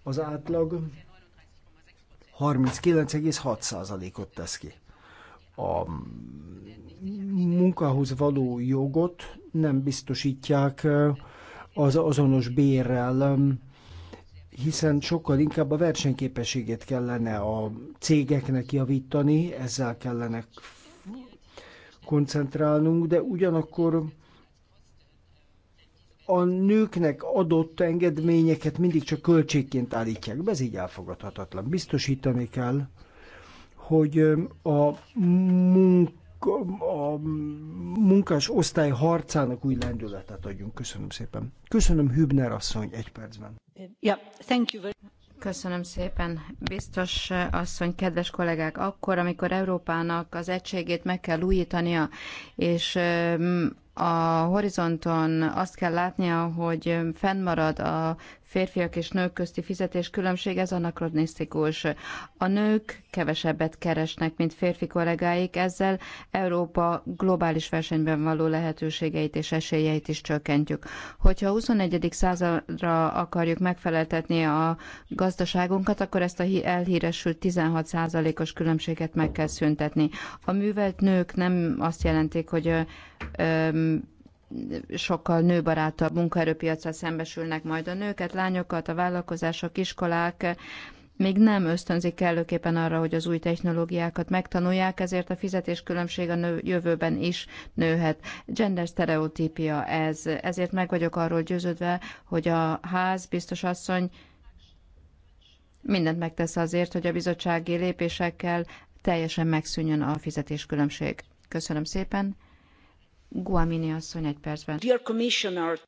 az átlag 39,6%-ot tesz ki. A munkához való jogot nem biztosítják az azonos bérrel, hiszen sokkal inkább a versenyképességét kellene a cégeknek javítani, ezzel kellene koncentrálnunk, de ugyanakkor a nőknek adott engedményeket mindig csak költségként állítják be, ez így elfogadhatatlan. Biztosítani kell, hogy a munk a munkás osztály harcának új lendületet adjunk. Köszönöm szépen. Köszönöm Hübner asszony egy percben. Yeah, thank you very Köszönöm szépen, biztos asszony, kedves kollégák, akkor, amikor Európának az egységét meg kell újítania, és a horizonton azt kell látnia, hogy fennmarad a férfiak és nők közti fizetés különbség, ez anakronisztikus. A nők kevesebbet keresnek, mint férfi kollégáik, ezzel Európa globális versenyben való lehetőségeit és esélyeit is csökkentjük. Hogyha a 21. századra akarjuk megfeleltetni a gazdaságunkat, akkor ezt a elhíresült 16%-os különbséget meg kell szüntetni. A művelt nők nem azt jelentik, hogy sokkal nőbarátabb munkaerőpiacra szembesülnek majd a nőket, lányokat, a vállalkozások, iskolák, még nem ösztönzik kellőképpen arra, hogy az új technológiákat megtanulják, ezért a fizetéskülönbség a nő, jövőben is nőhet. Gender stereotípia ez, ezért meg vagyok arról győződve, hogy a ház biztos asszony mindent megtesz azért, hogy a bizottsági lépésekkel teljesen megszűnjön a fizetéskülönbség. Köszönöm szépen! Guamini asszony egy percben.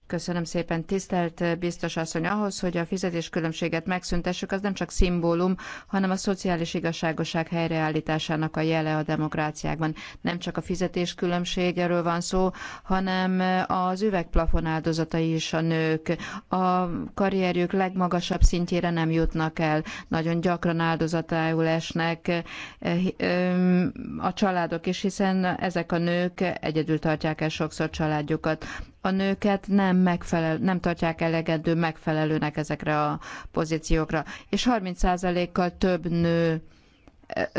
Köszönöm szépen, tisztelt eh, biztos asszony, ahhoz, hogy a fizetéskülönbséget megszüntessük, az nem csak szimbólum, hanem a szociális igazságoság helyreállításának a jele a demokráciákban. Nem csak a fizetéskülönbség, erről van szó, hanem eh, az üvegplafon áldozatai is a nők. A karrierjük legmagasabb szintjére nem jutnak el, nagyon gyakran áldozatául esnek eh, a családok is, hiszen ezek a nők egyedül tartják hagyják el sokszor családjukat. A nőket nem, megfelel, nem tartják elegendő megfelelőnek ezekre a pozíciókra. És 30%-kal több nő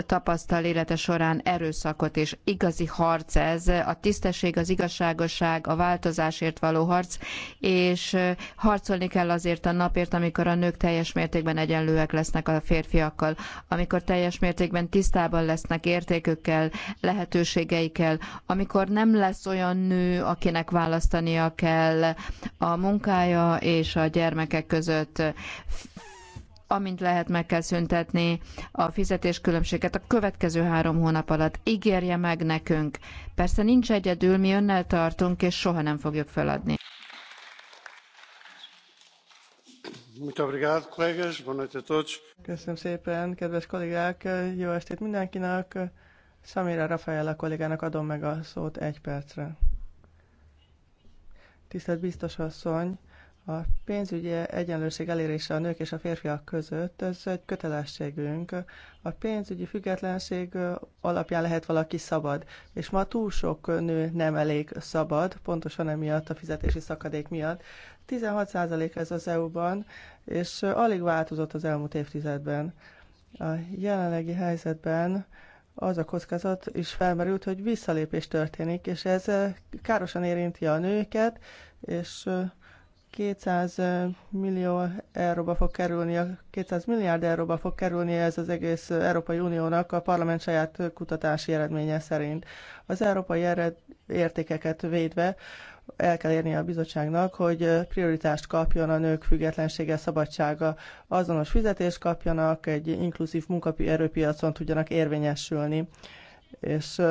tapasztal élete során erőszakot és igazi harc ez, a tisztesség, az igazságosság, a változásért való harc, és harcolni kell azért a napért, amikor a nők teljes mértékben egyenlőek lesznek a férfiakkal, amikor teljes mértékben tisztában lesznek értékükkel, lehetőségeikkel, amikor nem lesz olyan nő, akinek választania kell a munkája és a gyermekek között amint lehet meg kell szüntetni a fizetéskülönbséget a következő három hónap alatt. Ígérje meg nekünk. Persze nincs egyedül, mi önnel tartunk, és soha nem fogjuk feladni. Köszönöm szépen, kedves kollégák! Jó estét mindenkinek! Samira Rafaela kollégának adom meg a szót egy percre. Tisztelt biztos asszony! A pénzügyi egyenlőség elérése a nők és a férfiak között, ez egy kötelességünk. A pénzügyi függetlenség alapján lehet valaki szabad, és ma túl sok nő nem elég szabad, pontosan emiatt a fizetési szakadék miatt. 16% ez az EU-ban, és alig változott az elmúlt évtizedben. A jelenlegi helyzetben az a kockázat is felmerült, hogy visszalépés történik, és ez károsan érinti a nőket, és 200 millió euróba fog kerülni, 200 milliárd euróba fog kerülni ez az egész Európai Uniónak a parlament saját kutatási eredménye szerint. Az európai ered, értékeket védve el kell érni a bizottságnak, hogy prioritást kapjon a nők függetlensége, szabadsága, azonos fizetést kapjanak, egy inkluzív munkaerőpiacon tudjanak érvényesülni. És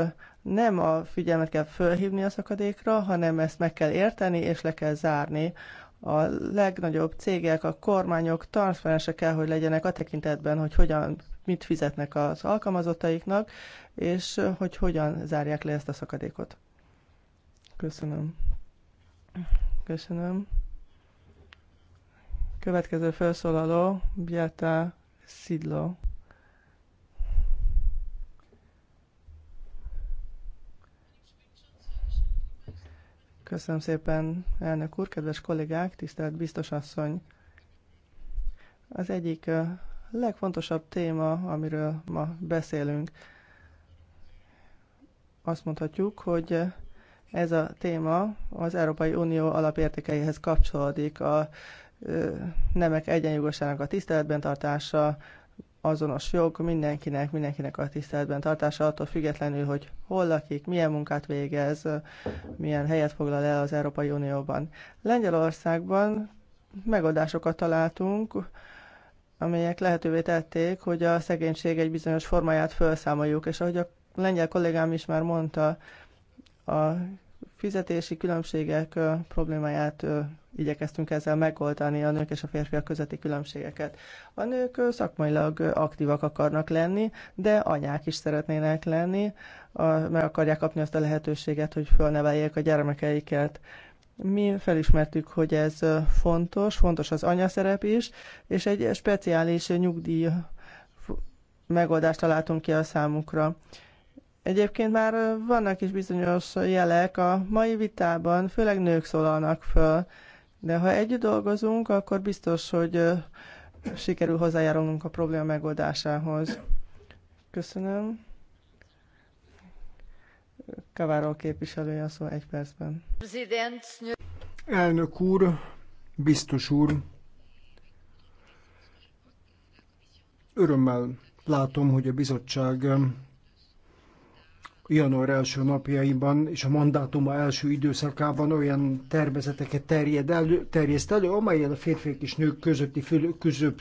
nem a figyelmet kell fölhívni a szakadékra, hanem ezt meg kell érteni és le kell zárni a legnagyobb cégek, a kormányok transzparensek kell, hogy legyenek a tekintetben, hogy hogyan, mit fizetnek az alkalmazottaiknak, és hogy hogyan zárják le ezt a szakadékot. Köszönöm. Köszönöm. Következő felszólaló, Biata Szidló. Köszönöm szépen, elnök úr, kedves kollégák, tisztelt biztos asszony. Az egyik legfontosabb téma, amiről ma beszélünk, azt mondhatjuk, hogy ez a téma az Európai Unió alapértékeihez kapcsolódik, a nemek egyenjogosának a tiszteletben tartása, azonos jog mindenkinek, mindenkinek a tiszteletben tartása, attól függetlenül, hogy hol lakik, milyen munkát végez, milyen helyet foglal el az Európai Unióban. Lengyelországban megoldásokat találtunk, amelyek lehetővé tették, hogy a szegénység egy bizonyos formáját felszámoljuk, és ahogy a lengyel kollégám is már mondta, a fizetési különbségek problémáját igyekeztünk ezzel megoldani a nők és a férfiak közötti különbségeket. A nők szakmailag aktívak akarnak lenni, de anyák is szeretnének lenni, meg akarják kapni azt a lehetőséget, hogy fölneveljék a gyermekeiket. Mi felismertük, hogy ez fontos, fontos az anyaszerep is, és egy speciális nyugdíj megoldást találtunk ki a számukra. Egyébként már vannak is bizonyos jelek, a mai vitában főleg nők szólalnak föl, de ha együtt dolgozunk, akkor biztos, hogy sikerül hozzájárulnunk a probléma megoldásához. Köszönöm. Kaváró képviselője a szó egy percben. Elnök úr, biztos úr, örömmel látom, hogy a bizottság január első napjaiban és a mandátuma első időszakában olyan tervezeteket terjed elő, terjeszt elő, amelyel a férfiak és nők közötti közöbb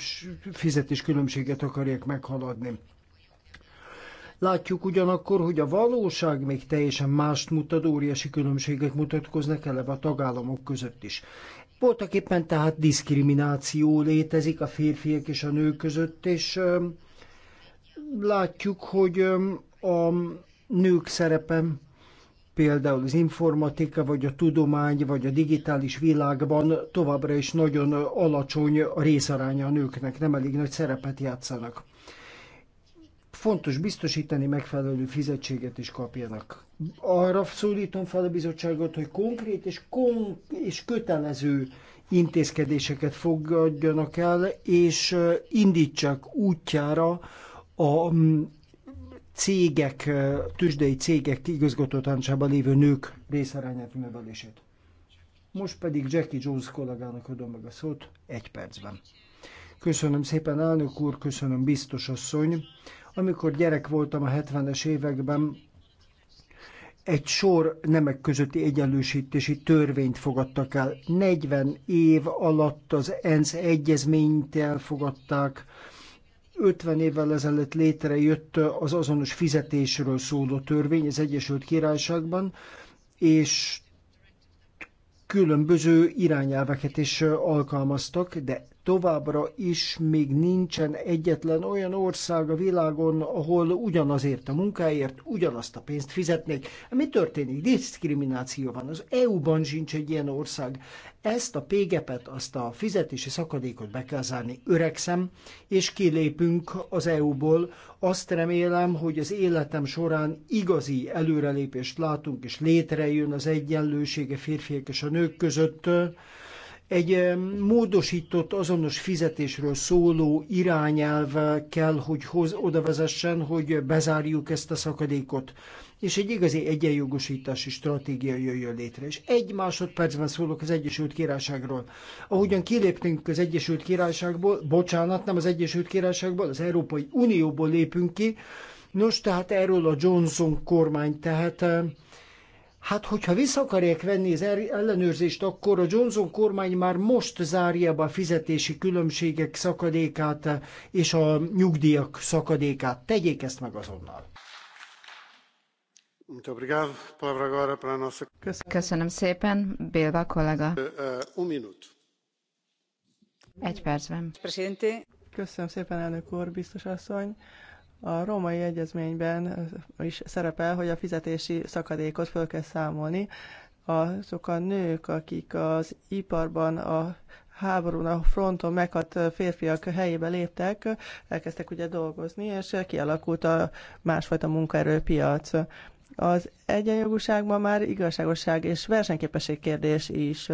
fizetés különbséget akarják meghaladni. Látjuk ugyanakkor, hogy a valóság még teljesen mást mutat, óriási különbségek mutatkoznak eleve a tagállamok között is. Voltak éppen tehát diszkrimináció létezik a férfiak és a nők között, és látjuk, hogy a nők szerepem, például az informatika, vagy a tudomány, vagy a digitális világban továbbra is nagyon alacsony a részaránya a nőknek, nem elég nagy szerepet játszanak. Fontos biztosítani megfelelő fizetséget is kapjanak. Arra szólítom fel a bizottságot, hogy konkrét és, kon- és kötelező intézkedéseket fogadjanak el, és indítsák útjára a cégek, tüzsdei cégek tanácsában lévő nők részarányát növelését. Most pedig Jackie Jones kollégának adom meg a szót egy percben. Köszönöm szépen, elnök úr, köszönöm, biztos asszony. Amikor gyerek voltam a 70-es években, egy sor nemek közötti egyenlősítési törvényt fogadtak el. 40 év alatt az ENSZ egyezményt elfogadták, 50 évvel ezelőtt létrejött az azonos fizetésről szóló törvény az Egyesült Királyságban, és különböző irányelveket is alkalmaztak, de továbbra is még nincsen egyetlen olyan ország a világon, ahol ugyanazért a munkáért ugyanazt a pénzt fizetnék. Mi történik? Diszkrimináció van. Az EU-ban sincs egy ilyen ország. Ezt a pégepet, azt a fizetési szakadékot be kell zárni. Öregszem, és kilépünk az EU-ból. Azt remélem, hogy az életem során igazi előrelépést látunk, és létrejön az egyenlősége férfiak és a nők között egy módosított azonos fizetésről szóló irányelv kell, hogy hoz, oda vezessen, hogy bezárjuk ezt a szakadékot és egy igazi egyenjogosítási stratégia jöjjön létre. És egy másodpercben szólok az Egyesült Királyságról. Ahogyan kiléptünk az Egyesült Királyságból, bocsánat, nem az Egyesült Királyságból, az Európai Unióból lépünk ki, nos, tehát erről a Johnson kormány, tehát Hát, hogyha vissza akarják venni az er- ellenőrzést, akkor a Johnson kormány már most zárja be a fizetési különbségek szakadékát és a nyugdíjak szakadékát. Tegyék ezt meg azonnal. Köszönöm szépen, Bélva kollega. Eh, eh, um Egy percben. Köszönöm szépen, elnök úr, biztos asszony. A római egyezményben is szerepel, hogy a fizetési szakadékot föl kell számolni. Azok a nők, akik az iparban a háborúna a fronton meghat férfiak helyébe léptek, elkezdtek ugye dolgozni, és kialakult a másfajta munkaerőpiac. Az egyenjogúság ma már igazságosság és versenyképesség kérdés is.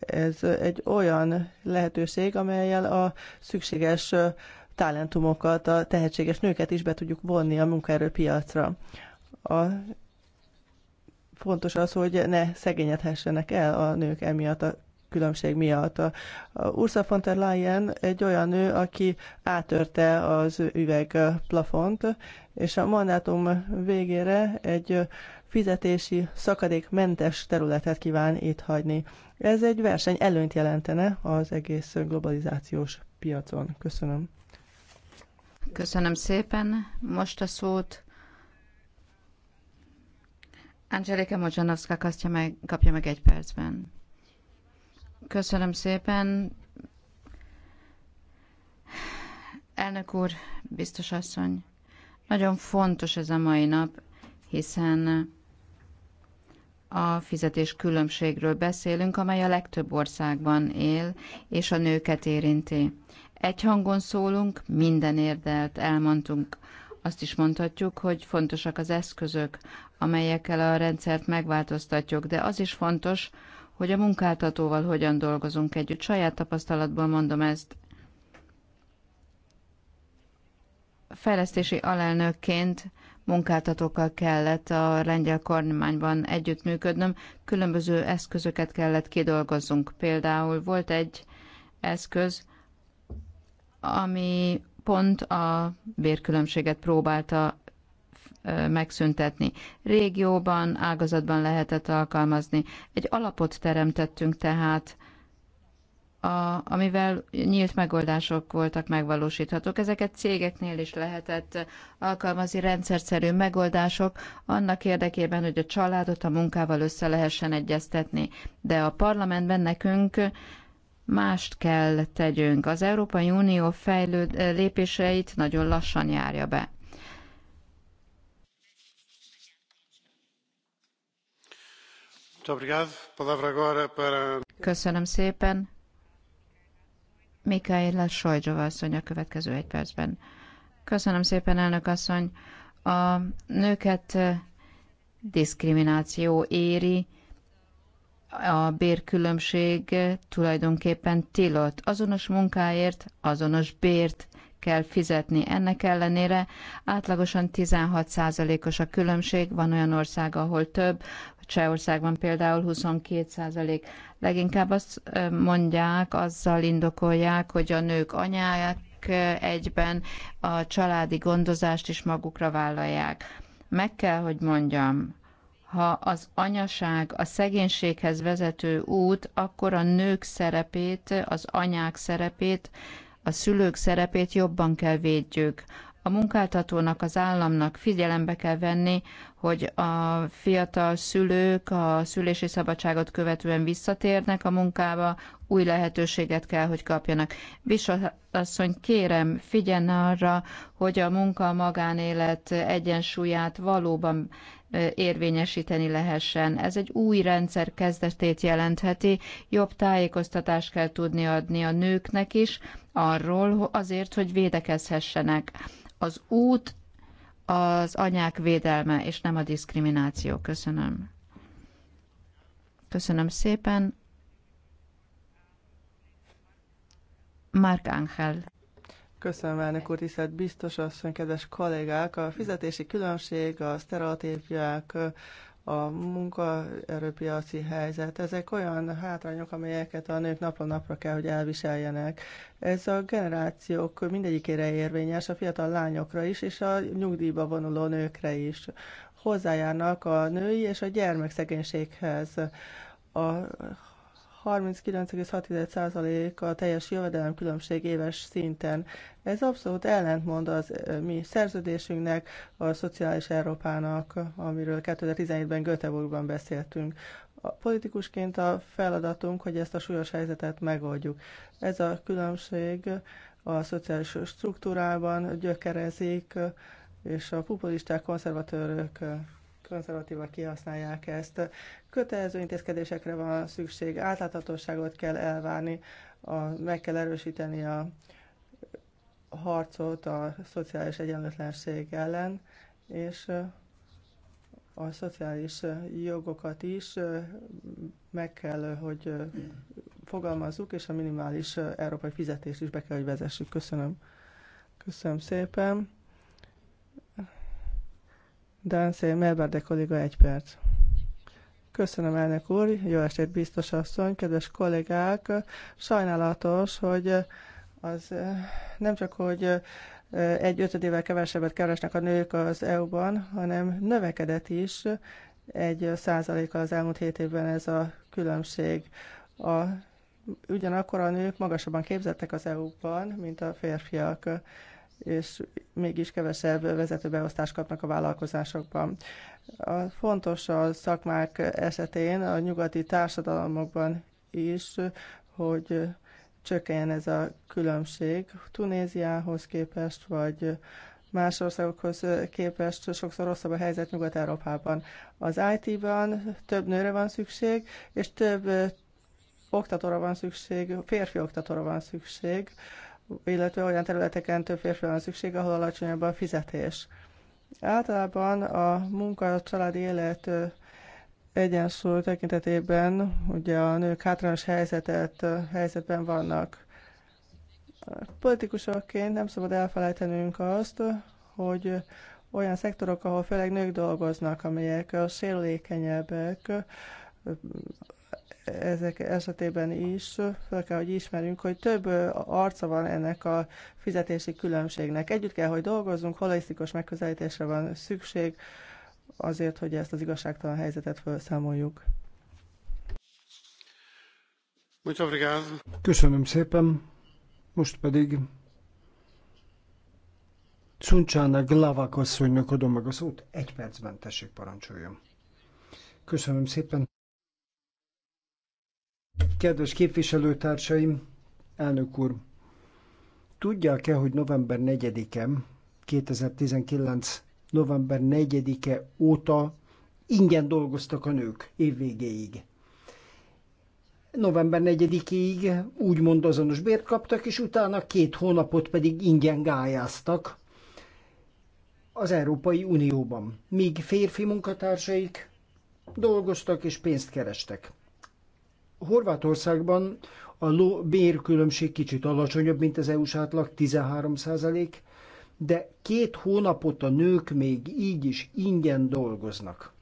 Ez egy olyan lehetőség, amelyel a szükséges talentumokat, a tehetséges nőket is be tudjuk vonni a munkaerőpiacra. A fontos az, hogy ne szegényedhessenek el a nők emiatt a különbség miatt. A, a Ursula von der Leyen egy olyan nő, aki átörte az üveg plafont, és a mandátum végére egy fizetési szakadékmentes területet kíván itt hagyni. Ez egy verseny előnyt jelentene az egész globalizációs piacon. Köszönöm. Köszönöm szépen. Most a szót Angelika Mozsanovszka meg, kapja meg egy percben. Köszönöm szépen. Elnök úr, biztos asszony, nagyon fontos ez a mai nap, hiszen a fizetés különbségről beszélünk, amely a legtöbb országban él, és a nőket érinti. Egy hangon szólunk, minden érdelt elmondtunk. Azt is mondhatjuk, hogy fontosak az eszközök, amelyekkel a rendszert megváltoztatjuk, de az is fontos, hogy a munkáltatóval hogyan dolgozunk együtt. Saját tapasztalatból mondom ezt. Fejlesztési alelnökként munkáltatókkal kellett a lengyel kormányban együttműködnöm, különböző eszközöket kellett kidolgozzunk. Például volt egy eszköz, ami pont a bérkülönbséget próbálta megszüntetni. Régióban, ágazatban lehetett alkalmazni. Egy alapot teremtettünk tehát, a, amivel nyílt megoldások voltak megvalósíthatók. Ezeket cégeknél is lehetett alkalmazni rendszerszerű megoldások annak érdekében, hogy a családot a munkával össze lehessen egyeztetni. De a parlamentben nekünk mást kell tegyünk. Az Európai Unió fejlőd lépéseit nagyon lassan járja be. Köszönöm szépen. Mikaela Sojdrova asszony a következő egy percben. Köszönöm szépen, elnök asszony. A nőket diszkrimináció éri, a bérkülönbség tulajdonképpen tilott. Azonos munkáért, azonos bért kell fizetni. Ennek ellenére átlagosan 16%-os a különbség, van olyan ország, ahol több, Csehországban például 22 százalék. Leginkább azt mondják, azzal indokolják, hogy a nők anyák egyben a családi gondozást is magukra vállalják. Meg kell, hogy mondjam, ha az anyaság a szegénységhez vezető út, akkor a nők szerepét, az anyák szerepét, a szülők szerepét jobban kell védjük. A munkáltatónak, az államnak figyelembe kell venni, hogy a fiatal szülők a szülési szabadságot követően visszatérnek a munkába, új lehetőséget kell, hogy kapjanak. Visasszony, kérem, figyelj arra, hogy a munka a magánélet egyensúlyát valóban érvényesíteni lehessen. Ez egy új rendszer kezdetét jelentheti, jobb tájékoztatást kell tudni adni a nőknek is arról azért, hogy védekezhessenek. Az út az anyák védelme, és nem a diszkrimináció. Köszönöm. Köszönöm szépen. Mark Angel. Köszönöm, elnök úr, tisztelt biztos asszony, kedves kollégák! A fizetési különbség, a sztereotípiák, a munkaerőpiaci helyzet, ezek olyan hátrányok, amelyeket a nők napról napra kell, hogy elviseljenek. Ez a generációk mindegyikére érvényes, a fiatal lányokra is, és a nyugdíjba vonuló nőkre is. Hozzájárnak a női és a gyermekszegénységhez a 39,6% a teljes jövedelemkülönbség éves szinten. Ez abszolút ellentmond az mi szerződésünknek, a szociális Európának, amiről 2017-ben Göteborgban beszéltünk. A politikusként a feladatunk, hogy ezt a súlyos helyzetet megoldjuk. Ez a különbség a szociális struktúrában gyökerezik, és a populisták, konzervatőrök konzervatívak kihasználják ezt. Kötelező intézkedésekre van szükség, átláthatóságot kell elvárni, a, meg kell erősíteni a harcot a szociális egyenlőtlenség ellen, és a szociális jogokat is meg kell, hogy fogalmazzuk, és a minimális európai fizetést is be kell, hogy vezessük. Köszönöm. Köszönöm szépen. Dánszé Melberde kolléga egy perc. Köszönöm, elnök úr, jó estét, biztos asszony, kedves kollégák. Sajnálatos, hogy eh, az eh, nem csak, hogy eh, egy ötödével kevesebbet keresnek a nők az EU-ban, hanem növekedett is egy százalékkal az elmúlt hét évben ez a különbség. A, ugyanakkor a nők magasabban képzettek az EU-ban, mint a férfiak és mégis kevesebb vezetőbeosztást kapnak a vállalkozásokban. A fontos a szakmák esetén a nyugati társadalmakban is, hogy csökken ez a különbség. Tunéziához képest, vagy más országokhoz képest sokszor rosszabb a helyzet Nyugat-Európában. Az IT-ban több nőre van szükség, és több oktatóra van szükség, férfi oktatóra van szükség, illetve olyan területeken több férfi van szükség, ahol alacsonyabb a fizetés. Általában a munka, a családi élet egyensúly tekintetében ugye a nők hátrányos helyzetet, helyzetben vannak. Politikusokként nem szabad elfelejtenünk azt, hogy olyan szektorok, ahol főleg nők dolgoznak, amelyek sérülékenyebbek, ezek esetében is fel kell, hogy ismerjünk, hogy több arca van ennek a fizetési különbségnek. Együtt kell, hogy dolgozzunk, holisztikus megközelítésre van szükség azért, hogy ezt az igazságtalan helyzetet felszámoljuk. Köszönöm szépen. Most pedig Csuncsána Glavak asszonynak adom meg a szót. Egy percben tessék parancsoljon. Köszönöm szépen. Kedves képviselőtársaim, elnök úr, tudják-e, hogy november 4-e, 2019. november 4-e óta ingyen dolgoztak a nők évvégéig? november 4-ig úgymond azonos bért kaptak, és utána két hónapot pedig ingyen gályáztak az Európai Unióban, míg férfi munkatársaik dolgoztak és pénzt kerestek. Horvátországban a ló bérkülönbség kicsit alacsonyabb, mint az EU-s átlag, 13 százalék, de két hónapot a nők még így is ingyen dolgoznak.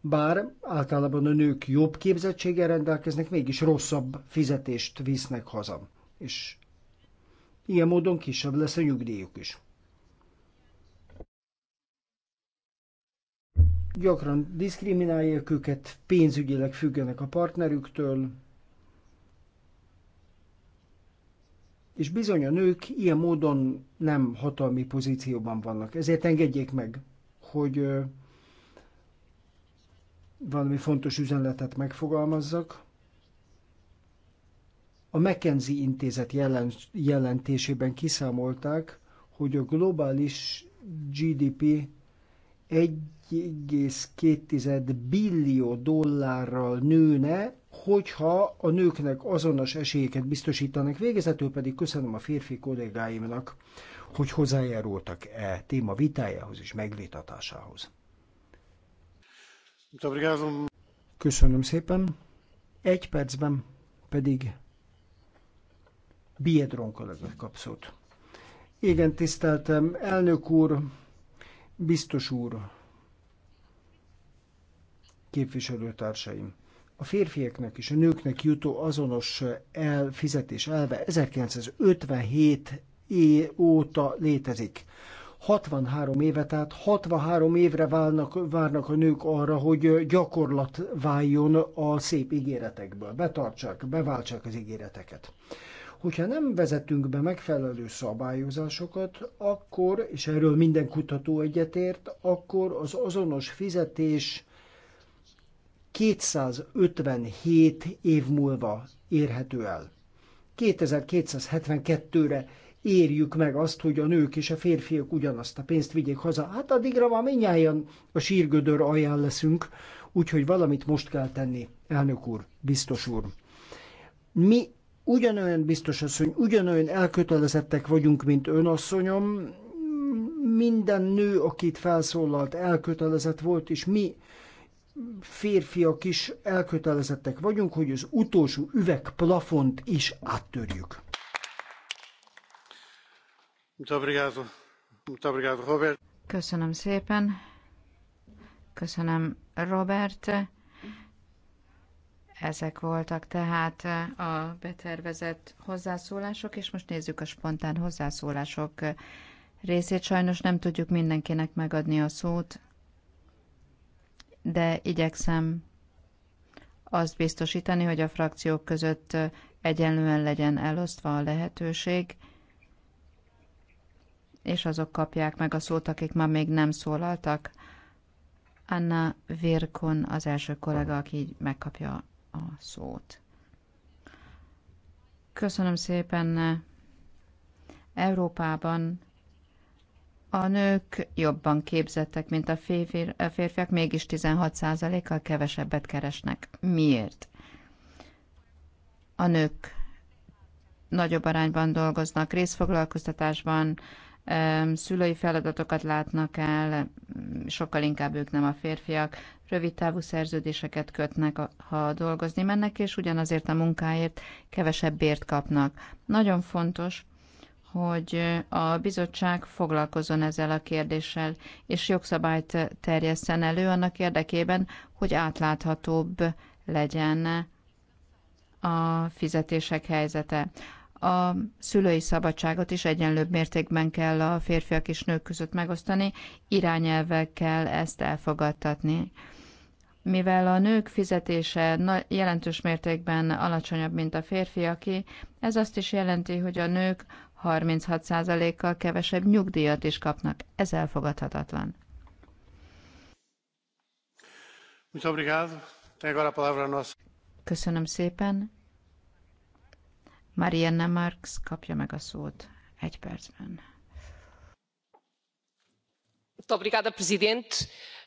Bár általában a nők jobb képzettséggel rendelkeznek, mégis rosszabb fizetést visznek haza. És ilyen módon kisebb lesz a nyugdíjuk is. gyakran diszkriminálják őket, pénzügyileg függenek a partnerüktől, és bizony a nők ilyen módon nem hatalmi pozícióban vannak. Ezért engedjék meg, hogy valami fontos üzenetet megfogalmazzak. A McKenzie intézet jelentésében kiszámolták, hogy a globális GDP egy 1,2 billió dollárral nőne, hogyha a nőknek azonos esélyeket biztosítanak. Végezetül pedig köszönöm a férfi kollégáimnak, hogy hozzájárultak e téma vitájához és megvitatásához. Köszönöm szépen. Egy percben pedig Biedron kollega kapszót. Igen, tiszteltem, elnök úr, biztos úr, képviselőtársaim! A férfiaknak és a nőknek jutó azonos elfizetés elve 1957 é óta létezik. 63 éve, tehát 63 évre válnak, várnak a nők arra, hogy gyakorlat váljon a szép ígéretekből. Betartsák, beváltsák az ígéreteket. Hogyha nem vezetünk be megfelelő szabályozásokat, akkor, és erről minden kutató egyetért, akkor az azonos fizetés 257 év múlva érhető el. 2272-re érjük meg azt, hogy a nők és a férfiak ugyanazt a pénzt vigyék haza. Hát addigra már minnyáján a sírgödör alján leszünk, úgyhogy valamit most kell tenni, elnök úr, biztos úr. Mi ugyanolyan biztos asszony, ugyanolyan elkötelezettek vagyunk, mint ön asszonyom, minden nő, akit felszólalt, elkötelezett volt, és mi férfiak is elkötelezettek vagyunk, hogy az utolsó üvegplafont is áttörjük. Köszönöm szépen. Köszönöm, Robert. Ezek voltak tehát a betervezett hozzászólások, és most nézzük a spontán hozzászólások részét. Sajnos nem tudjuk mindenkinek megadni a szót de igyekszem azt biztosítani, hogy a frakciók között egyenlően legyen elosztva a lehetőség, és azok kapják meg a szót, akik ma még nem szólaltak. Anna Virkon az első kollega, aki így megkapja a szót. Köszönöm szépen. Európában a nők jobban képzettek, mint a férfiak, mégis 16%-kal kevesebbet keresnek. Miért? A nők nagyobb arányban dolgoznak, részfoglalkoztatásban, szülői feladatokat látnak el, sokkal inkább ők nem a férfiak, rövid távú szerződéseket kötnek, ha dolgozni mennek, és ugyanazért a munkáért kevesebb bért kapnak. Nagyon fontos, hogy a bizottság foglalkozzon ezzel a kérdéssel, és jogszabályt terjesszen elő annak érdekében, hogy átláthatóbb legyen a fizetések helyzete. A szülői szabadságot is egyenlőbb mértékben kell a férfiak és nők között megosztani, irányelvekkel kell ezt elfogadtatni. Mivel a nők fizetése jelentős mértékben alacsonyabb, mint a férfiaké, ez azt is jelenti, hogy a nők 36%-kal kevesebb nyugdíjat is kapnak. Ez elfogadhatatlan. Köszönöm szépen. Marianne Marx kapja meg a szót egy percben.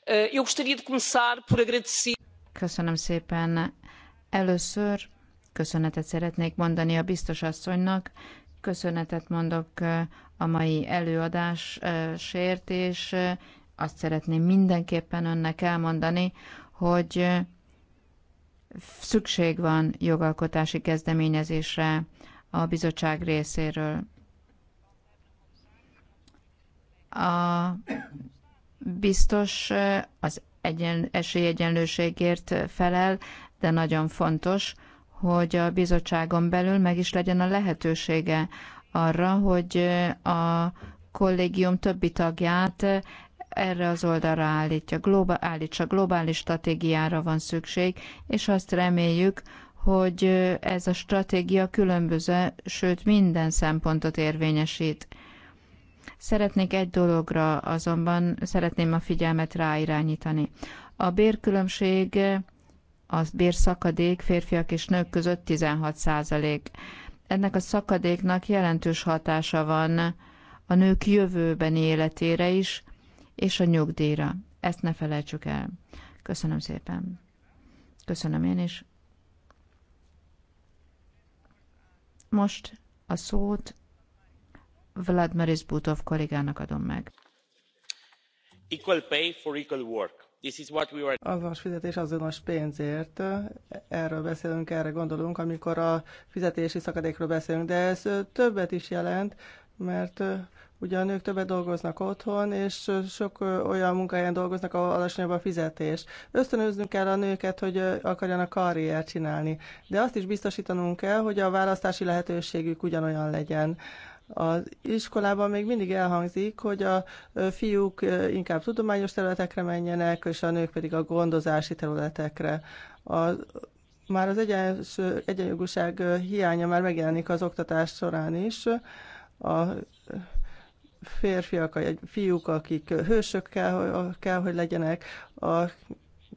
Eh, Köszönöm szépen. Először köszönetet szeretnék mondani a biztos asszonynak, Köszönetet mondok a mai előadásért, és azt szeretném mindenképpen önnek elmondani, hogy szükség van jogalkotási kezdeményezésre a bizottság részéről. A biztos az egyen, esélyegyenlőségért felel, de nagyon fontos, hogy a bizottságon belül meg is legyen a lehetősége arra, hogy a kollégium többi tagját erre az oldalra állítja, globál, állítsa, globális stratégiára van szükség, és azt reméljük, hogy ez a stratégia különböző, sőt minden szempontot érvényesít. Szeretnék egy dologra azonban, szeretném a figyelmet ráirányítani. A bérkülönbség a bérszakadék férfiak és nők között 16 százalék. Ennek a szakadéknak jelentős hatása van a nők jövőbeni életére is, és a nyugdíjra. Ezt ne felejtsük el. Köszönöm szépen. Köszönöm én is. Most a szót Vladimir Butov kollégának adom meg. Equal pay for equal work Azonos fizetés azonos pénzért. Erről beszélünk, erre gondolunk, amikor a fizetési szakadékról beszélünk, de ez többet is jelent, mert ugye a nők többet dolgoznak otthon, és sok olyan munkahelyen dolgoznak, ahol alacsonyabb a fizetés. Ösztönöznünk kell a nőket, hogy akarjanak karriert csinálni, de azt is biztosítanunk kell, hogy a választási lehetőségük ugyanolyan legyen. Az iskolában még mindig elhangzik, hogy a fiúk inkább tudományos területekre menjenek, és a nők pedig a gondozási területekre. A, már az egyens, egyenjogúság hiánya már megjelenik az oktatás során is. A férfiak, a fiúk, akik hősök kell, kell hogy legyenek, a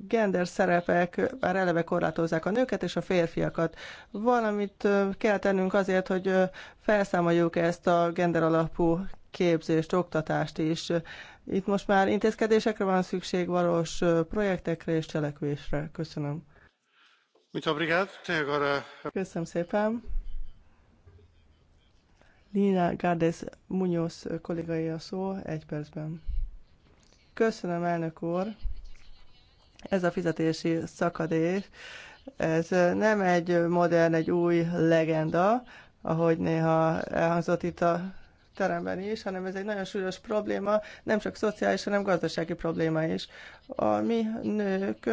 gender szerepek már eleve korlátozzák a nőket és a férfiakat. Valamit kell tennünk azért, hogy felszámoljuk ezt a gender alapú képzést, oktatást is. Itt most már intézkedésekre van szükség, valós projektekre és cselekvésre. Köszönöm. Köszönöm szépen. Lina Gárdes Munoz kollégai a szó egy percben. Köszönöm, elnök úr. Ez a fizetési szakadék, ez nem egy modern, egy új legenda, ahogy néha elhangzott itt a teremben is, hanem ez egy nagyon súlyos probléma, nem csak szociális, hanem gazdasági probléma is. A mi nők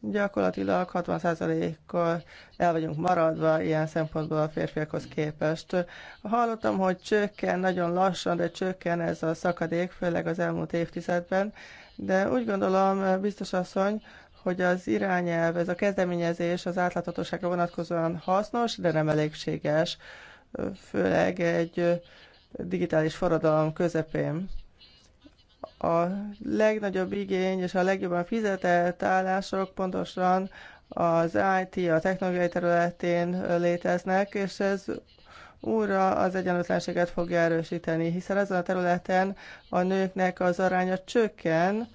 gyakorlatilag 60%-kal el vagyunk maradva ilyen szempontból a férfiakhoz képest. Hallottam, hogy csökken, nagyon lassan, de csökken ez a szakadék, főleg az elmúlt évtizedben, de úgy gondolom, biztos asszony, hogy az irányelv, ez a kezdeményezés az átláthatóságra vonatkozóan hasznos, de nem elégséges, főleg egy digitális forradalom közepén. A legnagyobb igény és a legjobban fizetett állások pontosan az IT, a technológiai területén léteznek, és ez újra az egyenlőtlenséget fogja erősíteni, hiszen ezen a területen a nőknek az aránya csökken,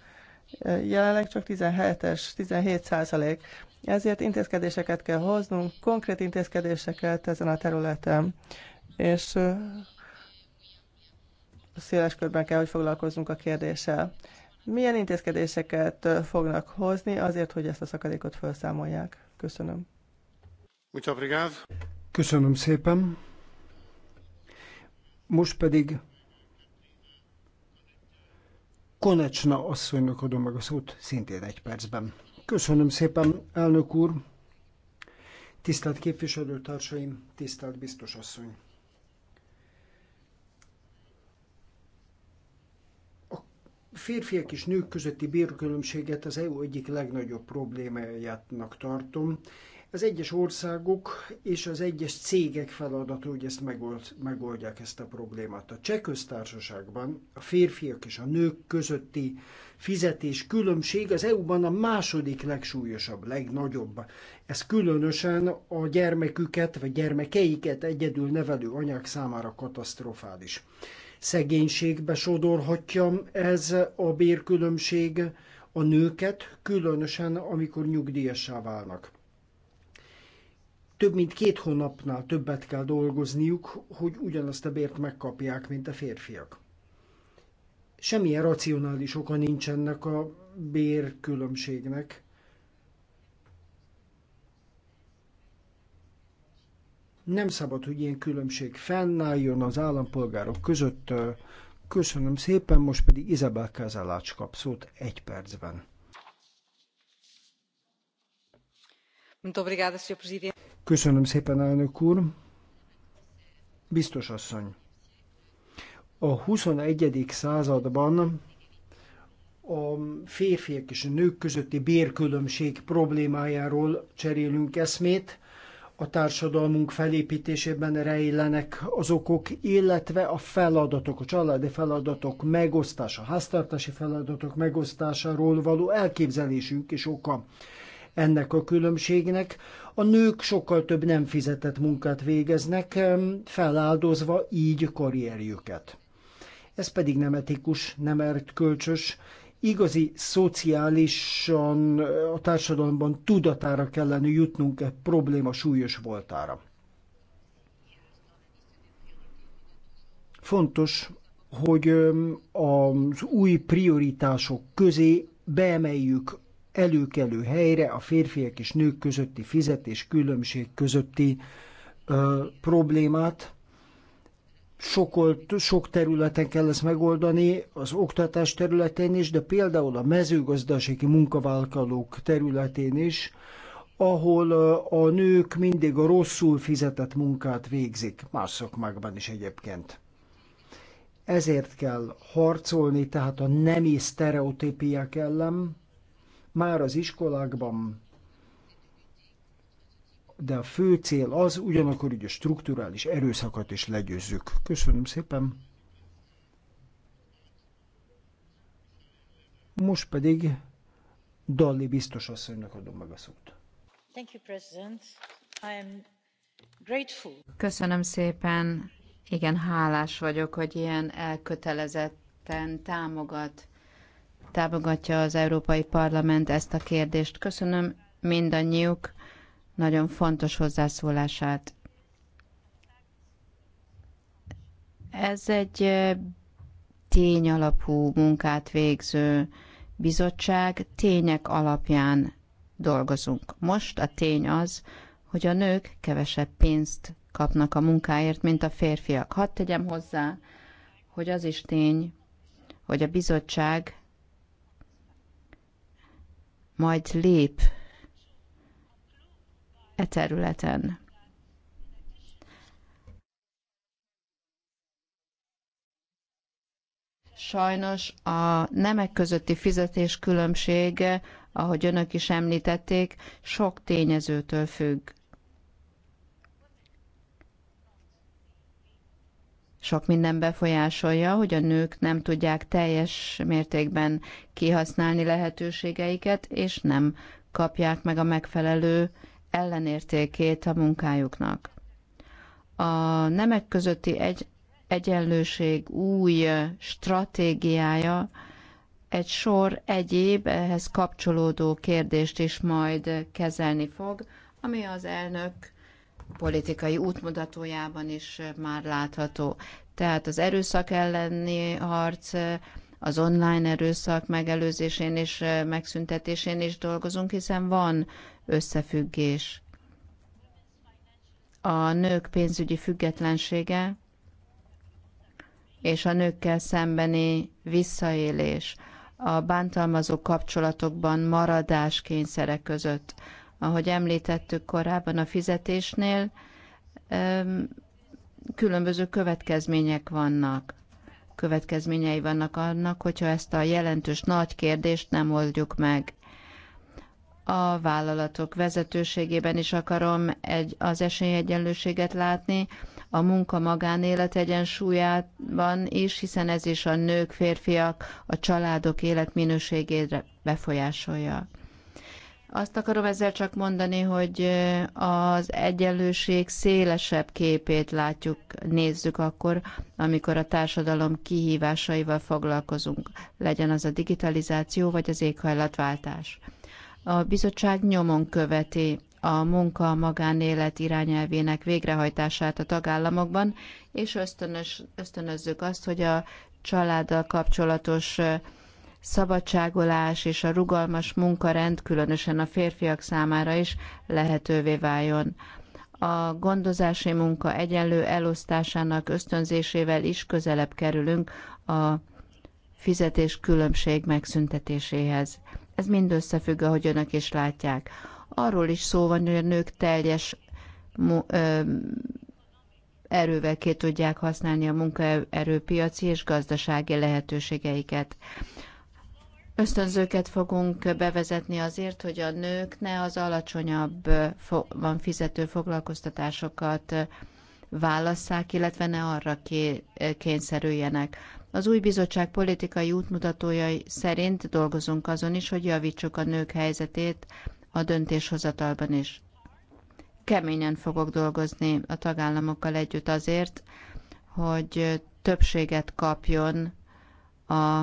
jelenleg csak 17-es, 17 százalék. Ezért intézkedéseket kell hoznunk, konkrét intézkedéseket ezen a területen, és széles körben kell, hogy foglalkozzunk a kérdéssel. Milyen intézkedéseket fognak hozni azért, hogy ezt a szakadékot felszámolják? Köszönöm. Köszönöm szépen. Most pedig Konecsna asszonynak adom meg a szót, szintén egy percben. Köszönöm szépen, elnök úr! Tisztelt képviselőtársaim, tisztelt biztos asszony! A férfiak és nők közötti bérkülönbséget az EU egyik legnagyobb problémájátnak tartom, az egyes országok és az egyes cégek feladata, hogy ezt megold, megoldják ezt a problémát. A cseh köztársaságban a férfiak és a nők közötti fizetés különbség az EU-ban a második legsúlyosabb, legnagyobb. Ez különösen a gyermeküket vagy gyermekeiket egyedül nevelő anyák számára katasztrofális. Szegénységbe sodorhatja ez a bérkülönbség a nőket, különösen amikor nyugdíjassá válnak több mint két hónapnál többet kell dolgozniuk, hogy ugyanazt a bért megkapják, mint a férfiak. Semmilyen racionális oka nincs ennek a bérkülönbségnek. Nem szabad, hogy ilyen különbség fennálljon az állampolgárok között. Köszönöm szépen, most pedig Izabel Kázálács kap szót egy percben. Köszönöm szépen, elnök úr. Biztos asszony. A 21. században a férfiak és a nők közötti bérkülönbség problémájáról cserélünk eszmét, a társadalmunk felépítésében rejlenek az okok, illetve a feladatok, a családi feladatok megosztása, a háztartási feladatok megosztásáról való elképzelésünk is oka ennek a különbségnek. A nők sokkal több nem fizetett munkát végeznek, feláldozva így karrierjüket. Ez pedig nem etikus, nem kölcsös, igazi szociálisan a társadalomban tudatára kellene jutnunk egy probléma súlyos voltára. Fontos, hogy az új prioritások közé beemeljük előkelő helyre a férfiak és nők közötti fizetés különbség közötti ö, problémát. Sokolt, sok területen kell ezt megoldani, az oktatás területén is, de például a mezőgazdasági munkavállalók területén is, ahol a nők mindig a rosszul fizetett munkát végzik, más szakmákban is egyébként. Ezért kell harcolni, tehát a nemi sztereotépiák ellen, már az iskolákban, de a fő cél az, ugyanakkor hogy a strukturális erőszakot is legyőzzük. Köszönöm szépen! Most pedig Dalli biztos asszonynak adom meg a szót. Thank you, President. I am grateful. Köszönöm szépen. Igen, hálás vagyok, hogy ilyen elkötelezetten támogat támogatja az Európai Parlament ezt a kérdést. Köszönöm mindannyiuk nagyon fontos hozzászólását. Ez egy tényalapú munkát végző bizottság, tények alapján dolgozunk. Most a tény az, hogy a nők kevesebb pénzt kapnak a munkáért, mint a férfiak. Hadd tegyem hozzá, hogy az is tény, hogy a bizottság majd lép e területen. Sajnos a nemek közötti fizetés különbsége, ahogy önök is említették, sok tényezőtől függ. sok minden befolyásolja, hogy a nők nem tudják teljes mértékben kihasználni lehetőségeiket, és nem kapják meg a megfelelő ellenértékét a munkájuknak. A nemek közötti egy, egyenlőség új stratégiája egy sor egyéb ehhez kapcsolódó kérdést is majd kezelni fog, ami az elnök politikai útmutatójában is már látható. Tehát az erőszak elleni harc, az online erőszak megelőzésén és megszüntetésén is dolgozunk, hiszen van összefüggés. A nők pénzügyi függetlensége és a nőkkel szembeni visszaélés, a bántalmazó kapcsolatokban maradás kényszerek között ahogy említettük korábban a fizetésnél, különböző következmények vannak. Következményei vannak annak, hogyha ezt a jelentős nagy kérdést nem oldjuk meg. A vállalatok vezetőségében is akarom egy, az esélyegyenlőséget látni, a munka magánélet egyensúlyában is, hiszen ez is a nők, férfiak, a családok életminőségére befolyásolja. Azt akarom ezzel csak mondani, hogy az egyenlőség szélesebb képét látjuk, nézzük akkor, amikor a társadalom kihívásaival foglalkozunk, legyen az a digitalizáció vagy az éghajlatváltás. A bizottság nyomon követi a munka magánélet irányelvének végrehajtását a tagállamokban, és ösztönös, ösztönözzük azt, hogy a családdal kapcsolatos szabadságolás és a rugalmas munkarend, különösen a férfiak számára is lehetővé váljon. A gondozási munka egyenlő elosztásának ösztönzésével is közelebb kerülünk a fizetés különbség megszüntetéséhez. Ez mind összefügg, ahogy önök is látják. Arról is szó van, hogy a nők teljes erővel ki tudják használni a munkaerőpiaci és gazdasági lehetőségeiket. Ösztönzőket fogunk bevezetni azért, hogy a nők ne az alacsonyabb van fizető foglalkoztatásokat válasszák, illetve ne arra kényszerüljenek. Az új bizottság politikai útmutatójai szerint dolgozunk azon is, hogy javítsuk a nők helyzetét a döntéshozatalban is. Keményen fogok dolgozni a tagállamokkal együtt azért, hogy többséget kapjon a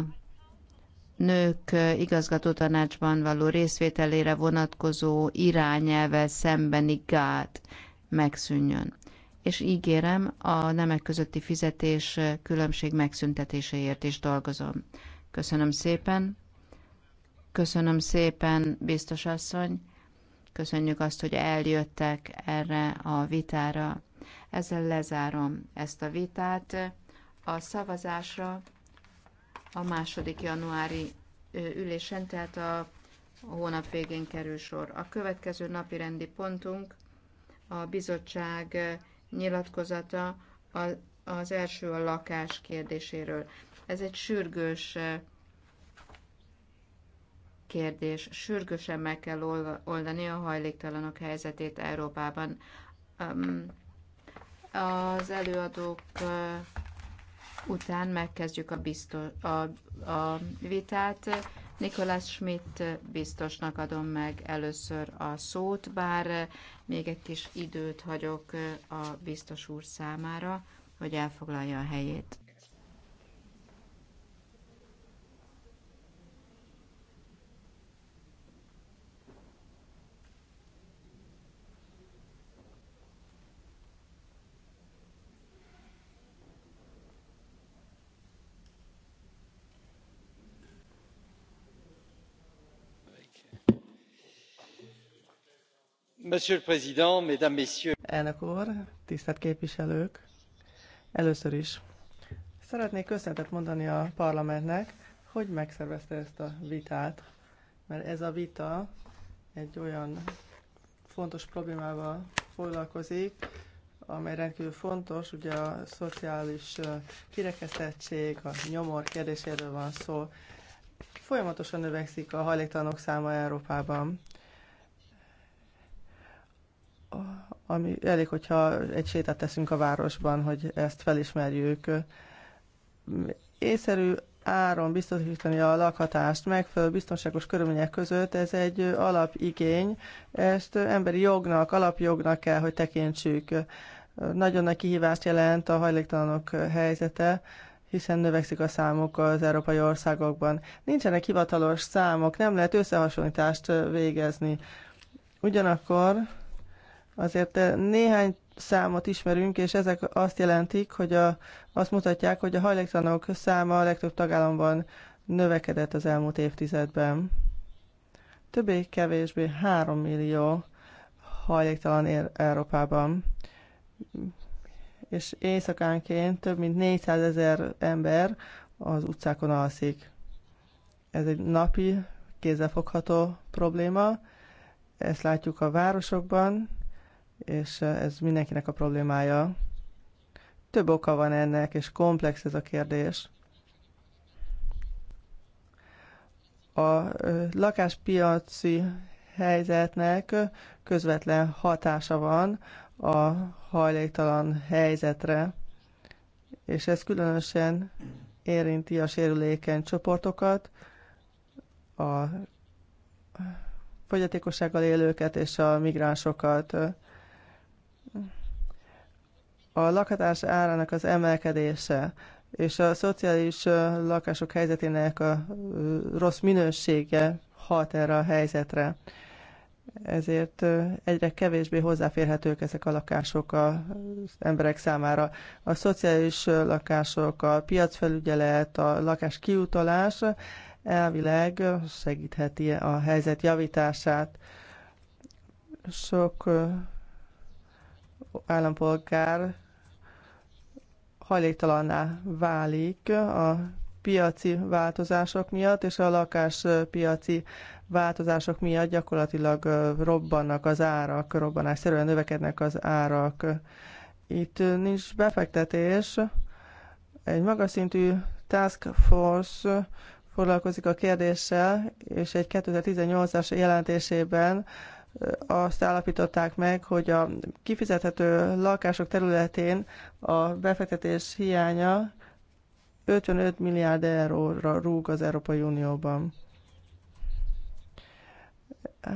nők igazgatótanácsban való részvételére vonatkozó irányelvel szembeni gát megszűnjön. És ígérem, a nemek közötti fizetés különbség megszüntetéséért is dolgozom. Köszönöm szépen. Köszönöm szépen, biztos asszony. Köszönjük azt, hogy eljöttek erre a vitára. Ezzel lezárom ezt a vitát. A szavazásra a második januári ülésen, tehát a hónap végén kerül sor. A következő napi rendi pontunk a bizottság nyilatkozata az első a lakás kérdéséről. Ez egy sürgős kérdés. Sürgősen meg kell oldani a hajléktalanok helyzetét Európában. Az előadók után megkezdjük a, biztos, a, a vitát. Nikolás Schmidt biztosnak adom meg először a szót, bár még egy kis időt hagyok a biztos úr számára, hogy elfoglalja a helyét. Elnök úr, tisztelt képviselők! Először is szeretnék köszönetet mondani a parlamentnek, hogy megszervezte ezt a vitát, mert ez a vita egy olyan fontos problémával foglalkozik, amely rendkívül fontos, ugye a szociális kirekesztettség, a nyomor kérdéséről van szó. Folyamatosan növekszik a hajléktalanok száma Európában ami elég, hogyha egy sétát teszünk a városban, hogy ezt felismerjük. Észszerű áron biztosítani a lakhatást megfelelő biztonságos körülmények között, ez egy alapigény, ezt emberi jognak, alapjognak kell, hogy tekintsük. Nagyon nagy kihívást jelent a hajléktalanok helyzete, hiszen növekszik a számok az európai országokban. Nincsenek hivatalos számok, nem lehet összehasonlítást végezni. Ugyanakkor Azért eh, néhány számot ismerünk, és ezek azt jelentik, hogy a, azt mutatják, hogy a hajléktalanok száma a legtöbb tagállamban növekedett az elmúlt évtizedben. Többé-kevésbé 3 millió hajléktalan él Európában, és éjszakánként több mint 400 ezer ember az utcákon alszik. Ez egy napi, kézzelfogható probléma, ezt látjuk a városokban, és ez mindenkinek a problémája. Több oka van ennek, és komplex ez a kérdés. A lakáspiaci helyzetnek közvetlen hatása van a hajléktalan helyzetre, és ez különösen érinti a sérülékeny csoportokat, a fogyatékossággal élőket és a migránsokat a lakhatás árának az emelkedése és a szociális lakások helyzetének a rossz minősége hat erre a helyzetre. Ezért egyre kevésbé hozzáférhetők ezek a lakások az emberek számára. A szociális lakások, a piacfelügyelet, a lakás kiutalás elvileg segítheti a helyzet javítását. Sok állampolgár hajléktalanná válik a piaci változások miatt, és a lakáspiaci változások miatt gyakorlatilag robbannak az árak, robbanásszerűen növekednek az árak. Itt nincs befektetés. Egy magas szintű task force foglalkozik a kérdéssel, és egy 2018-as jelentésében azt állapították meg, hogy a kifizethető lakások területén a befektetés hiánya 55 milliárd euróra rúg az Európai Unióban.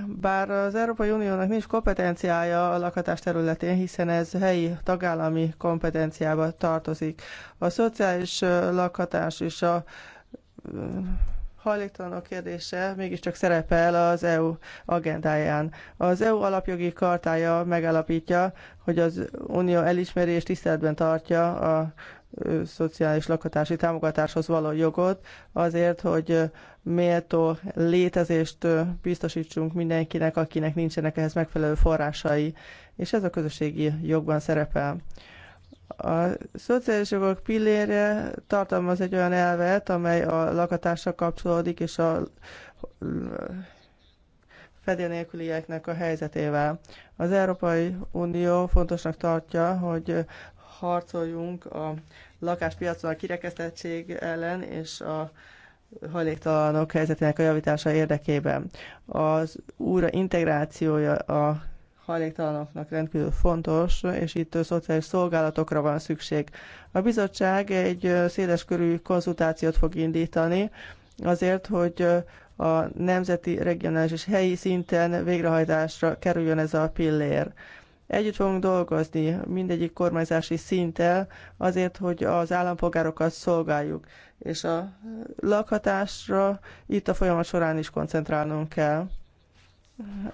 Bár az Európai Uniónak nincs kompetenciája a lakhatás területén, hiszen ez helyi tagállami kompetenciába tartozik. A szociális lakhatás és a hajléktalanok kérdése mégiscsak szerepel az EU agendáján. Az EU alapjogi kartája megállapítja, hogy az Unió elismeri és tiszteletben tartja a szociális lakhatási támogatáshoz való jogot, azért, hogy méltó létezést biztosítsunk mindenkinek, akinek nincsenek ehhez megfelelő forrásai, és ez a közösségi jogban szerepel. A szociális jogok pillére tartalmaz egy olyan elvet, amely a lakatásra kapcsolódik, és a fedélnélkülieknek a helyzetével. Az Európai Unió fontosnak tartja, hogy harcoljunk a lakáspiacon a kirekesztettség ellen és a hajléktalanok helyzetének a javítása érdekében. Az újra integrációja a hajléktalanoknak rendkívül fontos, és itt a szociális szolgálatokra van szükség. A bizottság egy széleskörű konzultációt fog indítani azért, hogy a nemzeti, regionális és helyi szinten végrehajtásra kerüljön ez a pillér. Együtt fogunk dolgozni mindegyik kormányzási szinttel azért, hogy az állampolgárokat szolgáljuk, és a lakhatásra itt a folyamat során is koncentrálnunk kell.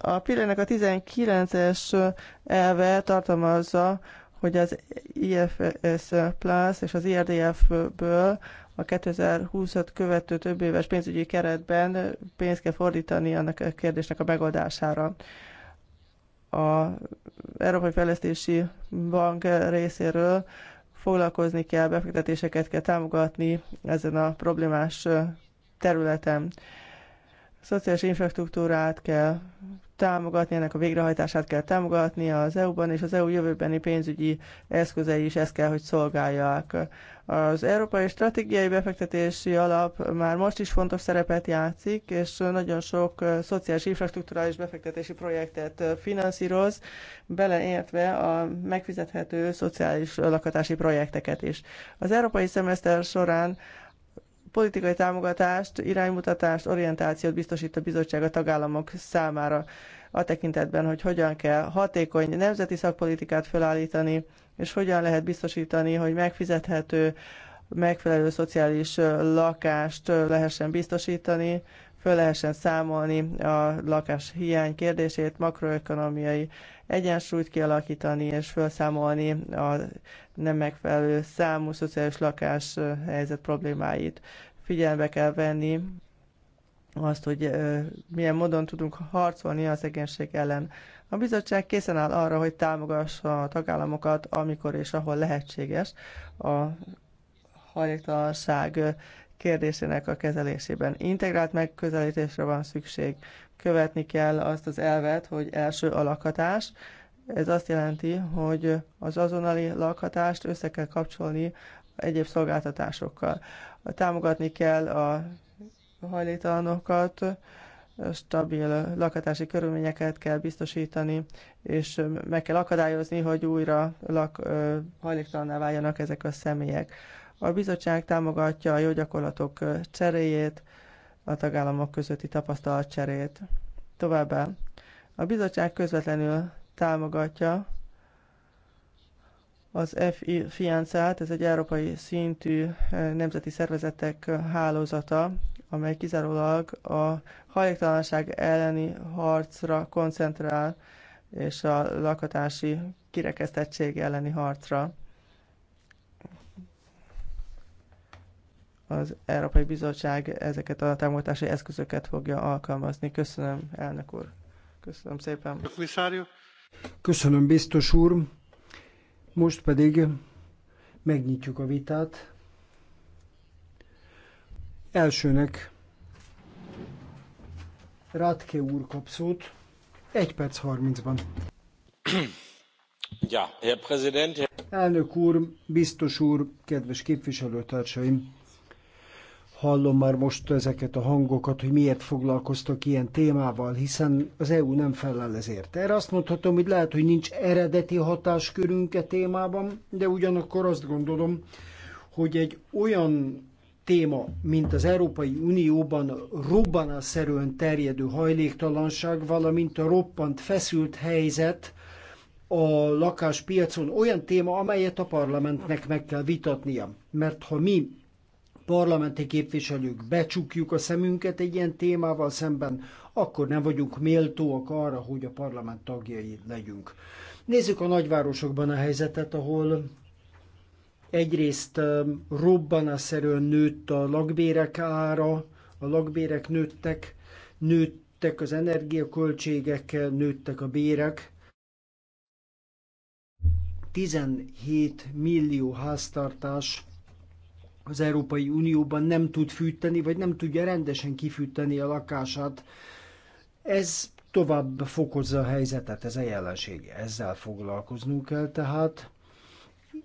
A pillének a 19-es elve tartalmazza, hogy az IFS Plus és az IRDF-ből a 2020-at követő több éves pénzügyi keretben pénzt kell fordítani annak a kérdésnek a megoldására. A Európai Fejlesztési Bank részéről foglalkozni kell, befektetéseket kell támogatni ezen a problémás területen. Szociális infrastruktúrát kell támogatni, ennek a végrehajtását kell támogatni az EU-ban, és az EU jövőbeni pénzügyi eszközei is ezt kell, hogy szolgálják. Az Európai Stratégiai Befektetési Alap már most is fontos szerepet játszik, és nagyon sok szociális infrastruktúrális befektetési projektet finanszíroz, beleértve a megfizethető szociális lakatási projekteket is. Az Európai Szemeszter során politikai támogatást, iránymutatást, orientációt biztosít a bizottság a tagállamok számára a tekintetben, hogy hogyan kell hatékony nemzeti szakpolitikát felállítani, és hogyan lehet biztosítani, hogy megfizethető megfelelő szociális lakást lehessen biztosítani, föl lehessen számolni a lakás hiány kérdését, makroökonomiai egyensúlyt kialakítani és felszámolni a nem megfelelő számú szociális lakás helyzet problémáit. Figyelembe kell venni azt, hogy milyen módon tudunk harcolni a szegénység ellen. A bizottság készen áll arra, hogy támogassa a tagállamokat, amikor és ahol lehetséges a hajléktalanság kérdésének a kezelésében. Integrált megközelítésre van szükség. Követni kell azt az elvet, hogy első a lakhatás. Ez azt jelenti, hogy az azonnali lakhatást össze kell kapcsolni egyéb szolgáltatásokkal. Támogatni kell a hajléktalanokat, stabil lakhatási körülményeket kell biztosítani, és meg kell akadályozni, hogy újra lak, hajléktalanná váljanak ezek a személyek. A bizottság támogatja a jó gyakorlatok cseréjét, a tagállamok közötti tapasztalatcserét. Továbbá a bizottság közvetlenül támogatja az FIANCÁT, ez egy európai szintű nemzeti szervezetek hálózata, amely kizárólag a hajléktalanság elleni harcra koncentrál, és a lakatási kirekesztettség elleni harcra. az Európai Bizottság ezeket a támogatási eszközöket fogja alkalmazni. Köszönöm, elnök úr. Köszönöm szépen. Köszönöm, biztos úr. Most pedig megnyitjuk a vitát. Elsőnek Rátke úr kap szót. Egy perc harmincban. Ja, Herr Präsident. Elnök úr, biztos úr, kedves képviselőtársaim! hallom már most ezeket a hangokat, hogy miért foglalkoztak ilyen témával, hiszen az EU nem felel ezért. Erre azt mondhatom, hogy lehet, hogy nincs eredeti hatáskörünk e témában, de ugyanakkor azt gondolom, hogy egy olyan téma, mint az Európai Unióban robbanásszerűen terjedő hajléktalanság, valamint a roppant feszült helyzet a lakáspiacon olyan téma, amelyet a parlamentnek meg kell vitatnia. Mert ha mi parlamenti képviselők becsukjuk a szemünket egy ilyen témával szemben, akkor nem vagyunk méltóak arra, hogy a parlament tagjai legyünk. Nézzük a nagyvárosokban a helyzetet, ahol egyrészt robbanásszerűen nőtt a lakbérek ára, a lakbérek nőttek, nőttek az energiaköltségek, nőttek a bérek. 17 millió háztartás az Európai Unióban nem tud fűteni, vagy nem tudja rendesen kifűteni a lakását. Ez tovább fokozza a helyzetet, ez a jelenség. Ezzel foglalkoznunk kell tehát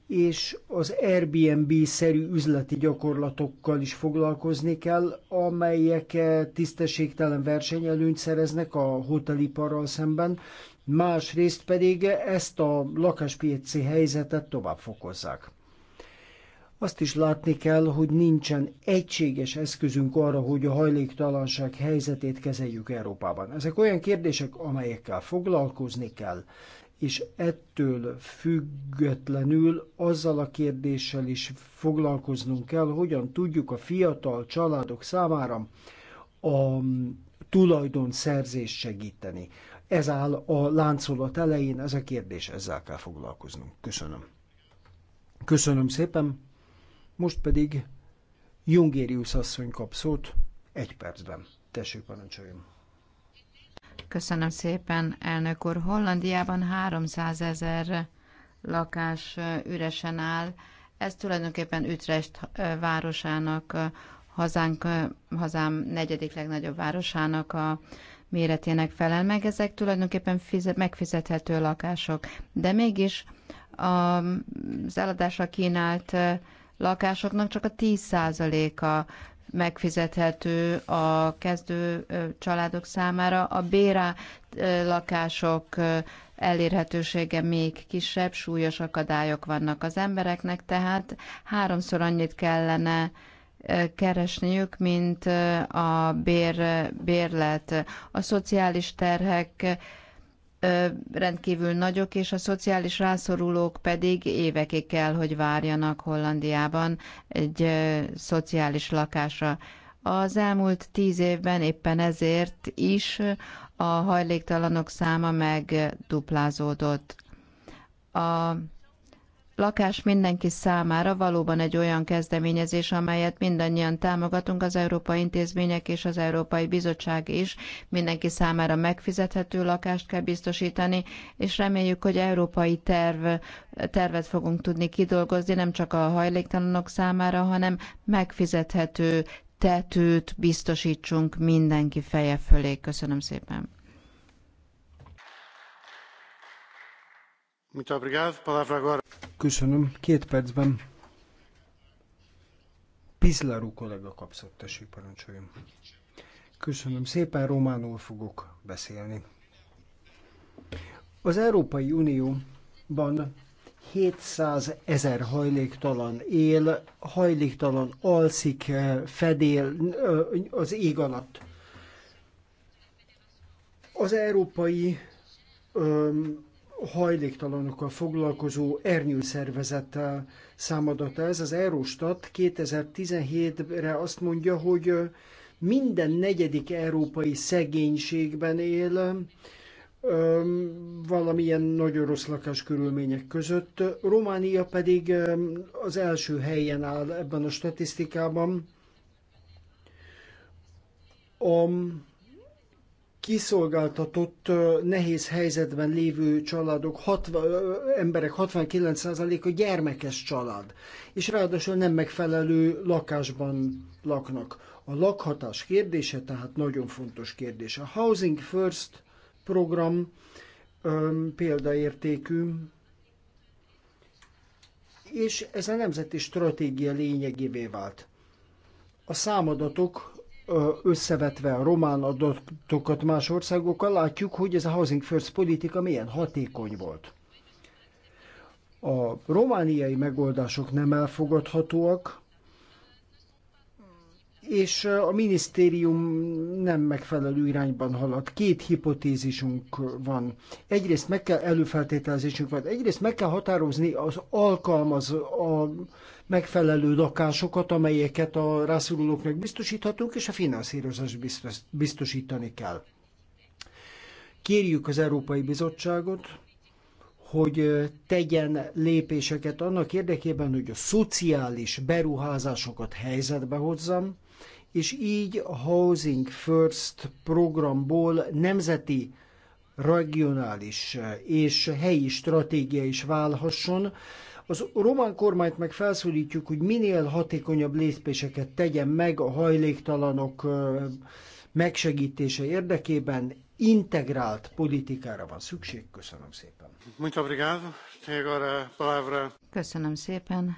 és az Airbnb-szerű üzleti gyakorlatokkal is foglalkozni kell, amelyek tisztességtelen versenyelőnyt szereznek a hoteliparral szemben, másrészt pedig ezt a lakáspiaci helyzetet tovább fokozzák. Azt is látni kell, hogy nincsen egységes eszközünk arra, hogy a hajléktalanság helyzetét kezeljük Európában. Ezek olyan kérdések, amelyekkel foglalkozni kell, és ettől függetlenül azzal a kérdéssel is foglalkoznunk kell, hogyan tudjuk a fiatal családok számára a tulajdonszerzést segíteni. Ez áll a láncolat elején, ez a kérdés, ezzel kell foglalkoznunk. Köszönöm. Köszönöm szépen. Most pedig Jungérius asszony kap szót egy percben. Tessék, parancsoljon! Köszönöm szépen, elnök úr. Hollandiában 300 ezer lakás üresen áll. Ez tulajdonképpen Utrecht városának, hazánk, hazám negyedik legnagyobb városának a méretének felel meg. Ezek tulajdonképpen fizet, megfizethető lakások. De mégis az eladásra kínált lakásoknak csak a 10%-a megfizethető a kezdő családok számára. A bérá lakások elérhetősége még kisebb, súlyos akadályok vannak az embereknek, tehát háromszor annyit kellene keresniük, mint a bér, bérlet. A szociális terhek rendkívül nagyok, és a szociális rászorulók pedig évekig kell, hogy várjanak Hollandiában egy szociális lakásra. Az elmúlt tíz évben éppen ezért is a hajléktalanok száma megduplázódott. A lakás mindenki számára valóban egy olyan kezdeményezés, amelyet mindannyian támogatunk, az Európai Intézmények és az Európai Bizottság is. Mindenki számára megfizethető lakást kell biztosítani, és reméljük, hogy európai terv, tervet fogunk tudni kidolgozni, nem csak a hajléktalanok számára, hanem megfizethető tetőt biztosítsunk mindenki feje fölé. Köszönöm szépen. Muito obrigado. Palavra agora. Köszönöm. Két percben. Pizlaru kollega kapszott, tessék parancsoljon. Köszönöm szépen, románul fogok beszélni. Az Európai Unióban 700 ezer hajléktalan él, hajléktalan alszik, eh, fedél eh, az ég alatt. Az európai hajléktalanokkal foglalkozó ernyő szervezettel eh, számadata ez. Az Eurostat 2017-re azt mondja, hogy eh, minden negyedik európai szegénységben él, eh, valamilyen nagyon rossz körülmények között. Románia pedig az első helyen áll ebben a statisztikában. A kiszolgáltatott, nehéz helyzetben lévő családok, 60, emberek 69%-a gyermekes család, és ráadásul nem megfelelő lakásban laknak. A lakhatás kérdése tehát nagyon fontos kérdés. A Housing First program öm, példaértékű, és ez a nemzeti stratégia lényegévé vált. A számadatok összevetve a román adatokat más országokkal, látjuk, hogy ez a Housing First politika milyen hatékony volt. A romániai megoldások nem elfogadhatóak, és a minisztérium nem megfelelő irányban halad. Két hipotézisünk van. Egyrészt meg kell előfeltételezésünk van. Egyrészt meg kell határozni az alkalmaz a megfelelő lakásokat, amelyeket a rászorulóknak biztosíthatunk, és a finanszírozást biztosítani kell. Kérjük az Európai Bizottságot, hogy tegyen lépéseket annak érdekében, hogy a szociális beruházásokat helyzetbe hozzam, és így a Housing First programból nemzeti, regionális eh, és helyi stratégia is válhasson. Az román kormányt meg felszólítjuk, hogy minél hatékonyabb lépéseket tegyen meg a hajléktalanok eh, megsegítése érdekében, integrált politikára van szükség. Köszönöm szépen. Muito obrigado. Tenho agora a palavra. Köszönöm szépen.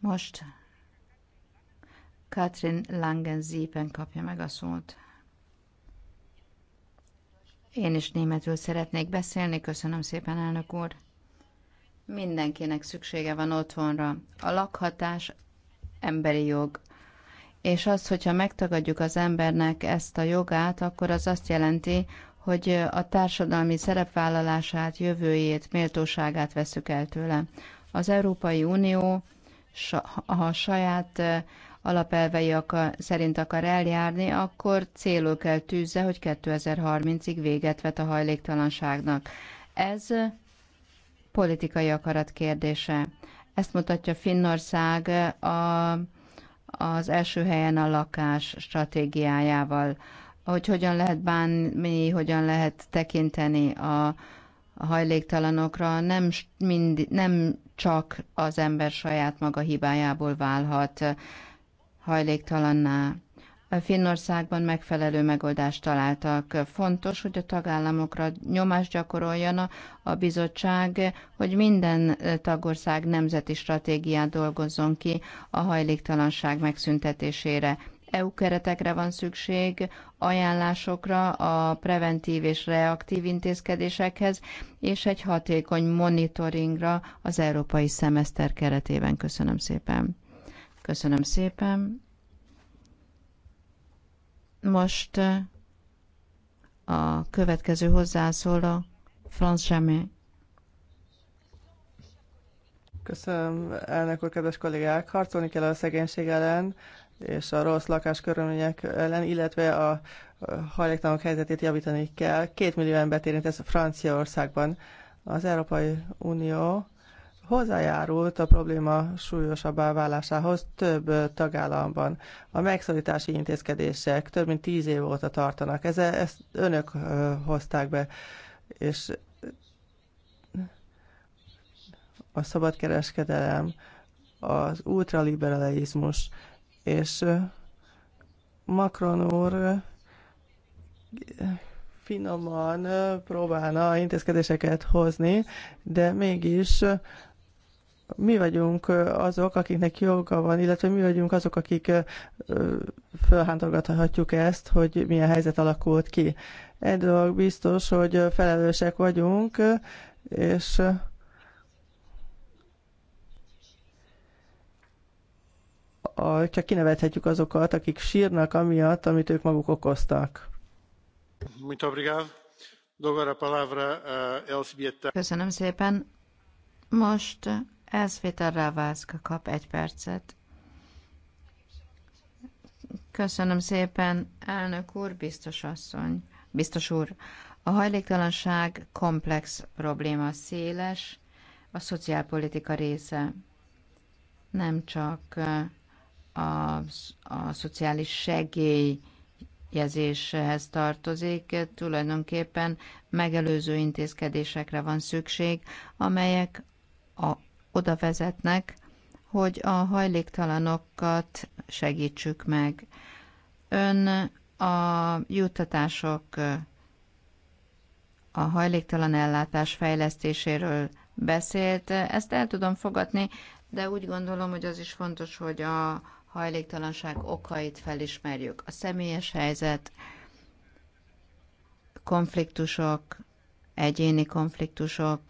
Most Katrin langen szépen kapja meg a szót. Én is németül szeretnék beszélni, köszönöm szépen, elnök úr. Mindenkinek szüksége van otthonra. A lakhatás emberi jog. És az, hogyha megtagadjuk az embernek ezt a jogát, akkor az azt jelenti, hogy a társadalmi szerepvállalását, jövőjét, méltóságát veszük el tőle. Az Európai Unió a saját alapelvei akar, szerint akar eljárni, akkor célul kell tűzze, hogy 2030-ig véget vet a hajléktalanságnak. Ez politikai akarat kérdése. Ezt mutatja Finnország a, az első helyen a lakás stratégiájával, hogy hogyan lehet bánni, hogyan lehet tekinteni a, a hajléktalanokra nem, mind, nem csak az ember saját maga hibájából válhat hajléktalanná. Finnországban megfelelő megoldást találtak. Fontos, hogy a tagállamokra nyomást gyakoroljon a bizottság, hogy minden tagország nemzeti stratégiát dolgozzon ki a hajléktalanság megszüntetésére. EU keretekre van szükség, ajánlásokra, a preventív és reaktív intézkedésekhez, és egy hatékony monitoringra az európai szemeszter keretében. Köszönöm szépen. Köszönöm szépen. Most eh, a következő hozzászóló, Franz Jamé. Köszönöm, elnök úr, kedves kollégák! Harcolni kell a szegénység ellen és a rossz lakáskörülmények ellen, illetve a hajléktalanok helyzetét javítani kell. Két millió embert érint ez Franciaországban. Az Európai Unió hozzájárult a probléma súlyosabbá válásához több tagállamban. A megszorítási intézkedések több mint tíz év óta tartanak. Ez, ezt önök hozták be, és a szabadkereskedelem, az ultraliberalizmus, és Macron úr finoman próbálna intézkedéseket hozni, de mégis mi vagyunk azok, akiknek joga van, illetve mi vagyunk azok, akik fölhántogathatjuk ezt, hogy milyen helyzet alakult ki. Egy dolog biztos, hogy felelősek vagyunk, és a, csak kinevethetjük azokat, akik sírnak amiatt, amit ők maguk okoztak. Muito obrigado. agora a palavra eh, Köszönöm szépen. Most ez Péter Rávászka kap egy percet. Köszönöm szépen, elnök úr, biztos asszony, biztos úr. A hajléktalanság komplex probléma, széles, a szociálpolitika része. Nem csak a, a szociális segélyezéshez tartozik, tulajdonképpen megelőző intézkedésekre van szükség, amelyek a oda vezetnek, hogy a hajléktalanokat segítsük meg. Ön a juttatások a hajléktalan ellátás fejlesztéséről beszélt. Ezt el tudom fogadni, de úgy gondolom, hogy az is fontos, hogy a hajléktalanság okait felismerjük. A személyes helyzet, konfliktusok, egyéni konfliktusok,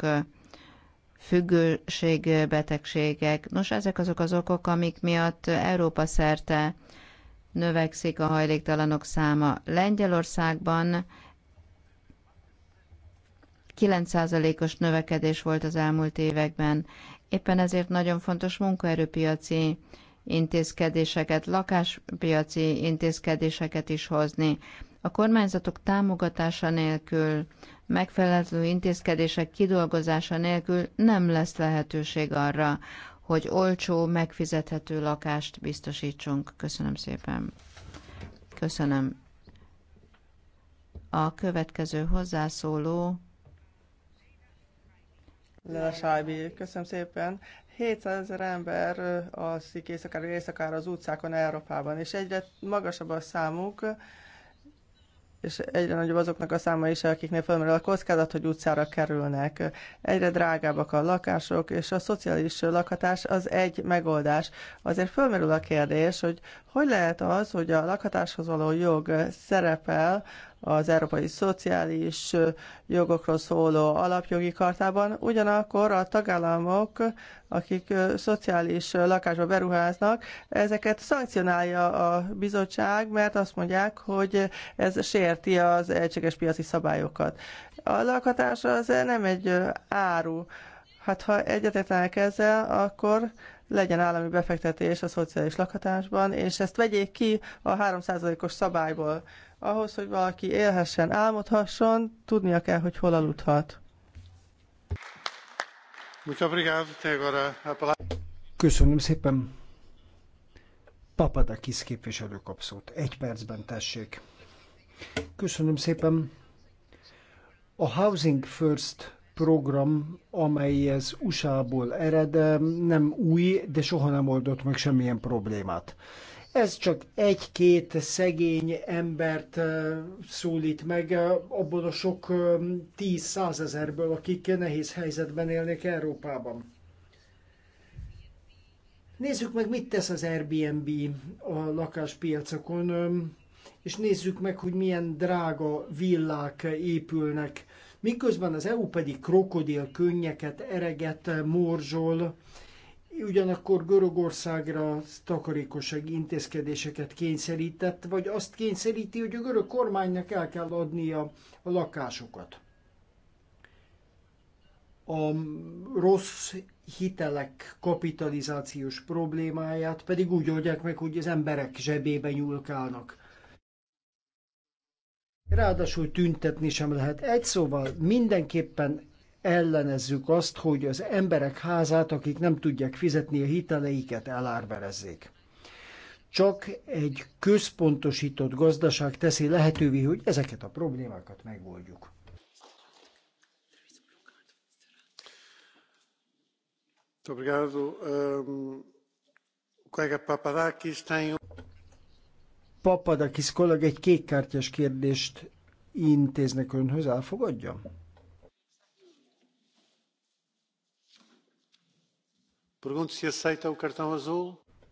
függőségbetegségek. Nos, ezek azok az okok, amik miatt Európa szerte növekszik a hajléktalanok száma. Lengyelországban 9%-os növekedés volt az elmúlt években. Éppen ezért nagyon fontos munkaerőpiaci intézkedéseket, lakáspiaci intézkedéseket is hozni. A kormányzatok támogatása nélkül, megfelelő intézkedések kidolgozása nélkül nem lesz lehetőség arra, hogy olcsó, megfizethető lakást biztosítsunk. Köszönöm szépen. Köszönöm. A következő hozzászóló. Lela Sájbi, köszönöm szépen. 700 ezer ember alszik éjszakára, éjszakára az utcákon Európában, és egyre magasabb a számuk és egyre nagyobb azoknak a száma is, akiknél felmerül a kockázat, hogy utcára kerülnek. Egyre drágábbak a lakások, és a szociális lakhatás az egy megoldás. Azért felmerül a kérdés, hogy hogy lehet az, hogy a lakhatáshoz való jog szerepel az Európai Szociális Jogokról szóló alapjogi kartában. Ugyanakkor a tagállamok, akik szociális lakásba beruháznak, ezeket szankcionálja a bizottság, mert azt mondják, hogy ez sérti az egységes piaci szabályokat. A lakhatás az nem egy áru. Hát ha egyetetlenek ezzel, akkor legyen állami befektetés a szociális lakhatásban, és ezt vegyék ki a 3%-os szabályból. Ahhoz, hogy valaki élhessen, álmodhasson, tudnia kell, hogy hol aludhat. Köszönöm szépen. Papadakis képviselő kap szót. Egy percben tessék. Köszönöm szépen. A Housing First program, amely ez USA-ból ered, nem új, de soha nem oldott meg semmilyen problémát. Ez csak egy-két szegény embert szólít meg abból a sok tíz-százezerből, akik nehéz helyzetben élnek Európában. Nézzük meg, mit tesz az Airbnb a lakáspiacokon, és nézzük meg, hogy milyen drága villák épülnek, miközben az EU pedig krokodil könnyeket ereget, morzsol, ugyanakkor Görögországra takarékossági intézkedéseket kényszerített, vagy azt kényszeríti, hogy a görög kormánynak el kell adnia a lakásokat. A rossz hitelek kapitalizációs problémáját pedig úgy oldják meg, hogy az emberek zsebébe nyúlkálnak. Ráadásul tüntetni sem lehet. Egy szóval mindenképpen ellenezzük azt, hogy az emberek házát, akik nem tudják fizetni a hiteleiket, elárverezzék. Csak egy központosított gazdaság teszi lehetővé, hogy ezeket a problémákat megoldjuk. Obrigado. Um, ehm, kollega Papadakis, tem... Um- Papadakis kollega egy kékkártyás kérdést intéznek önhöz, elfogadja?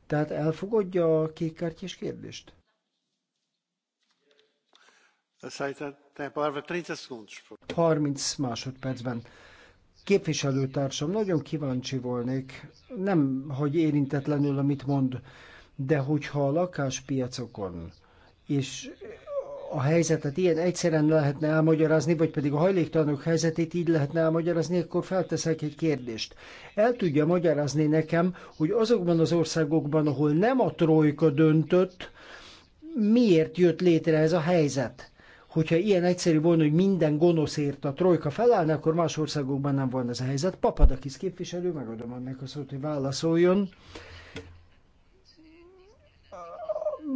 Tehát elfogadja a kékkártyás kérdést? Harminc a másodpercben. Képviselőtársam, nagyon kíváncsi volnék, nem, hogy érintetlenül, amit mond, de hogyha a lakáspiacokon és a helyzetet ilyen egyszerűen lehetne elmagyarázni, vagy pedig a hajléktalanok helyzetét így lehetne elmagyarázni, akkor felteszek egy kérdést. El tudja magyarázni nekem, hogy azokban az országokban, ahol nem a trojka döntött, miért jött létre ez a helyzet? Hogyha ilyen egyszerű volna, hogy minden gonoszért a trojka felállna, akkor más országokban nem volna ez a helyzet. Papadakis képviselő, megadom annak a szót, hogy válaszoljon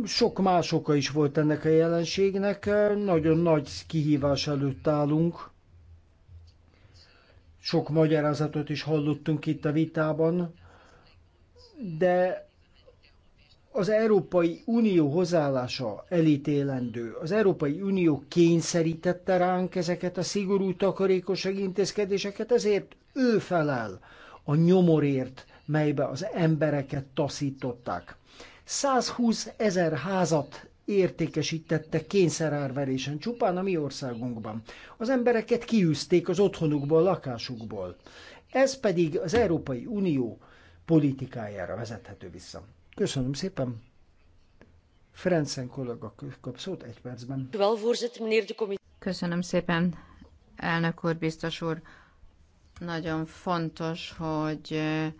sok más oka is volt ennek a jelenségnek, nagyon nagy kihívás előtt állunk. Sok magyarázatot is hallottunk itt a vitában, de az Európai Unió hozzáállása elítélendő. Az Európai Unió kényszerítette ránk ezeket a szigorú takarékosság intézkedéseket, ezért ő felel a nyomorért, melybe az embereket taszították. 120 ezer házat értékesítette kényszerárverésen csupán a mi országunkban. Az embereket kiűzték az otthonukból, lakásukból. Ez pedig az Európai Unió politikájára vezethető vissza. Köszönöm szépen! Ferencen kollega kap szót egy percben. Köszönöm szépen, elnök úr, biztos úr. Nagyon fontos, hogy eh,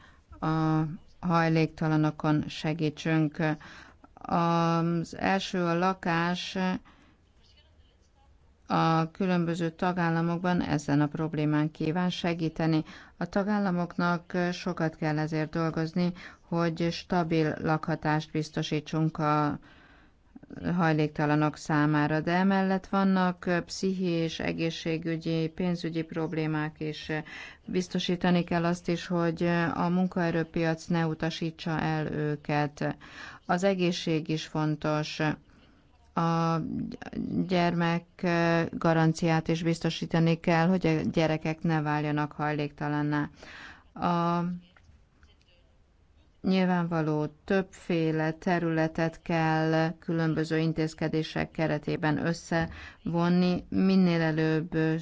a hajléktalanokon segítsünk. Az első a lakás a különböző tagállamokban ezen a problémán kíván segíteni. A tagállamoknak sokat kell ezért dolgozni, hogy stabil lakhatást biztosítsunk a hajléktalanok számára, de emellett vannak pszichés, egészségügyi, pénzügyi problémák és Biztosítani kell azt is, hogy a munkaerőpiac ne utasítsa el őket. Az egészség is fontos a gyermek garanciát is biztosítani kell, hogy a gyerekek ne váljanak hajléktalanná. A nyilvánvaló többféle területet kell különböző intézkedések keretében összevonni. Minél előbb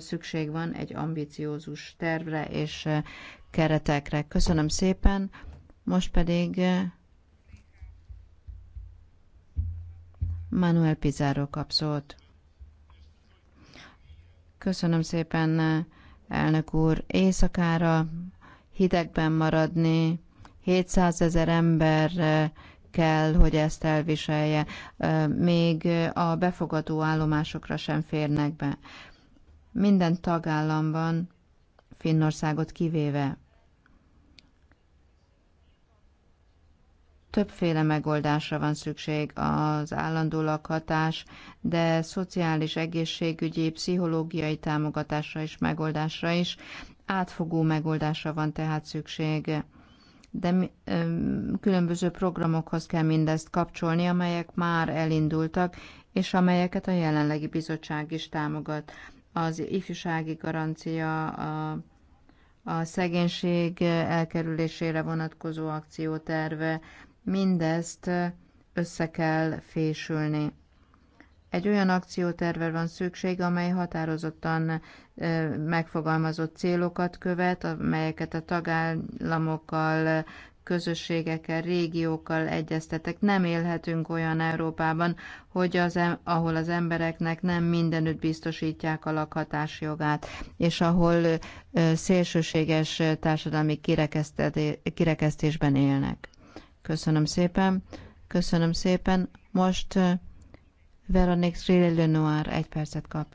szükség van egy ambiciózus tervre és keretekre. Köszönöm szépen. Most pedig Manuel Pizarro kap szót. Köszönöm szépen, elnök úr. Éjszakára hidegben maradni, 700 ezer ember kell, hogy ezt elviselje. Még a befogadó állomásokra sem férnek be. Minden tagállamban, Finnországot kivéve, többféle megoldásra van szükség az állandó lakhatás, de szociális, egészségügyi, pszichológiai támogatásra és megoldásra is. Átfogó megoldásra van tehát szükség de különböző programokhoz kell mindezt kapcsolni, amelyek már elindultak, és amelyeket a jelenlegi bizottság is támogat. Az ifjúsági garancia, a, a szegénység elkerülésére vonatkozó akcióterve, mindezt össze kell fésülni. Egy olyan akcióterve van szükség, amely határozottan megfogalmazott célokat követ, amelyeket a tagállamokkal, közösségekkel, régiókkal egyeztetek. Nem élhetünk olyan Európában, hogy az, ahol az embereknek nem mindenütt biztosítják a jogát, és ahol szélsőséges társadalmi kirekesztésben élnek. Köszönöm szépen. Köszönöm szépen. Most Veronique Rilly-Lenoir egy percet kap.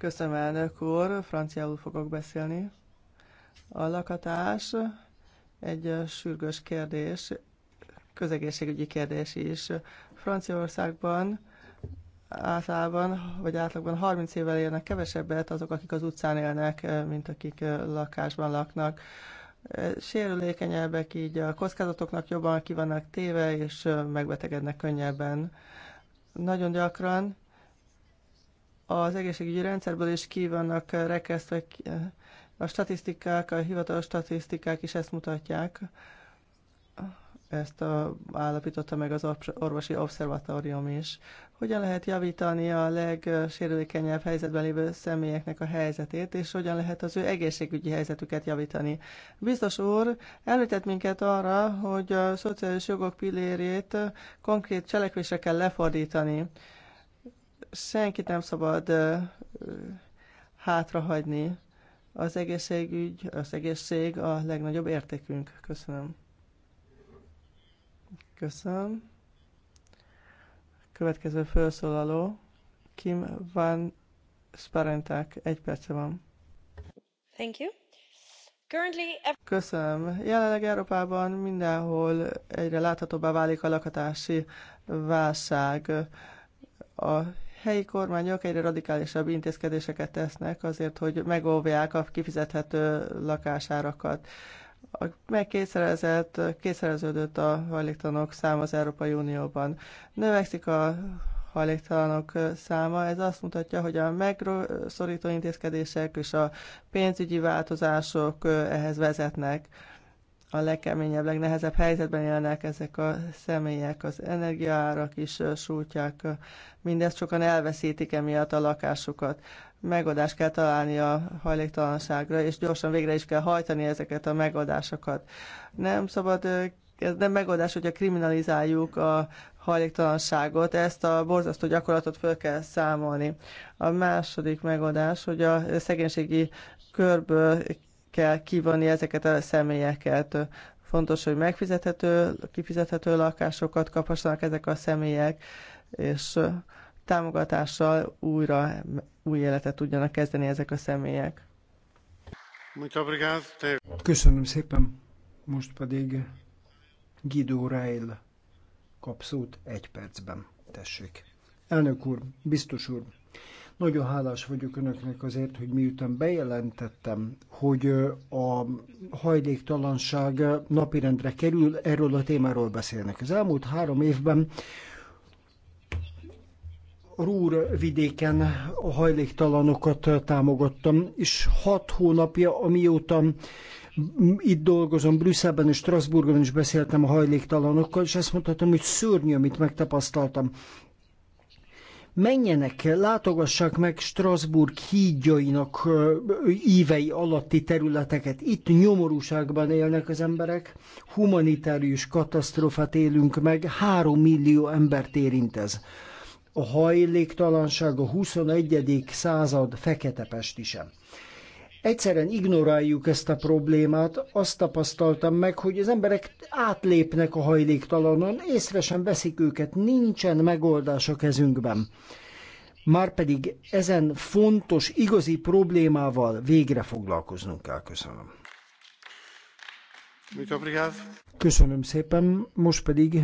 Köszönöm, elnök úr, franciául fogok beszélni. A lakatás egy sürgős kérdés, közegészségügyi kérdés is. Franciaországban általában, vagy átlagban 30 évvel élnek kevesebbet azok, akik az utcán élnek, mint akik lakásban laknak. Sérülékenyebbek, így a kockázatoknak jobban kivannak téve, és megbetegednek könnyebben. Nagyon gyakran az egészségügyi rendszerből is ki vannak rekesztve, a statisztikák, a hivatalos statisztikák is ezt mutatják. Ezt a, állapította meg az orvosi obszervatórium is. Hogyan lehet javítani a legsérülékenyebb helyzetben lévő személyeknek a helyzetét, és hogyan lehet az ő egészségügyi helyzetüket javítani? Biztos úr említett minket arra, hogy a szociális jogok pillérét konkrét cselekvésre kell lefordítani senkit nem szabad hátrahagyni. Az egészségügy, az egészség a legnagyobb értékünk. Köszönöm. Köszönöm. Következő felszólaló, Kim Van Sparenták. Egy perce van. Thank you. Köszönöm. Jelenleg Európában mindenhol egyre láthatóbbá válik a lakatási válság. A helyi kormányok egyre radikálisabb intézkedéseket tesznek azért, hogy megóvják a kifizethető lakásárakat. A megkészerezett, a hajléktalanok száma az Európai Unióban. Növekszik a hajléktalanok száma. Ez azt mutatja, hogy a megszorító intézkedések és a pénzügyi változások ehhez vezetnek a legkeményebb, legnehezebb helyzetben élnek ezek a személyek, az energiaárak is sújtják, mindezt sokan elveszítik emiatt a lakásukat. Megoldást kell találni a hajléktalanságra, és gyorsan végre is kell hajtani ezeket a megoldásokat. Nem szabad ez nem megoldás, hogyha kriminalizáljuk a hajléktalanságot, ezt a borzasztó gyakorlatot föl kell számolni. A második megoldás, hogy a szegénységi körből kell kivonni ezeket a személyeket. Fontos, hogy megfizethető, kifizethető lakásokat kaphassanak ezek a személyek, és támogatással újra új életet tudjanak kezdeni ezek a személyek. Köszönöm szépen. Most pedig Guido Rail kap szót egy percben. Tessék. Elnök úr, biztos úr, nagyon hálás vagyok önöknek azért, hogy miután bejelentettem, hogy a hajléktalanság napirendre kerül, erről a témáról beszélnek. Az elmúlt három évben Rúr vidéken a hajléktalanokat támogattam, és hat hónapja, amióta itt dolgozom, Brüsszelben és Strasbourgban is beszéltem a hajléktalanokkal, és azt mondhatom, hogy szörnyű, amit megtapasztaltam menjenek, látogassák meg Strasbourg hídjainak ívei alatti területeket. Itt nyomorúságban élnek az emberek, humanitárius katasztrofát élünk meg, három millió embert érint ez. A hajléktalanság a 21. század fekete pestise egyszerűen ignoráljuk ezt a problémát, azt tapasztaltam meg, hogy az emberek átlépnek a hajléktalanon, észre sem veszik őket, nincsen megoldás a kezünkben. Márpedig ezen fontos, igazi problémával végre foglalkoznunk kell. Köszönöm. Köszönöm szépen, most pedig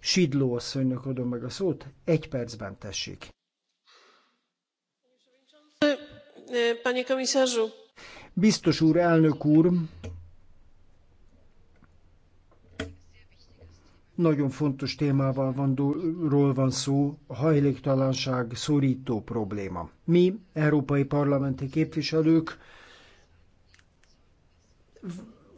Sidló asszonynak adom meg a szót, egy percben tessék. Panie komisarzu. Biztos úr, elnök úr, nagyon fontos témával van, ról van szó, a hajléktalanság szorító probléma. Mi, európai parlamenti képviselők,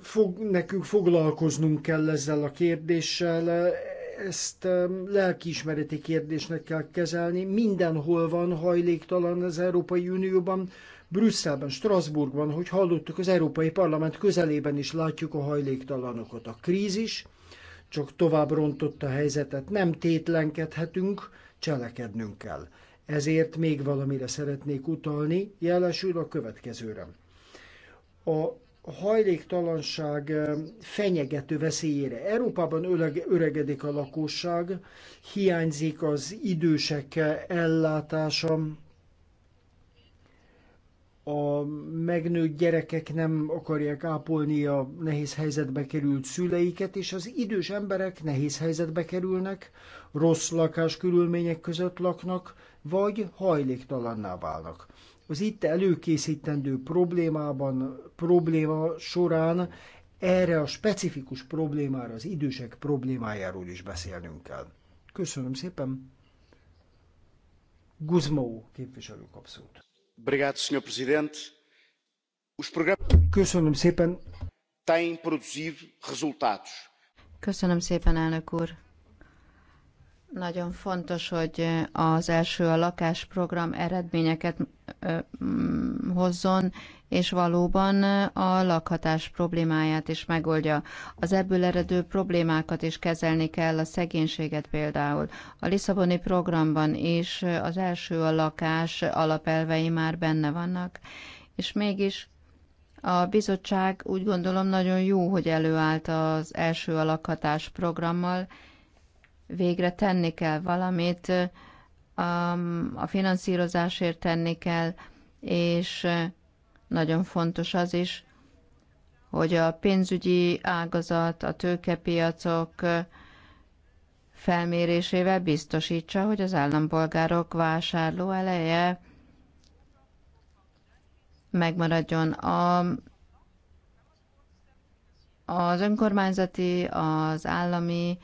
fog, nekünk foglalkoznunk kell ezzel a kérdéssel, ezt lelkiismereti kérdésnek kell kezelni. Mindenhol van hajléktalan az Európai Unióban, Brüsszelben, Strasbourgban, hogy hallottuk, az Európai Parlament közelében is látjuk a hajléktalanokat. A krízis csak tovább rontotta a helyzetet. Nem tétlenkedhetünk, cselekednünk kell. Ezért még valamire szeretnék utalni, jelesül a következőre. A hajléktalanság eh, fenyegető veszélyére. Európában öreg, öregedik a lakosság, hiányzik az idősek eh, ellátása, a megnőtt gyerekek nem akarják ápolni a nehéz helyzetbe került szüleiket, és az idős emberek nehéz helyzetbe kerülnek, rossz körülmények között laknak, vagy hajléktalanná válnak. Az itt előkészítendő problémában, probléma során erre a specifikus problémára, az idősek problémájáról is beszélnünk kell. Köszönöm szépen. Guzmó képviselő kap szót. Köszönöm szépen. Köszönöm szépen, elnök úr. Nagyon fontos, hogy az első a lakásprogram eredményeket hozzon, és valóban a lakhatás problémáját is megoldja. Az ebből eredő problémákat is kezelni kell, a szegénységet például. A Lisszaboni programban is az első a lakás alapelvei már benne vannak, és mégis a bizottság úgy gondolom nagyon jó, hogy előállt az első a lakhatás programmal, végre tenni kell valamit, a finanszírozásért tenni kell, és nagyon fontos az is, hogy a pénzügyi ágazat, a tőkepiacok felmérésével biztosítsa, hogy az állampolgárok vásárló eleje megmaradjon. A, az önkormányzati, az állami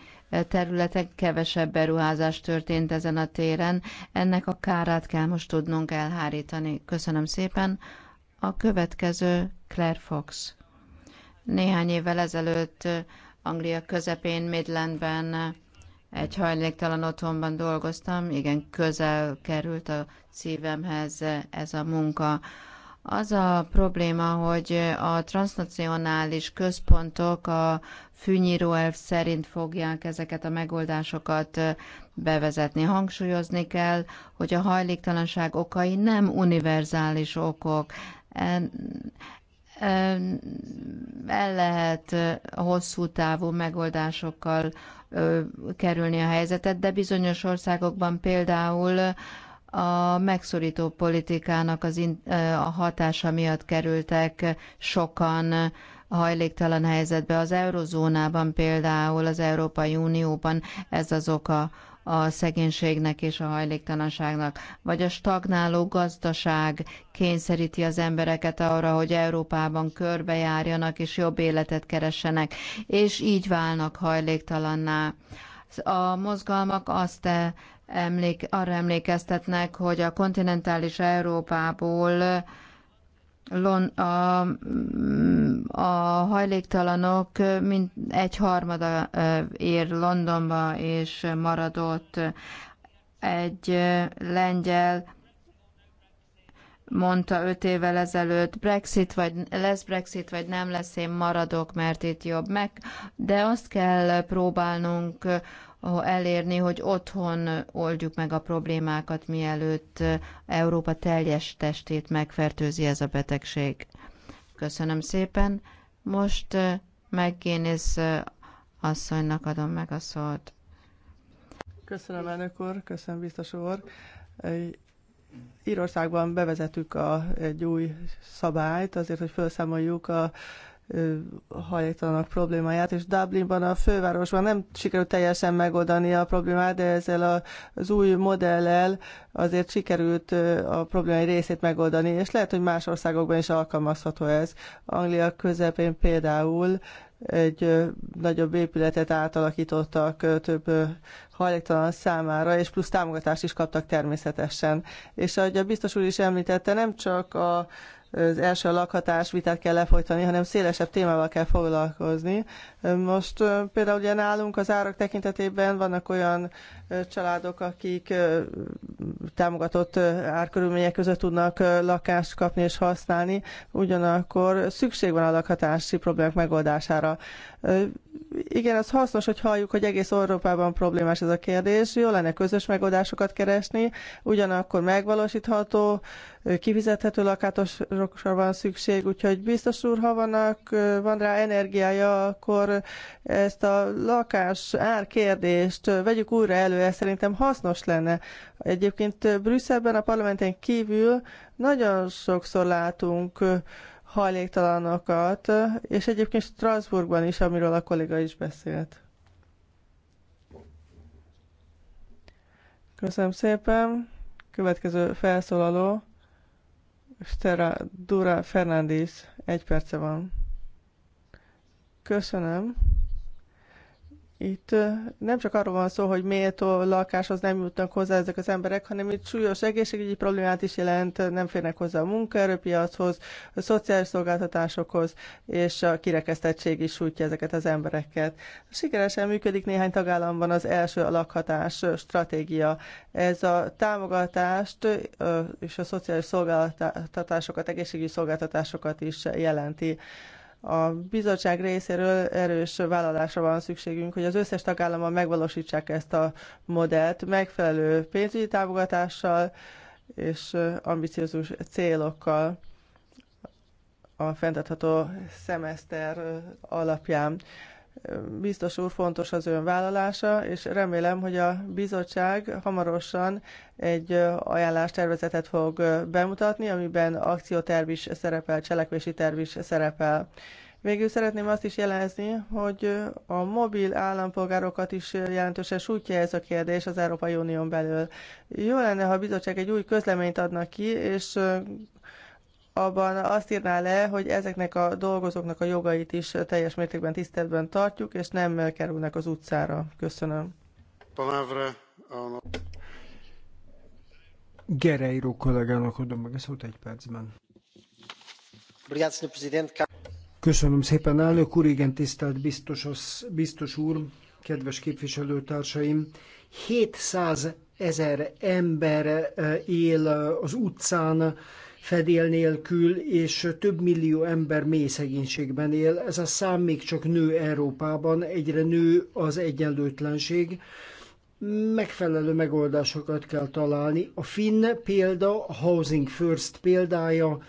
Területek kevesebb beruházás történt ezen a téren. Ennek a kárát kell most tudnunk elhárítani. Köszönöm szépen. A következő Claire Fox. Néhány évvel ezelőtt eh, Anglia közepén, Midlandben eh, egy hajléktalan otthonban dolgoztam, igen, közel került a szívemhez eh, ez a munka. Az a probléma, hogy a transnacionális központok a fűnyíróelv szerint fogják ezeket a megoldásokat bevezetni. Hangsúlyozni kell, hogy a hajléktalanság okai nem univerzális okok. El lehet hosszú távú megoldásokkal kerülni a helyzetet, de bizonyos országokban például a megszorító politikának az in, a hatása miatt kerültek sokan hajléktalan helyzetbe. Az eurozónában például, az Európai Unióban ez az oka a szegénységnek és a hajléktalanságnak, vagy a stagnáló gazdaság kényszeríti az embereket arra, hogy Európában körbejárjanak és jobb életet keressenek, és így válnak hajléktalanná. A mozgalmak azt emlék, arra emlékeztetnek, hogy a kontinentális Európából Lon, a, a hajléktalanok mint egy harmada ér Londonba, és maradott egy lengyel mondta öt évvel ezelőtt, Brexit vagy lesz Brexit, vagy nem lesz, én maradok, mert itt jobb meg. De azt kell próbálnunk, elérni, hogy otthon oldjuk meg a problémákat, mielőtt Európa teljes testét megfertőzi ez a betegség. Köszönöm szépen. Most eh, megkénész eh, asszonynak adom meg a szót. Köszönöm, elnök úr, köszönöm, biztos úr. Írországban bevezetük a, egy új szabályt azért, hogy felszámoljuk a hajléktalanok problémáját, és Dublinban, a fővárosban nem sikerült teljesen megoldani a problémát, de ezzel az új modellel azért sikerült a problémai részét megoldani, és lehet, hogy más országokban is alkalmazható ez. Anglia közepén például egy nagyobb épületet átalakítottak több hajléktalan számára, és plusz támogatást is kaptak természetesen. És ahogy a biztos úr is említette, nem csak a az első lakhatás vitát kell lefolytani, hanem szélesebb témával kell foglalkozni. Most például ugye nálunk az árak tekintetében vannak olyan családok, akik támogatott árkörülmények között tudnak lakást kapni és használni, ugyanakkor szükség van a lakhatási problémák megoldására. Igen, az hasznos, hogy halljuk, hogy egész Európában problémás ez a kérdés. Jó lenne közös megoldásokat keresni, ugyanakkor megvalósítható, kifizethető lakátosokra van szükség, úgyhogy biztos úr, ha vannak, van rá energiája, akkor ezt a lakás árkérdést vegyük újra elő ez szerintem hasznos lenne. Egyébként Brüsszelben a parlamenten kívül nagyon sokszor látunk hajléktalanokat, és egyébként Strasbourgban is, amiről a kolléga is beszélt. Köszönöm szépen. Következő felszólaló, Stera Dura Fernández, egy perce van. Köszönöm. Itt nem csak arról van szó, hogy méltó lakáshoz nem jutnak hozzá ezek az emberek, hanem itt súlyos egészségügyi problémát is jelent, nem férnek hozzá a munkaerőpiachoz, a szociális szolgáltatásokhoz, és a kirekesztettség is sújtja ezeket az embereket. Sikeresen működik néhány tagállamban az első lakhatás stratégia. Ez a támogatást és a szociális szolgáltatásokat, egészségügyi szolgáltatásokat is jelenti. A bizottság részéről erős vállalásra van szükségünk, hogy az összes tagállamban megvalósítsák ezt a modellt megfelelő pénzügyi támogatással és ambiciózus célokkal a fenntartható szemeszter alapján biztos úr, fontos az ön vállalása, és remélem, hogy a bizottság hamarosan egy ajánlás tervezetet fog bemutatni, amiben akcióterv is szerepel, cselekvési terv is szerepel. Végül szeretném azt is jelezni, hogy a mobil állampolgárokat is jelentősen sújtja ez a kérdés az Európai Unión belül. Jó lenne, ha a bizottság egy új közleményt adna ki, és abban azt írná le, hogy ezeknek a dolgozóknak a jogait is teljes mértékben tiszteletben tartjuk, és nem kerülnek az utcára. Köszönöm. Gereiro kollégának adom meg a szót egy percben. Köszönöm szépen, elnök úr, igen, tisztelt biztos, biztos úr, kedves képviselőtársaim. 700 ezer ember eh, él eh, az utcán, fedél nélkül, és több millió ember mély szegénységben él. Ez a szám még csak nő Európában, egyre nő az egyenlőtlenség. Megfelelő megoldásokat kell találni. A finn példa, a Housing First példája,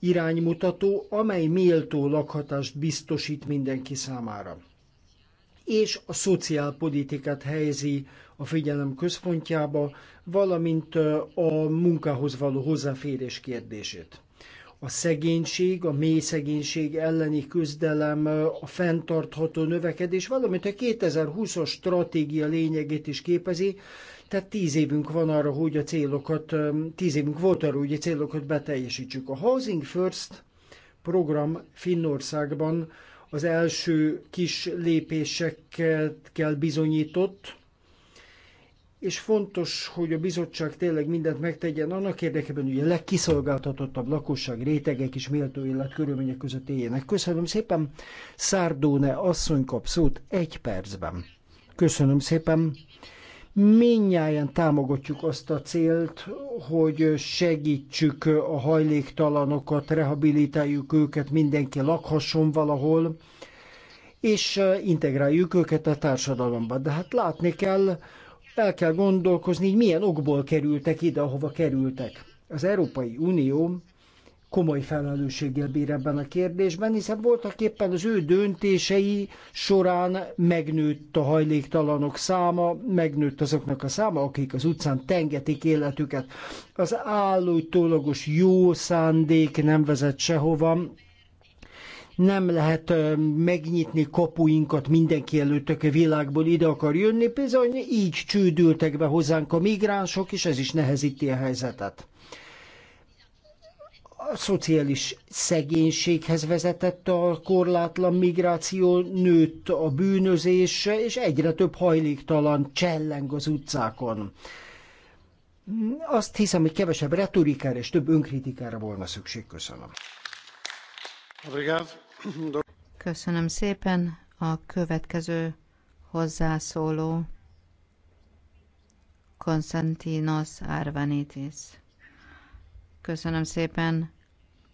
iránymutató, amely méltó lakhatást biztosít mindenki számára. És a szociálpolitikát helyezi a figyelem központjába, valamint a munkához való hozzáférés kérdését. A szegénység, a mély szegénység elleni küzdelem, a fenntartható növekedés, valamint a 2020-as stratégia lényegét is képezi, tehát tíz évünk van arra, hogy a célokat, tíz évünk volt arra, hogy a célokat beteljesítsük. A Housing First program Finnországban az első kis lépésekkel bizonyított, és fontos, hogy a bizottság tényleg mindent megtegyen annak érdekében, hogy a legkiszolgáltatottabb lakosság rétegek is méltó életkörülmények között éljenek. Köszönöm szépen, Szárdóne asszony kap szót egy percben. Köszönöm szépen. Mindnyáján támogatjuk azt a célt, hogy segítsük a hajléktalanokat, rehabilitáljuk őket, mindenki lakhasson valahol, és integráljuk őket a társadalomba. De hát látni kell, el kell gondolkozni, hogy milyen okból kerültek ide, ahova kerültek. Az Európai Unió komoly felelősséggel bír ebben a kérdésben, hiszen voltak éppen az ő döntései során megnőtt a hajléktalanok száma, megnőtt azoknak a száma, akik az utcán tengetik életüket. Az állótólagos jó szándék nem vezet sehova, nem lehet megnyitni kapuinkat mindenki előtt, aki világból ide akar jönni, bizony így csődültek be hozzánk a migránsok, és ez is nehezíti a helyzetet. A szociális szegénységhez vezetett a korlátlan migráció, nőtt a bűnözés, és egyre több hajléktalan cselleng az utcákon. Azt hiszem, hogy kevesebb retorikára és több önkritikára volna szükség. Köszönöm. Obrigado. Köszönöm szépen. A következő hozzászóló Konstantinos Arvanitis. Köszönöm szépen.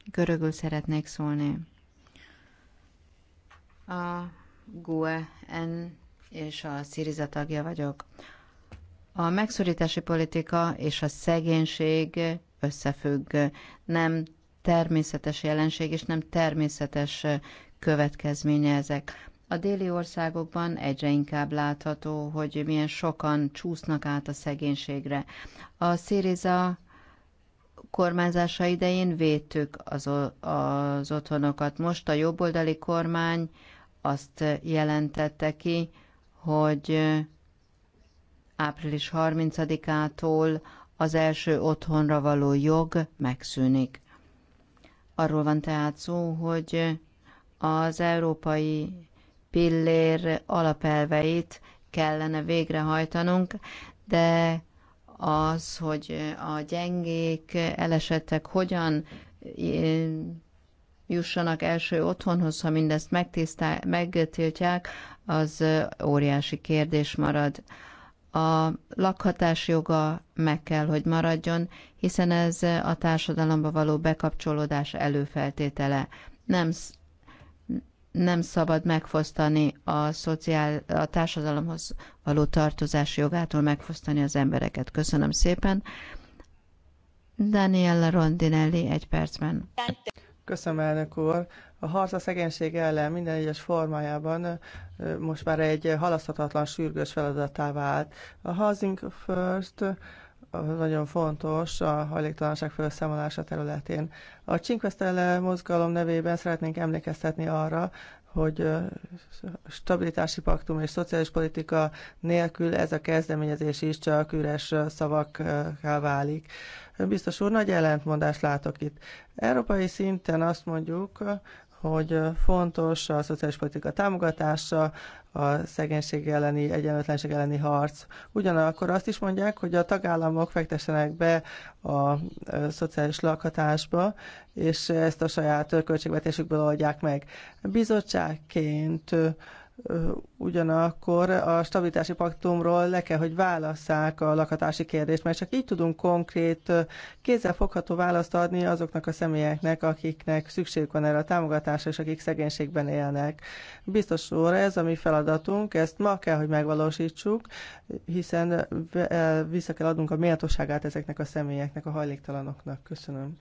Görögül szeretnék szólni. A GUE N és a Sziriza tagja vagyok. A megszorítási politika és a szegénység összefügg. Nem természetes jelenség, és nem természetes következménye ezek. A déli országokban egyre inkább látható, hogy milyen sokan csúsznak át a szegénységre. A Syriza kormányzása idején védtük az, az otthonokat. Most a jobboldali kormány azt jelentette ki, hogy április 30-ától az első otthonra való jog megszűnik. Arról van tehát szó, hogy az európai pillér alapelveit kellene végrehajtanunk, de az, hogy a gyengék, elesettek hogyan jussanak első otthonhoz, ha mindezt megtiltják, az óriási kérdés marad a lakhatás joga meg kell, hogy maradjon, hiszen ez a társadalomba való bekapcsolódás előfeltétele. Nem, nem szabad megfosztani a, szociál, a társadalomhoz való tartozás jogától megfosztani az embereket. Köszönöm szépen. Daniela Rondinelli egy percben. Köszönöm, elnök úr. A harc a szegénység ellen minden egyes formájában most már egy halaszthatatlan, sürgős feladatá vált. A Housing First nagyon fontos a hajléktalanság felszámolása területén. A Csinkvesztele mozgalom nevében szeretnénk emlékeztetni arra, hogy stabilitási paktum és szociális politika nélkül ez a kezdeményezés is csak üres szavakká válik. Biztos úr, nagy ellentmondást látok itt. Európai szinten azt mondjuk, hogy fontos a szociális politika támogatása, a szegénység elleni, egyenlőtlenség elleni harc. Ugyanakkor azt is mondják, hogy a tagállamok fektessenek be a szociális lakhatásba, és ezt a saját költségvetésükből oldják meg. Bizottságként ugyanakkor a stabilitási paktumról le kell, hogy válasszák a lakatási kérdést, mert csak így tudunk konkrét, fogható választ adni azoknak a személyeknek, akiknek szükségük van erre a támogatásra, és akik szegénységben élnek. Biztos úr, ez a mi feladatunk, ezt ma kell, hogy megvalósítsuk, hiszen e, vissza kell adnunk a méltóságát ezeknek a személyeknek, a hajléktalanoknak. Köszönöm.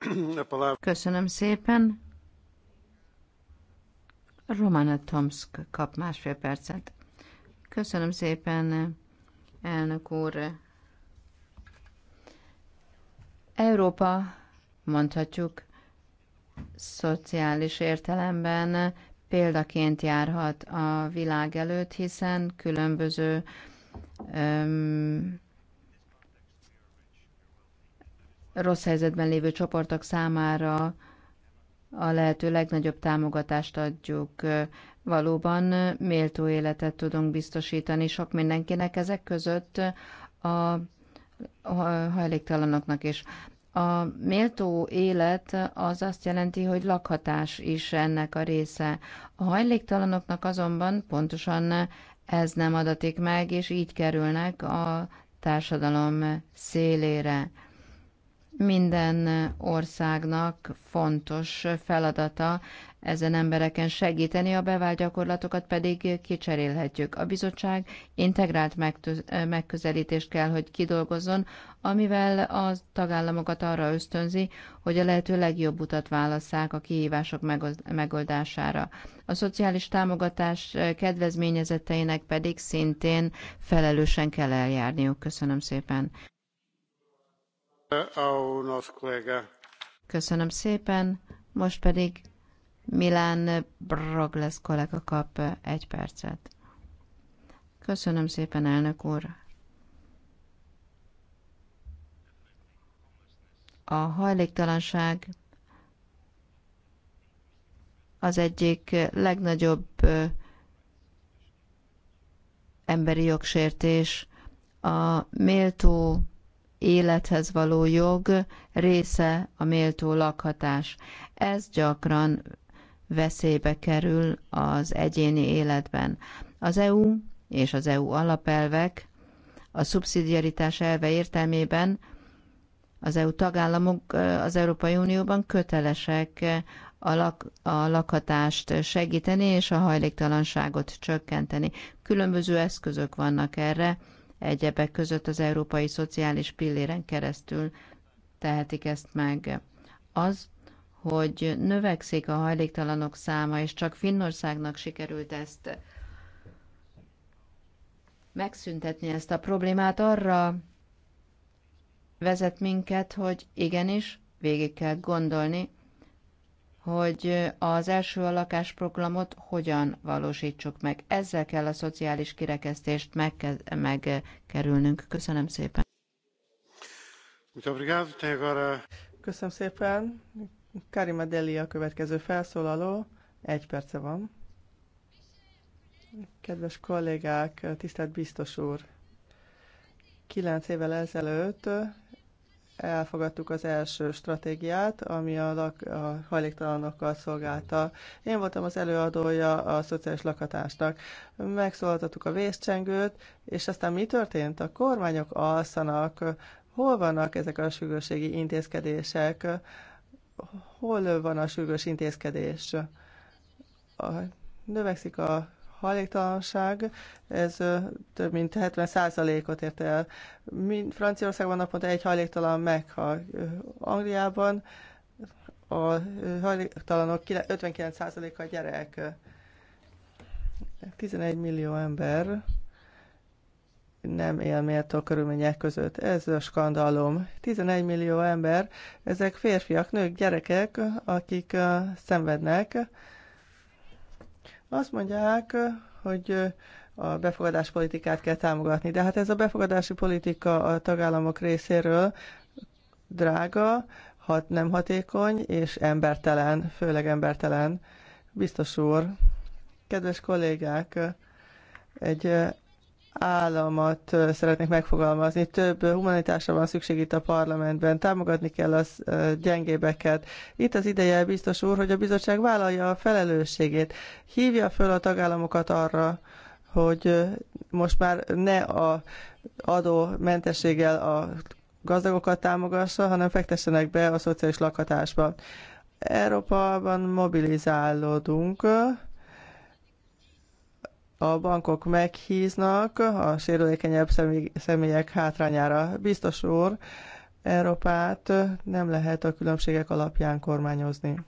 (clears throat) Köszönöm szépen. Romana Tomsk kap másfél percet. Köszönöm szépen, elnök úr. Európa, mondhatjuk, szociális értelemben példaként járhat a világ előtt, hiszen különböző öm, rossz helyzetben lévő csoportok számára a lehető legnagyobb támogatást adjuk. Valóban méltó életet tudunk biztosítani sok mindenkinek, ezek között a hajléktalanoknak is. A méltó élet az azt jelenti, hogy lakhatás is ennek a része. A hajléktalanoknak azonban pontosan ez nem adatik meg, és így kerülnek a társadalom szélére. Minden országnak fontos feladata ezen embereken segíteni, a bevált gyakorlatokat pedig kicserélhetjük. A bizottság integrált megközelítést kell, hogy kidolgozzon, amivel a tagállamokat arra ösztönzi, hogy a lehető legjobb utat válasszák a kihívások megoldására. A szociális támogatás kedvezményezetteinek pedig szintén felelősen kell eljárniuk. Köszönöm szépen. Köszönöm szépen, most pedig Milán Broglesz kollega kap egy percet. Köszönöm szépen, elnök úr. A hajléktalanság az egyik legnagyobb emberi jogsértés, a méltó élethez való jog része a méltó lakhatás. Ez gyakran veszélybe kerül az egyéni életben. Az EU és az EU alapelvek a szubszidiaritás elve értelmében az EU tagállamok az Európai Unióban kötelesek a, lak, a lakhatást segíteni és a hajléktalanságot csökkenteni. Különböző eszközök vannak erre, egyebek között az európai szociális pilléren keresztül tehetik ezt meg. Az, hogy növekszik a hajléktalanok száma, és csak Finnországnak sikerült ezt megszüntetni ezt a problémát, arra vezet minket, hogy igenis végig kell gondolni, hogy az első a lakásprogramot hogyan valósítsuk meg. Ezzel kell a szociális kirekesztést megkerülnünk. Köszönöm szépen. Köszönöm szépen. Karima Deli a következő felszólaló. Egy perce van. Kedves kollégák, tisztelt biztos úr! Kilenc évvel ezelőtt elfogadtuk az első stratégiát, ami a, lak, a hajléktalanokkal szolgálta. Én voltam az előadója a szociális lakhatásnak. Megszólaltattuk a vészcsengőt, és aztán mi történt? A kormányok alszanak, hol vannak ezek a sürgősségi intézkedések, hol van a sürgős intézkedés. A, növekszik a hajléktalanság, ez több mint 70%-ot ért el. Mind Franciaországban naponta egy hajléktalan meghal. Angliában a hajléktalanok 59%-a gyerek. 11 millió ember nem él méltó körülmények között. Ez a skandalom. 11 millió ember, ezek férfiak, nők, gyerekek, akik szenvednek, azt mondják, hogy a politikát kell támogatni, de hát ez a befogadási politika a tagállamok részéről drága, hat, nem hatékony és embertelen, főleg embertelen. Biztos úr, kedves kollégák, egy államat szeretnék megfogalmazni. Több humanitásra van szükség itt a parlamentben, támogatni kell az gyengébeket. Itt az ideje, biztos úr, hogy a bizottság vállalja a felelősségét. Hívja föl a tagállamokat arra, hogy most már ne a adó mentességgel a gazdagokat támogassa, hanem fektessenek be a szociális lakhatásba. Európában mobilizálódunk, a bankok meghíznak a sérülékenyebb személyek hátrányára. Biztos úr, Európát nem lehet a különbségek alapján kormányozni.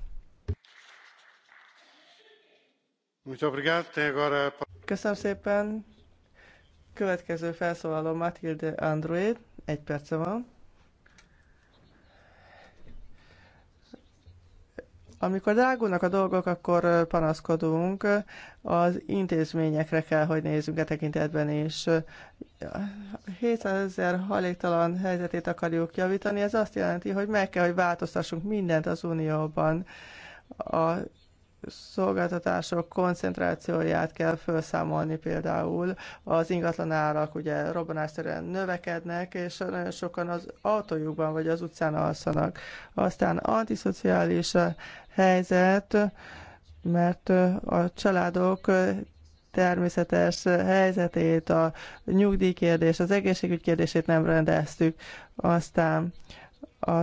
Köszönöm szépen. Következő felszólaló Matilde Andruid. Egy perce van. Amikor drágulnak a dolgok, akkor panaszkodunk, az intézményekre kell, hogy nézzünk a e tekintetben is. 700 ezer hajléktalan helyzetét akarjuk javítani, ez azt jelenti, hogy meg kell, hogy változtassunk mindent az Unióban. A szolgáltatások koncentrációját kell felszámolni például. Az ingatlanárak ugye robbanásszerűen növekednek, és nagyon sokan az autójukban vagy az utcán alszanak. Aztán antiszociális helyzet, mert a családok természetes helyzetét, a nyugdíjkérdés, az egészségügy kérdését nem rendeztük. Aztán a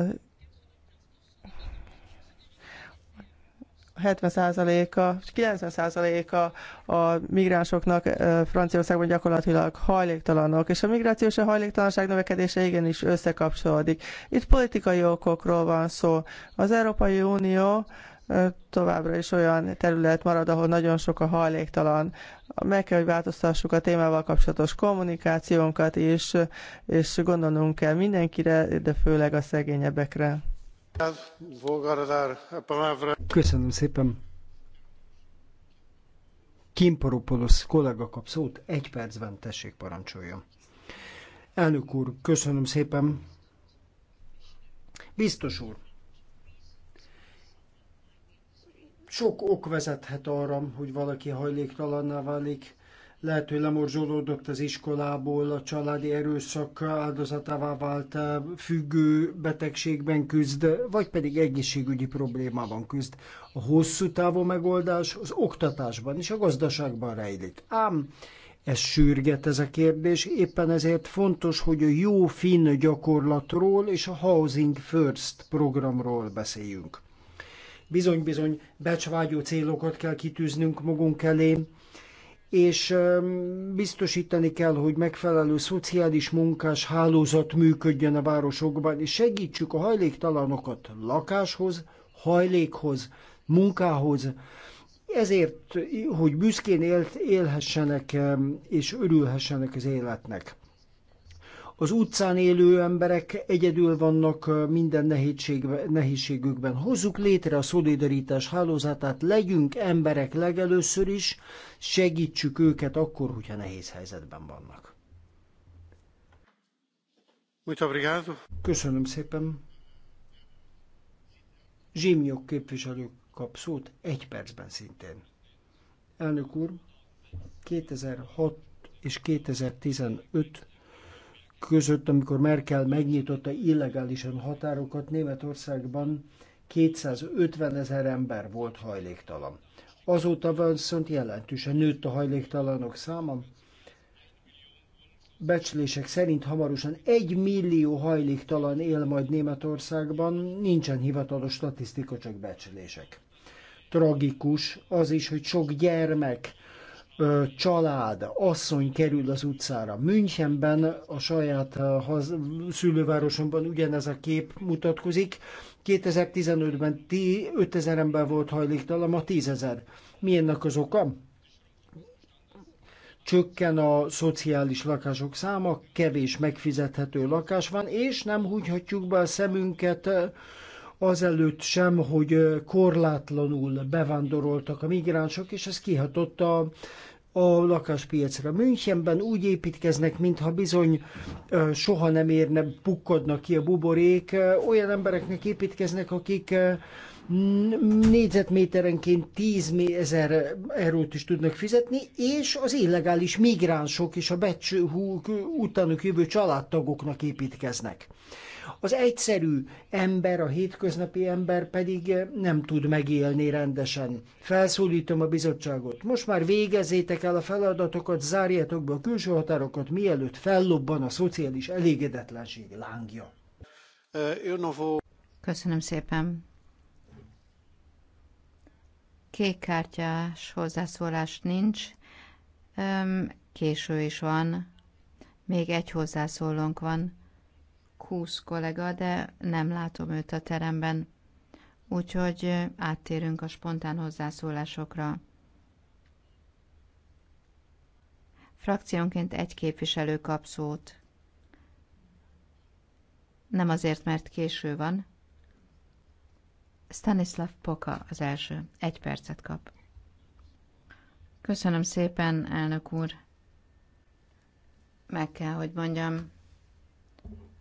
70%-a, 90%-a a migránsoknak Franciaországban gyakorlatilag hajléktalanok, és a migrációs a hajléktalanság növekedése igenis összekapcsolódik. Itt politikai okokról van szó. Az Európai Unió továbbra is olyan terület marad, ahol nagyon sok a hajléktalan. Meg kell, hogy változtassuk a témával kapcsolatos kommunikációnkat is, és gondolnunk kell mindenkire, de főleg a szegényebbekre. Köszönöm szépen. Kimporopoulos kollega kap szót, egy percben tessék parancsoljon. Elnök úr, köszönöm szépen. Biztos úr, sok ok vezethet arra, hogy valaki hajléktalanná válik, lehet, hogy lemorzsolódott az iskolából, a családi erőszak áldozatává vált, eh, függő betegségben küzd, vagy pedig egészségügyi problémában küzd. A hosszú távú megoldás az oktatásban és a gazdaságban rejlik. Ám ez sürget ez a kérdés, éppen ezért fontos, hogy a jó finn gyakorlatról és a Housing First programról beszéljünk. Bizony-bizony becsvágyó célokat kell kitűznünk magunk elé, és biztosítani kell, hogy megfelelő szociális munkás hálózat működjön a városokban, és segítsük a hajléktalanokat lakáshoz, hajlékhoz, munkához, ezért, hogy büszkén élt, élhessenek és örülhessenek az életnek. Az utcán élő emberek egyedül vannak minden nehézség, nehézségükben. Hozzuk létre a szolidaritás hálózatát, legyünk emberek legelőször is, segítsük őket akkor, hogyha nehéz helyzetben vannak. Muito obrigado. Köszönöm szépen. Zsimnyok képviselő kap szót egy percben szintén. Elnök úr, 2006 és 2015 között, amikor Merkel megnyitotta illegálisan határokat, Németországban 250 ezer ember volt hajléktalan. Azóta viszont jelentősen nőtt a hajléktalanok száma. Becslések szerint hamarosan egy millió hajléktalan él majd Németországban, nincsen hivatalos statisztika, csak becslések. Tragikus az is, hogy sok gyermek család, asszony kerül az utcára. Münchenben, a saját haz, szülővárosomban ugyanez a kép mutatkozik. 2015-ben 5000 ember volt hajléktalan, ma 10 ezer. Mi ennek az oka? Csökken a szociális lakások száma, kevés megfizethető lakás van, és nem húgyhatjuk be a szemünket azelőtt sem, hogy korlátlanul bevándoroltak a migránsok, és ez kihatott a, a lakáspiacra. Münchenben úgy építkeznek, mintha bizony soha nem érne, pukkodnak ki a buborék. Olyan embereknek építkeznek, akik négyzetméterenként 10 ezer eurót is tudnak fizetni, és az illegális migránsok és a becs utánuk jövő családtagoknak építkeznek. Az egyszerű ember, a hétköznapi ember pedig nem tud megélni rendesen. Felszólítom a bizottságot, most már végezzétek el a feladatokat, zárjátok be a külső határokat, mielőtt fellobban a szociális elégedetlenség lángja. Köszönöm szépen. kártyás hozzászólás nincs. Késő is van. Még egy hozzászólónk van húsz kollega, de nem látom őt a teremben. Úgyhogy áttérünk a spontán hozzászólásokra. Frakciónként egy képviselő kap szót. Nem azért, mert késő van. Stanislav Poka az első. Egy percet kap. Köszönöm szépen, elnök úr. Meg kell, hogy mondjam,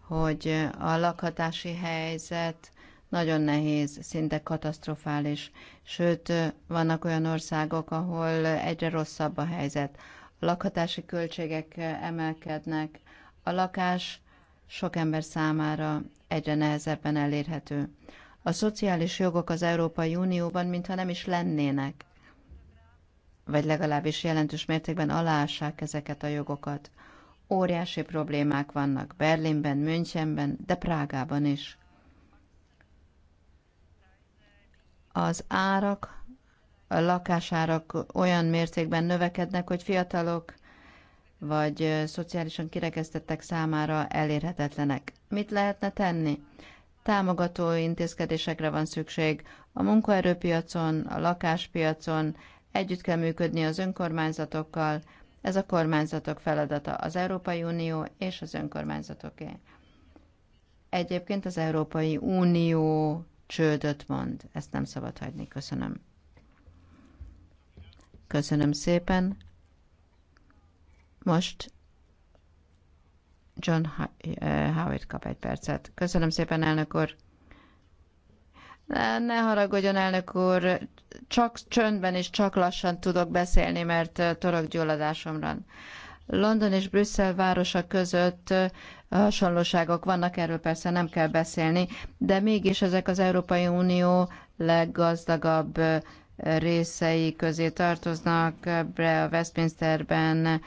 hogy a lakhatási helyzet nagyon nehéz, szinte katasztrofális. Sőt, vannak olyan országok, ahol egyre rosszabb a helyzet. A lakhatási költségek emelkednek, a lakás sok ember számára egyre nehezebben elérhető. A szociális jogok az Európai Unióban mintha nem is lennének, vagy legalábbis jelentős mértékben aláássák ezeket a jogokat. Óriási problémák vannak Berlinben, Münchenben, de Prágában is. Az árak, a lakásárak olyan mértékben növekednek, hogy fiatalok vagy szociálisan kirekesztettek számára elérhetetlenek. Mit lehetne tenni? Támogató intézkedésekre van szükség a munkaerőpiacon, a lakáspiacon, együtt kell működni az önkormányzatokkal, ez a kormányzatok feladata, az Európai Unió és az önkormányzatoké. Egyébként az Európai Unió csődöt mond. Ezt nem szabad hagyni. Köszönöm. Köszönöm szépen. Most John eh, Howard kap egy percet. Köszönöm szépen, elnök úr. Ne haragudjon, elnök úr, csak csöndben és csak lassan tudok beszélni, mert torokgyulladásomra. London és Brüsszel városa között hasonlóságok vannak, erről persze nem kell beszélni, de mégis ezek az Európai Unió leggazdagabb részei közé tartoznak, Bre a Westminsterben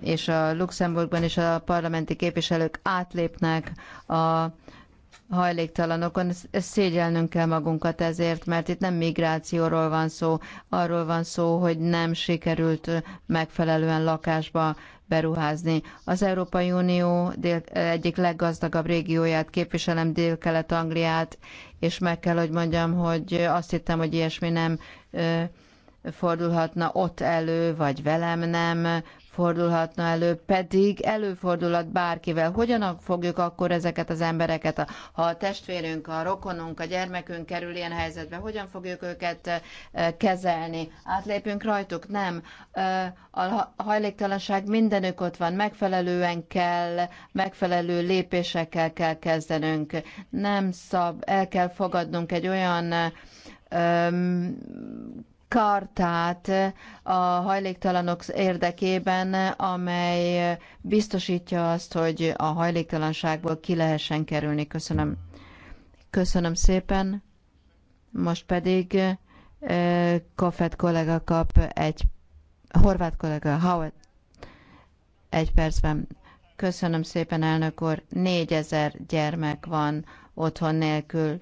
és a Luxemburgban is a parlamenti képviselők átlépnek a hajléktalanokon. Szégyelnünk kell magunkat ezért, mert itt nem migrációról van szó, arról van szó, hogy nem sikerült megfelelően lakásba beruházni. Az Európai Unió dél, egyik leggazdagabb régióját képviselem, Dél-Kelet-Angliát, és meg kell, hogy mondjam, hogy azt hittem, hogy ilyesmi nem fordulhatna ott elő, vagy velem nem fordulhatna elő, pedig előfordulhat bárkivel. Hogyan fogjuk akkor ezeket az embereket, ha a testvérünk, a rokonunk, a gyermekünk kerül ilyen helyzetbe, hogyan fogjuk őket e, kezelni? Átlépünk rajtuk? Nem. E, a hajléktalanság mindenük ott van, megfelelően kell, megfelelő lépésekkel kell kezdenünk. Nem szab, el kell fogadnunk egy olyan e, kartát a hajléktalanok érdekében, amely biztosítja azt, hogy a hajléktalanságból ki lehessen kerülni. Köszönöm. Köszönöm szépen. Most pedig eh, Kofet kollega kap egy, horvát kollega Howard egy percben. Köszönöm szépen, elnök úr. Négyezer gyermek van otthon nélkül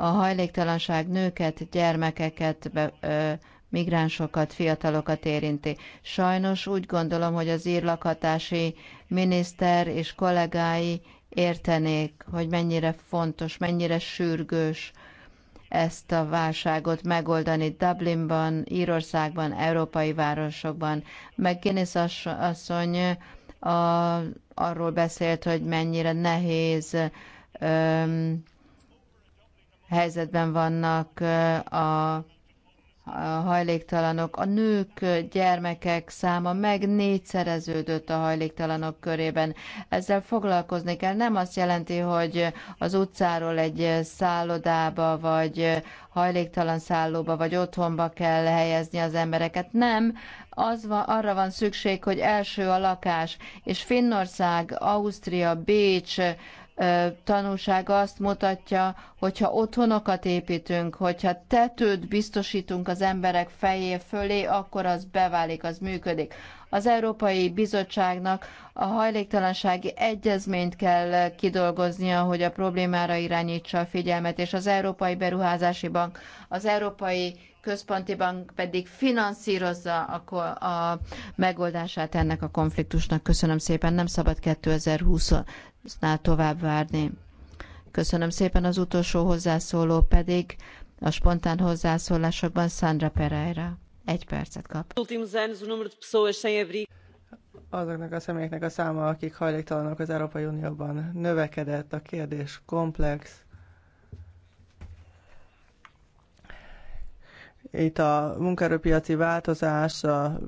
a hajléktalanság nőket, gyermekeket, be, ö, migránsokat, fiatalokat érinti. Sajnos úgy gondolom, hogy az írlakhatási miniszter és kollégái értenék, hogy mennyire fontos, mennyire sürgős ezt a válságot megoldani Dublinban, Írországban, európai városokban. Meg Guinness asszony a, arról beszélt, hogy mennyire nehéz öm, helyzetben vannak a, hajléktalanok. A nők, gyermekek száma meg négyszereződött a hajléktalanok körében. Ezzel foglalkozni kell. Nem azt jelenti, hogy az utcáról egy szállodába, vagy hajléktalan szállóba, vagy otthonba kell helyezni az embereket. Nem, az van, arra van szükség, hogy első a lakás, és Finnország, Ausztria, Bécs, tanulsága azt mutatja, hogyha otthonokat építünk, hogyha tetőt biztosítunk az emberek fejé fölé, akkor az beválik, az működik. Az Európai Bizottságnak a hajléktalansági egyezményt kell kidolgoznia, hogy a problémára irányítsa a figyelmet, és az Európai Beruházási Bank, az Európai Központi Bank pedig finanszírozza a, a megoldását ennek a konfliktusnak. Köszönöm szépen, nem szabad 2020 nál tovább várni. Köszönöm szépen az utolsó hozzászóló pedig a spontán hozzászólásokban Sandra Pereira. Egy percet kap. Azoknak a személyeknek a száma, akik hajléktalanok az Európai Unióban növekedett, a kérdés komplex. Itt a munkaerőpiaci változás, a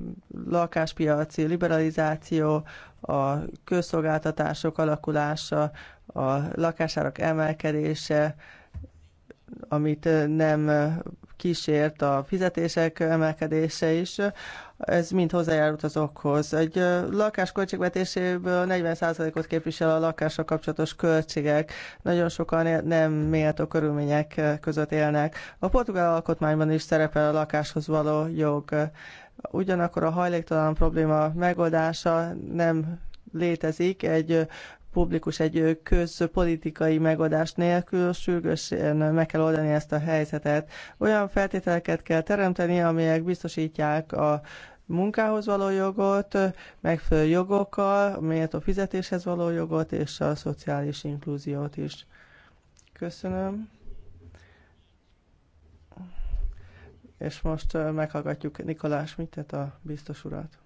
lakáspiaci liberalizáció, a közszolgáltatások alakulása, a lakásárak emelkedése, amit nem kísért a fizetések emelkedése is, ez mind hozzájárult az okhoz. Egy lakás költségvetéséből 40%-ot képvisel a lakással kapcsolatos költségek. Nagyon sokan nem méltó körülmények között élnek. A portugál alkotmányban is szerepel a lakáshoz való jog. Ugyanakkor a hajléktalan probléma megoldása nem létezik egy publikus, egy közpolitikai megoldás nélkül sürgősen meg kell oldani ezt a helyzetet. Olyan feltételeket kell teremteni, amelyek biztosítják a munkához való jogot, megfelelő jogokkal, a fizetéshez való jogot és a szociális inkluziót is. Köszönöm. És most meghallgatjuk Nikolás Mittet, a biztos urat.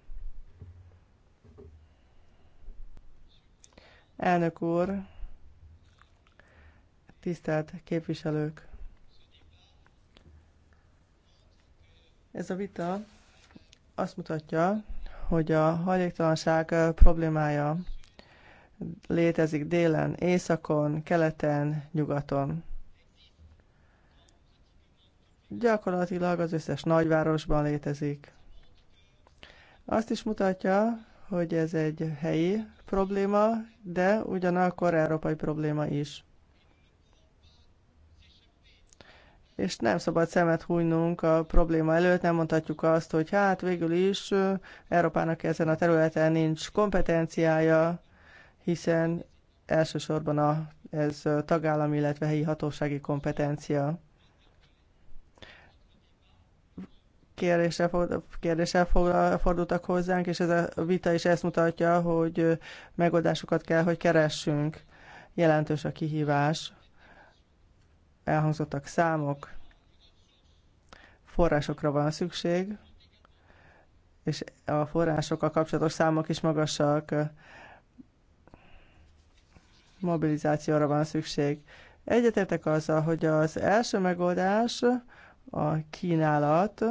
Elnök úr, tisztelt képviselők! Ez a vita azt mutatja, hogy a hajléktalanság problémája létezik délen, északon, keleten, nyugaton gyakorlatilag az összes nagyvárosban létezik. Azt is mutatja, hogy ez egy helyi probléma, de ugyanakkor európai probléma is. És nem szabad szemet hújnunk a probléma előtt, nem mondhatjuk azt, hogy hát végül is Európának ezen a területen nincs kompetenciája, hiszen elsősorban a, ez tagállami, illetve helyi hatósági kompetencia. kérdéssel, kérdéssel fordultak hozzánk, és ez a vita is ezt mutatja, hogy megoldásokat kell, hogy keressünk. Jelentős a kihívás, elhangzottak számok, forrásokra van szükség, és a forrásokkal kapcsolatos számok is magasak, mobilizációra van szükség. Egyetértek azzal, hogy az első megoldás a kínálat,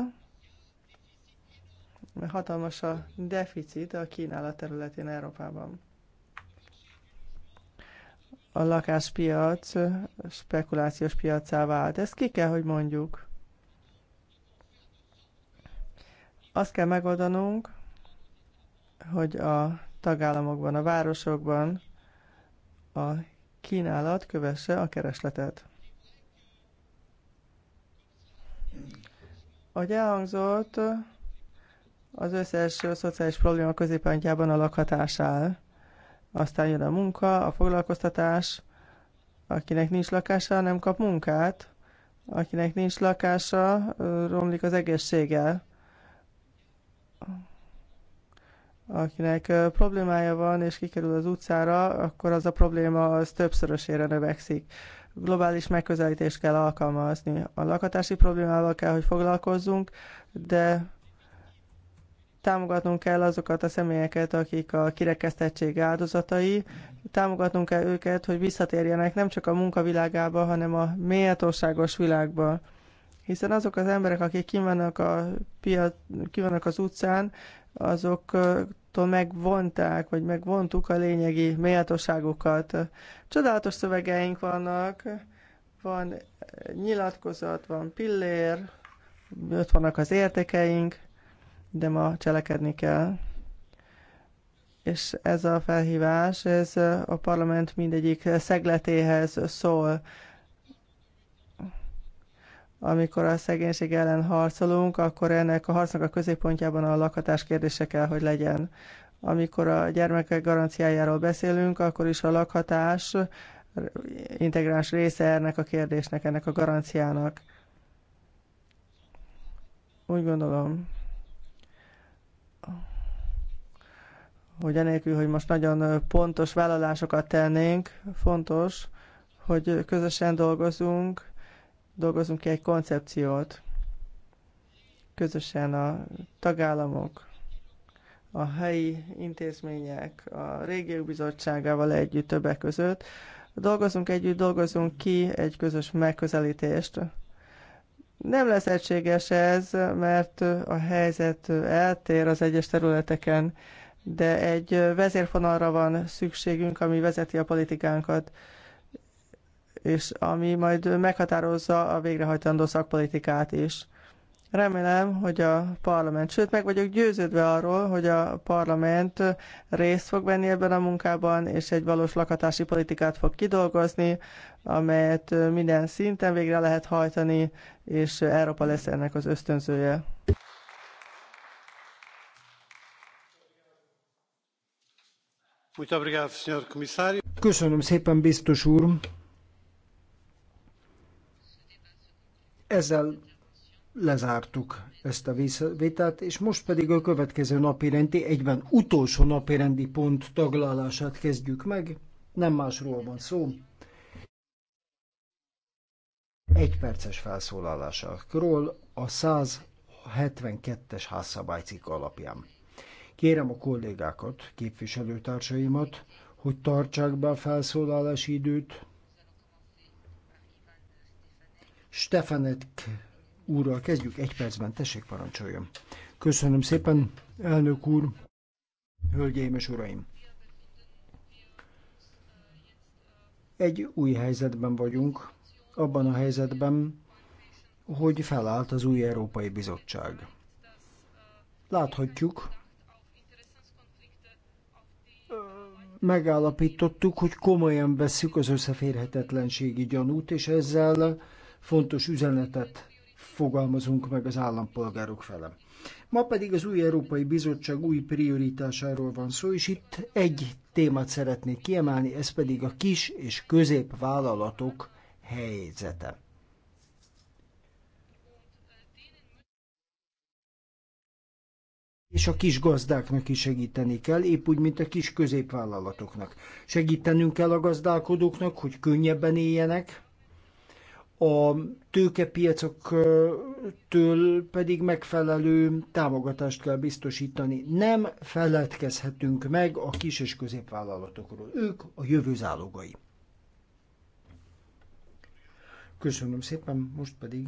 mert hatalmas a deficit a kínálat területén Európában. A lakáspiac spekulációs piacá vált. Ezt ki kell, hogy mondjuk. Azt kell megoldanunk, hogy a tagállamokban, a városokban a kínálat kövesse a keresletet. Ahogy elhangzott, az összes szociális probléma középpontjában a lakhatás áll. Aztán jön a munka, a foglalkoztatás. Akinek nincs lakása, nem kap munkát. Akinek nincs lakása, romlik az egészsége. Akinek problémája van és kikerül az utcára, akkor az a probléma az többszörösére növekszik globális megközelítést kell alkalmazni. A lakhatási problémával kell, hogy foglalkozzunk, de támogatnunk kell azokat a személyeket, akik a kirekesztettség áldozatai, támogatnunk kell őket, hogy visszatérjenek nem csak a munkavilágába, hanem a méltóságos világba. Hiszen azok az emberek, akik kivannak, a piac, kivannak az utcán, azok megvonták, vagy megvontuk a lényegi méltóságukat. Csodálatos szövegeink vannak, van nyilatkozat, van pillér, ott vannak az értékeink, de ma cselekedni kell. És ez a felhívás, ez a parlament mindegyik szegletéhez szól. Amikor a szegénység ellen harcolunk, akkor ennek a harcnak a középpontjában a lakhatás kérdése kell, hogy legyen. Amikor a gyermekek garanciájáról beszélünk, akkor is a lakhatás integráns része ennek a kérdésnek, ennek a garanciának. Úgy gondolom hogy enélkül, hogy most nagyon pontos vállalásokat tennénk, fontos, hogy közösen dolgozunk, dolgozunk ki egy koncepciót. Közösen a tagállamok, a helyi intézmények, a régiók bizottságával együtt többek között. Dolgozunk együtt, dolgozunk ki egy közös megközelítést. Nem lesz egységes ez, mert a helyzet eltér az egyes területeken de egy vezérfonalra van szükségünk, ami vezeti a politikánkat, és ami majd meghatározza a végrehajtandó szakpolitikát is. Remélem, hogy a parlament, sőt meg vagyok győződve arról, hogy a parlament részt fog venni ebben a munkában, és egy valós lakatási politikát fog kidolgozni, amelyet minden szinten végre lehet hajtani, és Európa lesz ennek az ösztönzője. Köszönöm szépen, biztos úr. Ezzel lezártuk ezt a vitát, és most pedig a következő napirendi, egyben utolsó napirendi pont taglalását kezdjük meg. Nem másról van szó. Egy perces felszólalásakról a 172-es házszabálycikk alapján. Kérem a kollégákat, képviselőtársaimat, hogy tartsák be a felszólalási időt. Stefanek úrral kezdjük, egy percben, tessék parancsoljon. Köszönöm szépen, elnök úr, hölgyeim és uraim! Egy új helyzetben vagyunk, abban a helyzetben, hogy felállt az új Európai Bizottság. Láthatjuk, megállapítottuk, hogy komolyan vesszük az összeférhetetlenségi gyanút, és ezzel fontos üzenetet fogalmazunk meg az állampolgárok felem. Ma pedig az új Európai Bizottság új prioritásáról van szó, és itt egy témát szeretnék kiemelni, ez pedig a kis és középvállalatok helyzete. és a kis gazdáknak is segíteni kell, épp úgy, mint a kis középvállalatoknak. Segítenünk kell a gazdálkodóknak, hogy könnyebben éljenek, a tőkepiacoktól pedig megfelelő támogatást kell biztosítani. Nem feledkezhetünk meg a kis és középvállalatokról. Ők a jövő zálogai. Köszönöm szépen, most pedig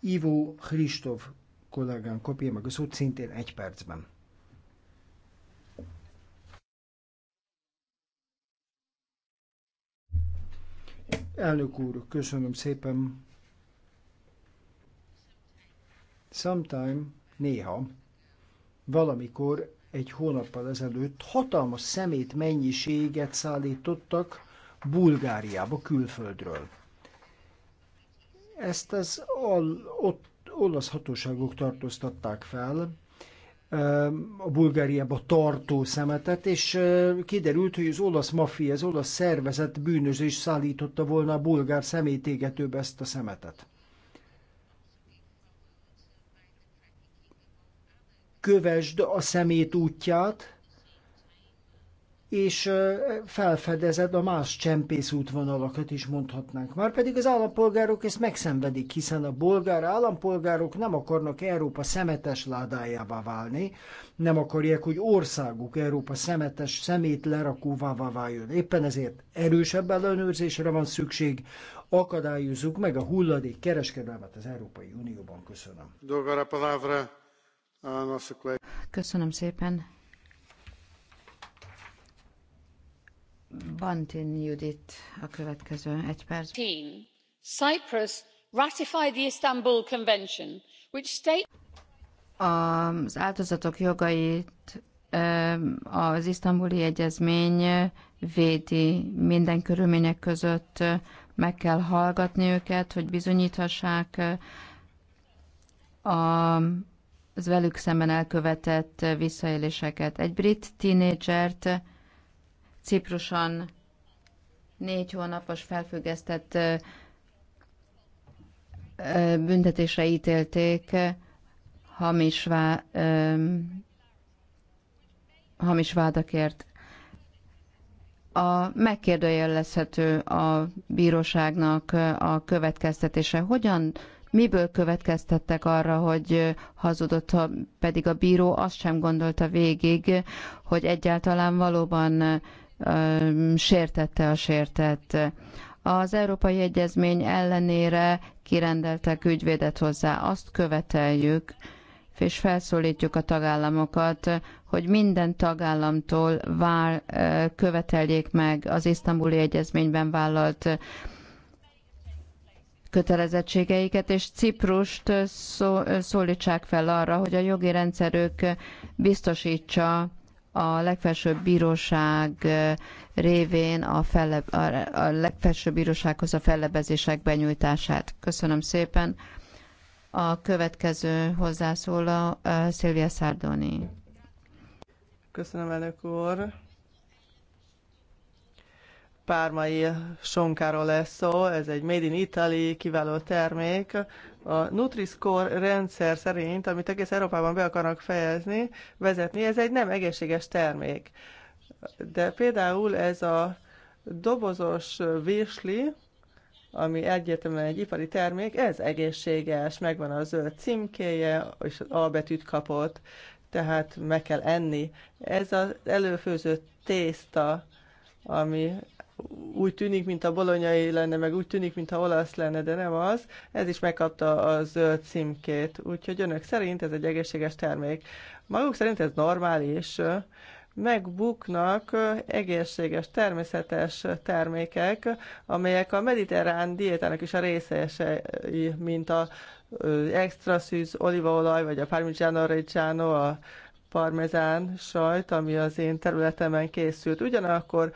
Ivo Kristóf kollégán kopja meg a út szintén egy percben. Elnök úr, köszönöm szépen. Sometime, néha, valamikor egy hónappal ezelőtt hatalmas szemét mennyiséget szállítottak Bulgáriába külföldről. Ezt az ott olasz hatóságok tartóztatták fel a Bulgáriába tartó szemetet, és kiderült, hogy az olasz maffia, az olasz szervezet is szállította volna a bulgár szemétégetőbe ezt a szemetet. Kövesd a szemét útját, és felfedezed a más csempész útvonalakat is mondhatnánk. Márpedig az állampolgárok ezt megszenvedik, hiszen a bolgár állampolgárok nem akarnak Európa szemetes ládájává válni, nem akarják, hogy országuk Európa szemetes, szemét lerakóvává váljon. Éppen ezért erősebb ellenőrzésre van szükség, akadályozzuk meg a hulladék kereskedelmet az Európai Unióban. Köszönöm. Köszönöm szépen. Bantin Judit a következő egy perc. Cyprus ratified the Istanbul Convention, which state... Az áldozatok jogait az isztambuli egyezmény védi minden körülmények között, meg kell hallgatni őket, hogy bizonyíthassák az velük szemben elkövetett visszaéléseket. Egy brit tínédzsert Cipruson négy hónapos felfüggesztett büntetésre ítélték hamis, vá, hamis vádakért. A megkérdőjelezhető a bíróságnak a következtetése. Hogyan miből következtettek arra, hogy hazudott, ha pedig a bíró azt sem gondolta végig, hogy egyáltalán valóban sértette a sértett. Az Európai Egyezmény ellenére kirendeltek ügyvédet hozzá. Azt követeljük, és felszólítjuk a tagállamokat, hogy minden tagállamtól vár, követeljék meg az isztambuli egyezményben vállalt kötelezettségeiket, és Ciprust szó, szólítsák fel arra, hogy a jogi rendszerük biztosítsa a legfelsőbb bíróság révén a, felle, a legfelsőbb bírósághoz a fellebezések benyújtását. Köszönöm szépen. A következő hozzászóló Szilvia Szárdoni. Köszönöm, elnök úr pármai sonkáról lesz szó, ez egy Made in Italy kiváló termék. A Nutri-Score rendszer szerint, amit egész Európában be akarnak fejezni, vezetni, ez egy nem egészséges termék. De például ez a dobozos virsli, ami egyértelműen egy ipari termék, ez egészséges, megvan a zöld címkéje, és az A betűt kapott, tehát meg kell enni. Ez az előfőzött tészta, ami úgy tűnik, mint a bolonyai lenne, meg úgy tűnik, mint a olasz lenne, de nem az. Ez is megkapta a zöld címkét. Úgyhogy önök szerint ez egy egészséges termék. Maguk szerint ez normális. Megbuknak egészséges, természetes termékek, amelyek a mediterrán diétának is a részesei, mint a extra szűz olívaolaj, vagy a parmigiano reggiano, a parmezán sajt, ami az én területemen készült. Ugyanakkor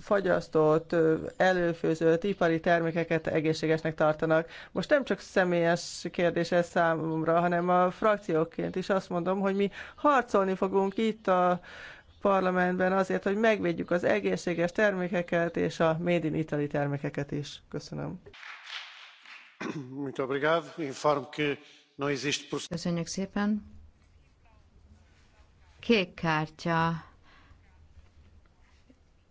fagyasztott, előfőzött ipari termékeket egészségesnek tartanak. Most nem csak személyes kérdés ez számomra, hanem a frakcióként is azt mondom, hogy mi harcolni fogunk itt a parlamentben azért, hogy megvédjük az egészséges termékeket és a Made in Italy termékeket is. Köszönöm. Köszönjük szépen. Kék kártya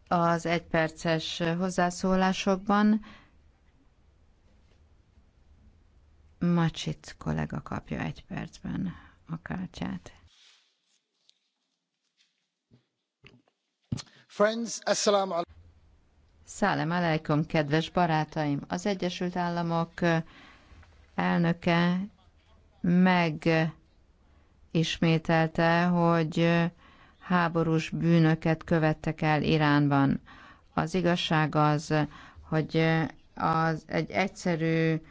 az egyperces hozzászólásokban. Macsit kollega kapja egy percben a kártyát. Friends, assalamu alaikum. Szálem aleikum, kedves barátaim! Az Egyesült Államok elnöke meg ismételte, hogy háborús bűnöket követtek el Iránban. Az igazság az, hogy az egy egyszerű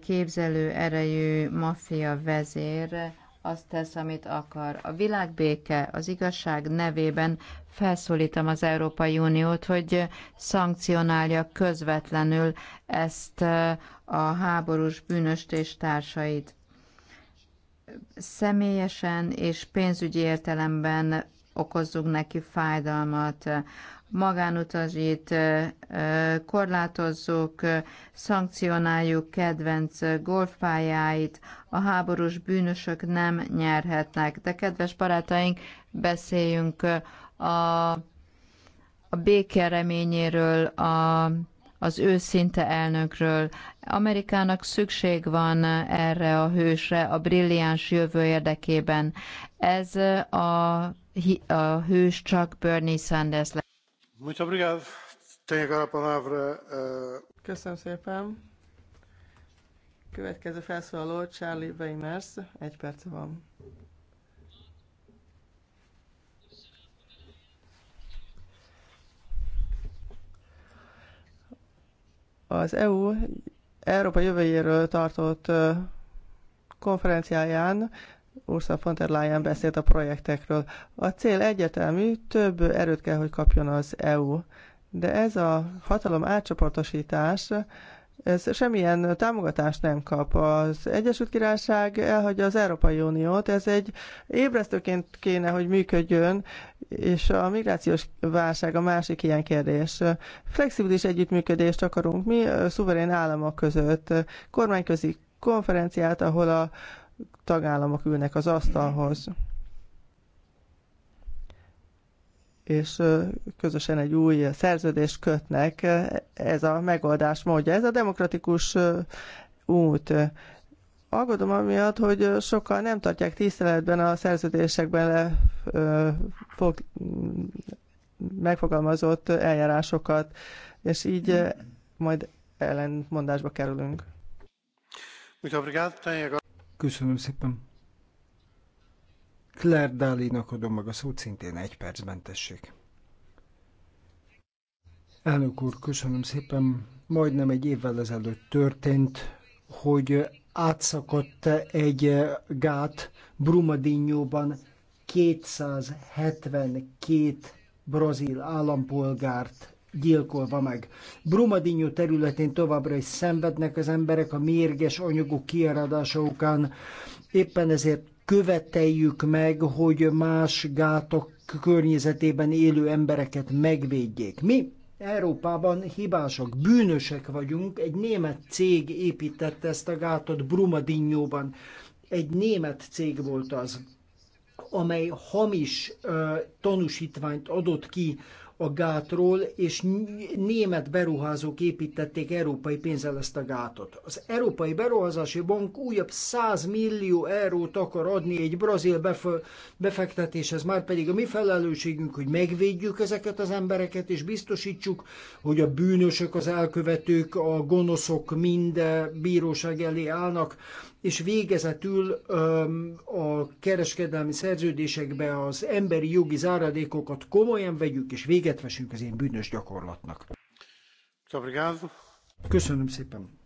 képzelő erejű maffia vezér azt tesz, amit akar. A világbéke az igazság nevében felszólítom az Európai Uniót, hogy szankcionálja közvetlenül ezt a háborús bűnöst és társait személyesen és pénzügyi értelemben okozzunk neki fájdalmat, magánutazít, korlátozzuk, szankcionáljuk kedvenc golfpályáit, a háborús bűnösök nem nyerhetnek. De kedves barátaink, beszéljünk a, a béke reményéről, a az őszinte elnökről. Amerikának szükség van erre a hősre, a brilliáns jövő érdekében. Ez a, a hős csak Bernie Sanders lesz. Muito obrigado. Tenho agora a palavra. Eh, Köszönöm szépen. Következő felszólaló Charlie Weimers, egy perc van. Az EU Európa jövőjéről tartott konferenciáján Ursula von der Leyen beszélt a projektekről. A cél egyetemű, több erőt kell, hogy kapjon az EU. De ez a hatalom átcsoportosítás, ez semmilyen támogatást nem kap. Az Egyesült Királyság elhagyja az Európai Uniót, ez egy ébresztőként kéne, hogy működjön, és a migrációs válság a másik ilyen kérdés. Flexibilis együttműködést akarunk mi szuverén államok között. Kormányközi konferenciát, ahol a tagállamok ülnek az asztalhoz. és közösen egy új szerződést kötnek. Ez a megoldás módja, ez a demokratikus út aggódom amiatt, hogy sokan nem tartják tiszteletben a szerződésekben le, ö, fog, megfogalmazott eljárásokat, és így majd ellentmondásba kerülünk. Köszönöm szépen. Claire Dálinak adom meg a szót, szintén egy percben tessék. Elnök úr, köszönöm szépen. Majdnem egy évvel ezelőtt történt, hogy átszakadt egy eh, gát Brumadinhóban 272 brazil állampolgárt gyilkolva meg. Brumadinho területén továbbra is szenvednek az emberek a mérges anyagok kiáradása okán. Éppen ezért követeljük meg, hogy más gátok környezetében élő embereket megvédjék. Mi Európában hibásak, bűnösek vagyunk. Egy német cég építette ezt a gátot Brumadinnyóban. Egy német cég volt az, amely hamis uh, tanúsítványt adott ki a gátról, és német beruházók építették európai pénzzel ezt a gátot. Az Európai Beruházási Bank újabb 100 millió eurót akar adni egy brazil befektetéshez, már pedig a mi felelősségünk, hogy megvédjük ezeket az embereket, és biztosítsuk, hogy a bűnösök, az elkövetők, a gonoszok mind eh, bíróság elé állnak és végezetül a kereskedelmi szerződésekbe az emberi jogi záradékokat komolyan vegyük, és véget vessünk az én bűnös gyakorlatnak. Köszönöm szépen.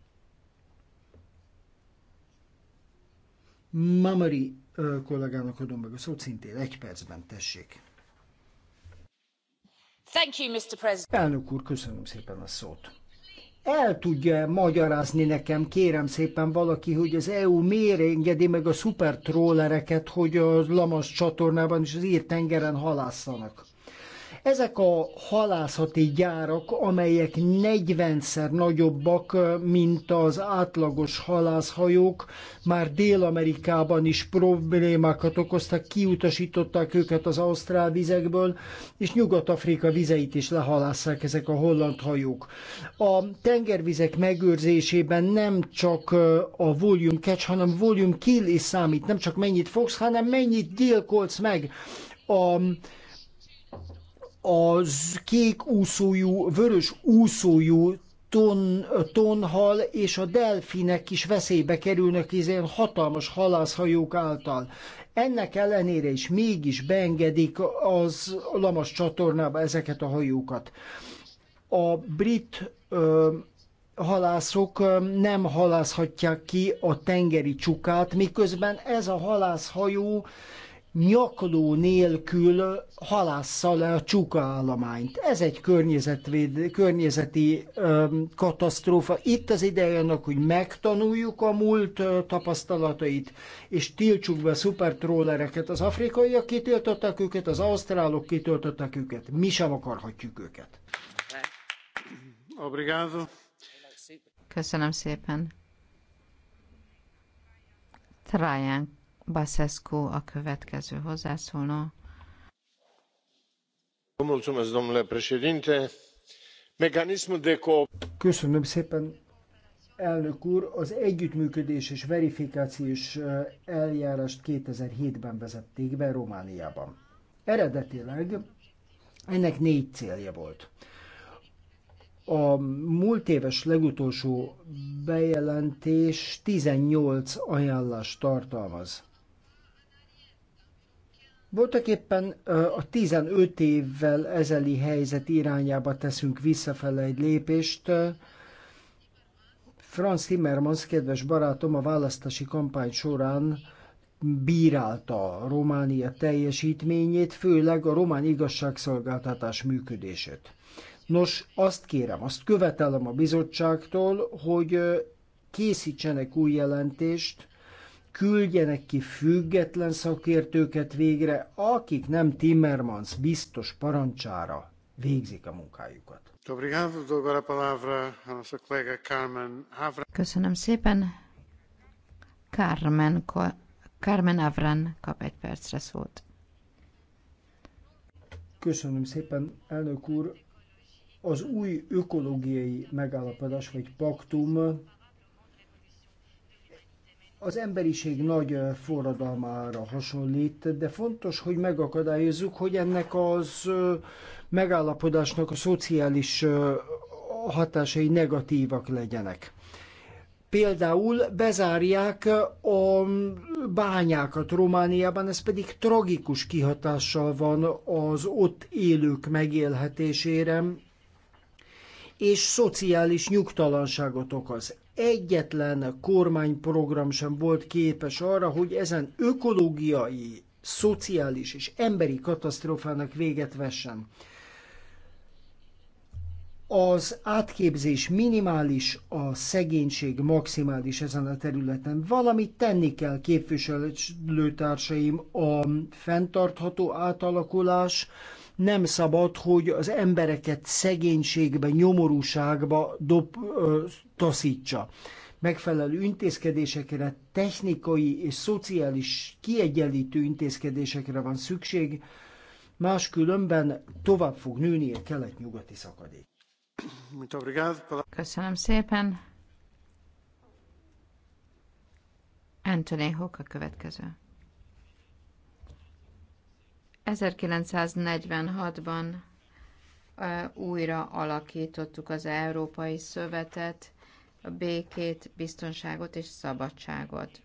Mamari kollégának adom meg a szót, szintén egy percben tessék. Thank you, Mr. President. Elnök úr, köszönöm szépen a szót el tudja magyarázni nekem, kérem szépen valaki, hogy az EU miért engedi meg a szupertrólereket, hogy a Lamas csatornában és az ír tengeren halásszanak. Ezek a halászati gyárak, amelyek 40-szer nagyobbak, mint az átlagos halászhajók, már Dél-Amerikában is problémákat okoztak, kiutasították őket az ausztrál vizekből, és Nyugat-Afrika vizeit is lehalásszák ezek a holland hajók. A tengervizek megőrzésében nem csak a volume catch, hanem volume kill is számít, nem csak mennyit fogsz, hanem mennyit gyilkolsz meg. A az kék úszójú, vörös úszójú ton, tonhal és a delfinek is veszélybe kerülnek ilyen hatalmas halászhajók által. Ennek ellenére is mégis beengedik az Lamas csatornába ezeket a hajókat. A brit ö, halászok nem halászhatják ki a tengeri csukát, miközben ez a halászhajó nyakló nélkül halássza le a csuka állományt. Ez egy környezetvéd, környezeti öm, katasztrófa. Itt az ideje annak, hogy megtanuljuk a múlt ö, tapasztalatait, és tiltsuk be a szupertrollereket. Az afrikaiak kitiltották őket, az ausztrálok kitiltották őket. Mi sem akarhatjuk őket. Obrigado. Köszönöm szépen. Traján Basescu a következő hozzászóló. Köszönöm szépen, elnök úr. Az együttműködés és verifikációs eljárást 2007-ben vezették be Romániában. Eredetileg ennek négy célja volt. A múlt éves legutolsó bejelentés 18 ajánlást tartalmaz. Voltak éppen a 15 évvel ezeli helyzet irányába teszünk visszafele egy lépést. Franz Timmermans, kedves barátom, a választási kampány során bírálta a Románia teljesítményét, főleg a román igazságszolgáltatás működését. Nos, azt kérem, azt követelem a bizottságtól, hogy készítsenek új jelentést, küldjenek ki független szakértőket végre, akik nem Timmermans biztos parancsára végzik a munkájukat. Köszönöm szépen. Carmen, Carmen Avran kap egy percre szót. Köszönöm szépen, elnök úr. Az új ökológiai megállapodás vagy paktum az emberiség nagy forradalmára hasonlít, de fontos, hogy megakadályozzuk, hogy ennek az megállapodásnak a szociális hatásai negatívak legyenek. Például bezárják a bányákat Romániában, ez pedig tragikus kihatással van az ott élők megélhetésére, és szociális nyugtalanságot okoz egyetlen kormányprogram sem volt képes arra, hogy ezen ökológiai, szociális és emberi katasztrófának véget vessen. Az átképzés minimális, a szegénység maximális ezen a területen. Valamit tenni kell, képviselőtársaim, a fenntartható átalakulás, nem szabad, hogy az embereket szegénységbe, nyomorúságba dob, ö, taszítsa. Megfelelő intézkedésekre, technikai és szociális kiegyenlítő intézkedésekre van szükség, máskülönben tovább fog nőni a kelet-nyugati szakadék. Köszönöm szépen. Anthony Hook a következő. 1946-ban újra alakítottuk az Európai Szövetet, a békét, biztonságot és szabadságot.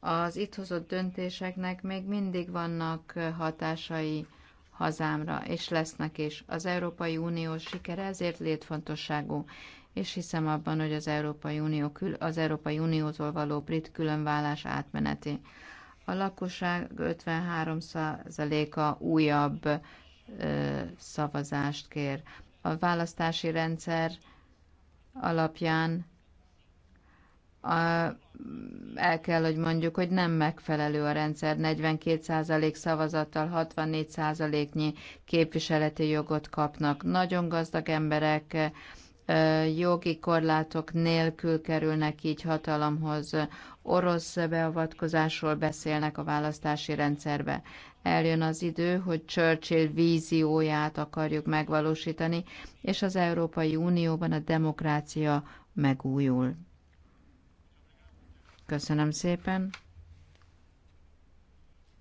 Az itt hozott döntéseknek még mindig vannak hatásai hazámra, és lesznek is. Az Európai Unió sikere ezért létfontosságú, és hiszem abban, hogy az Európai, Unió, az Európai Uniótól való brit különvállás átmeneti. A lakosság 53%-a újabb szavazást kér. A választási rendszer alapján a, el kell, hogy mondjuk, hogy nem megfelelő a rendszer. 42% szavazattal 64%-nyi képviseleti jogot kapnak. Nagyon gazdag emberek, jogi korlátok nélkül kerülnek így hatalomhoz. Orosz beavatkozásról beszélnek a választási rendszerbe. Eljön az idő, hogy Churchill vízióját akarjuk megvalósítani, és az Európai Unióban a demokrácia megújul. Köszönöm szépen.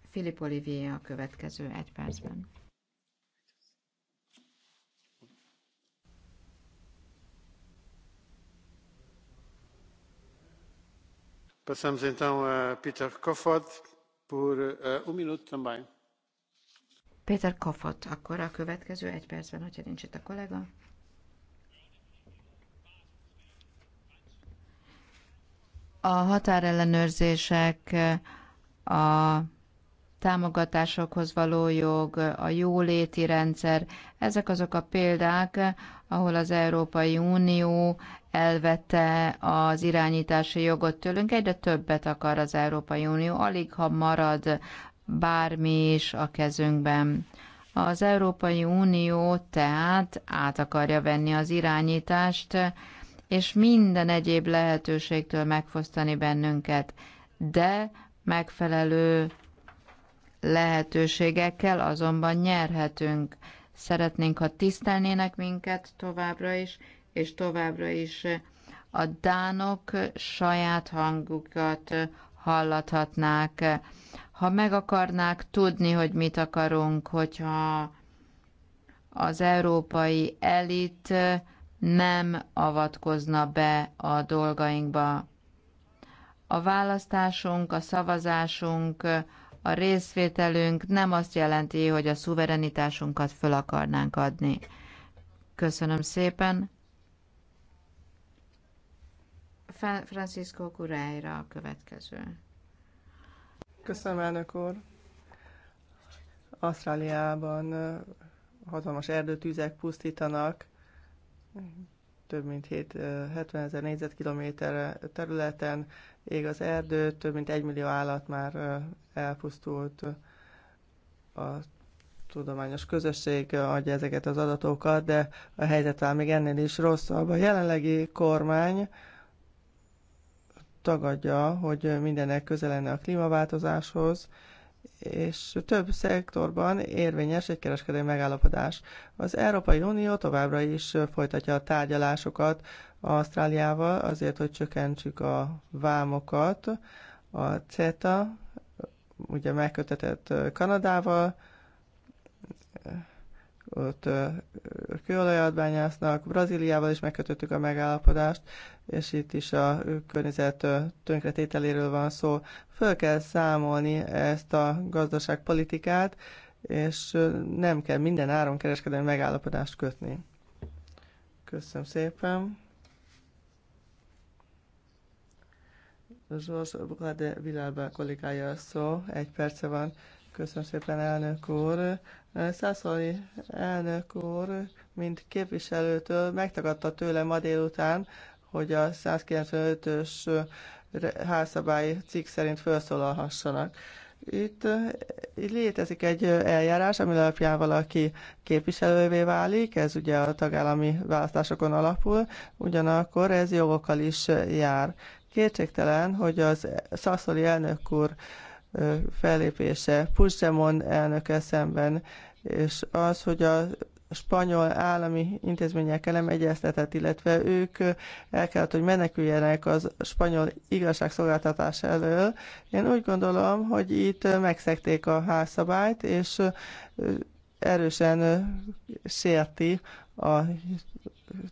Filip Olivier a következő egy percben. Passamos então a Peter Kofod por uh, eh, um minuto também. Péter Kofot, akkor a következő egy percben, hogyha nincs itt a kollega. A határellenőrzések, a támogatásokhoz való jog, a jóléti rendszer, ezek azok a példák, ahol az Európai Unió elvette az irányítási jogot tőlünk, egyre többet akar az Európai Unió, alig ha marad bármi is a kezünkben. Az Európai Unió tehát át akarja venni az irányítást, és minden egyéb lehetőségtől megfosztani bennünket, de megfelelő lehetőségekkel azonban nyerhetünk. Szeretnénk, ha tisztelnének minket továbbra is, és továbbra is a dánok saját hangukat hallathatnák. Ha meg akarnák tudni, hogy mit akarunk, hogyha az európai elit nem avatkozna be a dolgainkba. A választásunk, a szavazásunk, a részvételünk nem azt jelenti, hogy a szuverenitásunkat föl akarnánk adni. Köszönöm szépen! Francisco Curaira a következő. Köszönöm, elnök úr. Ausztráliában hatalmas erdőtűzek pusztítanak, több mint 7, 70 ezer négyzetkilométer területen ég az erdő, több mint egy millió állat már elpusztult. A tudományos közösség adja ezeket az adatokat, de a helyzet áll még ennél is rosszabb. A jelenlegi kormány tagadja, hogy mindennek közel lenne a klímaváltozáshoz, és több szektorban érvényes egy kereskedelmi megállapodás. Az Európai Unió továbbra is folytatja a tárgyalásokat Ausztráliával azért, hogy csökkentsük a vámokat. A CETA ugye megkötetett Kanadával, ott bányásznak, Brazíliával is megkötöttük a megállapodást, és itt is a környezet tönkretételéről van szó. Föl kell számolni ezt a gazdaságpolitikát, és nem kell minden áron kereskedelmi megállapodást kötni. Köszönöm szépen. Zsors Bukade Vilába kollégája szó, egy perce van. Köszönöm szépen, elnök úr. Szászoli elnök úr, mint képviselőtől megtagadta tőle ma délután, hogy a 195-ös házszabály cikk szerint felszólalhassanak. Itt, itt létezik egy eljárás, ami alapján valaki képviselővé válik, ez ugye a tagállami választásokon alapul, ugyanakkor ez jogokkal is jár. Kétségtelen, hogy az szaszoli elnök úr fellépése Puigdemont elnöke szemben, és az, hogy a spanyol állami intézményekkel nem egyeztetett, illetve ők el kellett, hogy meneküljenek az spanyol igazságszolgáltatás elől. Én úgy gondolom, hogy itt megszekték a házszabályt, és erősen sérti a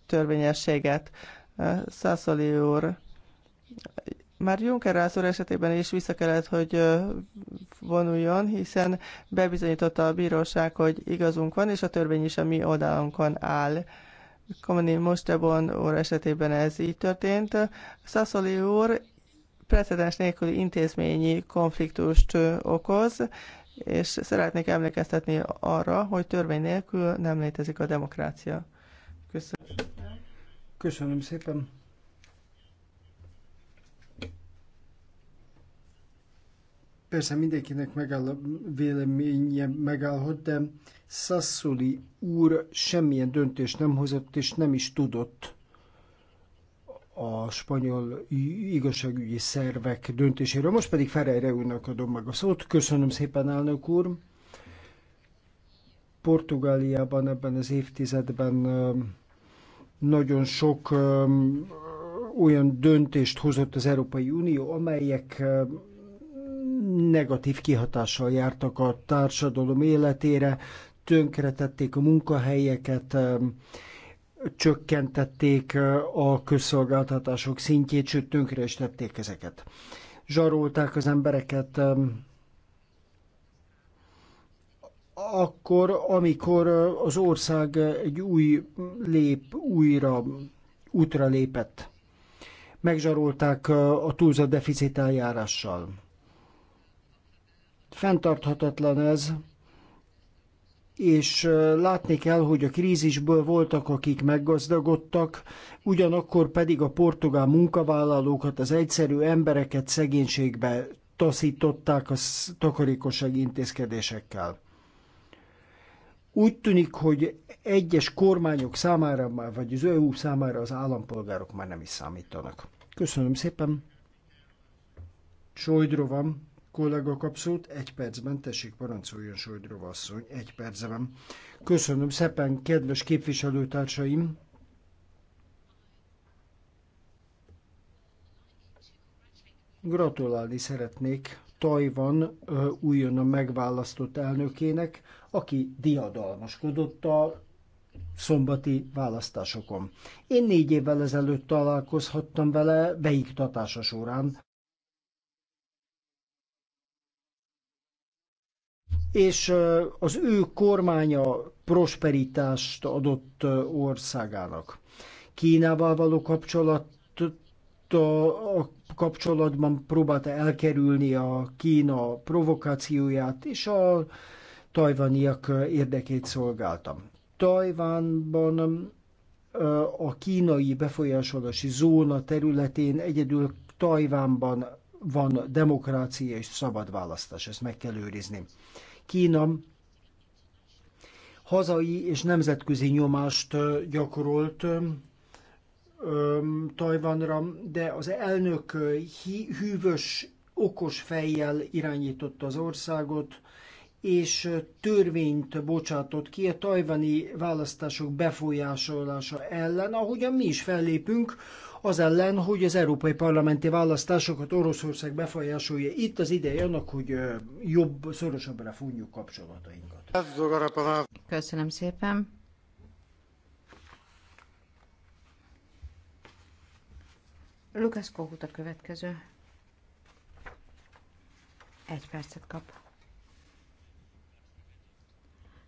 törvényességet. Szaszoli úr már Juncker Rászor esetében is vissza kellett, hogy vonuljon, hiszen bebizonyította a bíróság, hogy igazunk van, és a törvény is a mi oldalunkon áll. Kamani Mostebon úr esetében ez így történt. Szaszoli úr precedens nélküli intézményi konfliktust okoz, és szeretnék emlékeztetni arra, hogy törvény nélkül nem létezik a demokrácia. Köszönöm. Köszönöm szépen. Persze mindenkinek megáll, véleménye megállhat, de Sassoli úr semmilyen döntést nem hozott, és nem is tudott a spanyol igazságügyi szervek döntéséről. Most pedig Ferejre úrnak adom meg a szót. Köszönöm szépen, elnök úr! Portugáliában ebben az évtizedben nagyon sok olyan döntést hozott az Európai Unió, amelyek negatív kihatással jártak a társadalom életére, tönkretették a munkahelyeket, csökkentették a közszolgáltatások szintjét, sőt tönkre is tették ezeket. Zsarolták az embereket, akkor, amikor az ország egy új lép, újra útra lépett, megzsarolták a túlzott deficit eljárással fenntarthatatlan ez, és látni kell, hogy a krízisből voltak, akik meggazdagodtak, ugyanakkor pedig a portugál munkavállalókat, az egyszerű embereket szegénységbe taszították a takarékosság intézkedésekkel. Úgy tűnik, hogy egyes kormányok számára, már, vagy az EU számára az állampolgárok már nem is számítanak. Köszönöm szépen. van! kollega kap Egy percben tessék, parancoljon Sojdrova asszony, egy percben. Köszönöm szépen, kedves képviselőtársaim! Gratulálni szeretnék Tajvan újonnan megválasztott elnökének, aki diadalmaskodott a szombati választásokon. Én négy évvel ezelőtt találkozhattam vele beiktatása során, és az ő kormánya prosperitást adott országának. Kínával való kapcsolat a kapcsolatban próbálta elkerülni a Kína provokációját, és a tajvaniak érdekét szolgáltam. Tajvánban a kínai befolyásolási zóna területén egyedül Tajvánban van demokrácia és szabad választás, ezt meg kell őrizni. Kína hazai és nemzetközi nyomást gyakorolt Tajvanra, de az elnök hűvös, okos fejjel irányította az országot, és törvényt bocsátott ki a tajvani választások befolyásolása ellen, ahogyan mi is fellépünk, az ellen, hogy az európai parlamenti választásokat Oroszország befolyásolja. Itt az ideje annak, hogy jobb, szorosabbra fújjuk kapcsolatainkat. Köszönöm szépen. Lukasz Kohut a következő. Egy percet kap.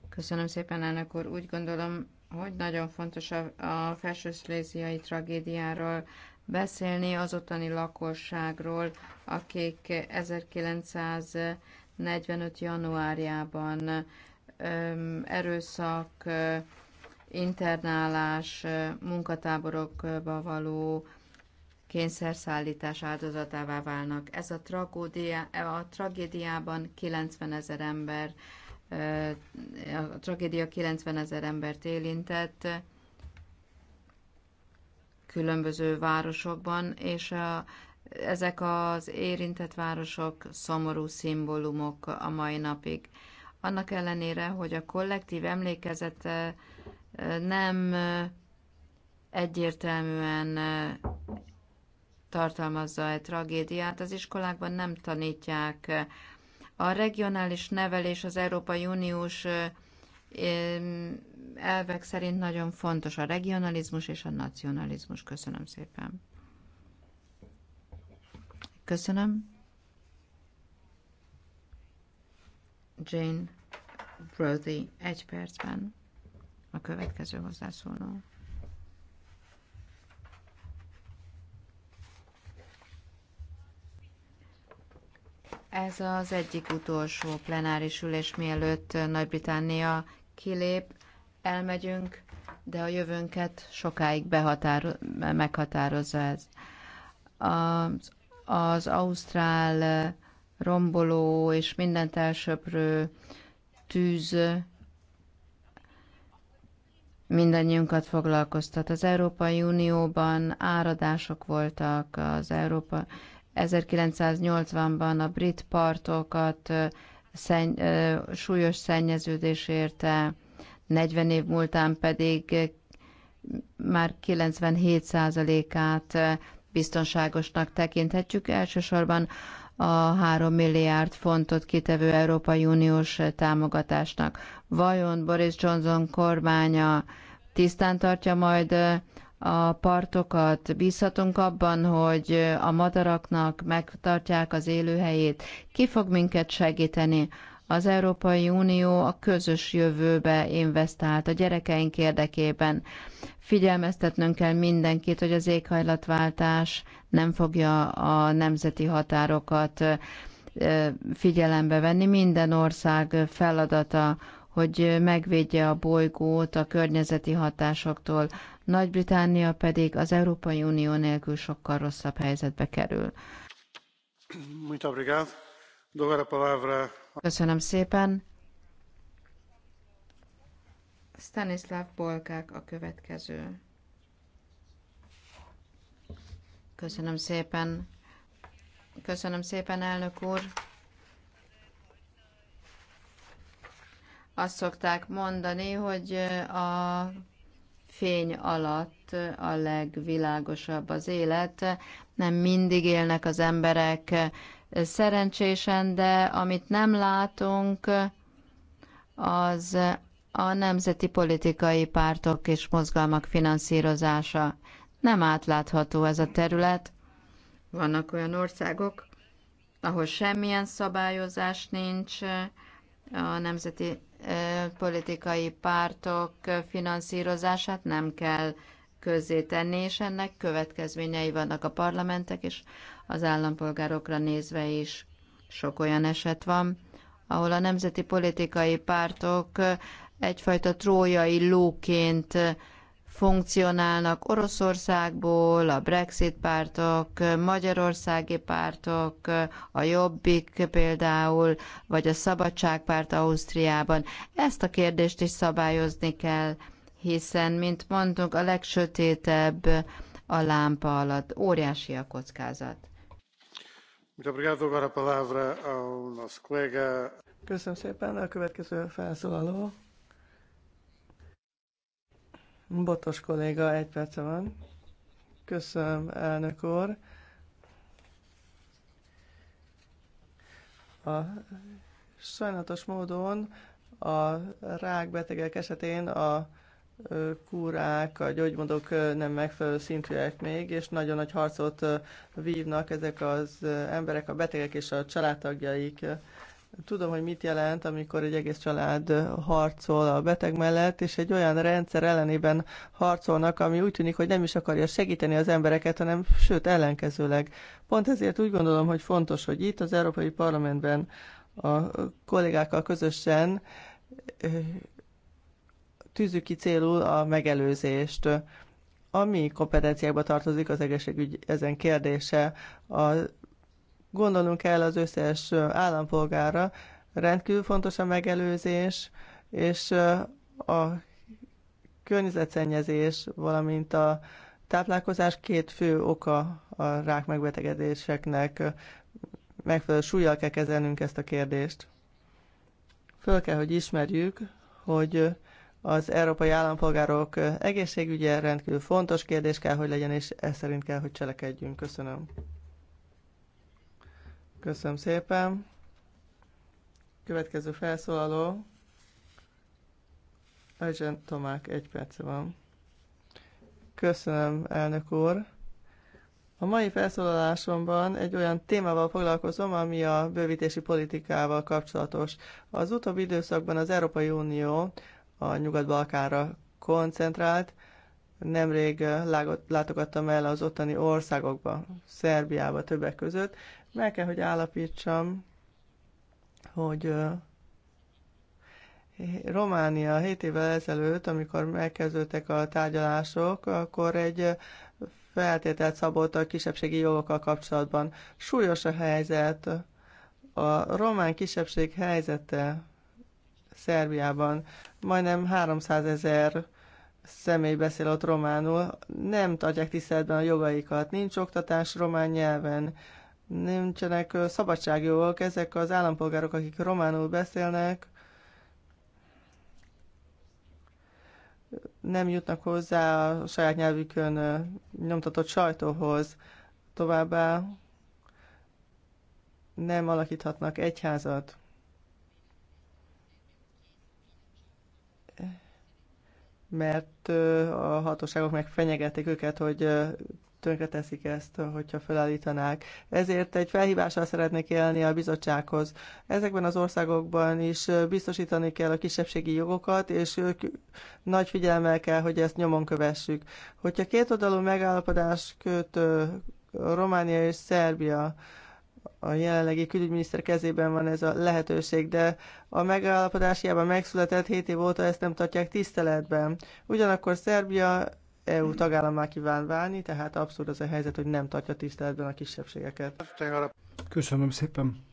Köszönöm szépen, elnök úr. Úgy gondolom, hogy nagyon fontos a, a felsőszléziai tragédiáról beszélni, az ottani lakosságról, akik 1945. januárjában erőszak, internálás, munkatáborokba való kényszerszállítás áldozatává válnak. Ez a, tragódia, a tragédiában 90 ezer ember a tragédia 90 ezer embert érintett különböző városokban, és a, ezek az érintett városok szomorú szimbólumok a mai napig. Annak ellenére, hogy a kollektív emlékezete nem egyértelműen tartalmazza egy tragédiát, az iskolákban nem tanítják a regionális nevelés az Európai Uniós elvek szerint nagyon fontos a regionalizmus és a nacionalizmus. Köszönöm szépen. Köszönöm. Jane Brody egy percben a következő hozzászóló. Ez az egyik utolsó plenáris ülés, mielőtt Nagy-Britannia kilép, elmegyünk, de a jövőnket sokáig behatáro- meghatározza ez. Az, az ausztrál romboló és mindent elsöprő tűz mindannyiunkat foglalkoztat. Az Európai Unióban áradások voltak, az Európa 1980-ban a brit partokat szenny, súlyos szennyeződés érte, 40 év múltán pedig már 97%-át biztonságosnak tekinthetjük. Elsősorban a 3 milliárd fontot kitevő Európai Uniós támogatásnak. Vajon Boris Johnson kormánya tisztán tartja majd a partokat, bízhatunk abban, hogy a madaraknak megtartják az élőhelyét. Ki fog minket segíteni? Az Európai Unió a közös jövőbe investált a gyerekeink érdekében. Figyelmeztetnünk kell mindenkit, hogy az éghajlatváltás nem fogja a nemzeti határokat figyelembe venni. Minden ország feladata, hogy megvédje a bolygót a környezeti hatásoktól, nagy-Britannia pedig az Európai Unió nélkül sokkal rosszabb helyzetbe kerül. Köszönöm szépen. Stanislav Bolkák a következő. Köszönöm szépen. Köszönöm szépen, elnök úr. Azt szokták mondani, hogy a fény alatt a legvilágosabb az élet. Nem mindig élnek az emberek szerencsésen, de amit nem látunk, az a nemzeti politikai pártok és mozgalmak finanszírozása. Nem átlátható ez a terület. Vannak olyan országok, ahol semmilyen szabályozás nincs, a nemzeti politikai pártok finanszírozását nem kell közzétenni, és ennek következményei vannak a parlamentek és az állampolgárokra nézve is. Sok olyan eset van, ahol a nemzeti politikai pártok egyfajta trójai lóként funkcionálnak Oroszországból, a Brexit pártok, magyarországi pártok, a Jobbik például, vagy a Szabadságpárt Ausztriában. Ezt a kérdést is szabályozni kell, hiszen, mint mondtunk, a legsötétebb a lámpa alatt. Óriási a kockázat. Köszönöm szépen a következő felszólaló. Botos kolléga, egy perce van. Köszönöm, elnök úr. A sajnálatos módon a rákbetegek esetén a kúrák, a gyógymódok nem megfelelő szintűek még, és nagyon nagy harcot vívnak ezek az emberek, a betegek és a családtagjaik Tudom, hogy mit jelent, amikor egy egész család harcol a beteg mellett, és egy olyan rendszer ellenében harcolnak, ami úgy tűnik, hogy nem is akarja segíteni az embereket, hanem sőt ellenkezőleg. Pont ezért úgy gondolom, hogy fontos, hogy itt az Európai Parlamentben a kollégákkal közösen tűzzük ki célul a megelőzést. Ami kompetenciákba tartozik az egészségügy ezen kérdése, a Gondolnunk kell az összes állampolgára, rendkívül fontos a megelőzés, és a környezetszennyezés, valamint a táplálkozás két fő oka a rák megbetegedéseknek. Megfelelő súlyjal kell kezelnünk ezt a kérdést. Föl kell, hogy ismerjük, hogy az európai állampolgárok egészségügye rendkívül fontos kérdés kell, hogy legyen, és ez szerint kell, hogy cselekedjünk. Köszönöm. Köszönöm szépen. Következő felszólaló. Ajzsen Tomák, egy perc van. Köszönöm, elnök úr. A mai felszólalásomban egy olyan témával foglalkozom, ami a bővítési politikával kapcsolatos. Az utóbbi időszakban az Európai Unió a Nyugat-Balkánra koncentrált, nemrég látogattam el az ottani országokba, Szerbiába többek között, meg kell, hogy állapítsam, hogy Románia 7 évvel ezelőtt, amikor megkezdődtek a tárgyalások, akkor egy feltételt szabott a kisebbségi jogokkal kapcsolatban. Súlyos a helyzet. A román kisebbség helyzete Szerbiában majdnem 300 ezer személy beszél ott románul, nem tartják tiszteletben a jogaikat, nincs oktatás román nyelven, nincsenek szabadságjogok. Ezek az állampolgárok, akik románul beszélnek, nem jutnak hozzá a saját nyelvükön nyomtatott sajtóhoz. Továbbá nem alakíthatnak egyházat. mert a hatóságok meg fenyegették őket, hogy tönkreteszik ezt, hogyha felállítanák. Ezért egy felhívással szeretnék élni a bizottsághoz. Ezekben az országokban is biztosítani kell a kisebbségi jogokat, és ők nagy figyelmel kell, hogy ezt nyomon kövessük. Hogyha két oldalú megállapodás köt Románia és Szerbia, a jelenlegi külügyminiszter kezében van ez a lehetőség, de a megállapodás hiába megszületett 7 év óta ezt nem tartják tiszteletben. Ugyanakkor Szerbia EU tagállamá kíván válni, tehát abszurd az a helyzet, hogy nem tartja tiszteletben a kisebbségeket. Köszönöm szépen.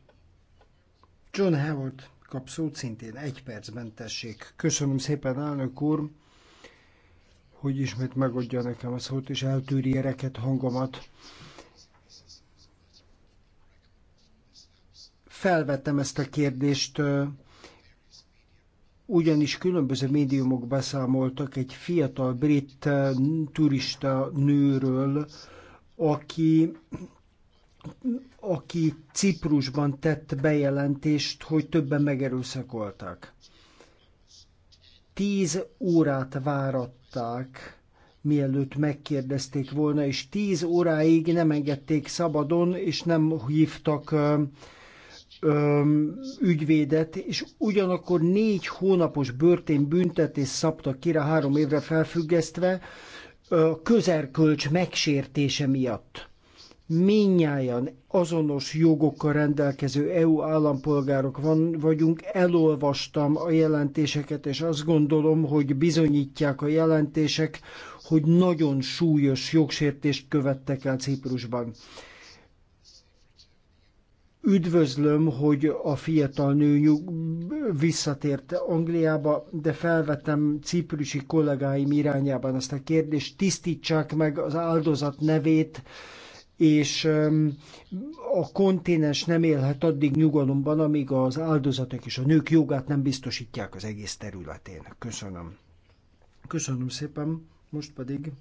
John Howard kap szót szintén egy percben tessék. Köszönöm szépen, elnök úr, hogy ismét megadja nekem a szót, és eltűri ereket hangomat. Felvettem ezt a kérdést ugyanis különböző médiumok beszámoltak egy fiatal brit eh, turista nőről, aki aki Ciprusban tett bejelentést, hogy többen megerőszakolták. Tíz órát váratták, mielőtt megkérdezték volna, és tíz óráig nem engedték szabadon, és nem hívtak eh, öm, ügyvédet, és ugyanakkor négy hónapos börtén büntetés szabta ki rá három évre felfüggesztve közerkölcs megsértése miatt. Minnyáján azonos jogokkal rendelkező EU állampolgárok van, vagyunk, elolvastam a jelentéseket, és azt gondolom, hogy bizonyítják a jelentések, hogy nagyon súlyos jogsértést követtek el Ciprusban Üdvözlöm, hogy a fiatal nő visszatért Angliába, de felvetem ciprusi kollégáim irányában azt a kérdést, tisztítsák meg az áldozat nevét, és a kontinens nem élhet addig nyugalomban, amíg az áldozatok és a nők jogát nem biztosítják az egész területén. Köszönöm. Köszönöm szépen, most pedig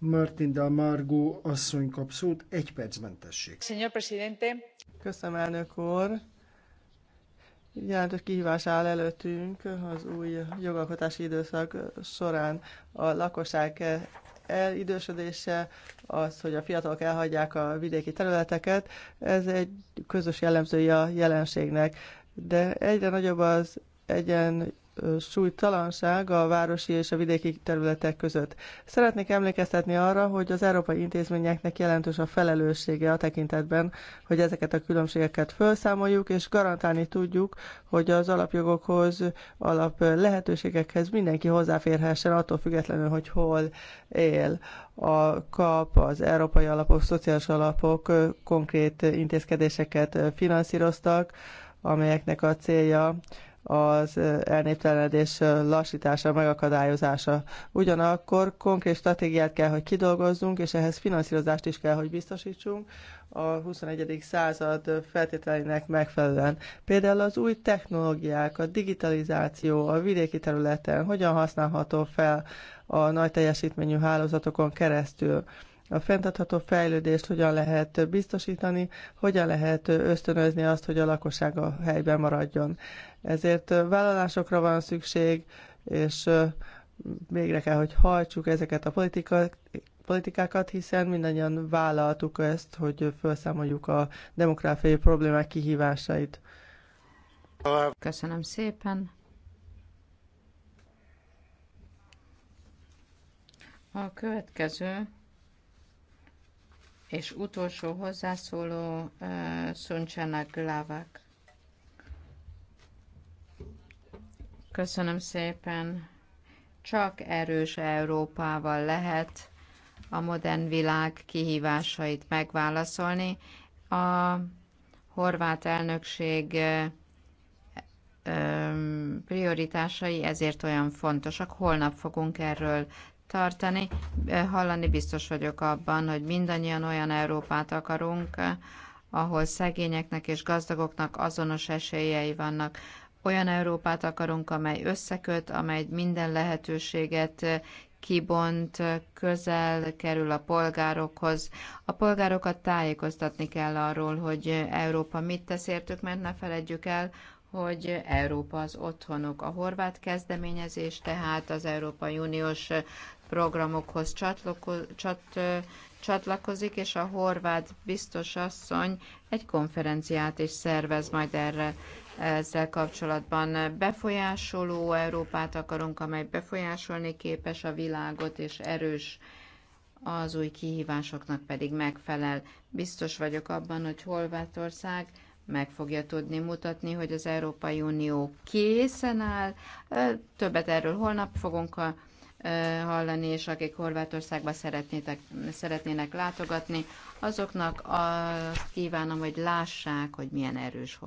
Martin Del Margo asszony kap szót, egy percben tessék. Señor Presidente. Köszönöm, elnök úr. Jelentős kihívás áll előttünk az új jogalkotási időszak során. A lakosság elidősödése, az, hogy a fiatalok elhagyják a vidéki területeket, ez egy közös jellemzője a jelenségnek. De egyre nagyobb az egyen súlytalanság a városi és a vidéki területek között. Szeretnék emlékeztetni arra, hogy az európai intézményeknek jelentős a felelőssége a tekintetben, hogy ezeket a különbségeket felszámoljuk, és garantálni tudjuk, hogy az alapjogokhoz, alap lehetőségekhez mindenki hozzáférhessen, attól függetlenül, hogy hol él. A KAP, az Európai Alapok, Szociális Alapok konkrét intézkedéseket finanszíroztak, amelyeknek a célja az elnéptelenedés lassítása, megakadályozása. Ugyanakkor konkrét stratégiát kell, hogy kidolgozzunk, és ehhez finanszírozást is kell, hogy biztosítsunk a 21. század feltételeinek megfelelően. Például az új technológiák, a digitalizáció a vidéki területen hogyan használható fel a nagy teljesítményű hálózatokon keresztül a fenntartható fejlődést hogyan lehet biztosítani, hogyan lehet ösztönözni azt, hogy a lakosság a helyben maradjon. Ezért vállalásokra van szükség, és végre kell, hogy hajtsuk ezeket a politika, politikákat, hiszen mindannyian vállaltuk ezt, hogy felszámoljuk a demográfiai problémák kihívásait. Köszönöm szépen. A következő és utolsó hozzászóló uh, eh, Szuncsának Glavak. Köszönöm szépen. Csak erős Európával lehet a modern világ kihívásait megválaszolni. A horvát elnökség eh, prioritásai ezért olyan fontosak. Holnap fogunk erről tartani. Hallani biztos vagyok abban, hogy mindannyian olyan Európát akarunk, ahol szegényeknek és gazdagoknak azonos esélyei vannak. Olyan Európát akarunk, amely összeköt, amely minden lehetőséget kibont, közel kerül a polgárokhoz. A polgárokat tájékoztatni kell arról, hogy Európa mit tesz értük, mert ne feledjük el, hogy Európa az otthonuk. A horvát kezdeményezés tehát az Európai Uniós programokhoz csatlakozik, és a horvát biztos asszony egy konferenciát is szervez majd erre ezzel kapcsolatban. Befolyásoló Európát akarunk, amely befolyásolni képes a világot, és erős az új kihívásoknak pedig megfelel. Biztos vagyok abban, hogy Horvátország meg fogja tudni mutatni, hogy az Európai Unió készen áll. Többet erről holnap fogunk a hallani, és akik Horvátországba szeretnének látogatni, azoknak azt kívánom, hogy lássák, hogy milyen erős Horvátország.